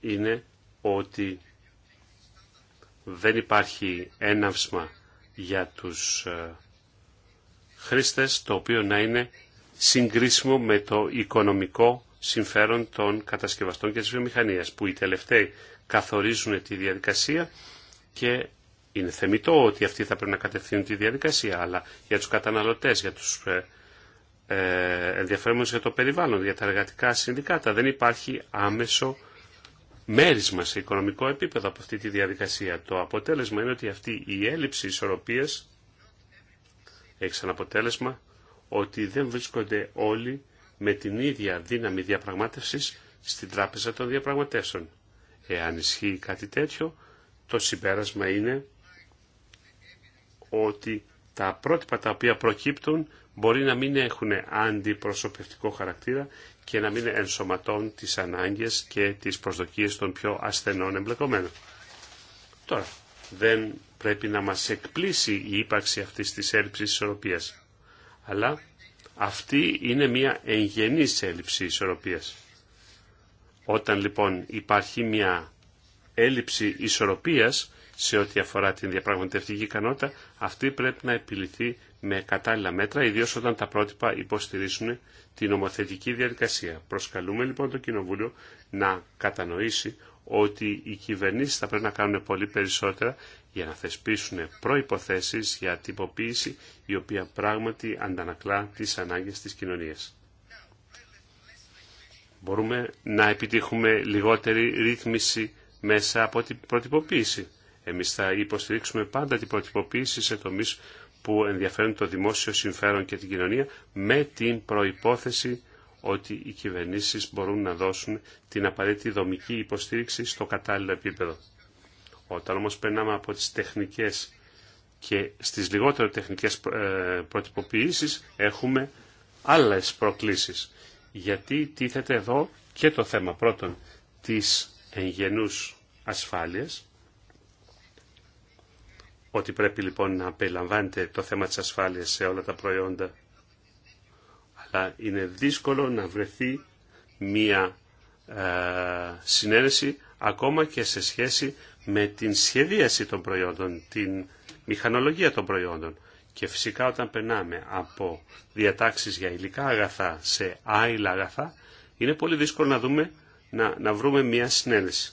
είναι ότι δεν υπάρχει έναυσμα για τους ε, χρήστες το οποίο να είναι συγκρίσιμο με το οικονομικό συμφέρον των κατασκευαστών και της βιομηχανίας που οι τελευταίοι καθορίζουν τη διαδικασία και είναι θεμητό ότι αυτοί θα πρέπει να κατευθύνουν τη διαδικασία, αλλά για τους καταναλωτές, για τους ε, ε για το περιβάλλον, για τα εργατικά συνδικάτα, δεν υπάρχει άμεσο μέρισμα σε οικονομικό επίπεδο από αυτή τη διαδικασία. Το αποτέλεσμα είναι ότι αυτή η έλλειψη ισορροπίας έχει σαν αποτέλεσμα ότι δεν βρίσκονται όλοι με την ίδια δύναμη διαπραγμάτευσης στην τράπεζα των διαπραγματεύσεων. Εάν ισχύει κάτι τέτοιο, το συμπέρασμα είναι ότι τα πρότυπα τα οποία προκύπτουν μπορεί να μην έχουν αντιπροσωπευτικό χαρακτήρα και να μην ενσωματών τις ανάγκες και τις προσδοκίες των πιο ασθενών εμπλεκομένων. Τώρα, δεν πρέπει να μας εκπλήσει η ύπαρξη αυτής της έλλειψης ισορροπίας, αλλά αυτή είναι μια εγγενής έλλειψη ισορροπίας. Όταν λοιπόν υπάρχει μια έλλειψη ισορροπίας, σε ό,τι αφορά την διαπραγματευτική ικανότητα, αυτή πρέπει να επιληθεί με κατάλληλα μέτρα, ιδίω όταν τα πρότυπα υποστηρίζουν την νομοθετική διαδικασία. Προσκαλούμε λοιπόν το Κοινοβούλιο να κατανοήσει ότι οι κυβερνήσει θα πρέπει να κάνουν πολύ περισσότερα για να θεσπίσουν προποθέσει για τυποποίηση η οποία πράγματι αντανακλά τι ανάγκε τη κοινωνία. Μπορούμε να επιτύχουμε λιγότερη ρύθμιση μέσα από την προτυποποίηση. Εμείς θα υποστηρίξουμε πάντα την προτυποποίηση σε τομείς που ενδιαφέρουν το δημόσιο συμφέρον και την κοινωνία με την προϋπόθεση ότι οι κυβερνήσεις μπορούν να δώσουν την απαραίτητη δομική υποστήριξη στο κατάλληλο επίπεδο. Όταν όμως περνάμε από τις τεχνικές και στις λιγότερο τεχνικές ε, προτυποποιήσεις έχουμε άλλες προκλήσεις. Γιατί τίθεται εδώ και το θέμα πρώτον της εγγενού ασφάλειας ότι πρέπει λοιπόν να περιλαμβάνεται το θέμα της ασφάλειας σε όλα τα προϊόντα. Αλλά είναι δύσκολο να βρεθεί μία ε, συνένεση ακόμα και σε σχέση με την σχεδίαση των προϊόντων, την μηχανολογία των προϊόντων. Και φυσικά όταν περνάμε από διατάξεις για υλικά αγαθά σε άειλα αγαθά, είναι πολύ δύσκολο να, δούμε, να, να βρούμε μία συνένεση.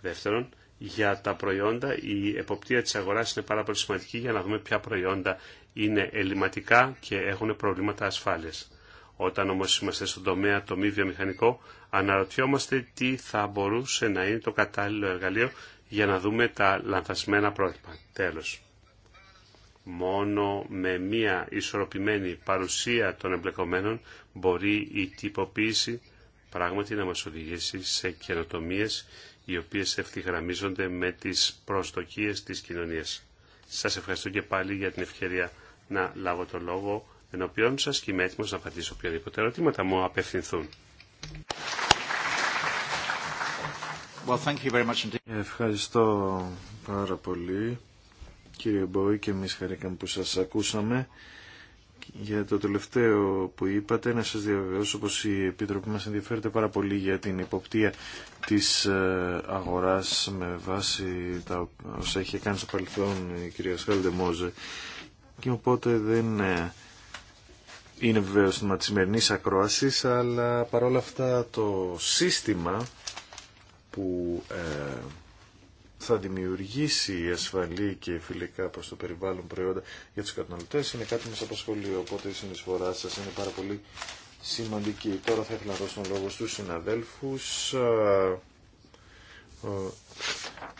Δεύτερον, για τα προϊόντα. Η εποπτεία της αγοράς είναι πάρα πολύ σημαντική για να δούμε ποια προϊόντα είναι ελληματικά και έχουν προβλήματα ασφάλειας. Όταν όμως είμαστε στον τομέα το μη βιομηχανικό, αναρωτιόμαστε τι θα μπορούσε να είναι το κατάλληλο εργαλείο για να δούμε τα λανθασμένα πρότυπα. Τέλος. Μόνο με μία ισορροπημένη παρουσία των εμπλεκομένων μπορεί η τυποποίηση πράγματι να μας οδηγήσει σε καινοτομίες οι οποίες ευθυγραμμίζονται με τις προσδοκίες της κοινωνίας. Σας ευχαριστώ και πάλι για την ευκαιρία να λάβω το λόγο ενώπιόν σας και είμαι έτοιμος να απαντήσω οποιαδήποτε ερωτήματα μου απευθυνθούν. Well, thank you very much ευχαριστώ πάρα πολύ κύριε Μπόη και εμείς χαρήκαμε που σας ακούσαμε για το τελευταίο που είπατε, να σας διαβεβαιώσω πως η Επιτροπή μας ενδιαφέρεται πάρα πολύ για την υποπτία της ε, αγοράς με βάση τα όσα είχε κάνει στο παρελθόν η κυρία Σχάλντε Μόζε και οπότε δεν ε, είναι βεβαίως θέμα της σημερινής αλλά παρόλα αυτά το σύστημα που ε, θα δημιουργήσει ασφαλή και φιλικά προς το περιβάλλον προϊόντα για τους καταναλωτές είναι κάτι που μας απασχολεί, οπότε η συνεισφορά σας είναι πάρα πολύ σημαντική. Τώρα θα ήθελα να δώσω τον λόγο στους συναδέλφους. Ο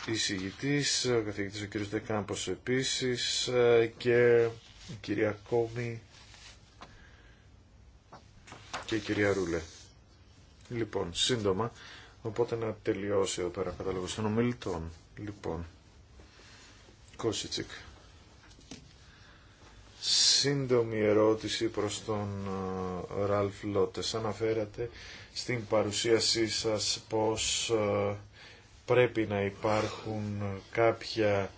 εισηγητής, ο καθηγητής ο κ. Δεκάμπος επίσης και η κυρία Κόμη και η κυρία Ρούλε. Λοιπόν, σύντομα, οπότε να τελειώσει ο πέρα κατάλογος των ομιλητών. Λοιπόν, Κόσιτσικ. Σύντομη ερώτηση προς τον ε, Ραλφ Λότες. Αναφέρατε στην παρουσίασή σας πως ε, πρέπει να υπάρχουν κάποια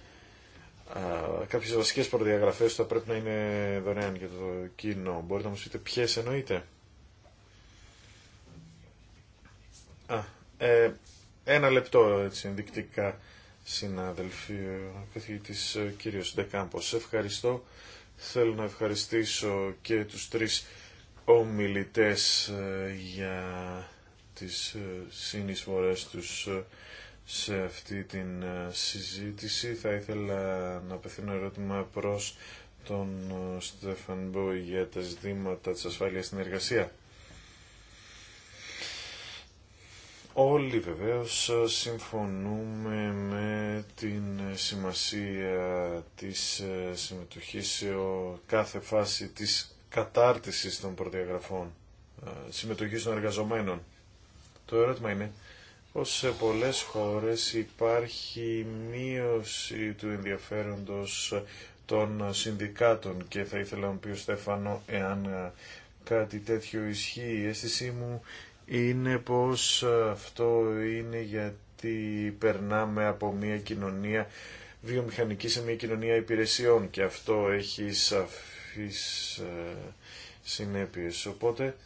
ε, κάποιες βασικές προδιαγραφές που θα πρέπει να είναι δωρεάν για το κοινό. Μπορείτε να μου πείτε ποιες εννοείτε. ένα λεπτό έτσι ενδεικτικά συνάδελφοι, ο καθηγητής ε, κύριος Ντεκάμπος. Ευχαριστώ. Θέλω να ευχαριστήσω και τους τρεις ομιλητές ε, για τις ε, συνεισφορές τους σε αυτή την συζήτηση. Θα ήθελα να απευθύνω ερώτημα προς τον Στέφαν Μπόι για τα ζητήματα της ασφάλειας στην εργασία. Όλοι βεβαίως συμφωνούμε με την σημασία της ε, συμμετοχής σε κάθε φάση της κατάρτισης των προδιαγραφών, ε, συμμετοχής των εργαζομένων. Το ερώτημα είναι πως σε πολλές χώρες υπάρχει μείωση του ενδιαφέροντος των συνδικάτων και θα ήθελα να πει ο Στέφανο εάν ε, κάτι τέτοιο ισχύει. Η αίσθησή μου είναι πως αυτό είναι γιατί περνάμε από μια κοινωνία βιομηχανική σε μια κοινωνία υπηρεσιών και αυτό έχει σαφείς ε, συνέπειες. Οπότε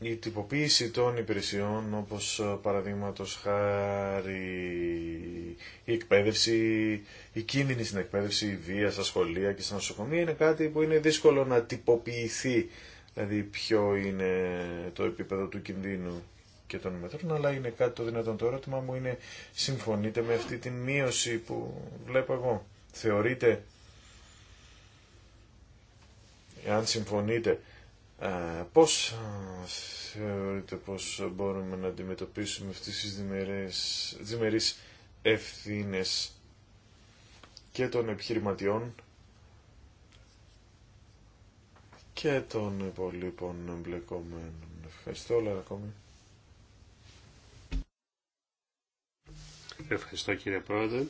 η τυποποίηση των υπηρεσιών όπως ε, παραδείγματο χάρη η εκπαίδευση, η κίνδυνη στην εκπαίδευση, η βία στα σχολεία και στα νοσοκομεία είναι κάτι που είναι δύσκολο να τυποποιηθεί δηλαδή ποιο είναι το επίπεδο του κινδύνου και των μέτρων, αλλά είναι κάτι το δυνατόν. Το ερώτημα μου είναι, συμφωνείτε με αυτή τη μείωση που βλέπω εγώ. Θεωρείτε, αν συμφωνείτε, πώς θεωρείτε πώς μπορούμε να αντιμετωπίσουμε αυτές τις διμερείς ευθύνες και των επιχειρηματιών και των υπολείπων εμπλεκομένων. Ευχαριστώ όλα ακόμη. Ευχαριστώ κύριε Πρόεδρε.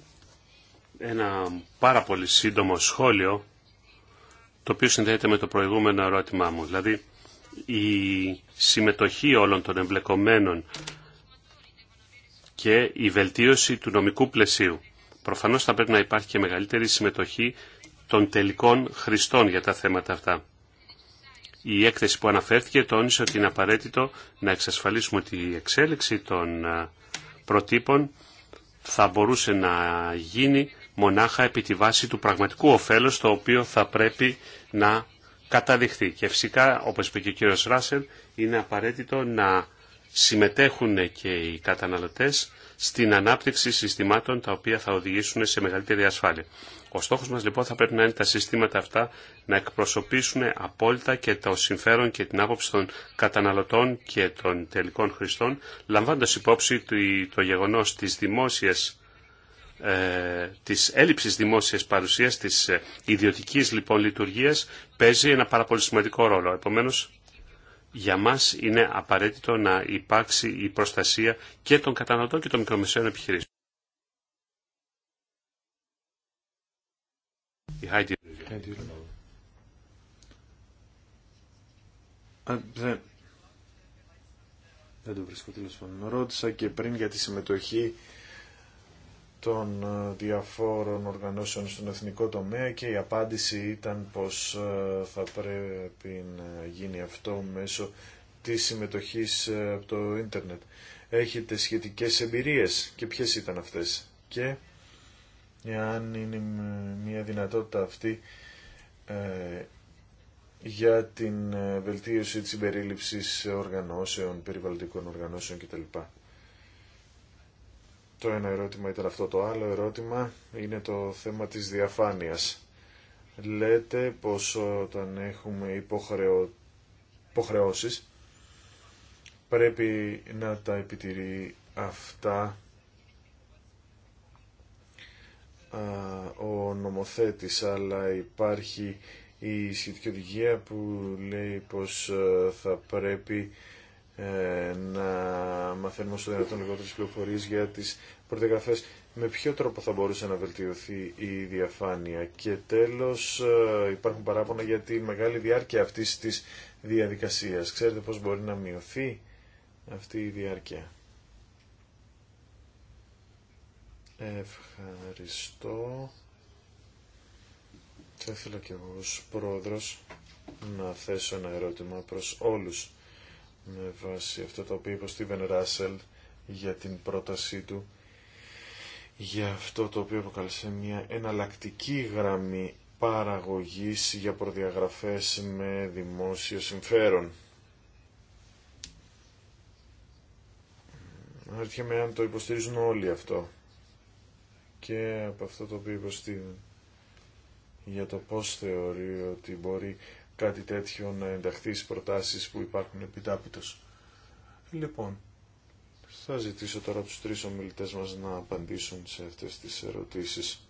Ένα πάρα πολύ σύντομο σχόλιο το οποίο συνδέεται με το προηγούμενο ερώτημά μου. Δηλαδή η συμμετοχή όλων των εμπλεκομένων και η βελτίωση του νομικού πλαισίου. Προφανώς θα πρέπει να υπάρχει και μεγαλύτερη συμμετοχή των τελικών χρηστών για τα θέματα αυτά. Η έκθεση που αναφέρθηκε τόνισε ότι είναι απαραίτητο να εξασφαλίσουμε ότι η εξέλιξη των ε, προτύπων θα μπορούσε να γίνει μονάχα επί τη βάση του πραγματικού ωφέλους το οποίο θα πρέπει να καταδειχθεί. Και φυσικά, όπως είπε και ο κύριος Ράσελ, είναι απαραίτητο να συμμετέχουν και οι καταναλωτές στην ανάπτυξη συστημάτων τα οποία θα οδηγήσουν σε μεγαλύτερη ασφάλεια. Ο στόχος μας λοιπόν θα πρέπει να είναι τα συστήματα αυτά να εκπροσωπήσουν απόλυτα και το συμφέρον και την άποψη των καταναλωτών και των τελικών χρηστών, λαμβάνοντας υπόψη το γεγονός της δημόσιας ε, της έλλειψης δημόσιας παρουσίας, της ε, ιδιωτικής λοιπόν λειτουργίας, παίζει ένα πάρα πολύ σημαντικό ρόλο. Επομένως, για μας είναι απαραίτητο να υπάρξει η προστασία και των καταναλωτών και των μικρομεσαίων επιχειρήσεων. Δεν... Δεν το βρίσκω τέλο πάντων. Ρώτησα και πριν για τη συμμετοχή των ε, διαφόρων οργανώσεων στον εθνικό τομέα και η απάντηση ήταν πως ε, θα πρέπει να γίνει αυτό μέσω της συμμετοχής ε, από το ίντερνετ. Έχετε σχετικές εμπειρίες και ποιες ήταν αυτές και αν είναι μια δυνατότητα αυτή για την βελτίωση της συμπερίληψης οργανώσεων, περιβαλλοντικών οργανώσεων κτλ. Το ένα ερώτημα ήταν αυτό. Το άλλο ερώτημα είναι το θέμα της διαφάνειας. Λέτε πως όταν έχουμε υποχρεω... υποχρεώσεις πρέπει να τα επιτηρεί αυτά ο νομοθέτης, αλλά υπάρχει η σχετική οδηγία που λέει πως ε, θα πρέπει ε, να μαθαίνουμε όσο δυνατόν λιγότερες πληροφορίε για τις πρωτεγραφέ. Με ποιο τρόπο θα μπορούσε να βελτιωθεί η διαφάνεια. Και τέλος ε, υπάρχουν παράπονα για τη μεγάλη διάρκεια αυτή της διαδικασίας. Ξέρετε πώς μπορεί να μειωθεί αυτή η διάρκεια. Ευχαριστώ. Θα ήθελα και εγώ ως πρόεδρος να θέσω ένα ερώτημα προς όλους με βάση αυτό το οποίο είπε ο Στίβεν Ράσελ για την πρότασή του για αυτό το οποίο σε μια εναλλακτική γραμμή παραγωγής για προδιαγραφές με δημόσιο συμφέρον. με αν το υποστηρίζουν όλοι αυτό και από αυτό το οποίο Στίβεν για το πώς θεωρεί ότι μπορεί κάτι τέτοιο να ενταχθεί στις προτάσεις που υπάρχουν επιτάπητος. Λοιπόν, θα ζητήσω τώρα τους τρεις ομιλητές μας να απαντήσουν σε αυτές τις ερωτήσεις.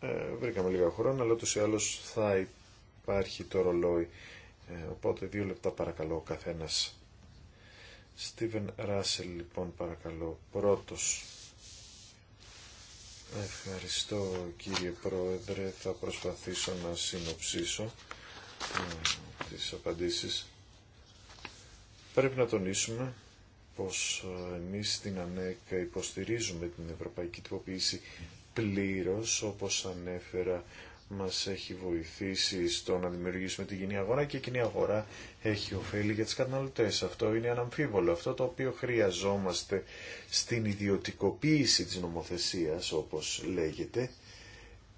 Ε, βρήκαμε λίγα χρόνο, αλλά ούτως ή άλλως θα υπάρχει το ρολόι. Ε, οπότε δύο λεπτά παρακαλώ ο καθένας. Στίβεν Ράσελ λοιπόν παρακαλώ πρώτος. Ευχαριστώ κύριε Πρόεδρε. Θα προσπαθήσω να συνοψίσω ε, τις απαντήσεις. Πρέπει να τονίσουμε πως ε, εμείς στην ΑΝΕΚ υποστηρίζουμε την ευρωπαϊκή τυποποίηση πλήρως, όπως ανέφερα μας έχει βοηθήσει στο να δημιουργήσουμε την κοινή αγορά και η κοινή αγορά έχει ωφέλη για τις καταναλωτές. Αυτό είναι αναμφίβολο. Αυτό το οποίο χρειαζόμαστε στην ιδιωτικοποίηση της νομοθεσίας, όπως λέγεται,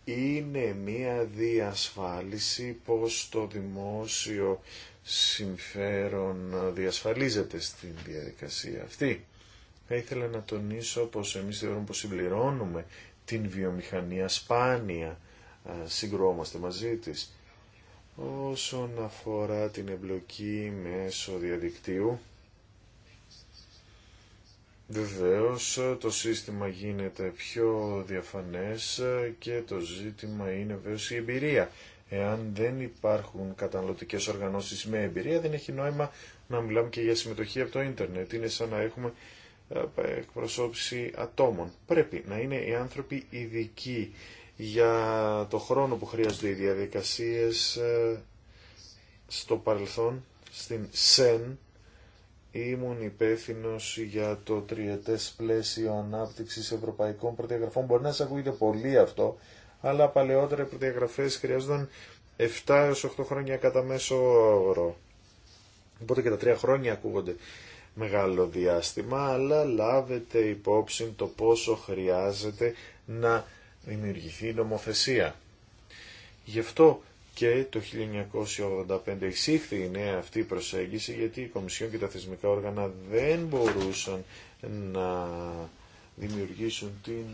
είναι μία διασφάλιση πως το δημόσιο συμφέρον διασφαλίζεται στην διαδικασία αυτή. Θα ήθελα να τονίσω πως εμείς θεωρούμε πως συμπληρώνουμε την βιομηχανία σπάνια ε, συγκρόμαστε μαζί της. Όσον αφορά την εμπλοκή μέσω διαδικτύου, Βεβαίω το σύστημα γίνεται πιο διαφανές και το ζήτημα είναι βεβαίω η εμπειρία. Εάν δεν υπάρχουν καταναλωτικές οργανώσεις με εμπειρία δεν έχει νόημα να μιλάμε και για συμμετοχή από το ίντερνετ. Είναι σαν να έχουμε ε, εκπροσώπηση ατόμων. Πρέπει να είναι οι άνθρωποι ειδικοί για το χρόνο που χρειάζονται οι διαδικασίες ε, στο παρελθόν, στην ΣΕΝ, ήμουν υπεύθυνο για το τριετέ πλαίσιο ανάπτυξη ευρωπαϊκών προδιαγραφών. Μπορεί να σα ακούγεται πολύ αυτό, αλλά παλαιότερα οι προδιαγραφέ χρειάζονταν 7 έω 8 χρόνια κατά μέσο όρο. Οπότε και τα τρία χρόνια ακούγονται μεγάλο διάστημα, αλλά λάβετε υπόψη το πόσο χρειάζεται να δημιουργηθεί η νομοθεσία. Γι' αυτό και το 1985 εισήχθη η νέα αυτή προσέγγιση γιατί η Κομισιόν και τα θεσμικά όργανα δεν μπορούσαν να δημιουργήσουν την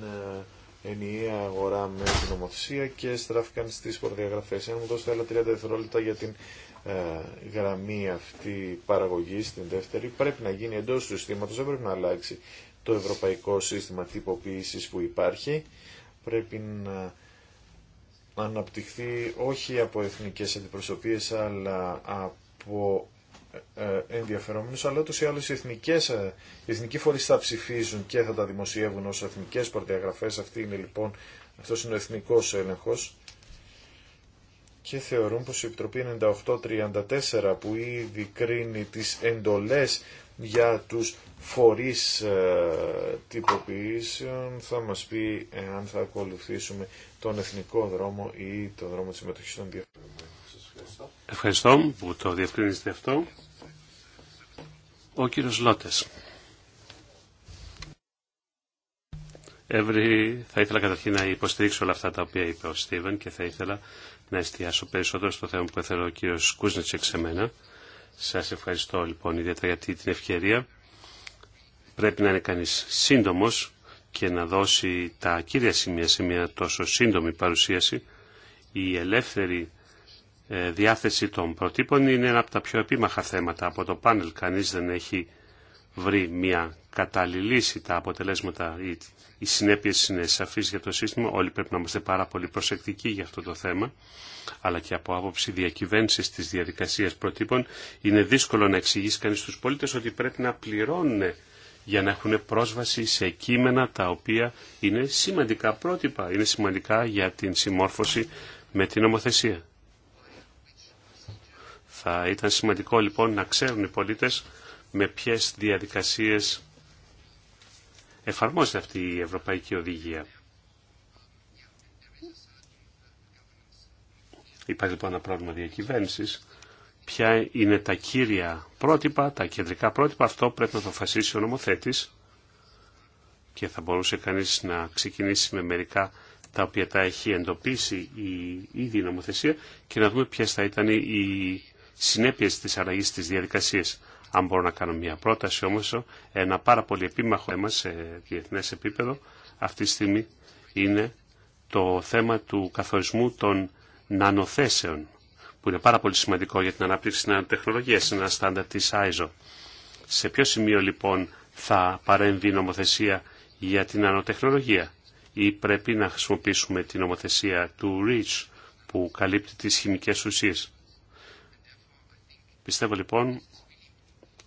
ε, ενιαία αγορά με την νομοθεσία και στράφηκαν στις προδιαγραφές. Αν μου δώσετε άλλα 30 δευτερόλεπτα για την ε, γραμμή αυτή παραγωγή στην δεύτερη πρέπει να γίνει εντός του συστήματος, δεν πρέπει να αλλάξει το ευρωπαϊκό σύστημα τυποποίησης που υπάρχει πρέπει να αναπτυχθεί όχι από εθνικές αντιπροσωπείες αλλά από ε, ενδιαφερόμενους, αλλά ούτως ή άλλως οι, εθνικές, ε, εθνικοί φορείς θα ψηφίζουν και θα τα δημοσιεύουν ως εθνικές πρωτεγραφές. Αυτή είναι λοιπόν, αυτός είναι ο εθνικός έλεγχος. Και θεωρούν πως η Επιτροπή 9834 που ήδη κρίνει τις εντολές για τους φορείς ε, τυποποιήσεων θα μας πει εάν θα ακολουθήσουμε τον εθνικό δρόμο ή τον δρόμο της συμμετοχής των Σα Ευχαριστώ. Ευχαριστώ που το διευκρινίζετε αυτό. Ο κύριος Λότες. Εύρη, θα ήθελα καταρχήν να υποστηρίξω όλα αυτά τα οποία είπε ο Στίβεν και θα ήθελα να εστιάσω περισσότερο στο θέμα που έθελε ο κύριος Κούσνετσεκ σε μένα. Σας ευχαριστώ λοιπόν ιδιαίτερα για την ευκαιρία πρέπει να είναι κανείς σύντομος και να δώσει τα κύρια σημεία σε μια τόσο σύντομη παρουσίαση. Η ελεύθερη ε, διάθεση των προτύπων είναι ένα από τα πιο επίμαχα θέματα από το πάνελ. Κανείς δεν έχει βρει μια κατάλληλη λύση. Τα αποτελέσματα, οι συνέπειες είναι σαφείς για το σύστημα. Όλοι πρέπει να είμαστε πάρα πολύ προσεκτικοί για αυτό το θέμα. Αλλά και από άποψη διακυβέρνηση της διαδικασίας προτύπων είναι δύσκολο να εξηγήσει κανείς στους πολίτες ότι πρέπει να πληρώνουν για να έχουν πρόσβαση σε κείμενα τα οποία είναι σημαντικά πρότυπα, είναι σημαντικά για την συμμόρφωση με την νομοθεσία. Θα ήταν σημαντικό λοιπόν να ξέρουν οι πολίτες με ποιες διαδικασίες εφαρμόζεται αυτή η Ευρωπαϊκή Οδηγία. Υπάρχει λοιπόν ένα πρόβλημα διακυβέρνησης ποια είναι τα κύρια πρότυπα, τα κεντρικά πρότυπα. Αυτό πρέπει να το φασίσει ο νομοθέτης και θα μπορούσε κανείς να ξεκινήσει με μερικά τα οποία τα έχει εντοπίσει η ίδια η νομοθεσία και να δούμε ποιες θα ήταν οι συνέπειες της αλλαγής της διαδικασίας. Αν μπορώ να κάνω μια πρόταση όμως, ένα πάρα πολύ επίμαχο θέμα σε διεθνές επίπεδο αυτή τη στιγμή είναι το θέμα του καθορισμού των νανοθέσεων που είναι πάρα πολύ σημαντικό για την ανάπτυξη της νανοτεχνολογίας, ένα στάνταρ της ISO. Σε ποιο σημείο λοιπόν θα παρέμβει η νομοθεσία για την νανοτεχνολογία ή πρέπει να χρησιμοποιήσουμε την νομοθεσία του REACH που καλύπτει τις χημικές ουσίες. Πιστεύω λοιπόν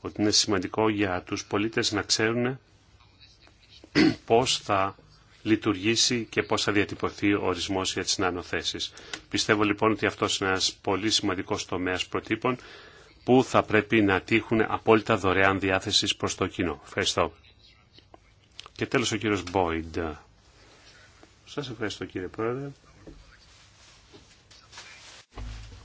ότι είναι σημαντικό για τους πολίτες να ξέρουν <clears throat> πώς θα λειτουργήσει και πώς θα διατυπωθεί ο ορισμός για τις νανοθέσεις. Πιστεύω λοιπόν ότι αυτός είναι ένας πολύ σημαντικός τομέας προτύπων που θα πρέπει να τύχουν απόλυτα δωρεάν διάθεσης προς το κοινό. Ευχαριστώ. Και τέλος ο κύριος Μπόιντ. Σας ευχαριστώ κύριε Πρόεδρε.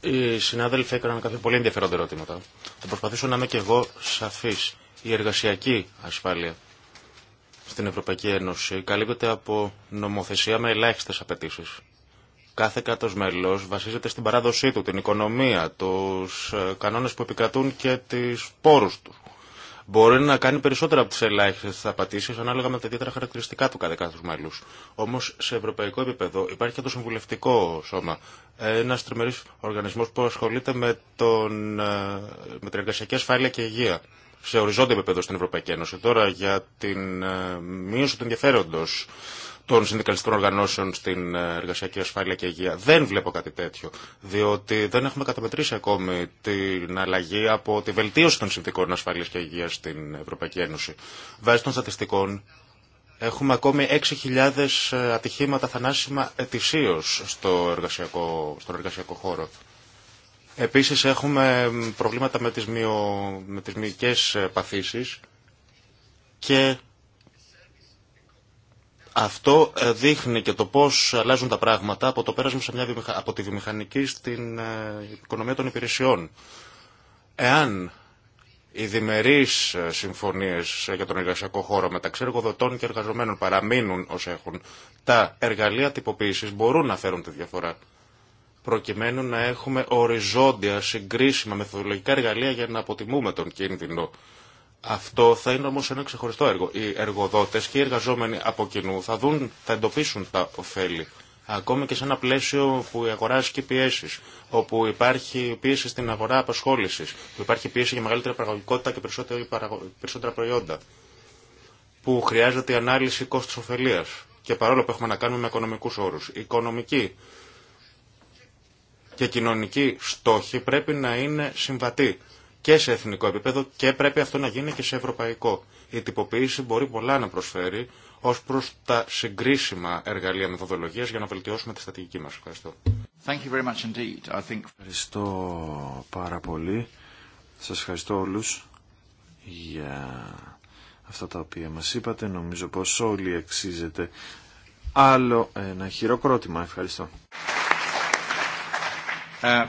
Οι συνάδελφοι έκαναν κάποια πολύ ενδιαφέροντα ερώτηματα. Θα προσπαθήσω να είμαι και εγώ σαφής. Η εργασιακή ασφάλεια στην Ευρωπαϊκή Ένωση καλύπτεται από νομοθεσία με ελάχιστε απαιτήσει. Κάθε κράτο μέλο βασίζεται στην παράδοσή του, την οικονομία, του ε, κανόνε που επικρατούν και τι πόρου του. Μπορεί να κάνει περισσότερα από τι ελάχιστε απαιτήσει, ανάλογα με τα ιδιαίτερα χαρακτηριστικά του κάθε κράτο μέλου. Όμω σε ευρωπαϊκό επίπεδο υπάρχει και το συμβουλευτικό σώμα. Ένα τριμερή οργανισμό που ασχολείται με, τον, ε, με την εργασιακή ασφάλεια και υγεία σε οριζόντιο επίπεδο στην Ευρωπαϊκή Ένωση. Τώρα για την ε, μείωση του ενδιαφέροντο των συνδικαλιστικών οργανώσεων στην ε, εργασιακή ασφάλεια και υγεία. Δεν βλέπω κάτι τέτοιο, διότι δεν έχουμε καταμετρήσει ακόμη την αλλαγή από τη βελτίωση των συνδικών ασφάλεια και υγεία στην Ευρωπαϊκή Ένωση. Βάσει των στατιστικών, Έχουμε ακόμη 6.000 ε, ατυχήματα θανάσιμα ετησίω στο στον εργασιακό χώρο. Επίσης έχουμε προβλήματα με τις, μυο... με τις μυϊκές ε, παθήσεις και αυτό ε, δείχνει και το πώς αλλάζουν τα πράγματα από το πέρασμα σε μια από τη βιομηχανική στην ε, οικονομία των υπηρεσιών. Εάν οι διμερείς συμφωνίες για τον εργασιακό χώρο μεταξύ εργοδοτών και εργαζομένων παραμείνουν ως έχουν, τα εργαλεία τυποποίησης μπορούν να φέρουν τη διαφορά προκειμένου να έχουμε οριζόντια συγκρίσιμα μεθοδολογικά εργαλεία για να αποτιμούμε τον κίνδυνο. Αυτό θα είναι όμως ένα ξεχωριστό έργο. Οι εργοδότες και οι εργαζόμενοι από κοινού θα, δουν, θα εντοπίσουν τα ωφέλη. ακόμη και σε ένα πλαίσιο που η αγορά ασκεί πιέσει, όπου υπάρχει πίεση στην αγορά απασχόληση, που υπάρχει πίεση για μεγαλύτερη παραγωγικότητα και περισσότερα προϊόντα, που χρειάζεται η ανάλυση κόστου ωφελία. Και παρόλο που έχουμε να κάνουμε με οικονομικού όρου, και κοινωνική στόχη πρέπει να είναι συμβατή και σε εθνικό επίπεδο και πρέπει αυτό να γίνει και σε ευρωπαϊκό. Η τυποποίηση μπορεί πολλά να προσφέρει ως προς τα συγκρίσιμα εργαλεία μεθοδολογίας για να βελτιώσουμε τη στατική μας. Ευχαριστώ. Thank you very much indeed. I think... Ευχαριστώ πάρα πολύ. Σας ευχαριστώ όλους για αυτά τα οποία μας είπατε. Νομίζω πως όλοι αξίζεται άλλο ένα χειροκρότημα. Ευχαριστώ. Uh,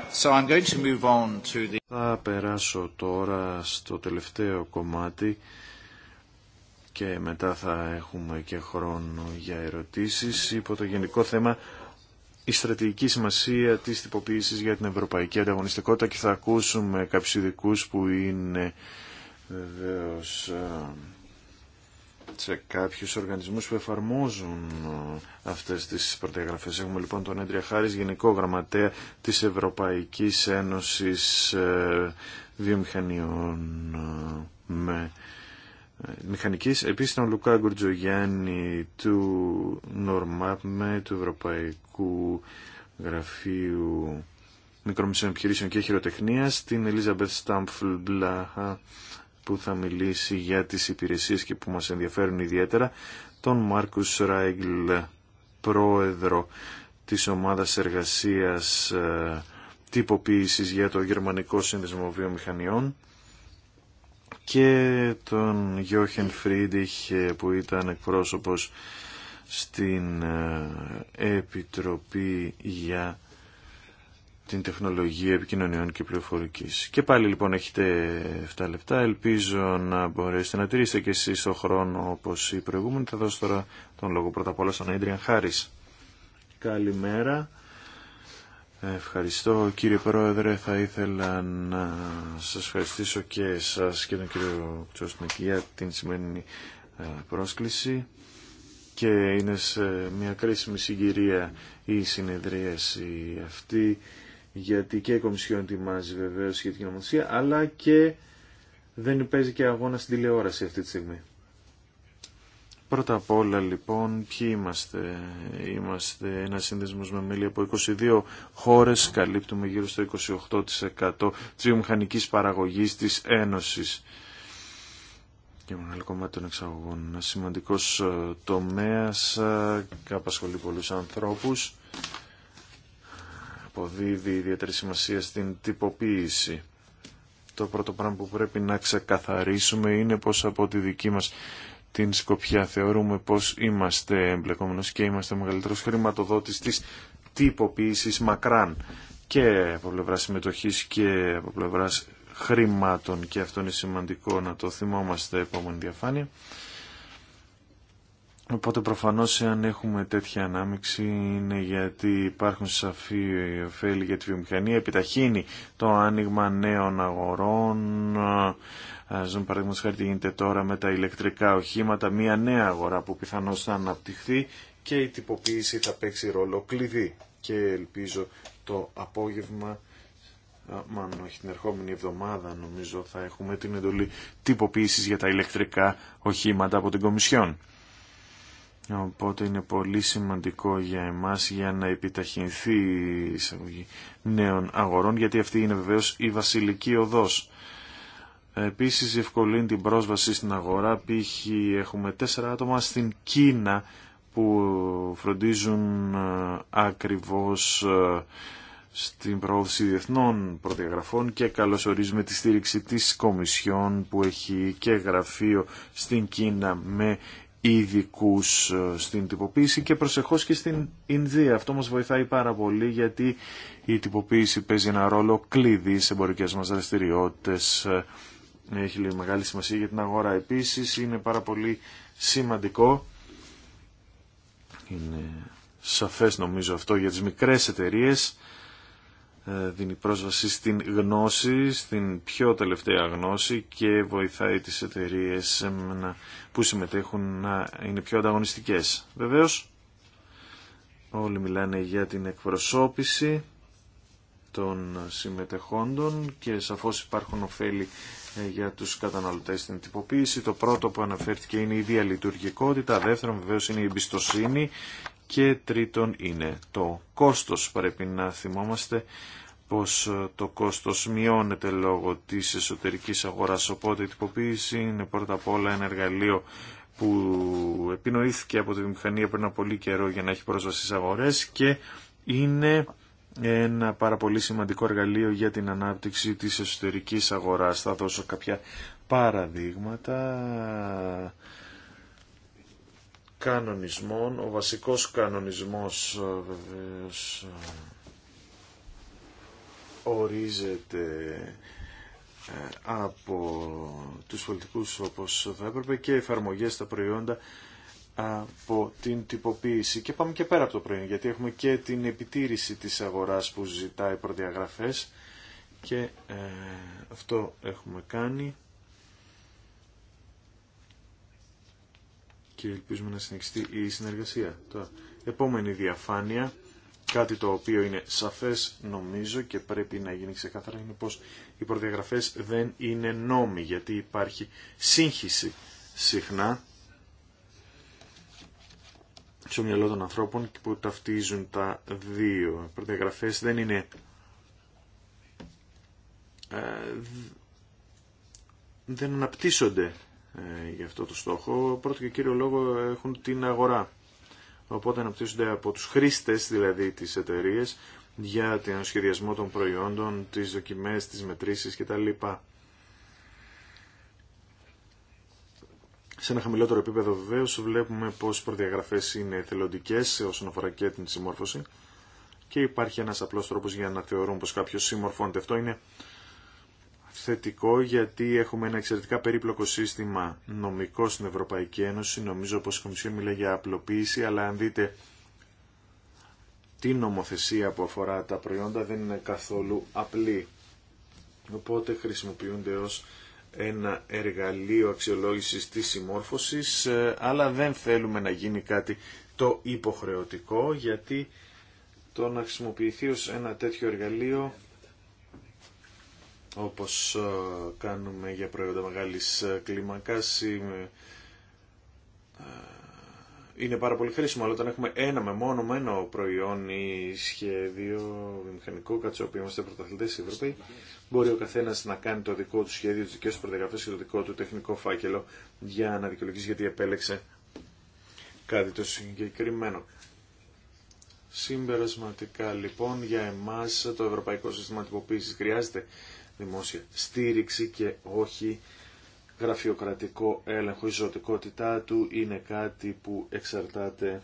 θα περάσω τώρα στο τελευταίο κομμάτι και μετά θα έχουμε και χρόνο για ερωτήσεις υπό το γενικό θέμα η στρατηγική σημασία της τυποποίησης για την ευρωπαϊκή ανταγωνιστικότητα και θα ακούσουμε κάποιους ειδικού που είναι βεβαίως ε, σε κάποιους οργανισμούς που εφαρμόζουν ε, αυτές τις πρωτεγραφές. Έχουμε λοιπόν τον Έντρια Χάρης, Γενικό Γραμματέα της Ευρωπαϊκής Ένωσης ε, Βιομηχανιών ε, με μηχανικής. Επίσης τον Λουκά Γκουρτζογιάννη του με του Ευρωπαϊκού Γραφείου Μικρομισών Επιχειρήσεων και Χειροτεχνίας, την Μπεθ Στάμφλ Μπλάχα που θα μιλήσει για τις υπηρεσίες και που μας ενδιαφέρουν ιδιαίτερα, τον Μάρκους Ράιγκλ, πρόεδρο της ομάδας εργασίας ε, τυποποίησης για το Γερμανικό Σύνδεσμο Βιομηχανιών και τον Γιώχεν Φρίντιχ που ήταν εκπρόσωπος στην ε, Επιτροπή για την τεχνολογία επικοινωνιών και πληροφορικής. Και πάλι λοιπόν έχετε 7 λεπτά. Ελπίζω να μπορέσετε να τηρήσετε και εσείς το χρόνο όπως οι προηγούμενοι. Θα δώσω τώρα τον λόγο πρώτα απ' όλα στον Adrian Χάρης. Καλημέρα. Ευχαριστώ κύριε Πρόεδρε. Θα ήθελα να σας ευχαριστήσω και εσάς και τον κύριο Τσόσνικ για την σημερινή ε, πρόσκληση και είναι σε μια κρίσιμη συγκυρία η συνεδρίαση αυτή γιατί και η Κομισιόν ετοιμάζει βεβαίως σχετική νομοθεσία, αλλά και δεν παίζει και αγώνα στην τηλεόραση αυτή τη στιγμή. Πρώτα απ' όλα λοιπόν, ποιοι είμαστε. Είμαστε ένα σύνδεσμος με μέλη από 22 χώρε. καλύπτουμε γύρω στο 28% τη βιομηχανική παραγωγής της Ένωσης και μεγάλο κομμάτι των εξαγωγών. Ένα σημαντικός ε, τομέας, ε, απασχολεί πολλού ανθρώπου αποδίδει ιδιαίτερη σημασία στην τυποποίηση. Το πρώτο πράγμα που πρέπει να ξεκαθαρίσουμε είναι πως από τη δική μας την Σκοπιά θεωρούμε πως είμαστε εμπλεκόμενος και είμαστε ο μεγαλύτερος χρηματοδότης της τυποποίησης μακράν και από πλευρά συμμετοχή και από πλευρά χρημάτων και αυτό είναι σημαντικό να το θυμόμαστε επόμενη διαφάνεια. Οπότε προφανώς αν έχουμε τέτοια ανάμειξη είναι γιατί υπάρχουν σαφή ωφέλη για τη βιομηχανία, επιταχύνει το άνοιγμα νέων αγορών, ας δούμε παραδείγματος χάρη τι γίνεται τώρα με τα ηλεκτρικά οχήματα, μια νέα αγορά που πιθανώς θα αναπτυχθεί και η τυποποίηση θα παίξει ρόλο κλειδί και ελπίζω το απόγευμα μάλλον όχι την ερχόμενη εβδομάδα νομίζω θα έχουμε την εντολή τυποποίησης για τα ηλεκτρικά οχήματα από την Κομισιόν. Οπότε είναι πολύ σημαντικό για εμάς για να επιταχυνθεί η εισαγωγή νέων αγορών, γιατί αυτή είναι βεβαίως η βασιλική οδός. Επίσης ευκολύνει την πρόσβαση στην αγορά, π.χ. έχουμε τέσσερα άτομα στην Κίνα που φροντίζουν ε, ακριβώς ε, στην προώθηση διεθνών προδιαγραφών και καλωσορίζουμε τη στήριξη της Κομισιόν που έχει και γραφείο στην Κίνα με ειδικού ε, στην τυποποίηση και προσεχώς και στην Ινδία. Αυτό μας βοηθάει πάρα πολύ γιατί η τυποποίηση παίζει ένα ρόλο κλειδί σε εμπορικέ μα δραστηριότητε. Ε, έχει λέει, μεγάλη σημασία για την αγορά επίσης. Είναι πάρα πολύ σημαντικό. Είναι σαφές νομίζω αυτό για τις μικρές εταιρείε. Ε, δίνει πρόσβαση στην γνώση, στην πιο τελευταία γνώση και βοηθάει τις εταιρείες που συμμετέχουν να είναι πιο ανταγωνιστικές. Βεβαίως, όλοι μιλάνε για την εκπροσώπηση των συμμετεχόντων και σαφώς υπάρχουν ωφέλη ε, για τους καταναλωτές στην τυποποίηση. Το πρώτο που αναφέρθηκε είναι η διαλειτουργικότητα, δεύτερον βεβαίως είναι η εμπιστοσύνη και τρίτον είναι το κόστος. Πρέπει να θυμόμαστε πως ε, το κόστος μειώνεται λόγω της εσωτερικής αγοράς, οπότε η τυποποίηση είναι πρώτα απ' όλα ένα εργαλείο που επινοήθηκε από τη μηχανία πριν από πολύ καιρό για να έχει πρόσβαση στις αγορές και είναι ένα πάρα πολύ σημαντικό εργαλείο για την ανάπτυξη της εσωτερικής αγοράς. Θα δώσω κάποια παραδείγματα κανονισμών. Ο βασικός κανονισμός ε, βεβαίως ε, ορίζεται ε, από τους πολιτικούς όπως θα έπρεπε και εφαρμογές στα προϊόντα από την τυποποίηση. Και πάμε και πέρα από το προϊόν γιατί έχουμε και την επιτήρηση της αγοράς που ζητάει προδιαγραφές και αυτό έχουμε κάνει και ελπίζουμε να συνεχιστεί η συνεργασία. Τώρα, επόμενη διαφάνεια, κάτι το οποίο είναι σαφές νομίζω και πρέπει να γίνει ξεκάθαρα, είναι πως οι προδιαγραφές δεν είναι νόμοι, γιατί υπάρχει σύγχυση συχνά στο μυαλό των ανθρώπων που ταυτίζουν τα δύο. Οι δεν είναι ε, δεν αναπτύσσονται ε, για αυτό το στόχο, πρώτο και κύριο λόγο έχουν την αγορά. Οπότε αναπτύσσονται από τους χρήστες, δηλαδή τις εταιρείε για τον σχεδιασμό των προϊόντων, τις δοκιμές, τις μετρήσεις κτλ. Σε ένα χαμηλότερο επίπεδο βεβαίω βλέπουμε πως οι προδιαγραφές είναι εθελοντικές όσον αφορά και την συμμόρφωση και υπάρχει ένας απλός τρόπος για να θεωρούν πως κάποιος συμμορφώνεται. Αυτό είναι θετικό γιατί έχουμε ένα εξαιρετικά περίπλοκο σύστημα νομικό στην Ευρωπαϊκή Ένωση. Νομίζω πως η Κομισιόν μιλάει για απλοποίηση, αλλά αν δείτε την νομοθεσία που αφορά τα προϊόντα δεν είναι καθόλου απλή. Οπότε χρησιμοποιούνται ως ένα εργαλείο αξιολόγησης της συμμόρφωσης, ε, αλλά δεν θέλουμε να γίνει κάτι το υποχρεωτικό, γιατί το να χρησιμοποιηθεί ως ένα τέτοιο εργαλείο όπως ε, κάνουμε για προϊόντα μεγάλης ε, κλίμακας ε, είναι πάρα πολύ χρήσιμο, αλλά όταν έχουμε ένα με μόνο με ένα προϊόν ή σχέδιο μηχανικό, κάτσο που είμαστε πρωταθλητές οι Ευρωπαίοι, μπορεί ο καθένα να κάνει το δικό του σχέδιο, τι δικέ του προδιαγραφέ και το δικό του τεχνικό φάκελο για να δικαιολογήσει γιατί επέλεξε κάτι το συγκεκριμένο. Συμπερασματικά λοιπόν για εμάς το Ευρωπαϊκό Σύστημα χρειάζεται δημόσια στήριξη και όχι γραφειοκρατικό έλεγχο. Η ζωτικότητά του είναι κάτι που εξαρτάται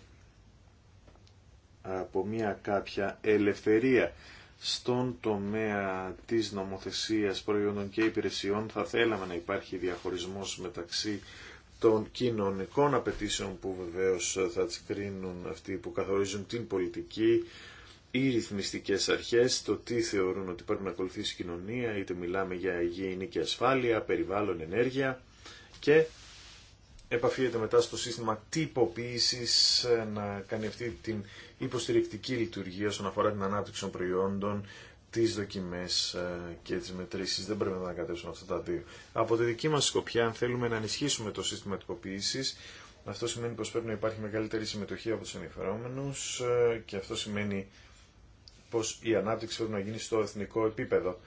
από μια κάποια ελευθερία. Στον τομέα της νομοθεσίας προϊόντων και υπηρεσιών θα θέλαμε να υπάρχει διαχωρισμός μεταξύ των κοινωνικών απαιτήσεων που βεβαίως θα τις κρίνουν αυτοί που καθορίζουν την πολιτική οι ρυθμιστικές αρχές το τι θεωρούν ότι πρέπει να ακολουθήσει η κοινωνία, είτε μιλάμε για υγιεινή και ασφάλεια, περιβάλλον, ενέργεια και επαφίεται μετά στο σύστημα τυποποίησης να κάνει αυτή την υποστηρικτική λειτουργία όσον αφορά την ανάπτυξη των προϊόντων, τις δοκιμές ε, και τις μετρήσεις. Δεν πρέπει να ανακατεύσουμε αυτά τα δύο. Από τη δική μας σκοπιά, αν θέλουμε να ενισχύσουμε το σύστημα τυποποίησης, αυτό σημαίνει πως πρέπει να υπάρχει μεγαλύτερη συμμετοχή από τους ενδιαφερόμενους ε, και αυτό σημαίνει πως η ανάπτυξη πρέπει να γίνει στο εθνικό επίπεδο.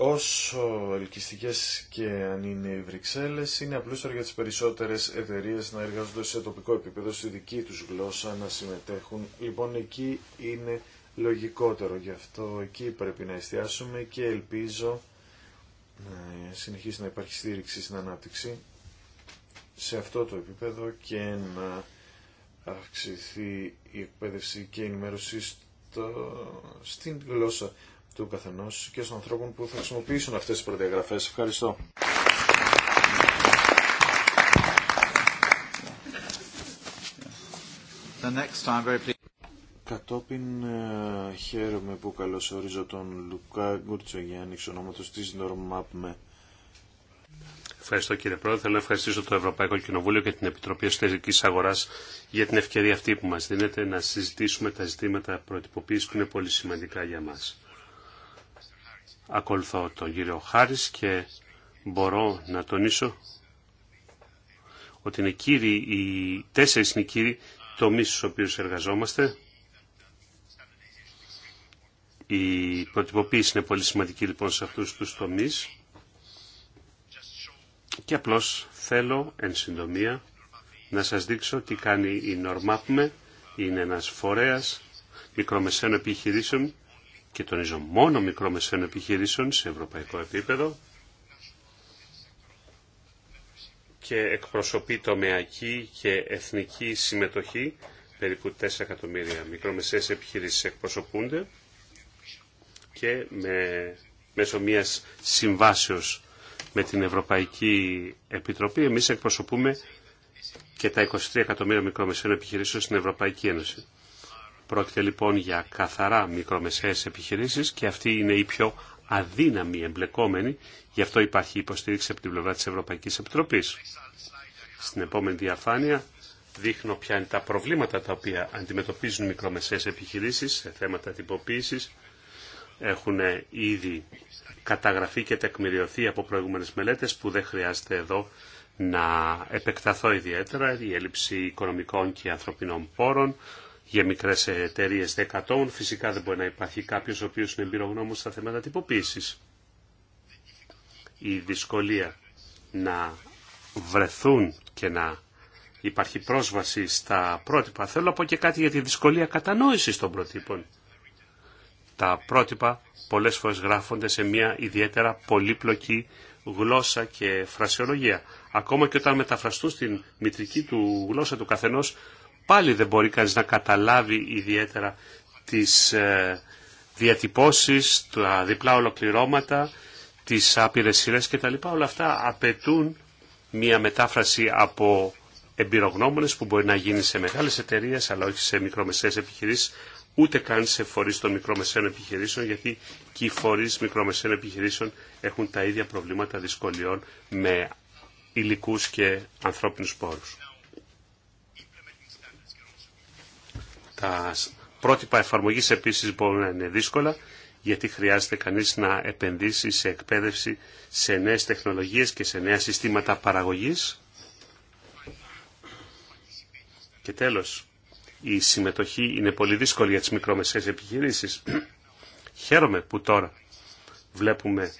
Όσο ελκυστικές και αν είναι οι Βρυξέλλες, είναι απλούστερο για τις περισσότερες εταιρείες να εργάζονται σε τοπικό επίπεδο, στη δική τους γλώσσα, να συμμετέχουν. Λοιπόν, εκεί είναι λογικότερο, γι' αυτό εκεί πρέπει να εστιάσουμε και ελπίζω να συνεχίσει να υπάρχει στήριξη στην ανάπτυξη σε αυτό το επίπεδο και να αυξηθεί η εκπαίδευση και η ενημέρωση στο, στην γλώσσα του καθενός και στους ανθρώπων που θα χρησιμοποιήσουν αυτές τις προδιαγραφές. Ευχαριστώ. The next time, very Κατόπιν ε, χαίρομαι που ορίζω τον Λουκά Γκουρτσογιάννη, εξ ονόματος της Νορμάπμε Ευχαριστώ κύριε Πρόεδρε. Θέλω να ευχαριστήσω το Ευρωπαϊκό Κοινοβούλιο και την Επιτροπή Εσωτερική Αγορά για την ευκαιρία αυτή που μα δίνεται να συζητήσουμε τα ζητήματα προτυποποίηση που είναι πολύ σημαντικά για μα. Ακολουθώ τον κύριο Χάρη και μπορώ να τονίσω ότι είναι οι τέσσερι είναι κύριοι τομεί στου οποίου εργαζόμαστε. Η προτυποποίηση είναι πολύ σημαντική λοιπόν σε αυτού του τομεί και απλώς θέλω, εν συντομία, να σας δείξω τι κάνει η Νορμάπμε. Είναι ένας φορέας μικρομεσαίων επιχειρήσεων και τονίζω μόνο μικρομεσαίων επιχειρήσεων σε ευρωπαϊκό επίπεδο και εκπροσωπεί τομεακή και εθνική συμμετοχή. Περίπου 4 εκατομμύρια μικρομεσαίες επιχειρήσεις εκπροσωπούνται και με, μέσω μιας συμβάσεως με την Ευρωπαϊκή Επιτροπή. Εμείς εκπροσωπούμε και τα 23 εκατομμύρια μικρομεσαίων επιχειρήσεων στην Ευρωπαϊκή Ένωση. Πρόκειται λοιπόν για καθαρά μικρομεσαίες επιχειρήσεις και αυτή είναι η πιο αδύναμη εμπλεκόμενη. Γι' αυτό υπάρχει υποστήριξη από την πλευρά της Ευρωπαϊκής Επιτροπής. Στην επόμενη διαφάνεια δείχνω ποια είναι τα προβλήματα τα οποία αντιμετωπίζουν μικρομεσαίες επιχειρήσεις σε θέματα τυποποίησης έχουν ήδη καταγραφεί και τεκμηριωθεί από προηγούμενες μελέτες που δεν χρειάζεται εδώ να επεκταθώ ιδιαίτερα. Η έλλειψη οικονομικών και ανθρωπινών πόρων για μικρές εταιρείε δεκατών. Φυσικά δεν μπορεί να υπάρχει κάποιος ο οποίος είναι εμπειρογνώμος στα θέματα τυποποίησης. Η δυσκολία να βρεθούν και να υπάρχει πρόσβαση στα πρότυπα. Θέλω να πω και κάτι για τη δυσκολία κατανόησης των προτύπων. Τα πρότυπα πολλές φορές γράφονται σε μια ιδιαίτερα πολύπλοκη γλώσσα και φρασιολογία. Ακόμα και όταν μεταφραστούν στην μητρική του γλώσσα του καθενός, πάλι δεν μπορεί κανείς να καταλάβει ιδιαίτερα τις ε, διατυπώσεις, τα διπλά ολοκληρώματα, τις άπειρες σειρές κτλ. Όλα αυτά απαιτούν μια μετάφραση από εμπειρογνώμονες που μπορεί να γίνει σε μεγάλες εταιρείες αλλά όχι σε μικρομεσαίες επιχειρήσεις ούτε καν σε φορεί των μικρομεσαίων επιχειρήσεων, γιατί και οι φορεί μικρομεσαίων επιχειρήσεων έχουν τα ίδια προβλήματα δυσκολιών με υλικού και ανθρώπινους πόρους. Τα πρότυπα εφαρμογή επίση μπορούν να είναι δύσκολα, γιατί χρειάζεται κανείς να επενδύσει σε εκπαίδευση σε νέες τεχνολογίες και σε νέα συστήματα παραγωγή. Και τέλος, η συμμετοχή είναι πολύ δύσκολη για τις μικρομεσαίες επιχειρήσεις. <clears throat> Χαίρομαι που τώρα βλέπουμε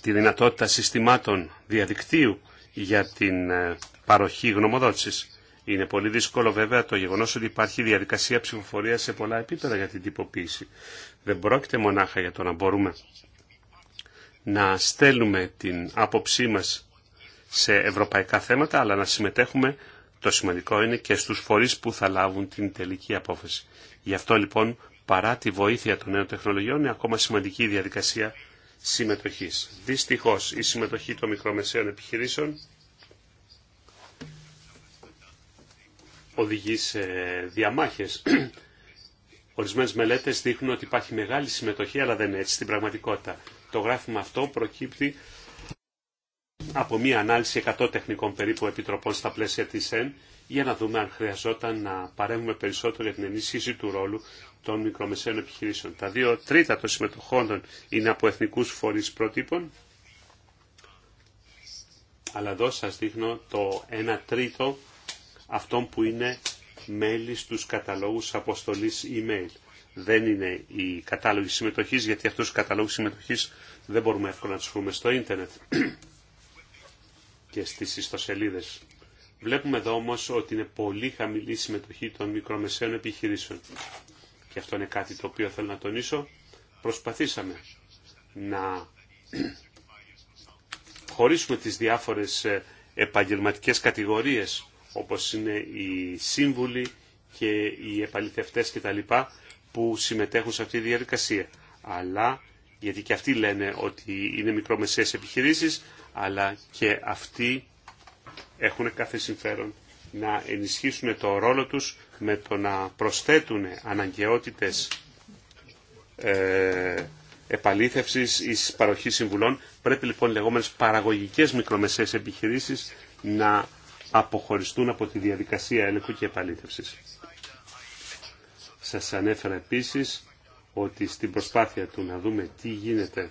τη δυνατότητα συστημάτων διαδικτύου για την ε, παροχή γνωμοδότησης. Είναι πολύ δύσκολο βέβαια το γεγονός ότι υπάρχει διαδικασία ψηφοφορία σε πολλά επίπεδα για την τυποποίηση. Δεν πρόκειται μονάχα για το να μπορούμε να στέλνουμε την άποψή μας σε ευρωπαϊκά θέματα, αλλά να συμμετέχουμε το σημαντικό είναι και στους φορείς που θα λάβουν την τελική απόφαση. Γι' αυτό λοιπόν παρά τη βοήθεια των νέων τεχνολογιών είναι ακόμα σημαντική η διαδικασία συμμετοχής. Δυστυχώς η συμμετοχή των μικρομεσαίων επιχειρήσεων οδηγεί σε διαμάχες. <clears throat> Ορισμένες μελέτες δείχνουν ότι υπάρχει μεγάλη συμμετοχή αλλά δεν είναι έτσι στην πραγματικότητα. Το γράφημα αυτό προκύπτει από μια ανάλυση 100 τεχνικών περίπου επιτροπών στα πλαίσια της ΕΝ για να δούμε αν χρειαζόταν να παρέμβουμε περισσότερο για την ενίσχυση του ρόλου των μικρομεσαίων επιχειρήσεων. Τα δύο τρίτα των συμμετοχών είναι από εθνικούς φορείς πρότυπων, αλλά εδώ σας δείχνω το 1 τρίτο αυτών που είναι μέλη στους καταλόγους αποστολής email. Δεν είναι οι κατάλογοι συμμετοχής, γιατί αυτούς τους καταλόγους συμμετοχής δεν μπορούμε εύκολα να τους βρούμε στο ίντερνετ και στις ιστοσελίδες. Βλέπουμε εδώ όμως ότι είναι πολύ χαμηλή η συμμετοχή των μικρομεσαίων επιχειρήσεων. Και αυτό είναι κάτι το οποίο θέλω να τονίσω. Προσπαθήσαμε να <clears throat> χωρίσουμε τις διάφορες ε, επαγγελματικές κατηγορίες όπως είναι οι σύμβουλοι και οι επαληθευτές κτλ που συμμετέχουν σε αυτή τη διαδικασία. Αλλά, γιατί και αυτοί λένε ότι είναι μικρομεσαίες επιχειρήσεις, αλλά και αυτοί έχουν κάθε συμφέρον να ενισχύσουν το ρόλο τους με το να προσθέτουν αναγκαιότητες ε, επαλήθευσης ή παροχής συμβουλών. Πρέπει λοιπόν οι λεγόμενες παραγωγικές μικρομεσαίες επιχειρήσεις να αποχωριστούν από τη διαδικασία έλεγχου και επαλήθευσης. Σας ανέφερα επίσης ότι στην προσπάθεια του να δούμε τι γίνεται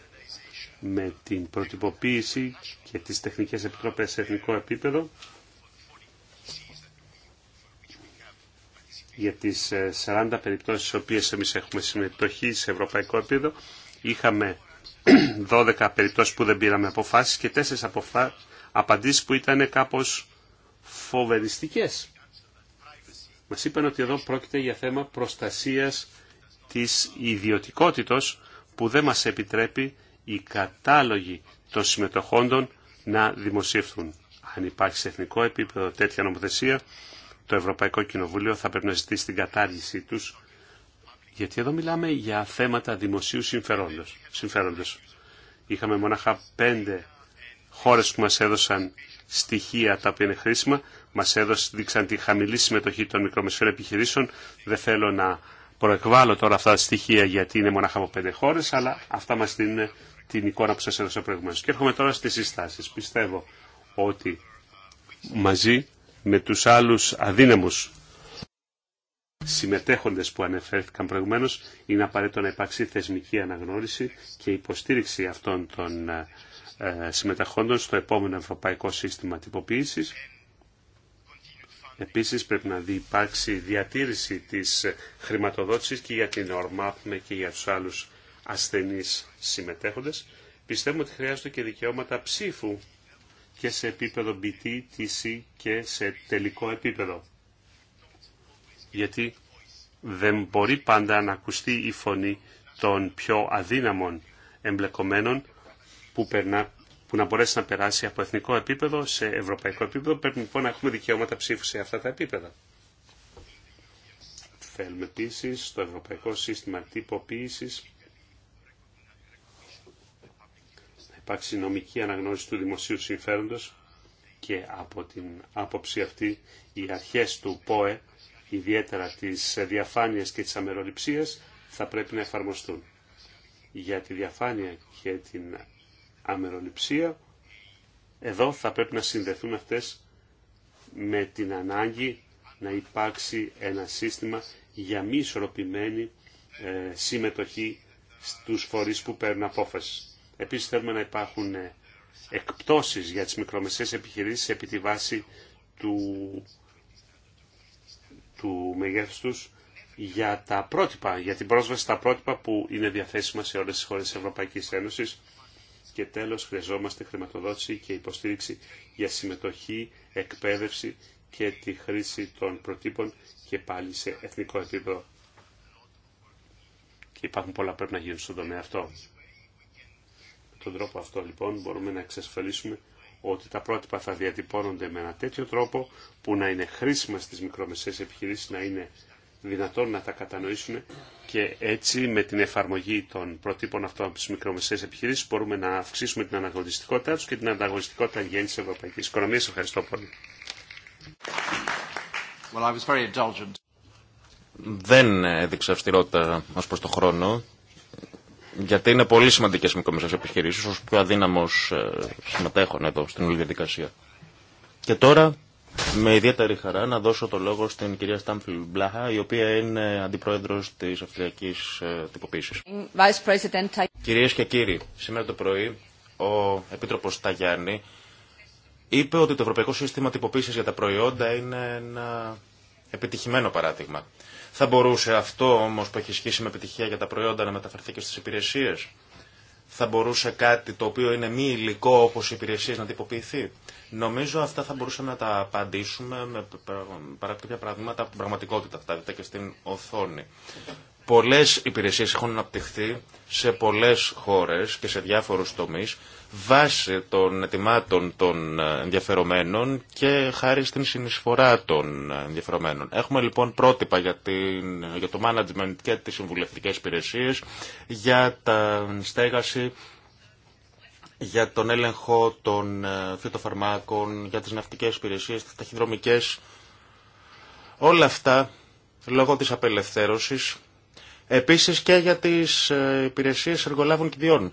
με την προτυποποίηση και τις τεχνικές επιτροπές σε εθνικό επίπεδο για τις 40 ε, περιπτώσεις στις οποίες εμείς έχουμε συμμετοχή σε ευρωπαϊκό επίπεδο είχαμε 12 <clears throat> περιπτώσεις που δεν πήραμε αποφάσεις και 4 αποφα... απαντήσεις που ήταν κάπως φοβεριστικές. Μας είπαν ότι εδώ πρόκειται για θέμα προστασίας της ιδιωτικότητος που δεν μας επιτρέπει οι κατάλογοι των συμμετοχόντων να δημοσιευθούν. Αν υπάρχει σε εθνικό επίπεδο τέτοια νομοθεσία, το Ευρωπαϊκό Κοινοβούλιο θα πρέπει να ζητήσει την κατάργησή τους, γιατί εδώ μιλάμε για θέματα δημοσίου συμφερόντος. συμφερόντος. Είχαμε μόναχα πέντε χώρες που μας έδωσαν στοιχεία τα οποία είναι χρήσιμα, μας έδωσαν, δείξαν τη χαμηλή συμμετοχή των μικρομεσαίων επιχειρήσεων. Δεν θέλω να προεκβάλλω τώρα αυτά τα στοιχεία γιατί είναι μονάχα από πέντε χώρε, αλλά αυτά μα δίνουν την εικόνα που σα έδωσα προηγουμένω. Και έρχομαι τώρα στι συστάσει. Πιστεύω ότι μαζί με του άλλου αδύναμου συμμετέχοντες που ανεφέρθηκαν προηγουμένω, είναι απαραίτητο να υπάρξει θεσμική αναγνώριση και υποστήριξη αυτών των ε, συμμεταχόντων στο επόμενο ευρωπαϊκό σύστημα τυποποίησης Επίσης πρέπει να υπάρξει διατήρηση της χρηματοδότησης και για την ΟΡΜΑΠΜΕ και για τους άλλους ασθενείς συμμετέχοντες. Πιστεύουμε ότι χρειάζονται και δικαιώματα ψήφου και σε επίπεδο BT, TC και σε τελικό επίπεδο. Γιατί δεν μπορεί πάντα να ακουστεί η φωνή των πιο αδύναμων εμπλεκομένων που περνά που να μπορέσει να περάσει από εθνικό επίπεδο σε ευρωπαϊκό επίπεδο. Πρέπει λοιπόν να έχουμε δικαιώματα ψήφου σε αυτά τα επίπεδα. Θέλουμε επίση το ευρωπαϊκό σύστημα τυποποίηση να υπάρξει νομική αναγνώριση του δημοσίου συμφέροντος και από την άποψη αυτή οι αρχές του ΠΟΕ, ιδιαίτερα της διαφάνειας και της αμεροληψίας, θα πρέπει να εφαρμοστούν. Για τη διαφάνεια και την αμεροληψία. Εδώ θα πρέπει να συνδεθούν αυτές με την ανάγκη να υπάρξει ένα σύστημα για μη ισορροπημένη ε, συμμετοχή στους φορείς που παίρνουν απόφαση. Επίσης θέλουμε να υπάρχουν ε, εκπτώσεις για τις μικρομεσαίες επιχειρήσεις επί τη βάση του, του μεγέθους τους για τα πρότυπα, για την πρόσβαση στα πρότυπα που είναι διαθέσιμα σε όλες τις χώρες της Ευρωπαϊκής Ένωσης και τέλος χρειαζόμαστε χρηματοδότηση και υποστήριξη για συμμετοχή, εκπαίδευση και τη χρήση των προτύπων και πάλι σε εθνικό επίπεδο. Και υπάρχουν πολλά πρέπει να γίνουν στον τομέα αυτό. Με τον τρόπο αυτό λοιπόν μπορούμε να εξασφαλίσουμε ότι τα πρότυπα θα διατυπώνονται με ένα τέτοιο τρόπο που να είναι χρήσιμα στις μικρομεσαίες επιχειρήσεις, να είναι δυνατόν να τα κατανοήσουν και έτσι με την εφαρμογή των προτύπων αυτών από τι μικρομεσαίε επιχειρήσει μπορούμε να αυξήσουμε την αναγνωριστικότητα του και την εν γέννη τη ευρωπαϊκή οικονομία. Ευχαριστώ πολύ. Well, I was very indulgent. Δεν έδειξε αυστηρότητα ω προ το χρόνο, γιατί είναι πολύ σημαντικέ μικρομεσαίε επιχειρήσει, ω πιο αδύναμο ε, συμμετέχων εδώ στην όλη διαδικασία. Και τώρα με ιδιαίτερη χαρά να δώσω το λόγο στην κυρία Στάμφιλ Μπλάχα, η οποία είναι αντιπρόεδρος της Αυστριακής ε, Τυποποίησης. Κυρίες και κύριοι, σήμερα το πρωί ο Επίτροπος Ταγιάννη είπε ότι το Ευρωπαϊκό Σύστημα Τυποποίησης για τα Προϊόντα είναι ένα επιτυχημένο παράδειγμα. Θα μπορούσε αυτό όμως που έχει ισχύσει με επιτυχία για τα προϊόντα να μεταφερθεί και στις υπηρεσίες θα μπορούσε κάτι το οποίο είναι μη υλικό όπως οι υπηρεσίε να τυποποιηθεί. Νομίζω αυτά θα μπορούσαμε να τα απαντήσουμε με κάποια πράγματα από την πραγματικότητα αυτά, και στην οθόνη πολλές υπηρεσίες έχουν αναπτυχθεί σε πολλές χώρες και σε διάφορους τομείς βάσει των ετοιμάτων των ε, ενδιαφερομένων και χάρη στην συνεισφορά των ε, ενδιαφερομένων. Έχουμε λοιπόν πρότυπα για, το management και τις συμβουλευτικέ υπηρεσίες, για τα στέγαση, για τον έλεγχο των ε, φυτοφαρμάκων, για τις ναυτικές υπηρεσίες, τις ταχυδρομικές. Όλα αυτά, λόγω της απελευθέρωσης, Επίσης και για τις ε, υπηρεσίες εργολάβων κηδιών.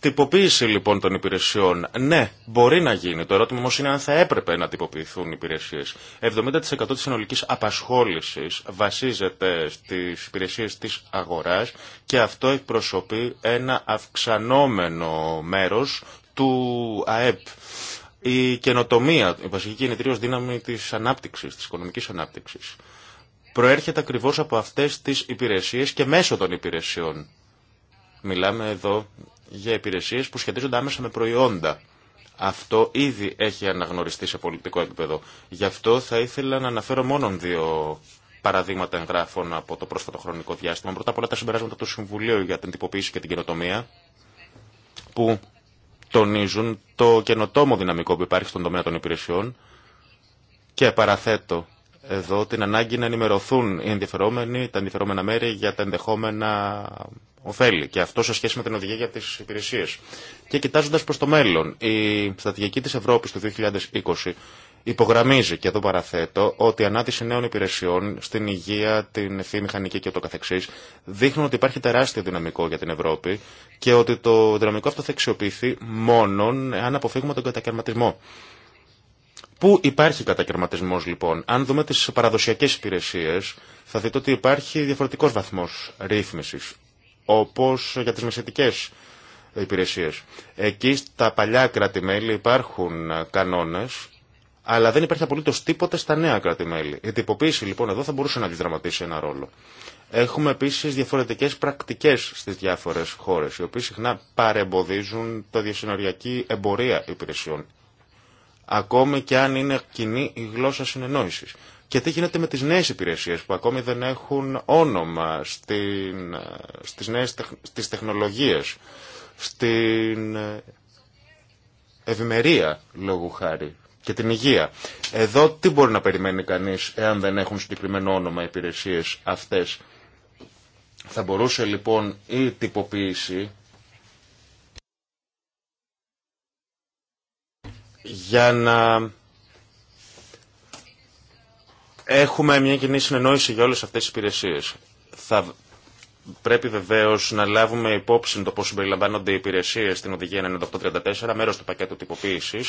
Τυποποίηση λοιπόν των υπηρεσιών. Ναι, μπορεί να γίνει. Το ερώτημα όμως είναι αν θα έπρεπε να τυποποιηθούν οι υπηρεσίες. 70% της συνολική απασχόλησης βασίζεται στις υπηρεσίες της αγοράς και αυτό εκπροσωπεί ένα αυξανόμενο μέρος του ΑΕΠ. Η καινοτομία, η βασική κινητήριο δύναμη της ανάπτυξης, της οικονομικής ανάπτυξης προέρχεται ακριβώς από αυτές τις υπηρεσίες και μέσω των υπηρεσιών. Μιλάμε εδώ για υπηρεσίες που σχετίζονται άμεσα με προϊόντα. Αυτό ήδη έχει αναγνωριστεί σε πολιτικό επίπεδο. Γι' αυτό θα ήθελα να αναφέρω μόνο δύο παραδείγματα εγγράφων από το πρόσφατο χρονικό διάστημα. Πρώτα απ' όλα τα συμπεράσματα του Συμβουλίου για την τυποποίηση και την καινοτομία, που τονίζουν το καινοτόμο δυναμικό που υπάρχει στον τομέα των υπηρεσιών και παραθέτω εδώ την ανάγκη να ενημερωθούν οι ενδιαφερόμενοι, τα ενδιαφερόμενα μέρη για τα ενδεχόμενα ωφέλη και αυτό σε σχέση με την οδηγία για τι υπηρεσίε. Και κοιτάζοντα προ το μέλλον, η στρατηγική τη Ευρώπη του 2020 υπογραμμίζει, και εδώ παραθέτω, ότι η ανάτηση νέων υπηρεσιών στην υγεία, την ευθύνη μηχανική και ούτω καθεξής δείχνουν ότι υπάρχει τεράστιο δυναμικό για την Ευρώπη και ότι το δυναμικό αυτό θα αξιοποιηθεί μόνον αν αποφύγουμε τον κατακαιρματισμό. Πού υπάρχει κατακαιρματισμό λοιπόν. Αν δούμε τι παραδοσιακέ υπηρεσίε, θα δείτε ότι υπάρχει διαφορετικό βαθμό ρύθμιση. Όπω για τι μεσαιτικέ υπηρεσίε. Εκεί στα παλιά κράτη-μέλη υπάρχουν κανόνε, αλλά δεν υπάρχει απολύτω τίποτε στα νέα κράτη-μέλη. Η τυποποίηση λοιπόν εδώ θα μπορούσε να αντιδραματίσει ένα ρόλο. Έχουμε επίση διαφορετικέ πρακτικέ στι διάφορε χώρε, οι οποίε συχνά παρεμποδίζουν τα διασυνοριακή εμπορία υπηρεσιών ακόμη και αν είναι κοινή η γλώσσα συνεννόησης. Και τι γίνεται με τις νέες υπηρεσίες που ακόμη δεν έχουν όνομα στι στις νέες τεχνολογίες, στην ε, ευημερία λόγου χάρη και την υγεία. Εδώ τι μπορεί να περιμένει κανείς εάν δεν έχουν συγκεκριμένο όνομα οι υπηρεσίες αυτές. Θα μπορούσε λοιπόν η τυποποίηση για να έχουμε μια κοινή συνεννόηση για όλες αυτές τις υπηρεσίες. Θα πρέπει βεβαίως να λάβουμε υπόψη το πώς συμπεριλαμβάνονται οι υπηρεσίες στην Οδηγία 9834, μέρος του πακέτου τυποποίηση.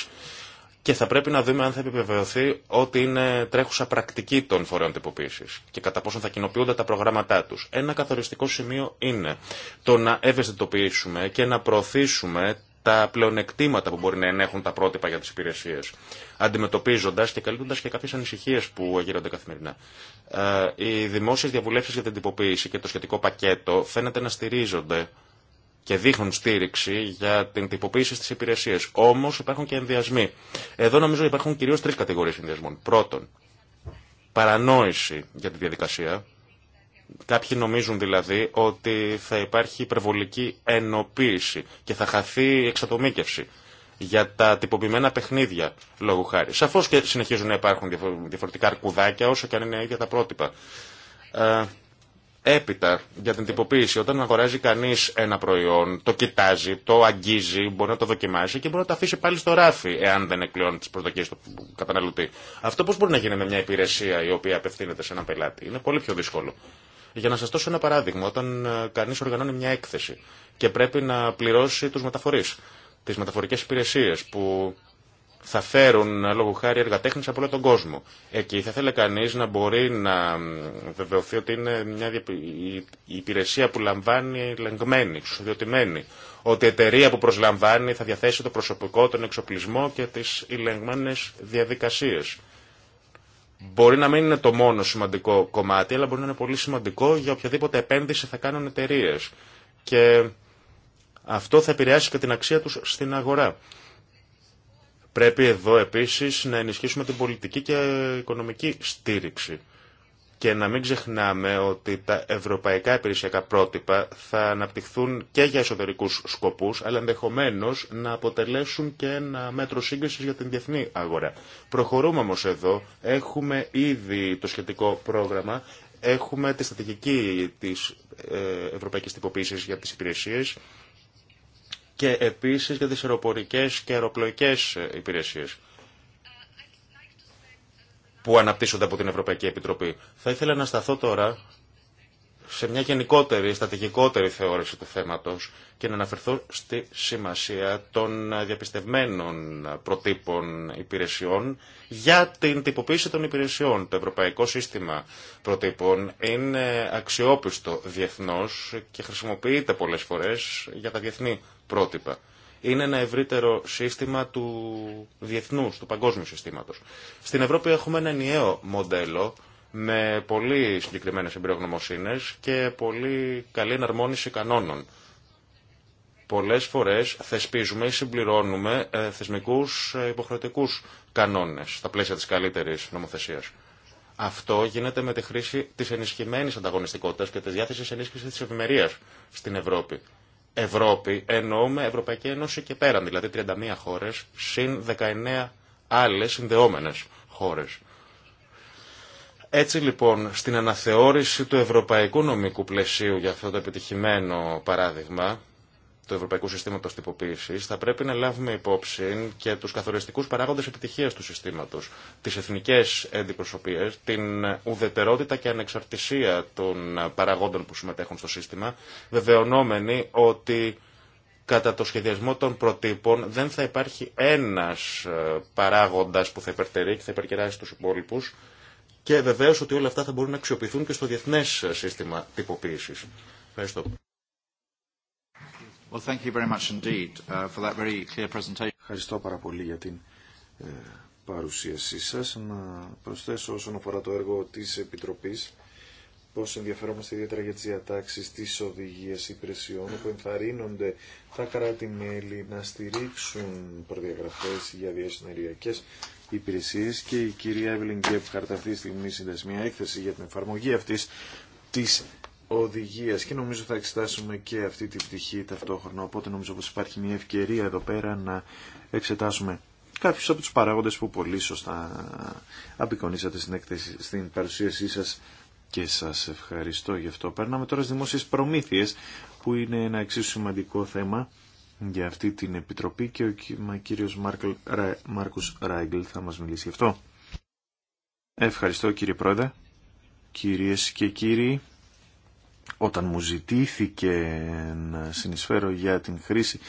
Και θα πρέπει να δούμε αν θα επιβεβαιωθεί ότι είναι τρέχουσα πρακτική των φορέων τυποποίηση και κατά πόσο θα κοινοποιούνται τα προγράμματά του. Ένα καθοριστικό σημείο είναι το να ευαισθητοποιήσουμε και να προωθήσουμε τα πλεονεκτήματα που μπορεί να ενέχουν τα πρότυπα για τι υπηρεσίε, αντιμετωπίζοντας και καλύπτοντα και κάποιε ανησυχίες που γίνονται καθημερινά. Ε, οι δημόσιε διαβουλεύσει για την τυποποίηση και το σχετικό πακέτο φαίνεται να στηρίζονται και δείχνουν στήριξη για την τυποποίηση στις υπηρεσίες. Όμως υπάρχουν και ενδιασμοί. Εδώ νομίζω υπάρχουν κυρίω τρει κατηγορίε ενδιασμών. Πρώτον, παρανόηση για τη διαδικασία, Κάποιοι νομίζουν δηλαδή ότι θα υπάρχει υπερβολική ενοποίηση και θα χαθεί η εξατομίκευση για τα τυποποιημένα παιχνίδια λόγου χάρη. Σαφώ και συνεχίζουν να υπάρχουν διαφορετικά αρκουδάκια όσο και αν είναι ίδια τα πρότυπα. Ε, έπειτα για την τυποποίηση, όταν αγοράζει κανεί ένα προϊόν, το κοιτάζει, το αγγίζει, μπορεί να το δοκιμάσει και μπορεί να το αφήσει πάλι στο ράφι, εάν δεν εκπληρώνει τι προσδοκίε του καταναλωτή. Αυτό πώ μπορεί να γίνει με μια υπηρεσία η οποία απευθύνεται σε έναν πελάτη. Είναι πολύ πιο δύσκολο. Για να σα δώσω ένα παράδειγμα, όταν ε, κανεί οργανώνει μια έκθεση και πρέπει να πληρώσει του μεταφορεί, τι μεταφορικέ υπηρεσίε που θα φέρουν ε, λόγω χάρη εργατέχνη από όλο τον κόσμο. Εκεί θα θέλει κανεί να μπορεί να βεβαιωθεί ότι είναι μια η υπηρεσία που λαμβάνει λεγμένη, εξουσιοδοτημένη. Ότι η εταιρεία που προσλαμβάνει θα διαθέσει το προσωπικό, τον εξοπλισμό και τι ελεγμένε διαδικασίε. Μπορεί να μην είναι το μόνο σημαντικό κομμάτι, αλλά μπορεί να είναι πολύ σημαντικό για οποιαδήποτε επένδυση θα κάνουν εταιρείε. Και αυτό θα επηρεάσει και την αξία τους στην αγορά. Πρέπει εδώ επίσης να ενισχύσουμε την πολιτική και οικονομική στήριξη και να μην ξεχνάμε ότι τα ευρωπαϊκά υπηρεσιακά πρότυπα θα αναπτυχθούν και για εσωτερικούς σκοπούς, αλλά ενδεχομένως να αποτελέσουν και ένα μέτρο σύγκρισης για την διεθνή αγορά. Προχωρούμε όμως εδώ, έχουμε ήδη το σχετικό πρόγραμμα, έχουμε τη στρατηγική της ε, ευρωπαϊκής τυποποίησης για τις υπηρεσίες και επίσης για τις αεροπορικές και αεροπλοϊκές ε, υπηρεσίες που αναπτύσσονται από την Ευρωπαϊκή Επιτροπή. Θα ήθελα να σταθώ τώρα σε μια γενικότερη, στατικικότερη θεώρηση του θέματος και να αναφερθώ στη σημασία των διαπιστευμένων προτύπων υπηρεσιών για την τυποποίηση των υπηρεσιών. Το Ευρωπαϊκό Σύστημα Προτύπων είναι αξιόπιστο διεθνώς και χρησιμοποιείται πολλές φορές για τα διεθνή πρότυπα είναι ένα ευρύτερο σύστημα του διεθνούς, του παγκόσμιου συστήματος. Στην Ευρώπη έχουμε ένα ενιαίο μοντέλο με πολύ συγκεκριμένε εμπειρογνωμοσύνε και πολύ καλή εναρμόνιση κανόνων. Πολλέ φορέ θεσπίζουμε ή συμπληρώνουμε ε, θεσμικούς ε, υποχρεωτικού κανόνες στα πλαίσια της καλύτερη νομοθεσίας. Αυτό γίνεται με τη χρήση τη ενισχυμένη ανταγωνιστικότητα και τη διάθεση ενίσχυση τη ευημερία στην Ευρώπη. Ευρώπη εννοούμε Ευρωπαϊκή Ένωση και πέραν, δηλαδή 31 χώρες συν 19 άλλες συνδεόμενες χώρες. Έτσι λοιπόν στην αναθεώρηση του ευρωπαϊκού νομικού πλαισίου για αυτό το επιτυχημένο παράδειγμα του Ευρωπαϊκού Συστήματο Τυποποίηση, θα πρέπει να λάβουμε υπόψη και του καθοριστικού παράγοντε επιτυχία του συστήματο, τι εθνικέ αντιπροσωπείε, την ουδετερότητα και ανεξαρτησία των παραγόντων που συμμετέχουν στο σύστημα, βεβαιωνόμενοι ότι κατά το σχεδιασμό των προτύπων δεν θα υπάρχει ένα ε, παράγοντα που θα υπερτερεί και θα υπερκεράσει του υπόλοιπου, και βεβαίω ότι όλα αυτά θα μπορούν να αξιοποιηθούν και στο διεθνέ ε, σύστημα τυποποίηση. Ευχαριστώ. Ευχαριστώ πάρα πολύ για την ε, παρουσίασή σας. Να προσθέσω όσον αφορά το έργο της Επιτροπής πως ενδιαφερόμαστε ιδιαίτερα για τις διατάξεις της οδηγίας υπηρεσιών που ενθαρρύνονται τα κράτη-μέλη να στηρίξουν προδιαγραφές για διασυνεργειακές υπηρεσίες και η κυρία Εύλιν Γκέπχαρτ αυτή τη στιγμή συντασμία έκθεση για την εφαρμογή αυτής της και νομίζω θα εξετάσουμε και αυτή τη πτυχή ταυτόχρονα οπότε νομίζω πως υπάρχει μια ευκαιρία εδώ πέρα να εξετάσουμε κάποιου από του παράγοντε που πολύ σωστά απεικονίσατε στην, έκθεση, στην παρουσίασή σα και σα ευχαριστώ γι' αυτό. Περνάμε τώρα στι δημόσιε προμήθειε που είναι ένα εξίσου σημαντικό θέμα για αυτή την επιτροπή και ο κύριο Μάρκο Ράγκλ θα μα μιλήσει γι' αυτό. Ευχαριστώ κύριε Πρόεδρε. Κυρίες και κύριοι, όταν μου ζητήθηκε να συνεισφέρω για την χρήση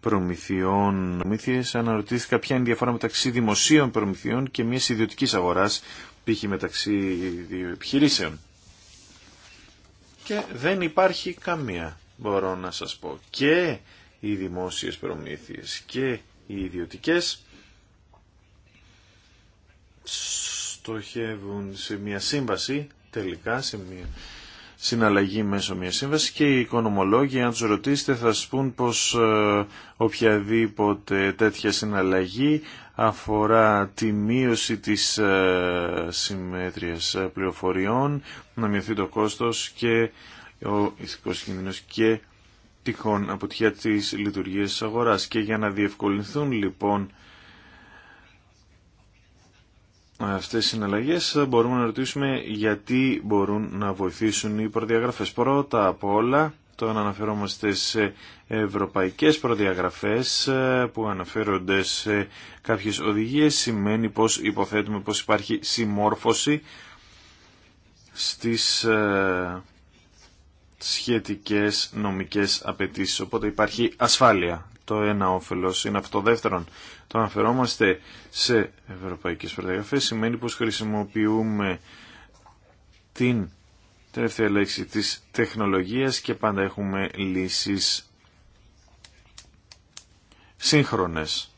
προμηθειών, προμήθειες αναρωτήθηκα ποια είναι η διαφορά μεταξύ δημοσίων προμηθειών και μιας ιδιωτικής αγοράς, π.χ. μεταξύ δύο επιχειρήσεων. Και δεν υπάρχει καμία, μπορώ να σας πω. Και οι δημόσιες προμήθειες και οι ιδιωτικές στοχεύουν σε μια σύμβαση, τελικά σε μια συναλλαγή μέσω μιας σύμβαση και οι οικονομολόγοι, αν του ρωτήσετε, θα σπούν πούν πως ε, οποιαδήποτε τέτοια συναλλαγή αφορά τη μείωση της ε, συμμέτριας πληροφοριών, να μειωθεί το κόστος και ο ηθικός και τυχόν αποτυχία της λειτουργίας της αγοράς. Και για να διευκολυνθούν λοιπόν αυτές οι συναλλαγές μπορούμε να ρωτήσουμε γιατί μπορούν να βοηθήσουν οι προδιαγραφές. Πρώτα απ' όλα το να αναφερόμαστε σε ευρωπαϊκές προδιαγραφές ε, που αναφέρονται σε κάποιες οδηγίες σημαίνει πως υποθέτουμε πως υπάρχει συμμόρφωση στις ε, σχετικές νομικές απαιτήσεις. Οπότε υπάρχει ασφάλεια το ένα όφελος είναι αυτό. Δεύτερον, το αναφερόμαστε σε ευρωπαϊκές προδιαγραφές σημαίνει πως χρησιμοποιούμε την τελευταία λέξη της τεχνολογίας και πάντα έχουμε λύσεις σύγχρονες.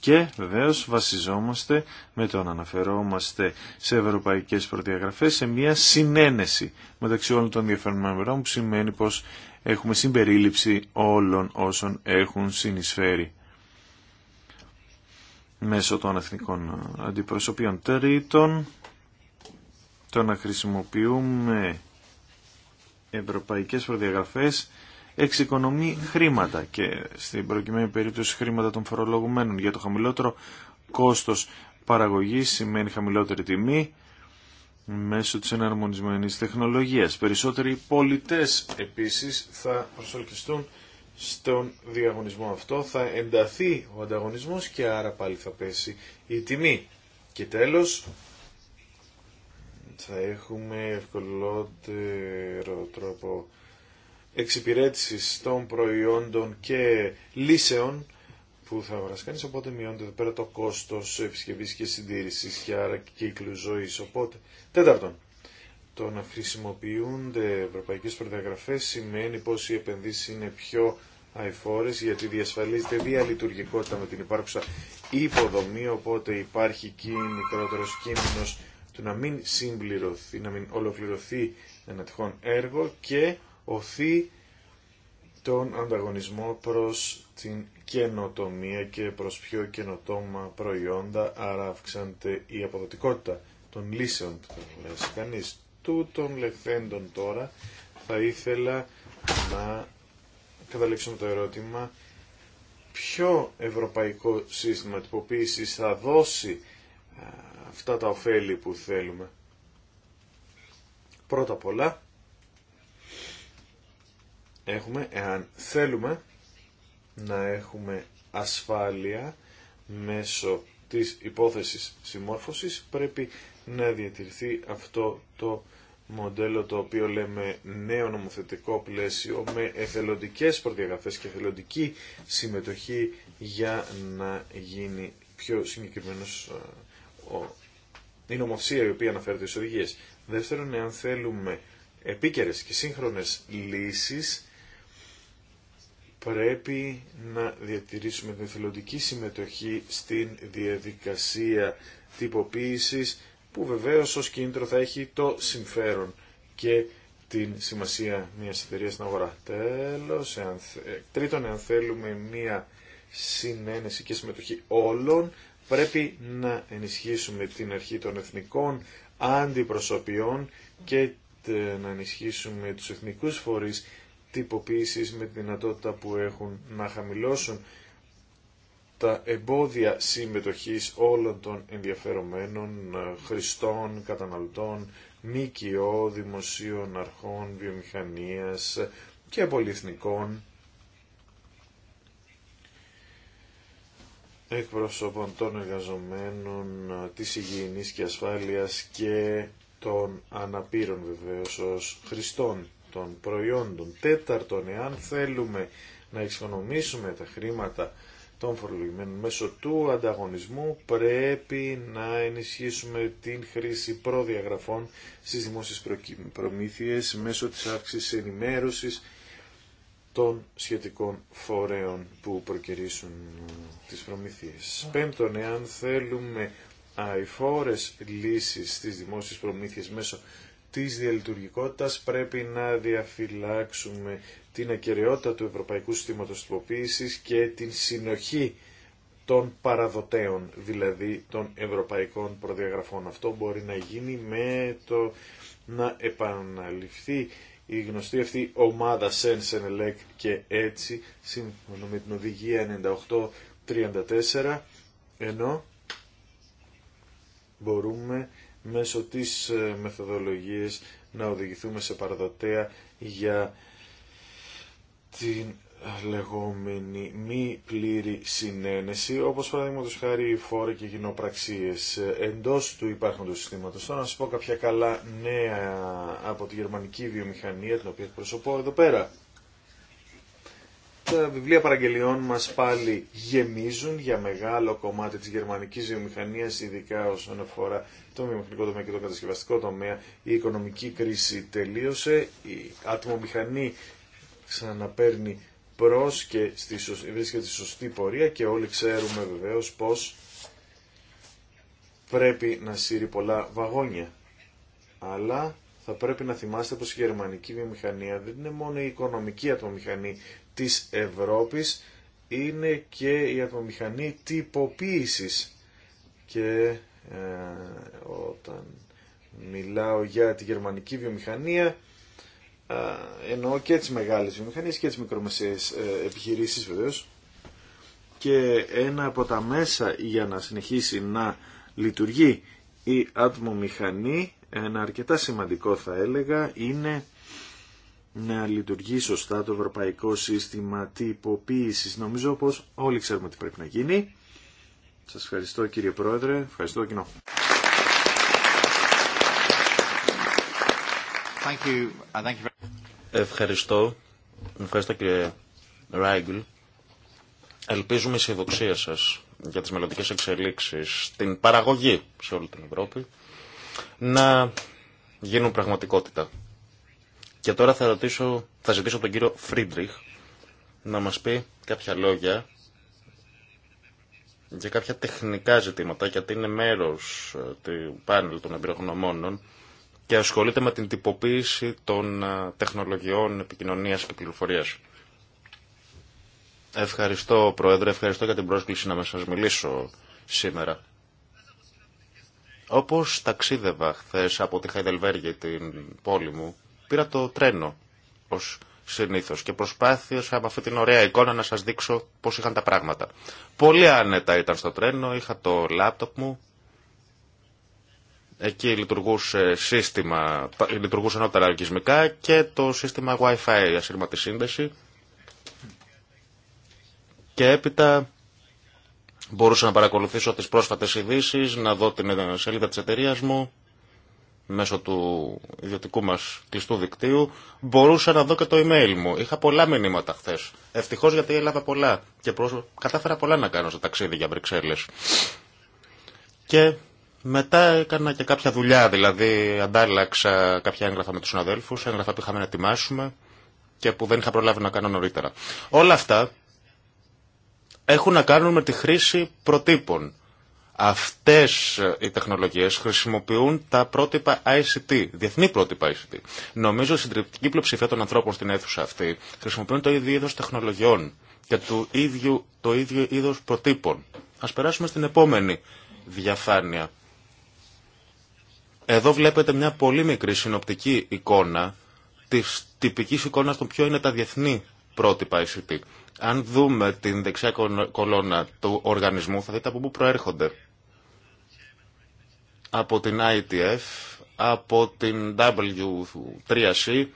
Και βεβαίω βασιζόμαστε με το να αναφερόμαστε σε ευρωπαϊκές προδιαγραφές σε μια συνένεση μεταξύ όλων των ενδιαφέρον μερών που σημαίνει πως έχουμε συμπερίληψη όλων όσων έχουν συνεισφέρει μέσω των εθνικών αντιπροσωπείων. τρίτων το να χρησιμοποιούμε ευρωπαϊκές προδιαγραφές εξοικονομεί χρήματα και στην προκειμένη περίπτωση χρήματα των φορολογουμένων για το χαμηλότερο κόστος παραγωγής σημαίνει χαμηλότερη τιμή μέσω της εναρμονισμένης τεχνολογίας. Περισσότεροι πολιτές επίσης θα προσελκυστούν στον διαγωνισμό αυτό, θα ενταθεί ο ανταγωνισμός και άρα πάλι θα πέσει η τιμή. Και τέλος, θα έχουμε ευκολότερο τρόπο εξυπηρέτησης των προϊόντων και λύσεων που θα αγοράσει κανεί. οπότε μειώνεται εδώ πέρα το κόστος επισκευή και συντήρησης και άρα κύκλου ζωή. Οπότε, τέταρτον, το να χρησιμοποιούνται ευρωπαϊκέ προδιαγραφέ σημαίνει πω οι επενδύσει είναι πιο αηφόρες γιατί διασφαλίζεται διαλειτουργικότητα με την υπάρχουσα υποδομή, οπότε υπάρχει και μικρότερο κίνδυνο του να μην συμπληρωθεί, να μην ολοκληρωθεί ένα τυχόν έργο και οθεί τον ανταγωνισμό προς την καινοτομία και προς πιο καινοτόμα προϊόντα, άρα αυξάνεται η αποδοτικότητα των λύσεων που θα κανείς. Τούτων λεχθέντων τώρα θα ήθελα να καταλήξουμε το ερώτημα ποιο ευρωπαϊκό σύστημα τυποποίησης θα δώσει αυτά τα ωφέλη που θέλουμε. Πρώτα απ' όλα έχουμε, εάν θέλουμε, να έχουμε ασφάλεια μέσω της υπόθεσης συμμόρφωσης πρέπει να διατηρηθεί αυτό το μοντέλο το οποίο λέμε νέο νομοθετικό πλαίσιο με εθελοντικές προδιαγραφές και εθελοντική συμμετοχή για να γίνει πιο συγκεκριμένος ε, η νομοθεσία η οποία αναφέρεται στις οδηγίες. Δεύτερον, εάν θέλουμε επίκαιρες και σύγχρονες λύσεις πρέπει να διατηρήσουμε την εθελοντική συμμετοχή στην διαδικασία τυποποίησης που βεβαίως ως κίνητρο θα έχει το συμφέρον και την σημασία μιας εταιρείας στην αγορά. Τέλος, εάν, τρίτον, εάν θέλουμε μια συνένεση και συμμετοχή όλων, πρέπει να ενισχύσουμε την αρχή των εθνικών αντιπροσωπιών και να ενισχύσουμε τους εθνικούς φορείς με τη δυνατότητα που έχουν να χαμηλώσουν τα εμπόδια συμμετοχής όλων των ενδιαφερομένων ε, χρηστών, καταναλωτών, ΜΚΟ, δημοσίων αρχών, βιομηχανίας και πολυεθνικών εκπροσώπων των εργαζομένων ε, της υγιεινής και ασφάλειας και των αναπήρων βεβαίως ως χρηστών των προϊόντων. Τέταρτον, εάν θέλουμε να εξοικονομήσουμε τα χρήματα των φορολογημένων μέσω του ανταγωνισμού πρέπει να ενισχύσουμε την χρήση προδιαγραφών στις δημόσιες προμήθειες μέσω της αύξησης ενημέρωσης των σχετικών φορέων που προκυρήσουν τις προμήθειες. Πέμπτον, εάν θέλουμε αηφόρες λύσεις στις δημόσιες προμήθειες μέσω της διαλειτουργικότητας πρέπει να διαφυλάξουμε την ακαιρεότητα του ευρωπαϊκού συστήματος τυποποίησης και την συνοχή των παραδοτέων, δηλαδή των ευρωπαϊκών προδιαγραφών. Αυτό μπορεί να γίνει με το να επαναληφθεί η γνωστή αυτή ομάδα Sensenelec και έτσι, σύμφωνα με την οδηγια 9834, ενώ μπορούμε μέσω της ε, μεθοδολογίας να οδηγηθούμε σε παραδοτέα για την λεγόμενη μη πλήρη συνένεση, όπως παραδείγματο χάρη οι φόροι και γινοπραξίες εντός του υπάρχοντος συστήματος. Τώρα να σας πω κάποια καλά νέα από τη γερμανική βιομηχανία, την οποία εκπροσωπώ εδώ πέρα τα βιβλία παραγγελιών μας πάλι γεμίζουν για μεγάλο κομμάτι της γερμανικής βιομηχανίας, ειδικά όσον αφορά το βιομηχανικό τομέα και το κατασκευαστικό τομέα. Η οικονομική κρίση τελείωσε, η ατμομηχανή ξαναπαίρνει προς και στη σωστή, βρίσκεται στη σωστή πορεία και όλοι ξέρουμε βεβαίως πως πρέπει να σύρει πολλά βαγόνια. Αλλά θα πρέπει να θυμάστε πως η γερμανική βιομηχανία δεν είναι μόνο η οικονομική ατμομηχανή της Ευρώπης είναι και η ατμομηχανή τυποποίησης και ε, όταν μιλάω για τη γερμανική βιομηχανία ε, εννοώ και τις μεγάλες βιομηχανίες και τις μικρομεσαίες ε, επιχειρήσεις βεβαίως και ένα από τα μέσα για να συνεχίσει να λειτουργεί η ατμομηχανή ένα αρκετά σημαντικό θα έλεγα είναι να λειτουργεί σωστά το ευρωπαϊκό σύστημα τυποποίησης. Νομίζω πως όλοι ξέρουμε τι πρέπει να γίνει. Σας ευχαριστώ κύριε Πρόεδρε, ευχαριστώ κοινό. Thank you. Uh, thank you. Ευχαριστώ. Ευχαριστώ κύριε Ράιγκλ. Ελπίζουμε η αισιοδοξία σας για τις μελλοντικέ εξελίξεις στην παραγωγή σε όλη την Ευρώπη να γίνουν πραγματικότητα. Και τώρα θα, ρωτήσω, θα ζητήσω τον κύριο Φρίντριχ να μας πει κάποια λόγια για κάποια τεχνικά ζητήματα, γιατί είναι μέρος ε, του πάνελ των εμπειρογνωμόνων και ασχολείται με την τυποποίηση των ε, τεχνολογιών επικοινωνίας και πληροφορίας. Ευχαριστώ, Πρόεδρε, ευχαριστώ για την πρόσκληση να με σας μιλήσω σήμερα. Όπως ταξίδευα χθε από τη Χαϊδελβέργη, την πόλη μου, Πήρα το τρένο ως συνήθω και προσπάθησα με αυτή την ωραία εικόνα να σας δείξω πώς είχαν τα πράγματα. Πολύ άνετα ήταν στο τρένο, είχα το λάπτοπ μου, Εκεί λειτουργούσε σύστημα, λειτουργούσαν όλα τα και το σύστημα Wi-Fi ασύρματη σύνδεση. Και έπειτα μπορούσα να παρακολουθήσω τις πρόσφατες ειδήσει, να δω την σελίδα της εταιρεία μου μέσω του ιδιωτικού μα κλειστού δικτύου, μπορούσα να δω και το email μου. Είχα πολλά μηνύματα χθε. Ευτυχώ γιατί έλαβα πολλά και πρόσω... κατάφερα πολλά να κάνω στο ταξίδι για Βρυξέλλες. Και μετά έκανα και κάποια δουλειά, δηλαδή αντάλλαξα κάποια έγγραφα με του συναδέλφου, έγγραφα που είχαμε να ετοιμάσουμε και που δεν είχα προλάβει να κάνω νωρίτερα. Όλα αυτά έχουν να κάνουν με τη χρήση προτύπων Αυτές ε, οι τεχνολογίες χρησιμοποιούν τα πρότυπα ICT, διεθνή πρότυπα ICT. Νομίζω η συντριπτική πλειοψηφία των ανθρώπων στην αίθουσα αυτή χρησιμοποιούν το ίδιο είδος τεχνολογιών και το ίδιο, το ίδιο είδος προτύπων. Ας περάσουμε στην επόμενη διαφάνεια. Εδώ βλέπετε μια πολύ μικρή συνοπτική εικόνα της τυπικής εικόνας των ποιο είναι τα διεθνή πρότυπα Αν δούμε την δεξιά κολόνα του οργανισμού θα δείτε από πού προέρχονται. Από την ITF, από την W3C,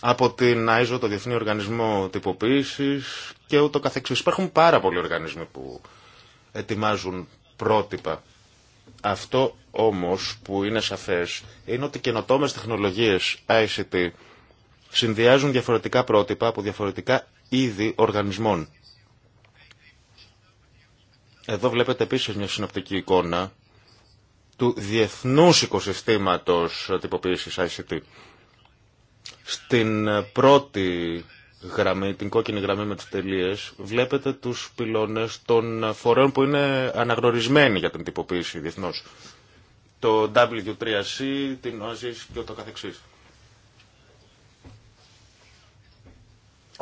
από την ISO, το Διεθνή Οργανισμό Τυποποίησης και ούτω καθεξής. Υπάρχουν πάρα πολλοί οργανισμοί που ετοιμάζουν πρότυπα. Αυτό όμως που είναι σαφές είναι ότι καινοτόμες τεχνολογίες ICT συνδυάζουν διαφορετικά πρότυπα από διαφορετικά είδη οργανισμών. Εδώ βλέπετε επίσης μια συνοπτική εικόνα του διεθνούς οικοσυστήματος τυποποίησης ICT. Στην πρώτη γραμμή, την κόκκινη γραμμή με τις τελείες, βλέπετε τους πυλώνες των φορέων που είναι αναγνωρισμένοι για την τυποποίηση διεθνώς. Το W3C, την OASIS και ούτω καθεξής.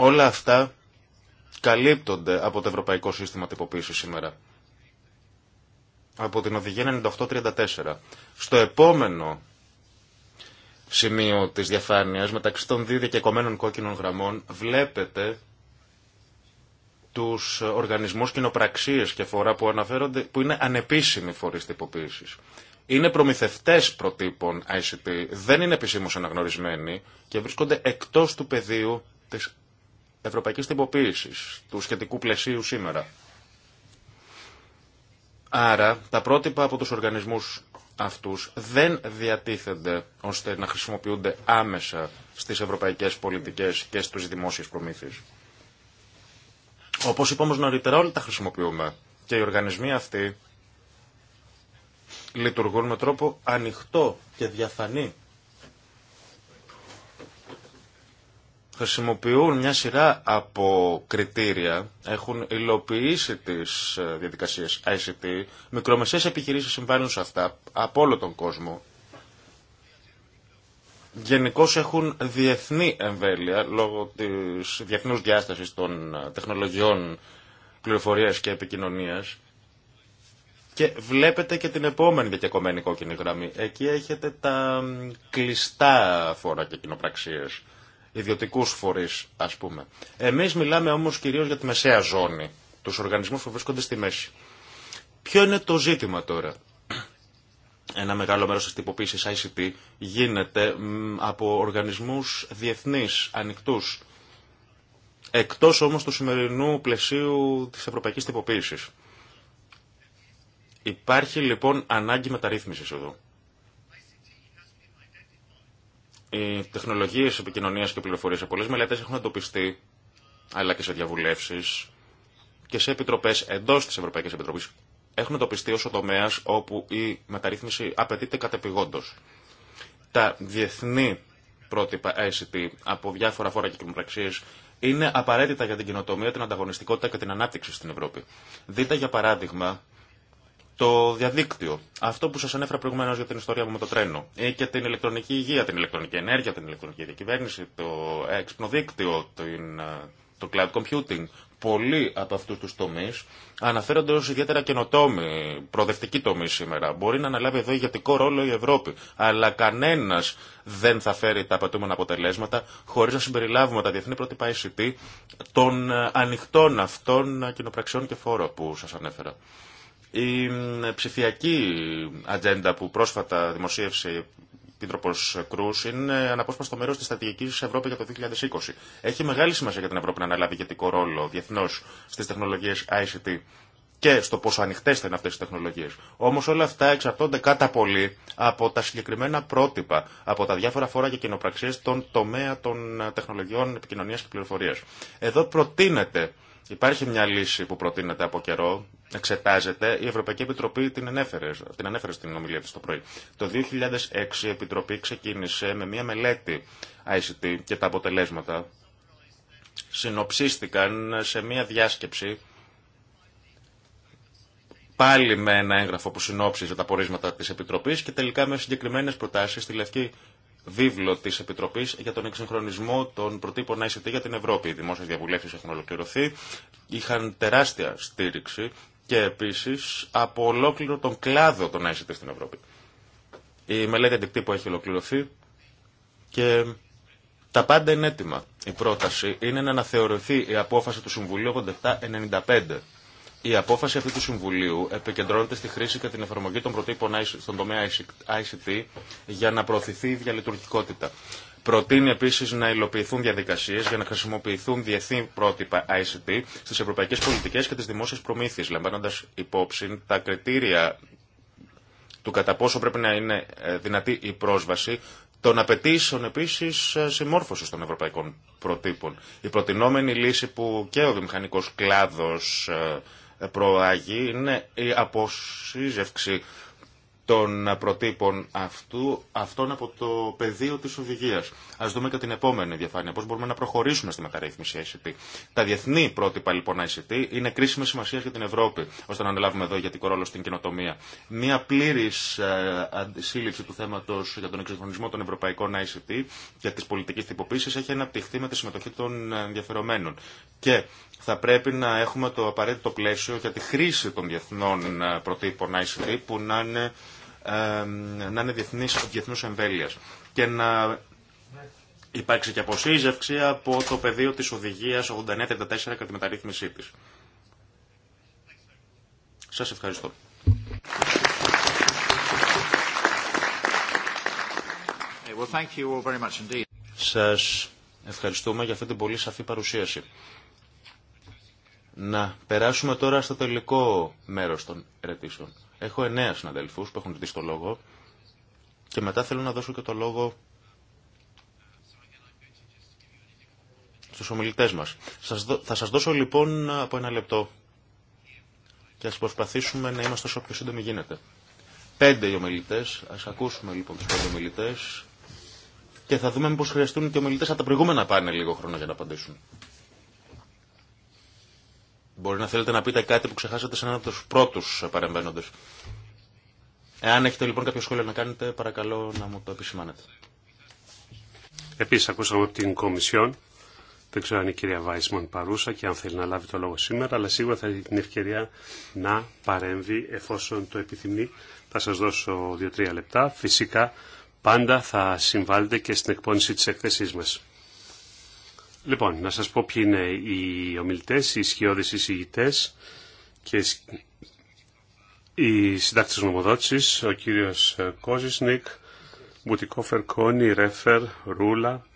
Όλα αυτά καλύπτονται από το Ευρωπαϊκό Σύστημα Τυποποίησης σήμερα. Από την Οδηγία 9834. Στο επόμενο σημείο της διαφάνειας, μεταξύ των δύο διακεκομένων κόκκινων γραμμών, βλέπετε τους οργανισμούς κοινοπραξίες και φορά που αναφέρονται, που είναι ανεπίσημοι φορείς τυποποίησης. Είναι προμηθευτές προτύπων ICT, δεν είναι επισήμως αναγνωρισμένοι και βρίσκονται εκτός του πεδίου της ευρωπαϊκής τυποποίησης του σχετικού πλαισίου σήμερα. Άρα τα πρότυπα από τους οργανισμούς αυτούς δεν διατίθενται ώστε να χρησιμοποιούνται άμεσα στις ευρωπαϊκές πολιτικές και στους δημόσιες προμήθειες. Όπως είπα όμως νωρίτερα όλοι τα χρησιμοποιούμε και οι οργανισμοί αυτοί λειτουργούν με τρόπο ανοιχτό και διαφανή χρησιμοποιούν μια σειρά από κριτήρια, έχουν υλοποιήσει τις ε, διαδικασίες ICT, μικρομεσαίες επιχειρήσεις συμβάλλουν σε αυτά από όλο τον κόσμο. Γενικώ έχουν διεθνή εμβέλεια λόγω της διεθνούς διάστασης των ε, τεχνολογιών πληροφορίας και επικοινωνίας. Και βλέπετε και την επόμενη διακεκομένη κόκκινη γραμμή. Εκεί έχετε τα κλειστά φόρα και κοινοπραξίες Ιδιωτικού φορείς, ας πούμε. Εμείς μιλάμε όμως κυρίως για τη μεσαία ζώνη, του οργανισμού που βρίσκονται στη μέση. Ποιο είναι το ζήτημα τώρα. Ένα μεγάλο μέρος της τυποποίηση ICT γίνεται από οργανισμούς διεθνεί, ανοιχτού, εκτός όμως του σημερινού πλαισίου της ευρωπαϊκής τυποποίηση. Υπάρχει λοιπόν ανάγκη μεταρρύθμισης εδώ. Οι τεχνολογίε επικοινωνία και πληροφορίας σε πολλές μελέτε έχουν εντοπιστεί, αλλά και σε διαβουλεύσεις και σε επιτροπέ εντό τη Ευρωπαϊκή Επιτροπή έχουν εντοπιστεί ω ο τομέα, όπου η μεταρρύθμιση απαιτείται κατεπηγόντω. Τα διεθνή πρότυπα ICT από διάφορα φόρα και κοινοπραξίε είναι απαραίτητα για την κοινοτομία, την ανταγωνιστικότητα και την ανάπτυξη στην Ευρώπη. Δείτε για παράδειγμα το διαδίκτυο, αυτό που σας ανέφερα προηγουμένως για την ιστορία μου με το τρένο, ή ε, και την ηλεκτρονική υγεία, την ηλεκτρονική ενέργεια, την ηλεκτρονική διακυβέρνηση, το έξυπνο δίκτυο, ε, το cloud computing, πολλοί από αυτού του τομεί αναφέρονται ω ιδιαίτερα καινοτόμοι, προοδευτικοί τομεί σήμερα. Μπορεί να αναλάβει εδώ ηγετικό ρόλο η Ευρώπη, αλλά κανένα δεν θα φέρει τα απαιτούμενα αποτελέσματα χωρί να συμπεριλάβουμε τα διεθνή πρότυπα ICT των ε, ανοιχτών αυτών κοινοπραξιών και φόρων που σα ανέφερα. Η ψηφιακή ατζέντα που πρόσφατα δημοσίευσε η Επίτροπο Κρού είναι αναπόσπαστο μέρο τη στρατηγική Ευρώπη για το 2020. Έχει μεγάλη σημασία για την Ευρώπη να αναλάβει ηγετικό ρόλο διεθνώ στι τεχνολογίε ICT και στο πόσο ανοιχτέ θα είναι αυτέ οι τεχνολογίε. Όμω όλα αυτά εξαρτώνται κατά πολύ από τα συγκεκριμένα πρότυπα, από τα διάφορα φόρα και κοινοπραξίε των τομέα των τεχνολογιών επικοινωνία και πληροφορία. Εδώ προτείνεται Υπάρχει μια λύση που προτείνεται από καιρό, εξετάζεται. Η Ευρωπαϊκή Επιτροπή την ανέφερε, την ανέφερε στην ομιλία της το πρωί. Το 2006 η Επιτροπή ξεκίνησε με μια μελέτη ICT και τα αποτελέσματα συνοψίστηκαν σε μια διάσκεψη πάλι με ένα έγγραφο που συνόψιζε τα πορίσματα της Επιτροπής και τελικά με συγκεκριμένες προτάσεις στη Λευκή βίβλο τη Επιτροπής για τον εξυγχρονισμό των προτύπων ICT για την Ευρώπη. Οι δημόσιε διαβουλεύσει έχουν ολοκληρωθεί, είχαν τεράστια στήριξη και επίση από ολόκληρο τον κλάδο των ICT στην Ευρώπη. Η μελέτη αντικτύπου έχει ολοκληρωθεί και τα πάντα είναι έτοιμα. Η πρόταση είναι να αναθεωρηθεί η απόφαση του Συμβουλίου 8795 η απόφαση αυτή του Συμβουλίου επικεντρώνεται στη χρήση και την εφαρμογή των προτύπων στον τομέα ICT για να προωθηθεί η διαλειτουργικότητα. Προτείνει επίση να υλοποιηθούν διαδικασίε για να χρησιμοποιηθούν διεθνή πρότυπα ICT στι ευρωπαϊκέ πολιτικέ και τι δημόσιε προμήθειε, λαμβάνοντα υπόψη τα κριτήρια του κατά πόσο πρέπει να είναι ε, δυνατή η πρόσβαση, των απαιτήσεων επίση ε, συμμόρφωση των ευρωπαϊκών προτύπων. Η προτινόμενη λύση που και ο βιομηχανικό κλάδο ε, προάγει είναι η αποσύζευξη των προτύπων αυτού, αυτών από το πεδίο της οδηγίας. Ας δούμε και την επόμενη διαφάνεια, πώς μπορούμε να προχωρήσουμε στη μεταρρύθμιση ICT. Τα διεθνή πρότυπα λοιπόν ICT είναι κρίσιμη σημασία για την Ευρώπη, ώστε να αναλάβουμε εδώ για την ρόλο στην κοινοτομία. Μία πλήρης ε, αντισύλληψη του θέματος για τον εξυγχρονισμό των ευρωπαϊκών ICT και της πολιτικής τυποποίησης έχει αναπτυχθεί με τη συμμετοχή των ενδιαφερομένων. Και θα πρέπει να έχουμε το απαραίτητο πλαίσιο για τη χρήση των διεθνών ε, προτύπων ICT που να είναι, ε, να είναι διεθνής, διεθνούς εμβέλειας και να υπάρξει και αποσύζευξη από το πεδίο της οδηγίας 8934 κατά τη μεταρρύθμισή της. Σας ευχαριστώ. Σας ευχαριστούμε για αυτή την πολύ σαφή παρουσίαση. Να περάσουμε τώρα στο τελικό μέρος των ερωτήσεων. Έχω εννέα συναδελφούς που έχουν ζητήσει το λόγο και μετά θέλω να δώσω και το λόγο στους ομιλητές μας. Θα σας δώσω λοιπόν από ένα λεπτό και ας προσπαθήσουμε να είμαστε όσο πιο σύντομοι γίνεται. Πέντε οι ομιλητές, ας ακούσουμε λοιπόν τους πέντε ομιλητές και θα δούμε πώς χρειαστούν και οι ομιλητές από τα προηγούμενα πάνε λίγο χρόνο για να απαντήσουν. Μπορεί να θέλετε να πείτε κάτι που ξεχάσατε σαν έναν από τους πρώτους παρεμβαίνοντες. Εάν έχετε λοιπόν κάποιο σχόλιο να κάνετε, παρακαλώ να μου το επισημάνετε. Επίσης ακούσαμε από την Κομισιόν, δεν ξέρω αν η κυρία Βάισμαν παρούσα και αν θέλει να λάβει το λόγο σήμερα, αλλά σίγουρα θα έχει την ευκαιρία να παρέμβει εφόσον το επιθυμεί. Θα σας δωσω δυο δύο-τρία λεπτά. Φυσικά πάντα θα συμβάλλετε και στην εκπόνηση της εκθεσή μας. Λοιπόν, να σας πω ποιοι είναι οι ομιλητές, οι ισχυώδεις εισηγητές και οι συντάκτες νομοδότησης, ο κύριος ε, Κόζισνικ, Μπουτικόφερ Κόνι, Ρέφερ, Ρούλα,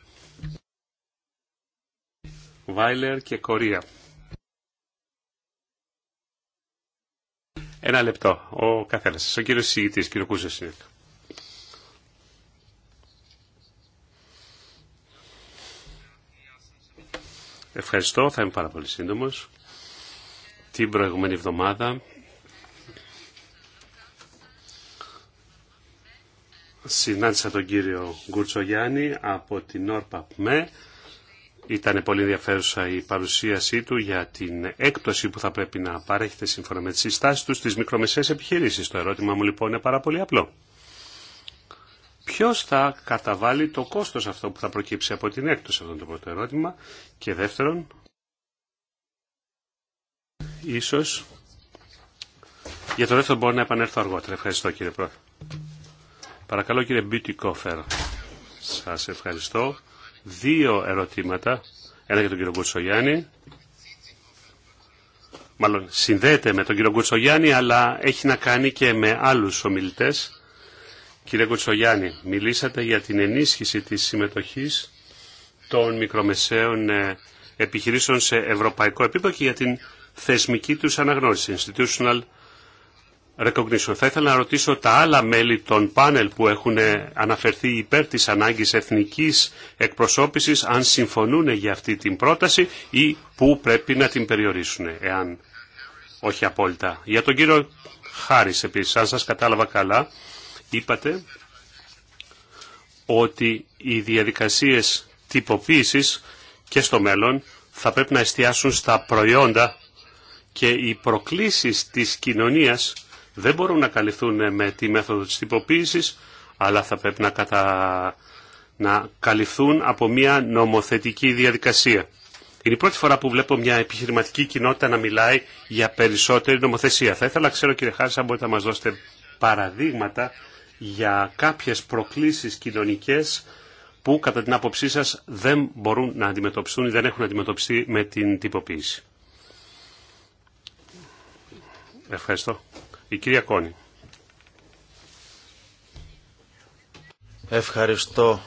Βάιλερ και Κορία. Ένα λεπτό, ο καθένας σας, ο κύριος εισηγητής, κύριο Κούζεσνικ. Ευχαριστώ, θα είμαι πάρα πολύ σύντομος. Την προηγούμενη εβδομάδα συνάντησα τον κύριο Γιάννη από την ΟΡΠΑΠΜΕ. Ήταν πολύ ενδιαφέρουσα η παρουσίασή του για την έκπτωση που θα πρέπει να παρέχεται σύμφωνα με τις συστάσεις του στις μικρομεσαίες επιχειρήσεις. Το ερώτημα μου λοιπόν είναι πάρα πολύ απλό ποιος θα καταβάλει το κόστος αυτό που θα προκύψει από την έκπτωση, αυτό το πρώτο ερώτημα. Και δεύτερον, ίσως, για το δεύτερο μπορώ να επανέλθω αργότερα. Ευχαριστώ κύριε Πρόεδρε. Παρακαλώ κύριε Μπίτι Κόφερ. Σας ευχαριστώ. Δύο ερωτήματα. Ένα για τον κύριο Κουτσογιάννη. Μάλλον συνδέεται με τον κύριο Κουτσογιάννη, αλλά έχει να κάνει και με άλλους ομιλητές. Κύριε Κουτσογιάννη, μιλήσατε για την ενίσχυση της συμμετοχής των μικρομεσαίων ε, επιχειρήσεων σε ευρωπαϊκό επίπεδο και για την θεσμική τους αναγνώριση, institutional recognition. Θα ήθελα να ρωτήσω τα άλλα μέλη των πάνελ που έχουν ε, αναφερθεί υπέρ της ανάγκης εθνικής εκπροσώπησης, αν συμφωνούν για αυτή την πρόταση ή που πρέπει να την περιορίσουν, εάν όχι απόλυτα. Για τον κύριο Χάρης επίσης, αν σας κατάλαβα καλά, είπατε ότι οι διαδικασίες τυποποίησης και στο μέλλον θα πρέπει να εστιάσουν στα προϊόντα και οι προκλήσεις της κοινωνίας δεν μπορούν να καλυφθούν με τη μέθοδο της τυποποίησης, αλλά θα πρέπει να, κατα... να καλυφθούν από μια νομοθετική διαδικασία. Είναι η πρώτη φορά που βλέπω μια επιχειρηματική κοινότητα να μιλάει για περισσότερη νομοθεσία. Θα ήθελα να ξέρω κύριε Χάρης αν μπορείτε να μας δώσετε παραδείγματα για κάποιες προκλήσεις κοινωνικές που κατά την άποψή σας δεν μπορούν να αντιμετωπιστούν ή δεν έχουν αντιμετωπιστεί με την τυποποίηση. Ευχαριστώ. Η κυρία Κόνη. Ευχαριστώ,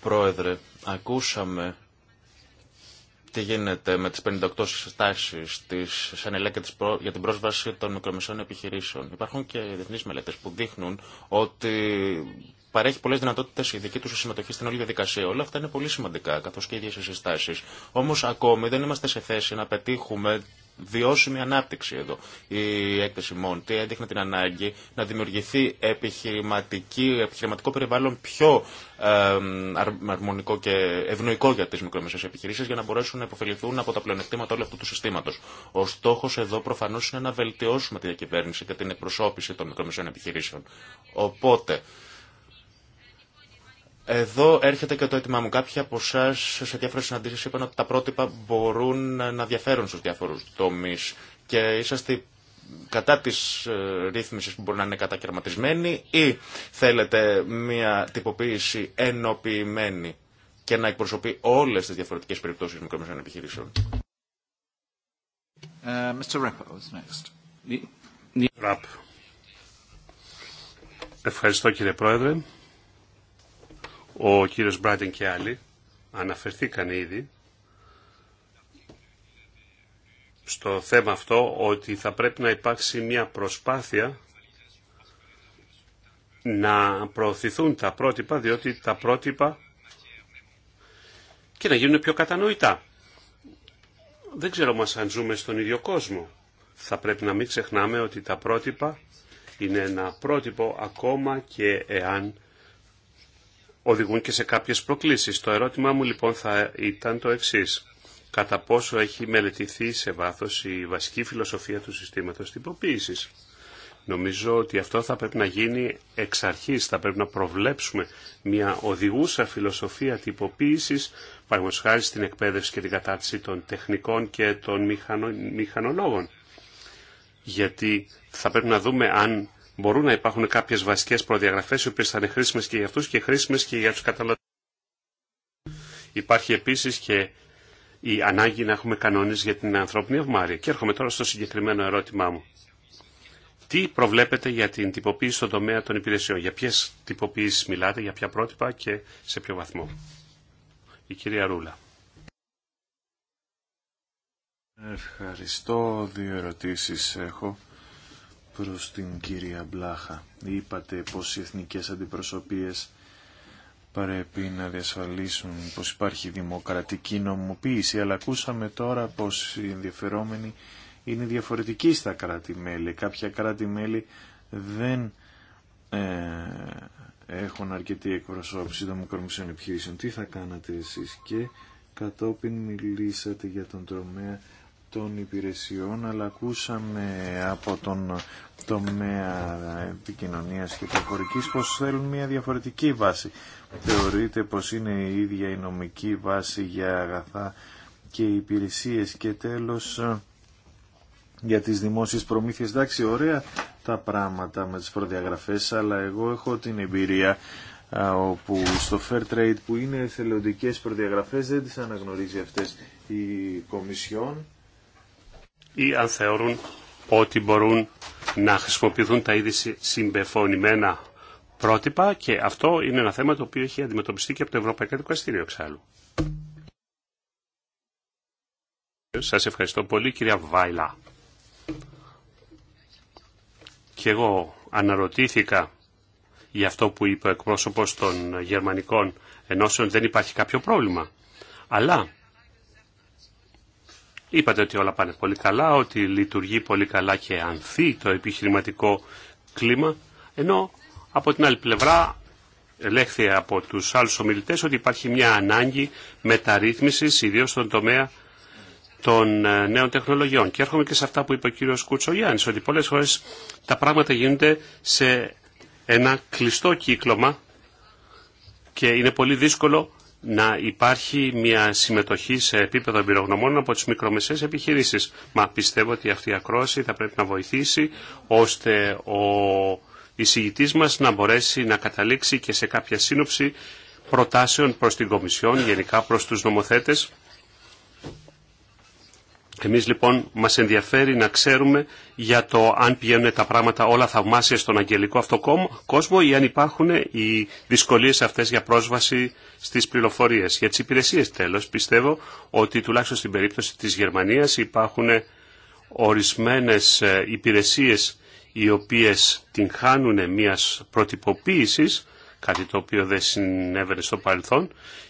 Πρόεδρε. Ακούσαμε τι γίνεται με τι 58 συστάσεις τη Σανελέ και της για την πρόσβαση των μικρομεσαίων επιχειρήσεων. Υπάρχουν και διεθνεί μελέτε που δείχνουν ότι παρέχει πολλέ δυνατότητε η δική του συμμετοχή στην όλη διαδικασία. Όλα αυτά είναι πολύ σημαντικά, καθώ και οι ίδιε οι συστάσει. Όμω ακόμη δεν είμαστε σε θέση να πετύχουμε βιώσιμη ανάπτυξη εδώ. Η έκθεση Μόντι έδειχνε την ανάγκη να δημιουργηθεί επιχειρηματική, επιχειρηματικό περιβάλλον πιο αρμονικό και ευνοϊκό για τι μικρομεσαίε επιχειρήσει για να μπορέσουν να υποφεληθούν από τα πλεονεκτήματα όλου αυτού του συστήματο. Ο στόχο εδώ προφανώ είναι να βελτιώσουμε τη διακυβέρνηση και την εκπροσώπηση των μικρομεσαίων επιχειρήσεων. Οπότε, εδώ έρχεται και το έτοιμά μου. Κάποιοι από εσά σε διάφορε συναντήσει είπαν ότι τα πρότυπα μπορούν να διαφέρουν στου διάφορου τομεί και είσαστε κατά τη ε, ρύθμιση που μπορεί να είναι κατακαιρματισμένη ή θέλετε μια τυποποίηση ενοποιημένη και να εκπροσωπεί όλε τι διαφορετικέ περιπτώσει μικρομεσαίων επιχειρήσεων. Ε, Ευχαριστώ κύριε Πρόεδρε ο κύριος Μπράντεν και άλλοι αναφερθήκαν ήδη στο θέμα αυτό ότι θα πρέπει να υπάρξει μια προσπάθεια να προωθηθούν τα πρότυπα διότι τα πρότυπα και να γίνουν πιο κατανοητά. Δεν ξέρω μας αν ζούμε στον ίδιο κόσμο. Θα πρέπει να μην ξεχνάμε ότι τα πρότυπα είναι ένα πρότυπο ακόμα και εάν οδηγούν και σε κάποιες προκλήσεις. Το ερώτημά μου λοιπόν θα ήταν το εξής. Κατά πόσο έχει μελετηθεί σε βάθος η βασική φιλοσοφία του συστήματος τυποποίησης. Νομίζω ότι αυτό θα πρέπει να γίνει εξ αρχής, θα πρέπει να προβλέψουμε μια οδηγούσα φιλοσοφία τυποποίησης, παραδείγματος χάρη στην εκπαίδευση και την κατάρτιση των τεχνικών και των μηχανολόγων. Γιατί θα πρέπει να δούμε αν μπορούν να υπάρχουν κάποιε βασικέ προδιαγραφέ οι οποίε θα είναι χρήσιμε και για αυτού και χρήσιμε και για του καταναλωτέ. Υπάρχει επίση και η ανάγκη να έχουμε κανόνε για την ανθρώπινη ευμάρεια. Και έρχομαι τώρα στο συγκεκριμένο ερώτημά μου. Τι προβλέπετε για την τυποποίηση στον τομέα των υπηρεσιών, για ποιε τυποποίησει μιλάτε, για ποια πρότυπα και σε ποιο βαθμό. Η κυρία Ρούλα. Ευχαριστώ. Δύο ερωτήσεις έχω προς την κυρία Μπλάχα. Είπατε πως οι εθνικές αντιπροσωπείες πρέπει να διασφαλίσουν πως υπάρχει δημοκρατική νομοποίηση, αλλά ακούσαμε τώρα πως οι ενδιαφερόμενοι είναι διαφορετικοί στα κράτη-μέλη. Κάποια κράτη-μέλη δεν ε, έχουν αρκετή εκπροσώπηση των επιχειρήσεων. Τι θα κάνατε εσείς και κατόπιν μιλήσατε για τον τρομέα των υπηρεσιών, αλλά ακούσαμε από τον τομέα επικοινωνίας και προφορικής πως θέλουν μια διαφορετική βάση. Θεωρείτε πως είναι η ίδια η νομική βάση για αγαθά και υπηρεσίες και τέλος ε, για τις δημόσιες προμήθειες. Εντάξει, ωραία τα πράγματα με τις προδιαγραφές, αλλά εγώ έχω την εμπειρία ε, όπου στο Fair Trade που είναι εθελοντικές προδιαγραφές δεν τις αναγνωρίζει αυτές η Κομισιόν ή αν θεωρούν ότι μπορούν να χρησιμοποιηθούν τα ίδια συμπεφωνημένα πρότυπα και αυτό είναι ένα θέμα το οποίο έχει αντιμετωπιστεί και από το Ευρωπαϊκό Δικαστήριο εξάλλου. Σας ευχαριστώ πολύ κυρία Βάιλα. Και εγώ αναρωτήθηκα για αυτό που είπε ο εκπρόσωπος των γερμανικών ενώσεων δεν υπάρχει κάποιο πρόβλημα. Αλλά Είπατε ότι όλα πάνε πολύ καλά, ότι λειτουργεί πολύ καλά και ανθεί το επιχειρηματικό κλίμα, ενώ από την άλλη πλευρά ελέγχθη από τους άλλους ομιλητές ότι υπάρχει μια ανάγκη μεταρρύθμισης, ιδίως στον τομέα των ε, νέων τεχνολογιών. Και έρχομαι και σε αυτά που είπε ο κύριος Κουτσογιάννης, ότι πολλές φορές τα πράγματα γίνονται σε ένα κλειστό κύκλωμα και είναι πολύ δύσκολο να υπάρχει μια συμμετοχή σε επίπεδο εμπειρογνωμών από τις μικρομεσαίες επιχειρήσεις. Μα πιστεύω ότι αυτή η ακρόαση θα πρέπει να βοηθήσει ώστε ο εισηγητής μας να μπορέσει να καταλήξει και σε κάποια σύνοψη προτάσεων προς την Κομισιόν, γενικά προς τους νομοθέτες εμείς λοιπόν μας ενδιαφέρει να ξέρουμε για το αν πηγαίνουν τα πράγματα όλα θαυμάσια στον αγγελικό αυτό κόσμο ή αν υπάρχουν οι δυσκολίες αυτές για πρόσβαση στις πληροφορίες. Για τις υπηρεσίες τέλος πιστεύω ότι τουλάχιστον στην περίπτωση της Γερμανίας υπάρχουν ορισμένες ε, υπηρεσίες οι οποίες την χάνουν μιας προτυποποίησης, κάτι το οποίο δεν συνέβαινε στο παρελθόν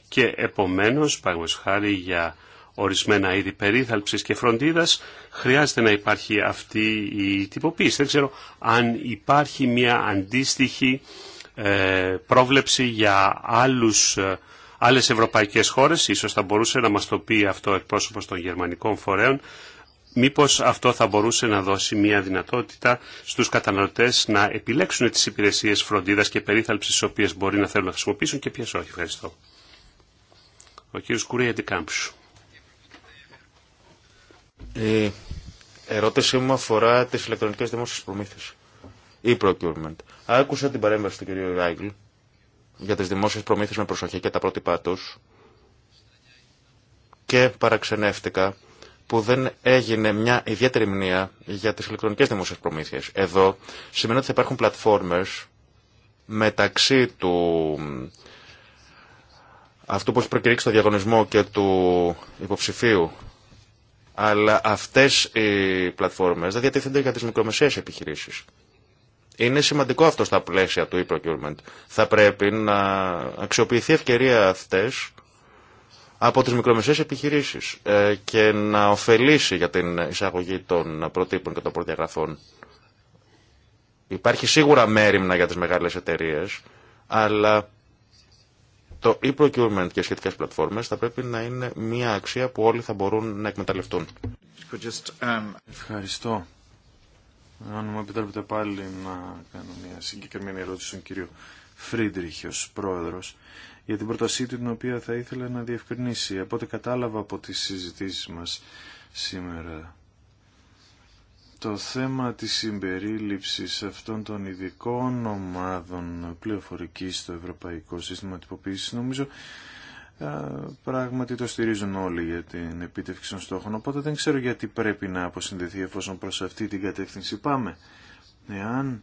και επομένως, παραδείγματος για ορισμένα είδη περίθαλψης και φροντίδας, χρειάζεται να υπάρχει αυτή η τυποποίηση. Δεν ξέρω αν υπάρχει μια αντίστοιχη ε, πρόβλεψη για άλλους, ε, άλλες ευρωπαϊκές χώρες, ίσως θα μπορούσε να μας το πει αυτό ο εκπρόσωπος των γερμανικών φορέων, Μήπως αυτό θα μπορούσε να δώσει μια δυνατότητα στους καταναλωτές να επιλέξουν τις υπηρεσίες φροντίδας και περίθαλψης τις οποίες μπορεί να θέλουν να χρησιμοποιήσουν και ποιες όχι. Ευχαριστώ. Ο κύριος Κουρία Ντικάμψου. Η ερώτησή μου αφορά τις ηλεκτρονικές δημόσιες προμήθειες ή procurement. Άκουσα την παρέμβαση του κ. Ράγκλ για τις δημόσιες προμήθειες με προσοχή και τα πρότυπά του και παραξενεύτηκα που δεν έγινε μια ιδιαίτερη μνήμα για τις ηλεκτρονικές δημόσιες προμήθειες. Εδώ σημαίνει ότι θα υπάρχουν πλατφόρμε μεταξύ του αυτού που έχει προκηρύξει το διαγωνισμό και του υποψηφίου αλλά αυτές οι πλατφόρμες δεν διατίθενται για τις μικρομεσαίες επιχειρήσεις. Είναι σημαντικό αυτό στα πλαίσια του e-procurement. Θα πρέπει να αξιοποιηθεί ευκαιρία αυτές από τις μικρομεσαίες επιχειρήσεις ε, και να ωφελήσει για την εισαγωγή των προτύπων και των προδιαγραφών. Υπάρχει σίγουρα μέρημνα για τις μεγάλες εταιρείες, αλλά το e-procurement και σχετικέ πλατφόρμες θα πρέπει να είναι μια αξία που όλοι θα μπορούν να εκμεταλλευτούν. Um, Ευχαριστώ. Αν μου επιτρέπετε πάλι να κάνω μια συγκεκριμένη ερώτηση στον κύριο Φρίντριχ ως πρόεδρος για την πρότασή του την οποία θα ήθελα να διευκρινίσει. Από ό,τι κατάλαβα από τις συζητήσεις μας σήμερα το θέμα της συμπερίληψης αυτών των ειδικών ομάδων πληροφορικής στο Ευρωπαϊκό Σύστημα Τυποποίησης νομίζω πράγματι το στηρίζουν όλοι για την επίτευξη των στόχων. Οπότε δεν ξέρω γιατί πρέπει να αποσυνδεθεί εφόσον προς αυτή την κατεύθυνση πάμε. Εάν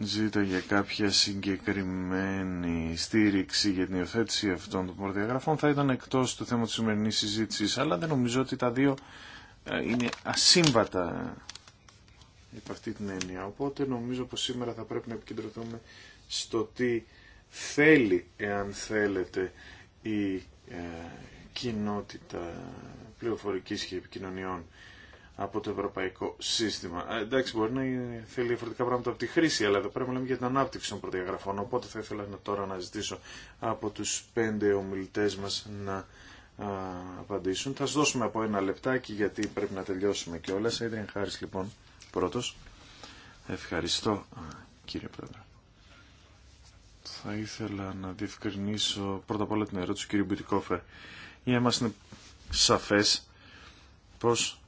ζήτω για κάποια συγκεκριμένη στήριξη για την υιοθέτηση αυτών των προδιαγραφών θα ήταν εκτός του θέμα της σημερινής συζήτησης, αλλά δεν νομίζω ότι τα δύο ε, είναι ασύμβατα υπ' αυτή την έννοια. Οπότε νομίζω πως σήμερα θα πρέπει να επικεντρωθούμε στο τι θέλει, εάν θέλετε, η ε, κοινότητα πληροφορικής και επικοινωνιών από το ευρωπαϊκό σύστημα. Ε, εντάξει, μπορεί να θέλει διαφορετικά πράγματα από τη χρήση, αλλά εδώ πρέπει να λέμε για την ανάπτυξη των προδιαγραφών. Οπότε θα ήθελα να τώρα να ζητήσω από τους πέντε ομιλητές μας να απαντήσουν. Θα σας δώσουμε από ένα λεπτάκι γιατί πρέπει να τελειώσουμε όλα. Έντριαν Χάρης λοιπόν πρώτος. Ευχαριστώ κύριε Πρόεδρε. Θα ήθελα να διευκρινίσω πρώτα απ' όλα την ερώτηση του κύριου Μπιτικόφερ. Για μας είναι σαφές πως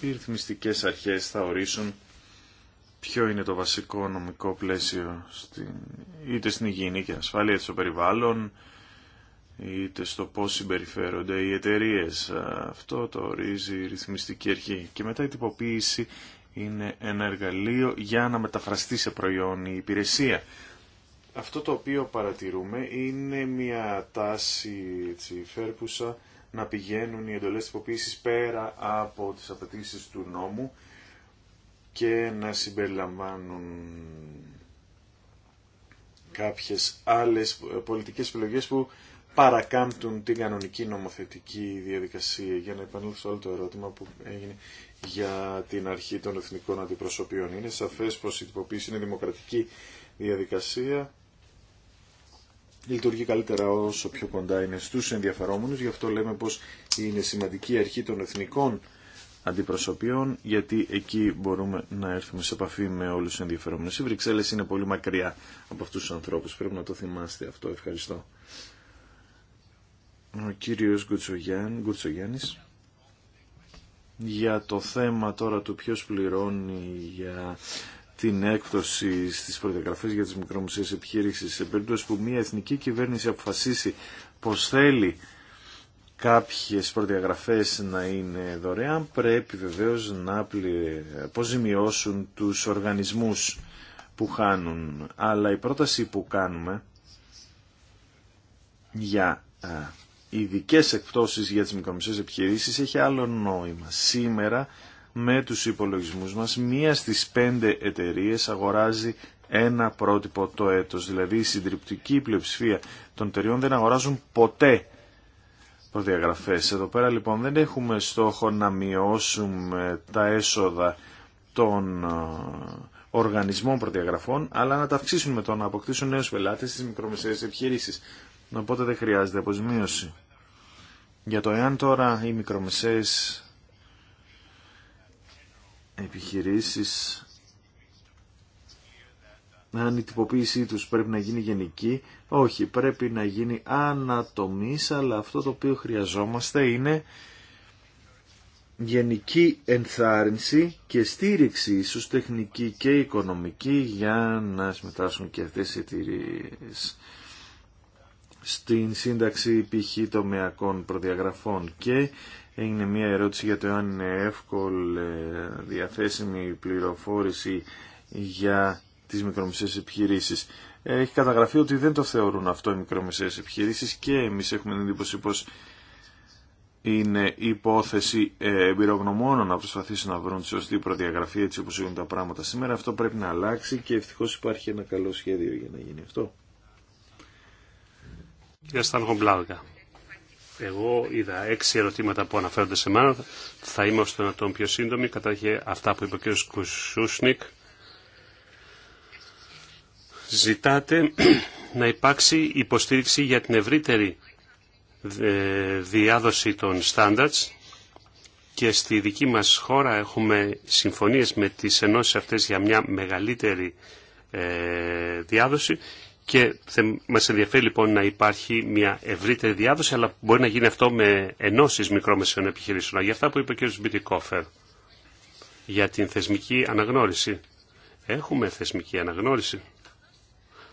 οι ρυθμιστικές αρχές θα ορίσουν ποιο είναι το βασικό νομικό πλαίσιο στην, είτε στην υγιεινή και ασφάλεια περιβάλλον, είτε στο πώς συμπεριφέρονται οι εταιρείε. Αυτό το ορίζει η ρυθμιστική αρχή. Και μετά η τυποποίηση είναι ένα εργαλείο για να μεταφραστεί σε προϊόν η υπηρεσία. Αυτό το οποίο παρατηρούμε είναι μια τάση έτσι, φέρπουσα να πηγαίνουν οι εντολές τυποποίησης πέρα από τις απαιτήσει του νόμου και να συμπεριλαμβάνουν κάποιες άλλες πολιτικές επιλογές που παρακάμπτουν την κανονική νομοθετική διαδικασία. Για να επανέλθω όλο το ερώτημα που έγινε για την αρχή των εθνικών αντιπροσωπείων. Είναι σαφές πως η τυποποίηση είναι δημοκρατική διαδικασία. Λειτουργεί καλύτερα όσο πιο κοντά είναι στους ενδιαφερόμενους. Γι' αυτό λέμε πως είναι σημαντική η αρχή των εθνικών αντιπροσωπείων γιατί εκεί μπορούμε να έρθουμε σε επαφή με όλους τους ενδιαφερόμενους. Οι Βρυξέλλες είναι πολύ μακριά από αυτούς τους ανθρώπους. Πρέπει να το θυμάστε αυτό. Ευχαριστώ ο κύριος Γκουτσογιάννης για το θέμα τώρα του ποιος πληρώνει για την έκπτωση στις προδιαγραφές για τις μικρομεσαίες επιχείρησεις σε περίπτωση που μια εθνική κυβέρνηση αποφασίσει πως θέλει κάποιες προδιαγραφές να είναι δωρεάν πρέπει βεβαίως να αποζημιώσουν τους οργανισμούς που χάνουν αλλά η πρόταση που κάνουμε για ειδικέ εκπτώσει για τις μικρομεσαίες επιχειρήσεις έχει άλλο νόημα. Σήμερα με τους υπολογισμούς μας μία στι πέντε εταιρείε αγοράζει ένα πρότυπο το έτος. Δηλαδή η συντριπτική πλειοψηφία των εταιρεών δεν αγοράζουν ποτέ προδιαγραφές. Εδώ πέρα λοιπόν δεν έχουμε στόχο να μειώσουμε τα έσοδα των ε, οργανισμών προδιαγραφών, αλλά να τα αυξήσουν με το να αποκτήσουν νέου πελάτε στι μικρομεσαίες επιχειρήσει. Οπότε δεν χρειάζεται αποσμίωση. Για το εάν τώρα οι μικρομεσαίες επιχειρήσεις αν η τυποποίησή τους πρέπει να γίνει γενική, όχι, πρέπει να γίνει ανατομής, αλλά αυτό το οποίο χρειαζόμαστε είναι γενική ενθάρρυνση και στήριξη ίσως τεχνική και οικονομική για να συμμετάσχουν και αυτές οι εταιρείες στην σύνταξη π.χ. τομεακών προδιαγραφών και έγινε μια ερώτηση για το αν είναι εύκολη διαθέσιμη πληροφόρηση για τις μικρομεσαίες επιχειρήσεις. Έχει καταγραφεί ότι δεν το θεωρούν αυτό οι μικρομεσαίες επιχειρήσεις και εμείς έχουμε την εντύπωση πως είναι υπόθεση ε, εμπειρογνωμόνων να προσπαθήσουν να βρουν τη σωστή προδιαγραφή έτσι όπως γίνουν τα πράγματα σήμερα. Αυτό πρέπει να αλλάξει και ευτυχώς υπάρχει ένα καλό σχέδιο για να γίνει αυτό. Κύριε Μπλάουγκα, εγώ είδα έξι ερωτήματα που αναφέρονται σε μένα. Θα είμαι να τον πιο σύντομη. Καταρχήν αυτά που είπε ο κ. Κουσούσνικ. Ζητάτε να υπάρξει υποστήριξη για την ευρύτερη ε, διάδοση των standards και στη δική μας χώρα έχουμε συμφωνίες με τις ενώσεις αυτές για μια μεγαλύτερη ε, διάδοση και μας ενδιαφέρει λοιπόν να υπάρχει μια ευρύτερη διάδοση, αλλά μπορεί να γίνει αυτό με ενώσεις μικρομεσαίων επιχειρήσεων. Για αυτά που είπε ο κ. Μπιτικόφερ, για την θεσμική αναγνώριση. Έχουμε θεσμική αναγνώριση,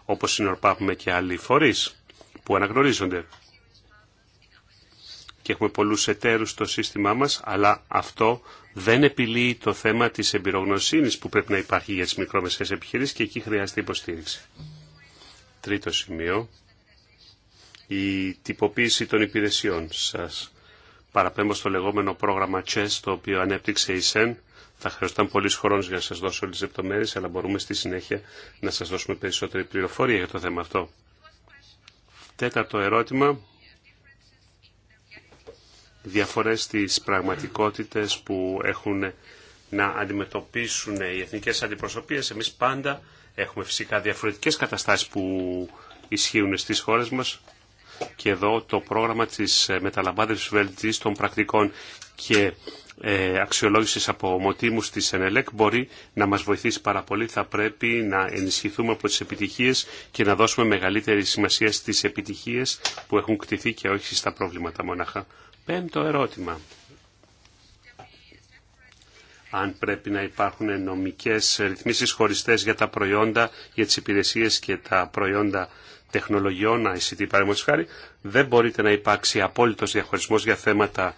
όπως συνορπάπουμε και άλλοι φορείς που αναγνωρίζονται. Και έχουμε πολλούς εταίρους στο σύστημά μας, αλλά αυτό δεν επιλύει το θέμα της εμπειρογνωσύνης που πρέπει να υπάρχει για τις μικρομεσαίες επιχειρήσεις και εκεί χρειάζεται υποστήριξη. Τρίτο σημείο, η τυποποίηση των υπηρεσιών σας. Παραπέμπω στο λεγόμενο πρόγραμμα CHESS, το οποίο ανέπτυξε η ΣΕΝ. Θα χρειαζόταν πολλοί χρόνο για να σα δώσω όλε τι λεπτομέρειε, αλλά μπορούμε στη συνέχεια να σα δώσουμε περισσότερη πληροφορία για το θέμα αυτό. Τέταρτο ερώτημα. Διαφορές στις πραγματικότητες που έχουν να αντιμετωπίσουν οι εθνικές αντιπροσωπείες. Εμείς πάντα Έχουμε φυσικά διαφορετικές καταστάσεις που ισχύουν στις χώρες μας και εδώ το πρόγραμμα της ε, μεταλαμβάνευσης βελτιστής των πρακτικών και ε, αξιολόγησης από μοτίμους της ΕΝΕΛΕΚ μπορεί να μας βοηθήσει πάρα πολύ. Θα πρέπει να ενισχυθούμε από τις επιτυχίες και να δώσουμε μεγαλύτερη σημασία στις επιτυχίες που έχουν κτηθεί και όχι στα προβλήματα μονάχα. Πέμπτο ερώτημα αν πρέπει να υπάρχουν νομικές ρυθμίσεις χωριστές για τα προϊόντα, για τις υπηρεσίες και τα προϊόντα τεχνολογιών, ICT παραδείγματος χάρη, δεν μπορείτε να υπάρξει απόλυτος διαχωρισμός για θέματα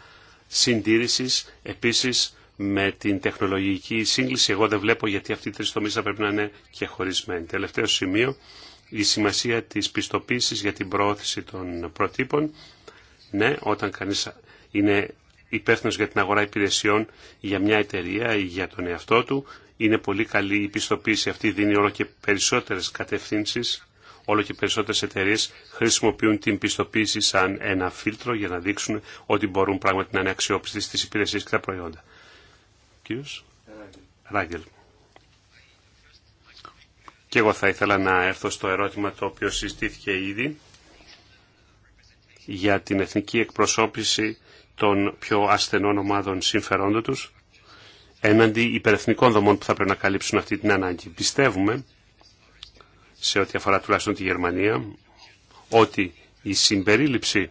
συντήρησης. Επίσης, με την τεχνολογική σύγκληση, εγώ δεν βλέπω γιατί αυτοί οι τρεις τομείς θα πρέπει να είναι και χωρισμένοι. Τελευταίο σημείο, η σημασία της πιστοποίησης για την προώθηση των προτύπων. Ναι, όταν κανείς είναι υπεύθυνο για την αγορά υπηρεσιών για μια εταιρεία ή για τον εαυτό του. Είναι πολύ καλή η πιστοποίηση αυτή, δίνει όλο και περισσότερε κατευθύνσει. Όλο και περισσότερε εταιρείε χρησιμοποιούν την πιστοποίηση σαν ένα φίλτρο για να δείξουν ότι μπορούν πράγματι να είναι αξιόπιστοι στι υπηρεσίε και τα προϊόντα. Κύριο Ράγκελ. Και εγώ θα ήθελα να έρθω στο ερώτημα το οποίο συζητήθηκε ήδη για την εθνική εκπροσώπηση των πιο ασθενών ομάδων συμφερόντων τους έναντι υπερεθνικών δομών που θα πρέπει να καλύψουν αυτή την ανάγκη. Πιστεύουμε, σε ό,τι αφορά τουλάχιστον τη Γερμανία, ότι η συμπερίληψη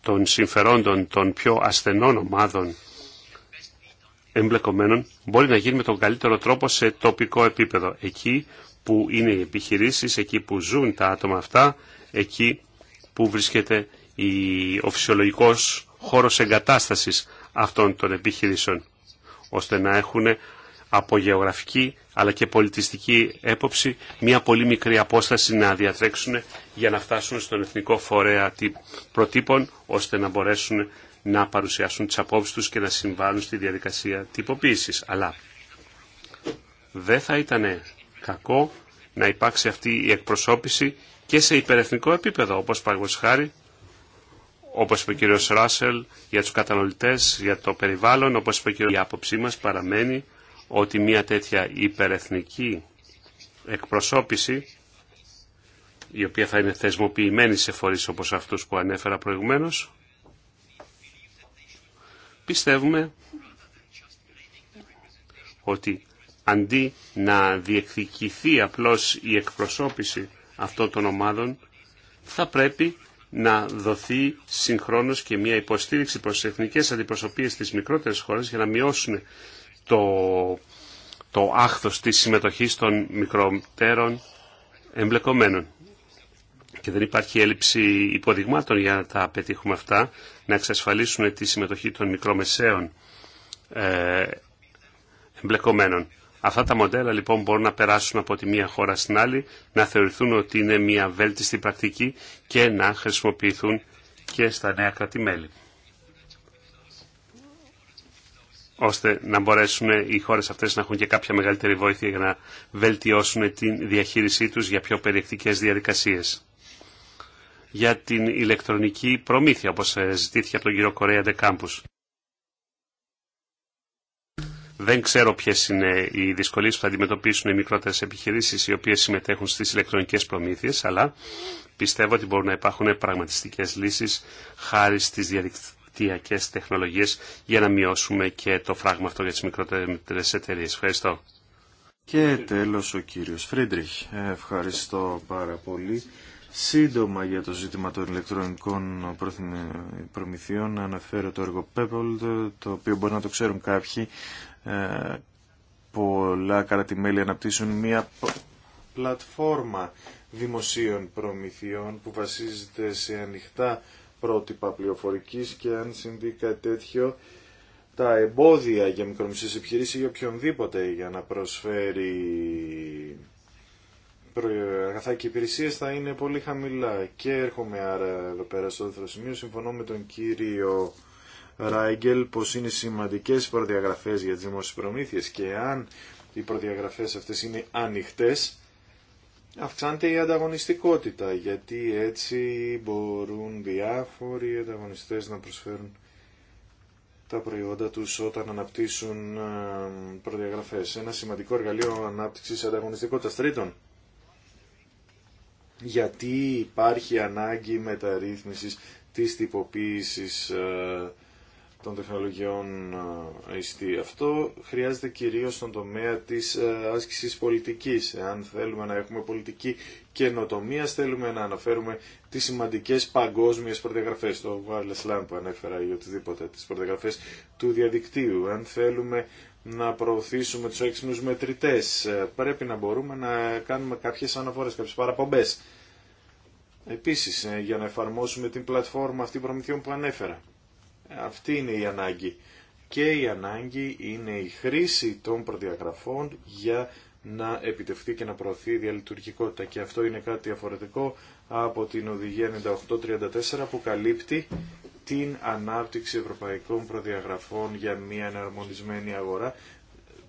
των συμφερόντων των πιο ασθενών ομάδων εμπλεκομένων μπορεί να γίνει με τον καλύτερο τρόπο σε τοπικό επίπεδο. Εκεί που είναι οι επιχειρήσεις, εκεί που ζουν τα άτομα αυτά, εκεί που βρίσκεται η, ο φυσιολογικός χώρος εγκατάστασης αυτών των επιχειρήσεων, ώστε να έχουν από γεωγραφική αλλά και πολιτιστική έποψη μια πολύ μικρή απόσταση να διατρέξουν για να φτάσουν στον εθνικό φορέα προτύπων, ώστε να μπορέσουν να παρουσιάσουν τις απόψεις τους και να συμβάλλουν στη διαδικασία τυποποίησης. Αλλά δεν θα ήταν κακό να υπάρξει αυτή η εκπροσώπηση και σε υπερεθνικό επίπεδο, όπως παραγωγής χάρη όπως είπε ο κύριος Ράσελ, για τους καταναλωτές, για το περιβάλλον, όπως είπε ο η άποψή μας παραμένει ότι μια τέτοια υπερεθνική εκπροσώπηση, η οποία θα είναι θεσμοποιημένη σε φορείς όπως αυτούς που ανέφερα προηγουμένως, πιστεύουμε ότι αντί να διεκδικηθεί απλώς η εκπροσώπηση αυτών των ομάδων, θα πρέπει να δοθεί συγχρόνως και μια υποστήριξη προς τι εθνικές αντιπροσωπείες στις μικρότερες χώρες για να μειώσουν το, το άχθος της συμμετοχής των μικρότερων εμπλεκομένων. Και δεν υπάρχει έλλειψη υποδειγμάτων για να τα πετύχουμε αυτά, να εξασφαλίσουν τη συμμετοχή των μικρομεσαίων ε, εμπλεκομένων. Αυτά τα μοντέλα λοιπόν μπορούν να περάσουν από τη μία χώρα στην άλλη, να θεωρηθούν ότι είναι μια βέλτιστη πρακτική και να χρησιμοποιηθούν και στα νέα κρατημέλη. Ώστε να μπορέσουν οι χώρες αυτές να έχουν και κάποια μεγαλύτερη βοήθεια για να βελτιώσουν την διαχείρισή τους για πιο περιεκτικές διαδικασίες. Για την ηλεκτρονική προμήθεια, όπως ε, ζητήθηκε από τον κύριο Κορέα Ντεκάμπους. Δεν ξέρω ποιε είναι οι δυσκολίε που θα αντιμετωπίσουν οι μικρότερε επιχειρήσει οι οποίε συμμετέχουν στι ηλεκτρονικέ προμήθειε, αλλά πιστεύω ότι μπορούν να υπάρχουν πραγματιστικέ λύσει χάρη στι διαδικτυακέ τεχνολογίε για να μειώσουμε και το φράγμα αυτό για τι μικρότερε εταιρείε. Ευχαριστώ. Και τέλο ο κύριο Φρίντριχ. Ευχαριστώ πάρα πολύ. Σύντομα για το ζήτημα των ηλεκτρονικών προμηθειών αναφέρω το έργο Pebble, το οποίο μπορεί να το ξέρουν κάποιοι ε, πολλά μέλη αναπτύσσουν μια πλατφόρμα δημοσίων προμηθειών που βασίζεται σε ανοιχτά πρότυπα πληροφορικής και αν συμβεί κάτι τέτοιο τα εμπόδια για μικρομισές επιχειρήσεις ή οποιονδήποτε για να προσφέρει αγαθά και υπηρεσίες θα είναι πολύ χαμηλά. Και έρχομαι άρα εδώ πέρα στο δεύτερο σημείο, συμφωνώ με τον κύριο Ράγκελ πως είναι σημαντικές οι προδιαγραφές για τις δημόσιες προμήθειες και αν οι προδιαγραφές αυτές είναι ανοιχτές, αυξάνεται η ανταγωνιστικότητα, γιατί έτσι μπορούν διάφοροι ανταγωνιστές να προσφέρουν τα προϊόντα τους όταν αναπτύσσουν ε, προδιαγραφές. Ένα σημαντικό εργαλείο ανάπτυξης ανταγωνιστικότητας τρίτων. Γιατί υπάρχει ανάγκη μεταρρύθμισης της τυποποίησης ε, των τεχνολογιών Ιστή. Αυτό χρειάζεται κυρίως στον τομέα της άσκησης πολιτικής. Αν θέλουμε να έχουμε πολιτική καινοτομία, θέλουμε να αναφέρουμε τις σημαντικές παγκόσμιες προτεγραφές, το wireless LAN που ανέφερα ή οτιδήποτε, τις προτεγραφές του διαδικτύου. Αν θέλουμε να προωθήσουμε τους έξυπνους μετρητές, ε, πρέπει να μπορούμε να κάνουμε κάποιες αναφορές, κάποιες παραπομπές. Επίσης, ε, για να εφαρμόσουμε την πλατφόρμα αυτή προμηθειών που ανέφερα. Αυτή είναι η ανάγκη. Και η ανάγκη είναι η χρήση των προδιαγραφών για να επιτευχθεί και να προωθεί η διαλειτουργικότητα. Και αυτό είναι κάτι διαφορετικό από την Οδηγία 9834 που καλύπτει την ανάπτυξη ευρωπαϊκών προδιαγραφών για μια εναρμονισμένη αγορά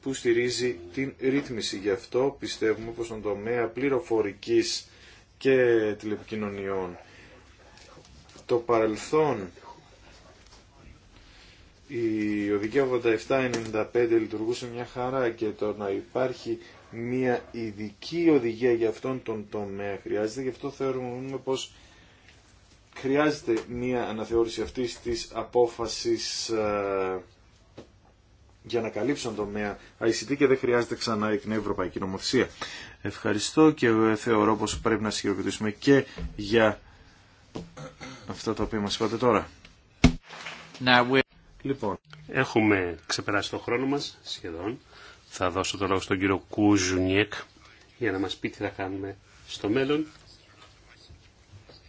που στηρίζει την ρύθμιση. Γι' αυτό πιστεύουμε πως στον τομέα πληροφορικής και τηλεπικοινωνιών το παρελθόν η οδηγία 87-95 λειτουργούσε μια χαρά και το να υπάρχει μια ειδική οδηγία για αυτόν τον τομέα χρειάζεται. Γι' αυτό θεωρούμε πως χρειάζεται μια αναθεώρηση αυτής της απόφασης ε, για να καλύψουν τομέα ICT και δεν χρειάζεται ξανά η Ευρωπαϊκή Νομοθεσία. Ευχαριστώ και θεωρώ πως πρέπει να συγκεκριτήσουμε και για αυτά τα οποία μας είπατε τώρα. Now Λοιπόν. Έχουμε ξεπεράσει το χρόνο μας σχεδόν. Θα δώσω το λόγο στον κύριο Κουζουνιέκ για να μας πει τι θα κάνουμε στο μέλλον.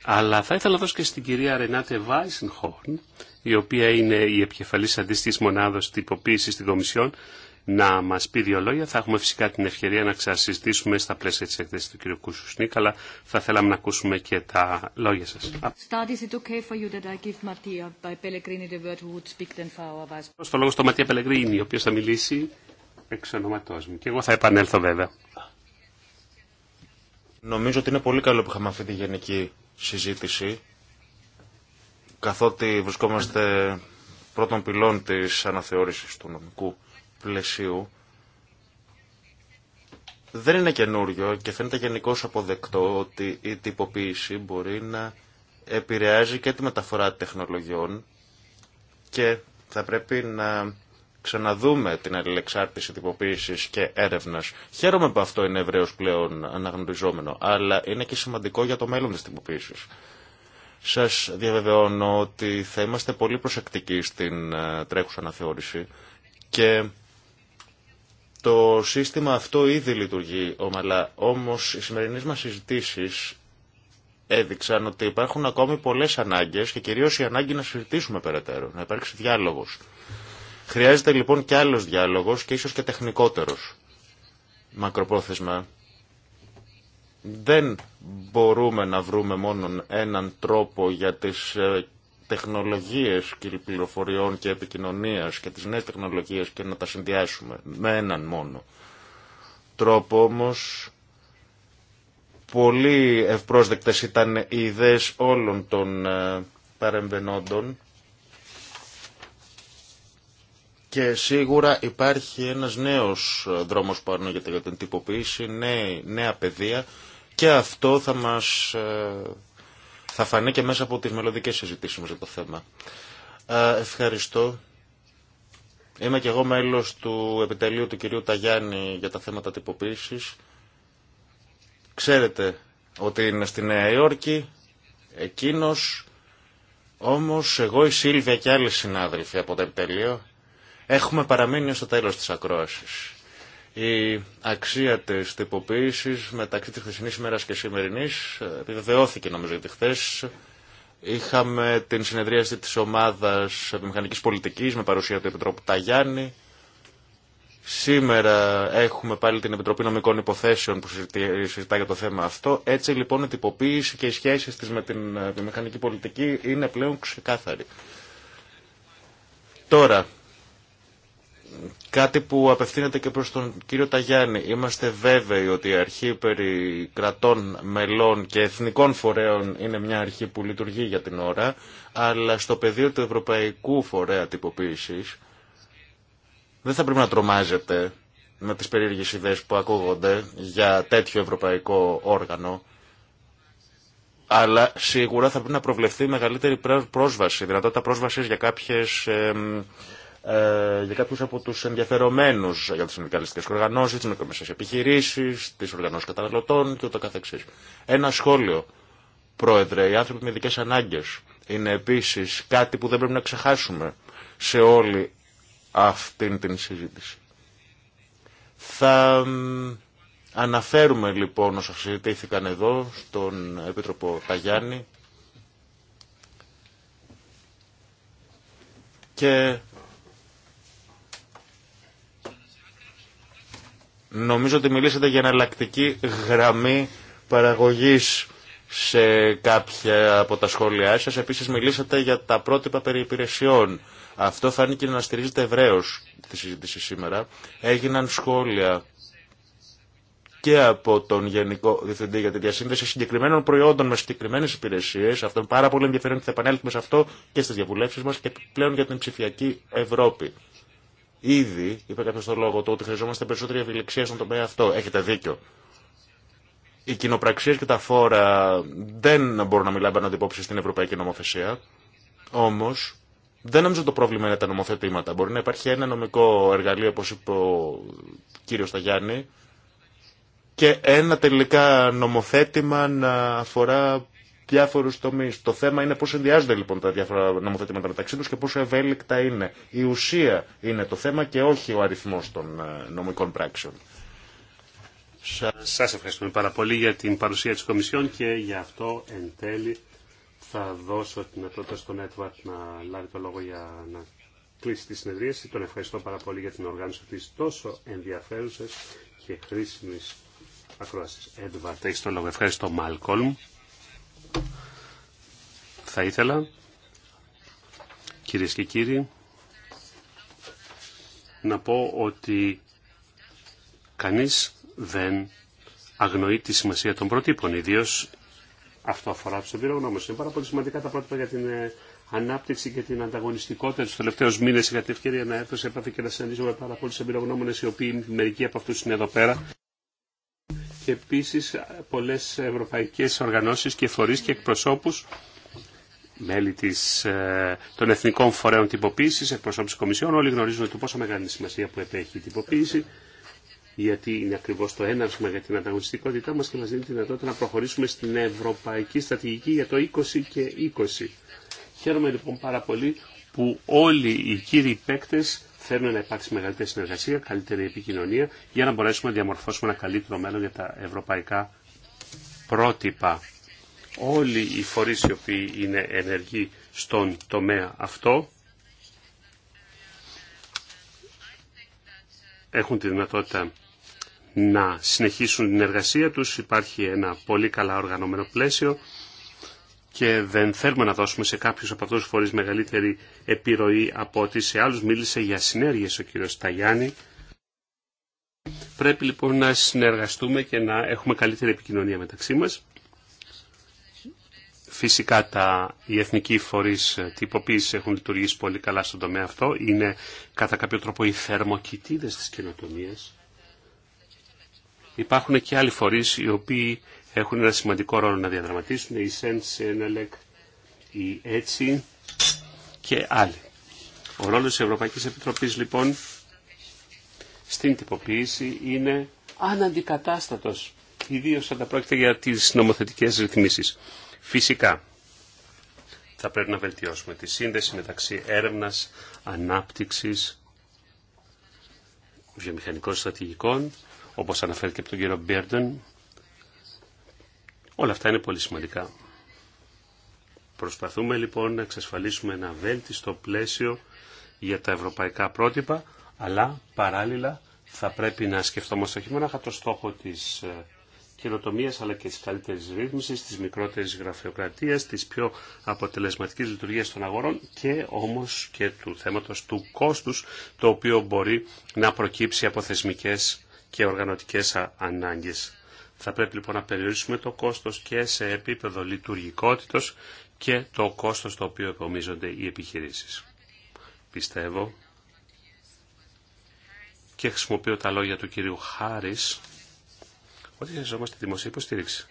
Αλλά θα ήθελα να δώσω και στην κυρία Ρενάτε Βάισενχόρν, η οποία είναι η επικεφαλής αντίστοιχης μονάδος τυποποίησης στην Κομισιόν, να μας πει δύο λόγια. Θα έχουμε φυσικά την ευκαιρία να ξανασυζητήσουμε στα πλαίσια της εκθέσης του κ. Κουσουσνίκ, αλλά θα θέλαμε να ακούσουμε και τα λόγια σας. Στο λόγο στο Ματία Πελεγκρίνη, ο οποίος θα μιλήσει εξ ονοματός μου. Και εγώ θα επανέλθω βέβαια. Νομίζω ότι είναι πολύ καλό που είχαμε αυτή τη γενική συζήτηση, καθότι βρισκόμαστε πρώτων πυλών της αναθεώρησης του νομικού πλαισίου δεν είναι καινούριο και φαίνεται γενικώ αποδεκτό ότι η τυποποίηση μπορεί να επηρεάζει και τη μεταφορά τεχνολογιών και θα πρέπει να ξαναδούμε την αλληλεξάρτηση τυποποίηση και έρευνα. Χαίρομαι που αυτό είναι ευρέω πλέον αναγνωριζόμενο, αλλά είναι και σημαντικό για το μέλλον τη τυποποίηση. Σα διαβεβαιώνω ότι θα είμαστε πολύ προσεκτικοί στην ε, τρέχουσα αναθεώρηση και το σύστημα αυτό ήδη λειτουργεί ομαλά, όμως οι σημερινές μας συζητήσεις έδειξαν ότι υπάρχουν ακόμη πολλές ανάγκες και κυρίως η ανάγκη να συζητήσουμε περαιτέρω, να υπάρξει διάλογος. Χρειάζεται λοιπόν και άλλος διάλογος και ίσως και τεχνικότερος μακροπρόθεσμα. Δεν μπορούμε να βρούμε μόνο έναν τρόπο για τις ε, τεχνολογίες πληροφοριών και επικοινωνίας και τις νέες τεχνολογίες και να τα συνδυάσουμε με έναν μόνο τρόπο όμως πολύ ευπρόσδεκτες ήταν οι ιδέες όλων των ε, παρεμβενόντων και σίγουρα υπάρχει ένας νέος ε, δρόμος πάνω για την τυποποίηση, νέα παιδεία και αυτό θα μας ε, θα φανεί και μέσα από τις μελλοντικές συζητήσεις μας για το θέμα. Ε, ευχαριστώ. Είμαι και εγώ μέλος του επιτελείου του κυρίου Ταγιάννη για τα θέματα τυποποίησης. Ξέρετε ότι είναι στη Νέα Υόρκη, εκείνος, όμως εγώ η Σίλβια και άλλοι συνάδελφοι από το επιτελείο έχουμε παραμείνει στο τέλος της ακρόασης. Η αξία τη τυποποίηση μεταξύ τη χθεσινή ημέρα και σημερινή ε, επιβεβαιώθηκε νομίζω γιατί χθε είχαμε την συνεδρίαση τη ομάδα επιμηχανική πολιτική με παρουσία του Επιτρόπου Ταγιάννη. Σήμερα έχουμε πάλι την Επιτροπή Νομικών Υποθέσεων που συζητά για το θέμα αυτό. Έτσι λοιπόν η τυποποίηση και οι σχέσει τη με την επιμηχανική πολιτική είναι πλέον ξεκάθαρη. Τώρα, κάτι που απευθύνεται και προς τον κύριο Ταγιάννη. Είμαστε βέβαιοι ότι η αρχή περί κρατών, μελών και εθνικών φορέων είναι μια αρχή που λειτουργεί για την ώρα, αλλά στο πεδίο του ευρωπαϊκού φορέα τυποποίησης δεν θα πρέπει να τρομάζετε με τις περίεργες ιδέες που ακούγονται για τέτοιο ευρωπαϊκό όργανο, αλλά σίγουρα θα πρέπει να προβλεφθεί μεγαλύτερη πρόσβαση, δυνατότητα πρόσβασης για κάποιες ε, για κάποιους από του ενδιαφερομένους για τις τις οργανώσεις, τι μικρομεσαίε επιχειρήσει, τις οργανώσεις καταναλωτών και ούτω Ένα σχόλιο, πρόεδρε, οι άνθρωποι με ειδικέ ανάγκες είναι επίσης κάτι που δεν πρέπει να ξεχάσουμε σε όλη αυτήν την συζήτηση. Θα αναφέρουμε λοιπόν όσα συζητήθηκαν εδώ στον Επίτροπο Ταγιάννη και Νομίζω ότι μιλήσατε για εναλλακτική γραμμή παραγωγής σε κάποια από τα σχόλιά σας. Επίσης μιλήσατε για τα πρότυπα περί υπηρεσιών. Αυτό φάνηκε να στηρίζεται ευρέω τη συζήτηση σήμερα. Έγιναν σχόλια και από τον Γενικό Διευθυντή για τη διασύνδεση συγκεκριμένων προϊόντων με συγκεκριμένε υπηρεσίε. Αυτό είναι πάρα πολύ ενδιαφέρον και θα επανέλθουμε σε αυτό και στι διαβουλεύσει μα και πλέον για την ψηφιακή Ευρώπη. Ήδη είπε κάποιο το λόγο το ότι χρειαζόμαστε περισσότερη ευελιξία στον τομέα αυτό. Έχετε δίκιο. Οι κοινοπραξίε και τα φόρα δεν μπορούν να μιλάμε την υπόψη στην Ευρωπαϊκή Νομοθεσία. Όμω, δεν νομίζω το πρόβλημα είναι τα νομοθετήματα. Μπορεί να υπάρχει ένα νομικό εργαλείο, όπω είπε ο κύριο Σταγιάννη, και ένα τελικά νομοθέτημα να αφορά διάφορου τομεί. Το θέμα είναι πώ συνδυάζονται λοιπόν τα διάφορα νομοθετήματα μεταξύ του και πόσο ευέλικτα είναι. Η ουσία είναι το θέμα και όχι ο αριθμό των ε, νομικών πράξεων. Σα ευχαριστούμε πάρα πολύ για την παρουσία τη Κομισιόν και γι' αυτό εν τέλει θα δώσω την ατότητα στον Network να λάβει το λόγο για να κλείσει τη συνεδρίαση. Τον ευχαριστώ πάρα πολύ για την οργάνωση τη τόσο ενδιαφέρουσα και χρήσιμη ακρόασης. Έντβαρτ, έχεις το λόγο. Ευχαριστώ Μάλκολμ. Θα ήθελα, κυρίες και κύριοι, να πω ότι κανείς δεν αγνοεί τη σημασία των προτύπων, ιδίως αυτό αφορά του εμπειρογνώμου. Είναι πάρα πολύ σημαντικά τα πρότυπα για την ε, ανάπτυξη και την ανταγωνιστικότητα του τελευταίου μήνε. Είχα την ευκαιρία να έρθω σε επαφή και να συναντήσω με πάρα πολλού εμπειρογνώμονε, οι οποίοι μερικοί από αυτού είναι εδώ πέρα και επίσης πολλές ευρωπαϊκές οργανώσεις και φορείς και εκπροσώπους μέλη της, ε, των εθνικών φορέων τυποποίησης, εκπροσώπους κομισιών. Όλοι γνωρίζουν το πόσο μεγάλη σημασία που επέχει η τυποποίηση γιατί είναι ακριβώ το έναρσμα για την ανταγωνιστικότητά μα και μα δίνει τη δυνατότητα να προχωρήσουμε στην ευρωπαϊκή στρατηγική για το 20 και 20. Χαίρομαι λοιπόν πάρα πολύ που όλοι οι κύριοι παίκτες θέλουν να υπάρξει μεγαλύτερη συνεργασία, καλύτερη επικοινωνία για να μπορέσουμε να διαμορφώσουμε ένα καλύτερο μέλλον για τα ευρωπαϊκά πρότυπα. Όλοι οι φορείς οι οποίοι είναι ενεργοί στον τομέα αυτό έχουν τη δυνατότητα να συνεχίσουν την εργασία τους. Υπάρχει ένα πολύ καλά οργανωμένο πλαίσιο και δεν θέλουμε να δώσουμε σε κάποιους από αυτούς τους φορείς μεγαλύτερη επιρροή από ότι σε άλλους μίλησε για συνέργειες ο κύριος Ταγιάννη. Πρέπει λοιπόν να συνεργαστούμε και να έχουμε καλύτερη επικοινωνία μεταξύ μας. Φυσικά τα, οι εθνικοί φορείς τυποποίησης έχουν λειτουργήσει πολύ καλά στον τομέα αυτό. Είναι κατά κάποιο τρόπο οι θερμοκοιτίδες της καινοτομίας. Υπάρχουν και άλλοι φορείς οι οποίοι έχουν ένα σημαντικό ρόλο να διαδραματίσουν, η Sense, Σενελεκ, η έτσι και άλλοι. Ο ρόλος της Ευρωπαϊκής Επιτροπής λοιπόν στην τυποποίηση είναι αναντικατάστατος, ιδίως όταν πρόκειται για τις νομοθετικές ρυθμίσεις. Φυσικά, θα πρέπει να βελτιώσουμε τη σύνδεση μεταξύ έρευνας, ανάπτυξης, βιομηχανικών στρατηγικών, όπως αναφέρθηκε από τον κύριο Μπέρντον, Όλα αυτά είναι πολύ σημαντικά. Προσπαθούμε λοιπόν να εξασφαλίσουμε ένα βέλτιστο πλαίσιο για τα ευρωπαϊκά πρότυπα, αλλά παράλληλα θα πρέπει να σκεφτόμαστε όχι μόνο το στόχο της ε, καινοτομία αλλά και τη καλύτερη ρύθμιση, τη μικρότερη γραφειοκρατία, τη πιο αποτελεσματική λειτουργία των αγορών και όμω και του θέματο του κόστου, το οποίο μπορεί να προκύψει από θεσμικέ και οργανωτικέ ανάγκε. Θα πρέπει λοιπόν να περιορίσουμε το κόστος και σε επίπεδο λειτουργικότητος και το κόστος το οποίο επομίζονται οι επιχειρήσεις. Πιστεύω και χρησιμοποιώ τα λόγια του κυρίου Χάρης ότι χρειαζόμαστε δημοσία υποστήριξη.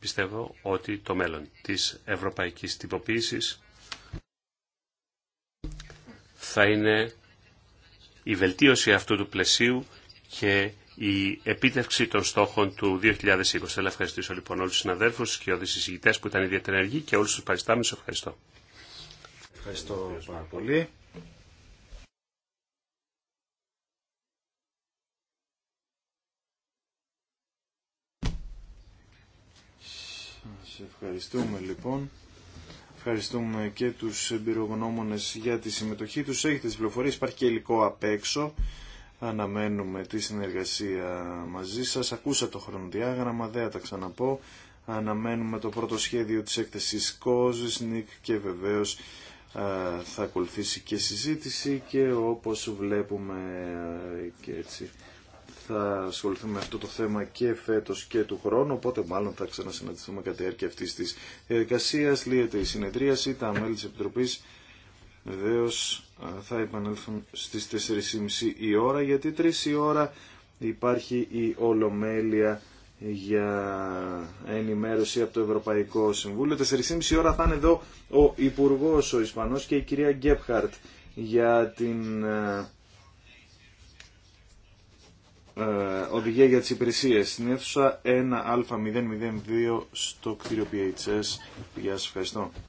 Πιστεύω ότι το μέλλον της ευρωπαϊκής τυποποίησης θα είναι η βελτίωση αυτού του πλαισίου και η επίτευξη των στόχων του 2020. Θέλω να ευχαριστήσω λοιπόν όλους τους συναδέλφους και όλους τους συζητητές που ήταν ιδιαίτερα ενεργοί και όλους τους παριστάμενους. Ευχαριστώ. Ευχαριστώ πάρα πολύ. Σας ευχαριστούμε λοιπόν. Ευχαριστούμε και τους εμπειρογνώμονες για τη συμμετοχή τους. Έχετε τις πληροφορίες, υπάρχει και υλικό απ' έξω αναμένουμε τη συνεργασία μαζί σας. Ακούσα το χρονοδιάγραμμα, δεν θα τα ξαναπώ. Αναμένουμε το πρώτο σχέδιο της έκθεσης Κόζης, Νίκ και βεβαίως θα ακολουθήσει και συζήτηση και όπως βλέπουμε και έτσι θα ασχοληθούμε με αυτό το θέμα και φέτος και του χρόνου, οπότε μάλλον θα ξανασυναντηθούμε κατά τη διάρκεια αυτής της διαδικασίας. Λύεται η συνεδρίαση, τα μέλη της Επιτροπής Βεβαίω θα επανέλθουν στις 4.30 η ώρα γιατί 3 η ώρα υπάρχει η Ολομέλεια για ενημέρωση από το Ευρωπαϊκό Συμβούλιο. 4.30 ώρα θα είναι εδώ ο Υπουργό, ο Ισπανός και η κυρία Γκέπχαρτ για την οδηγία για τις υπηρεσίες στην αίθουσα 1α002 στο κτίριο PHS. Γεια σας, ευχαριστώ.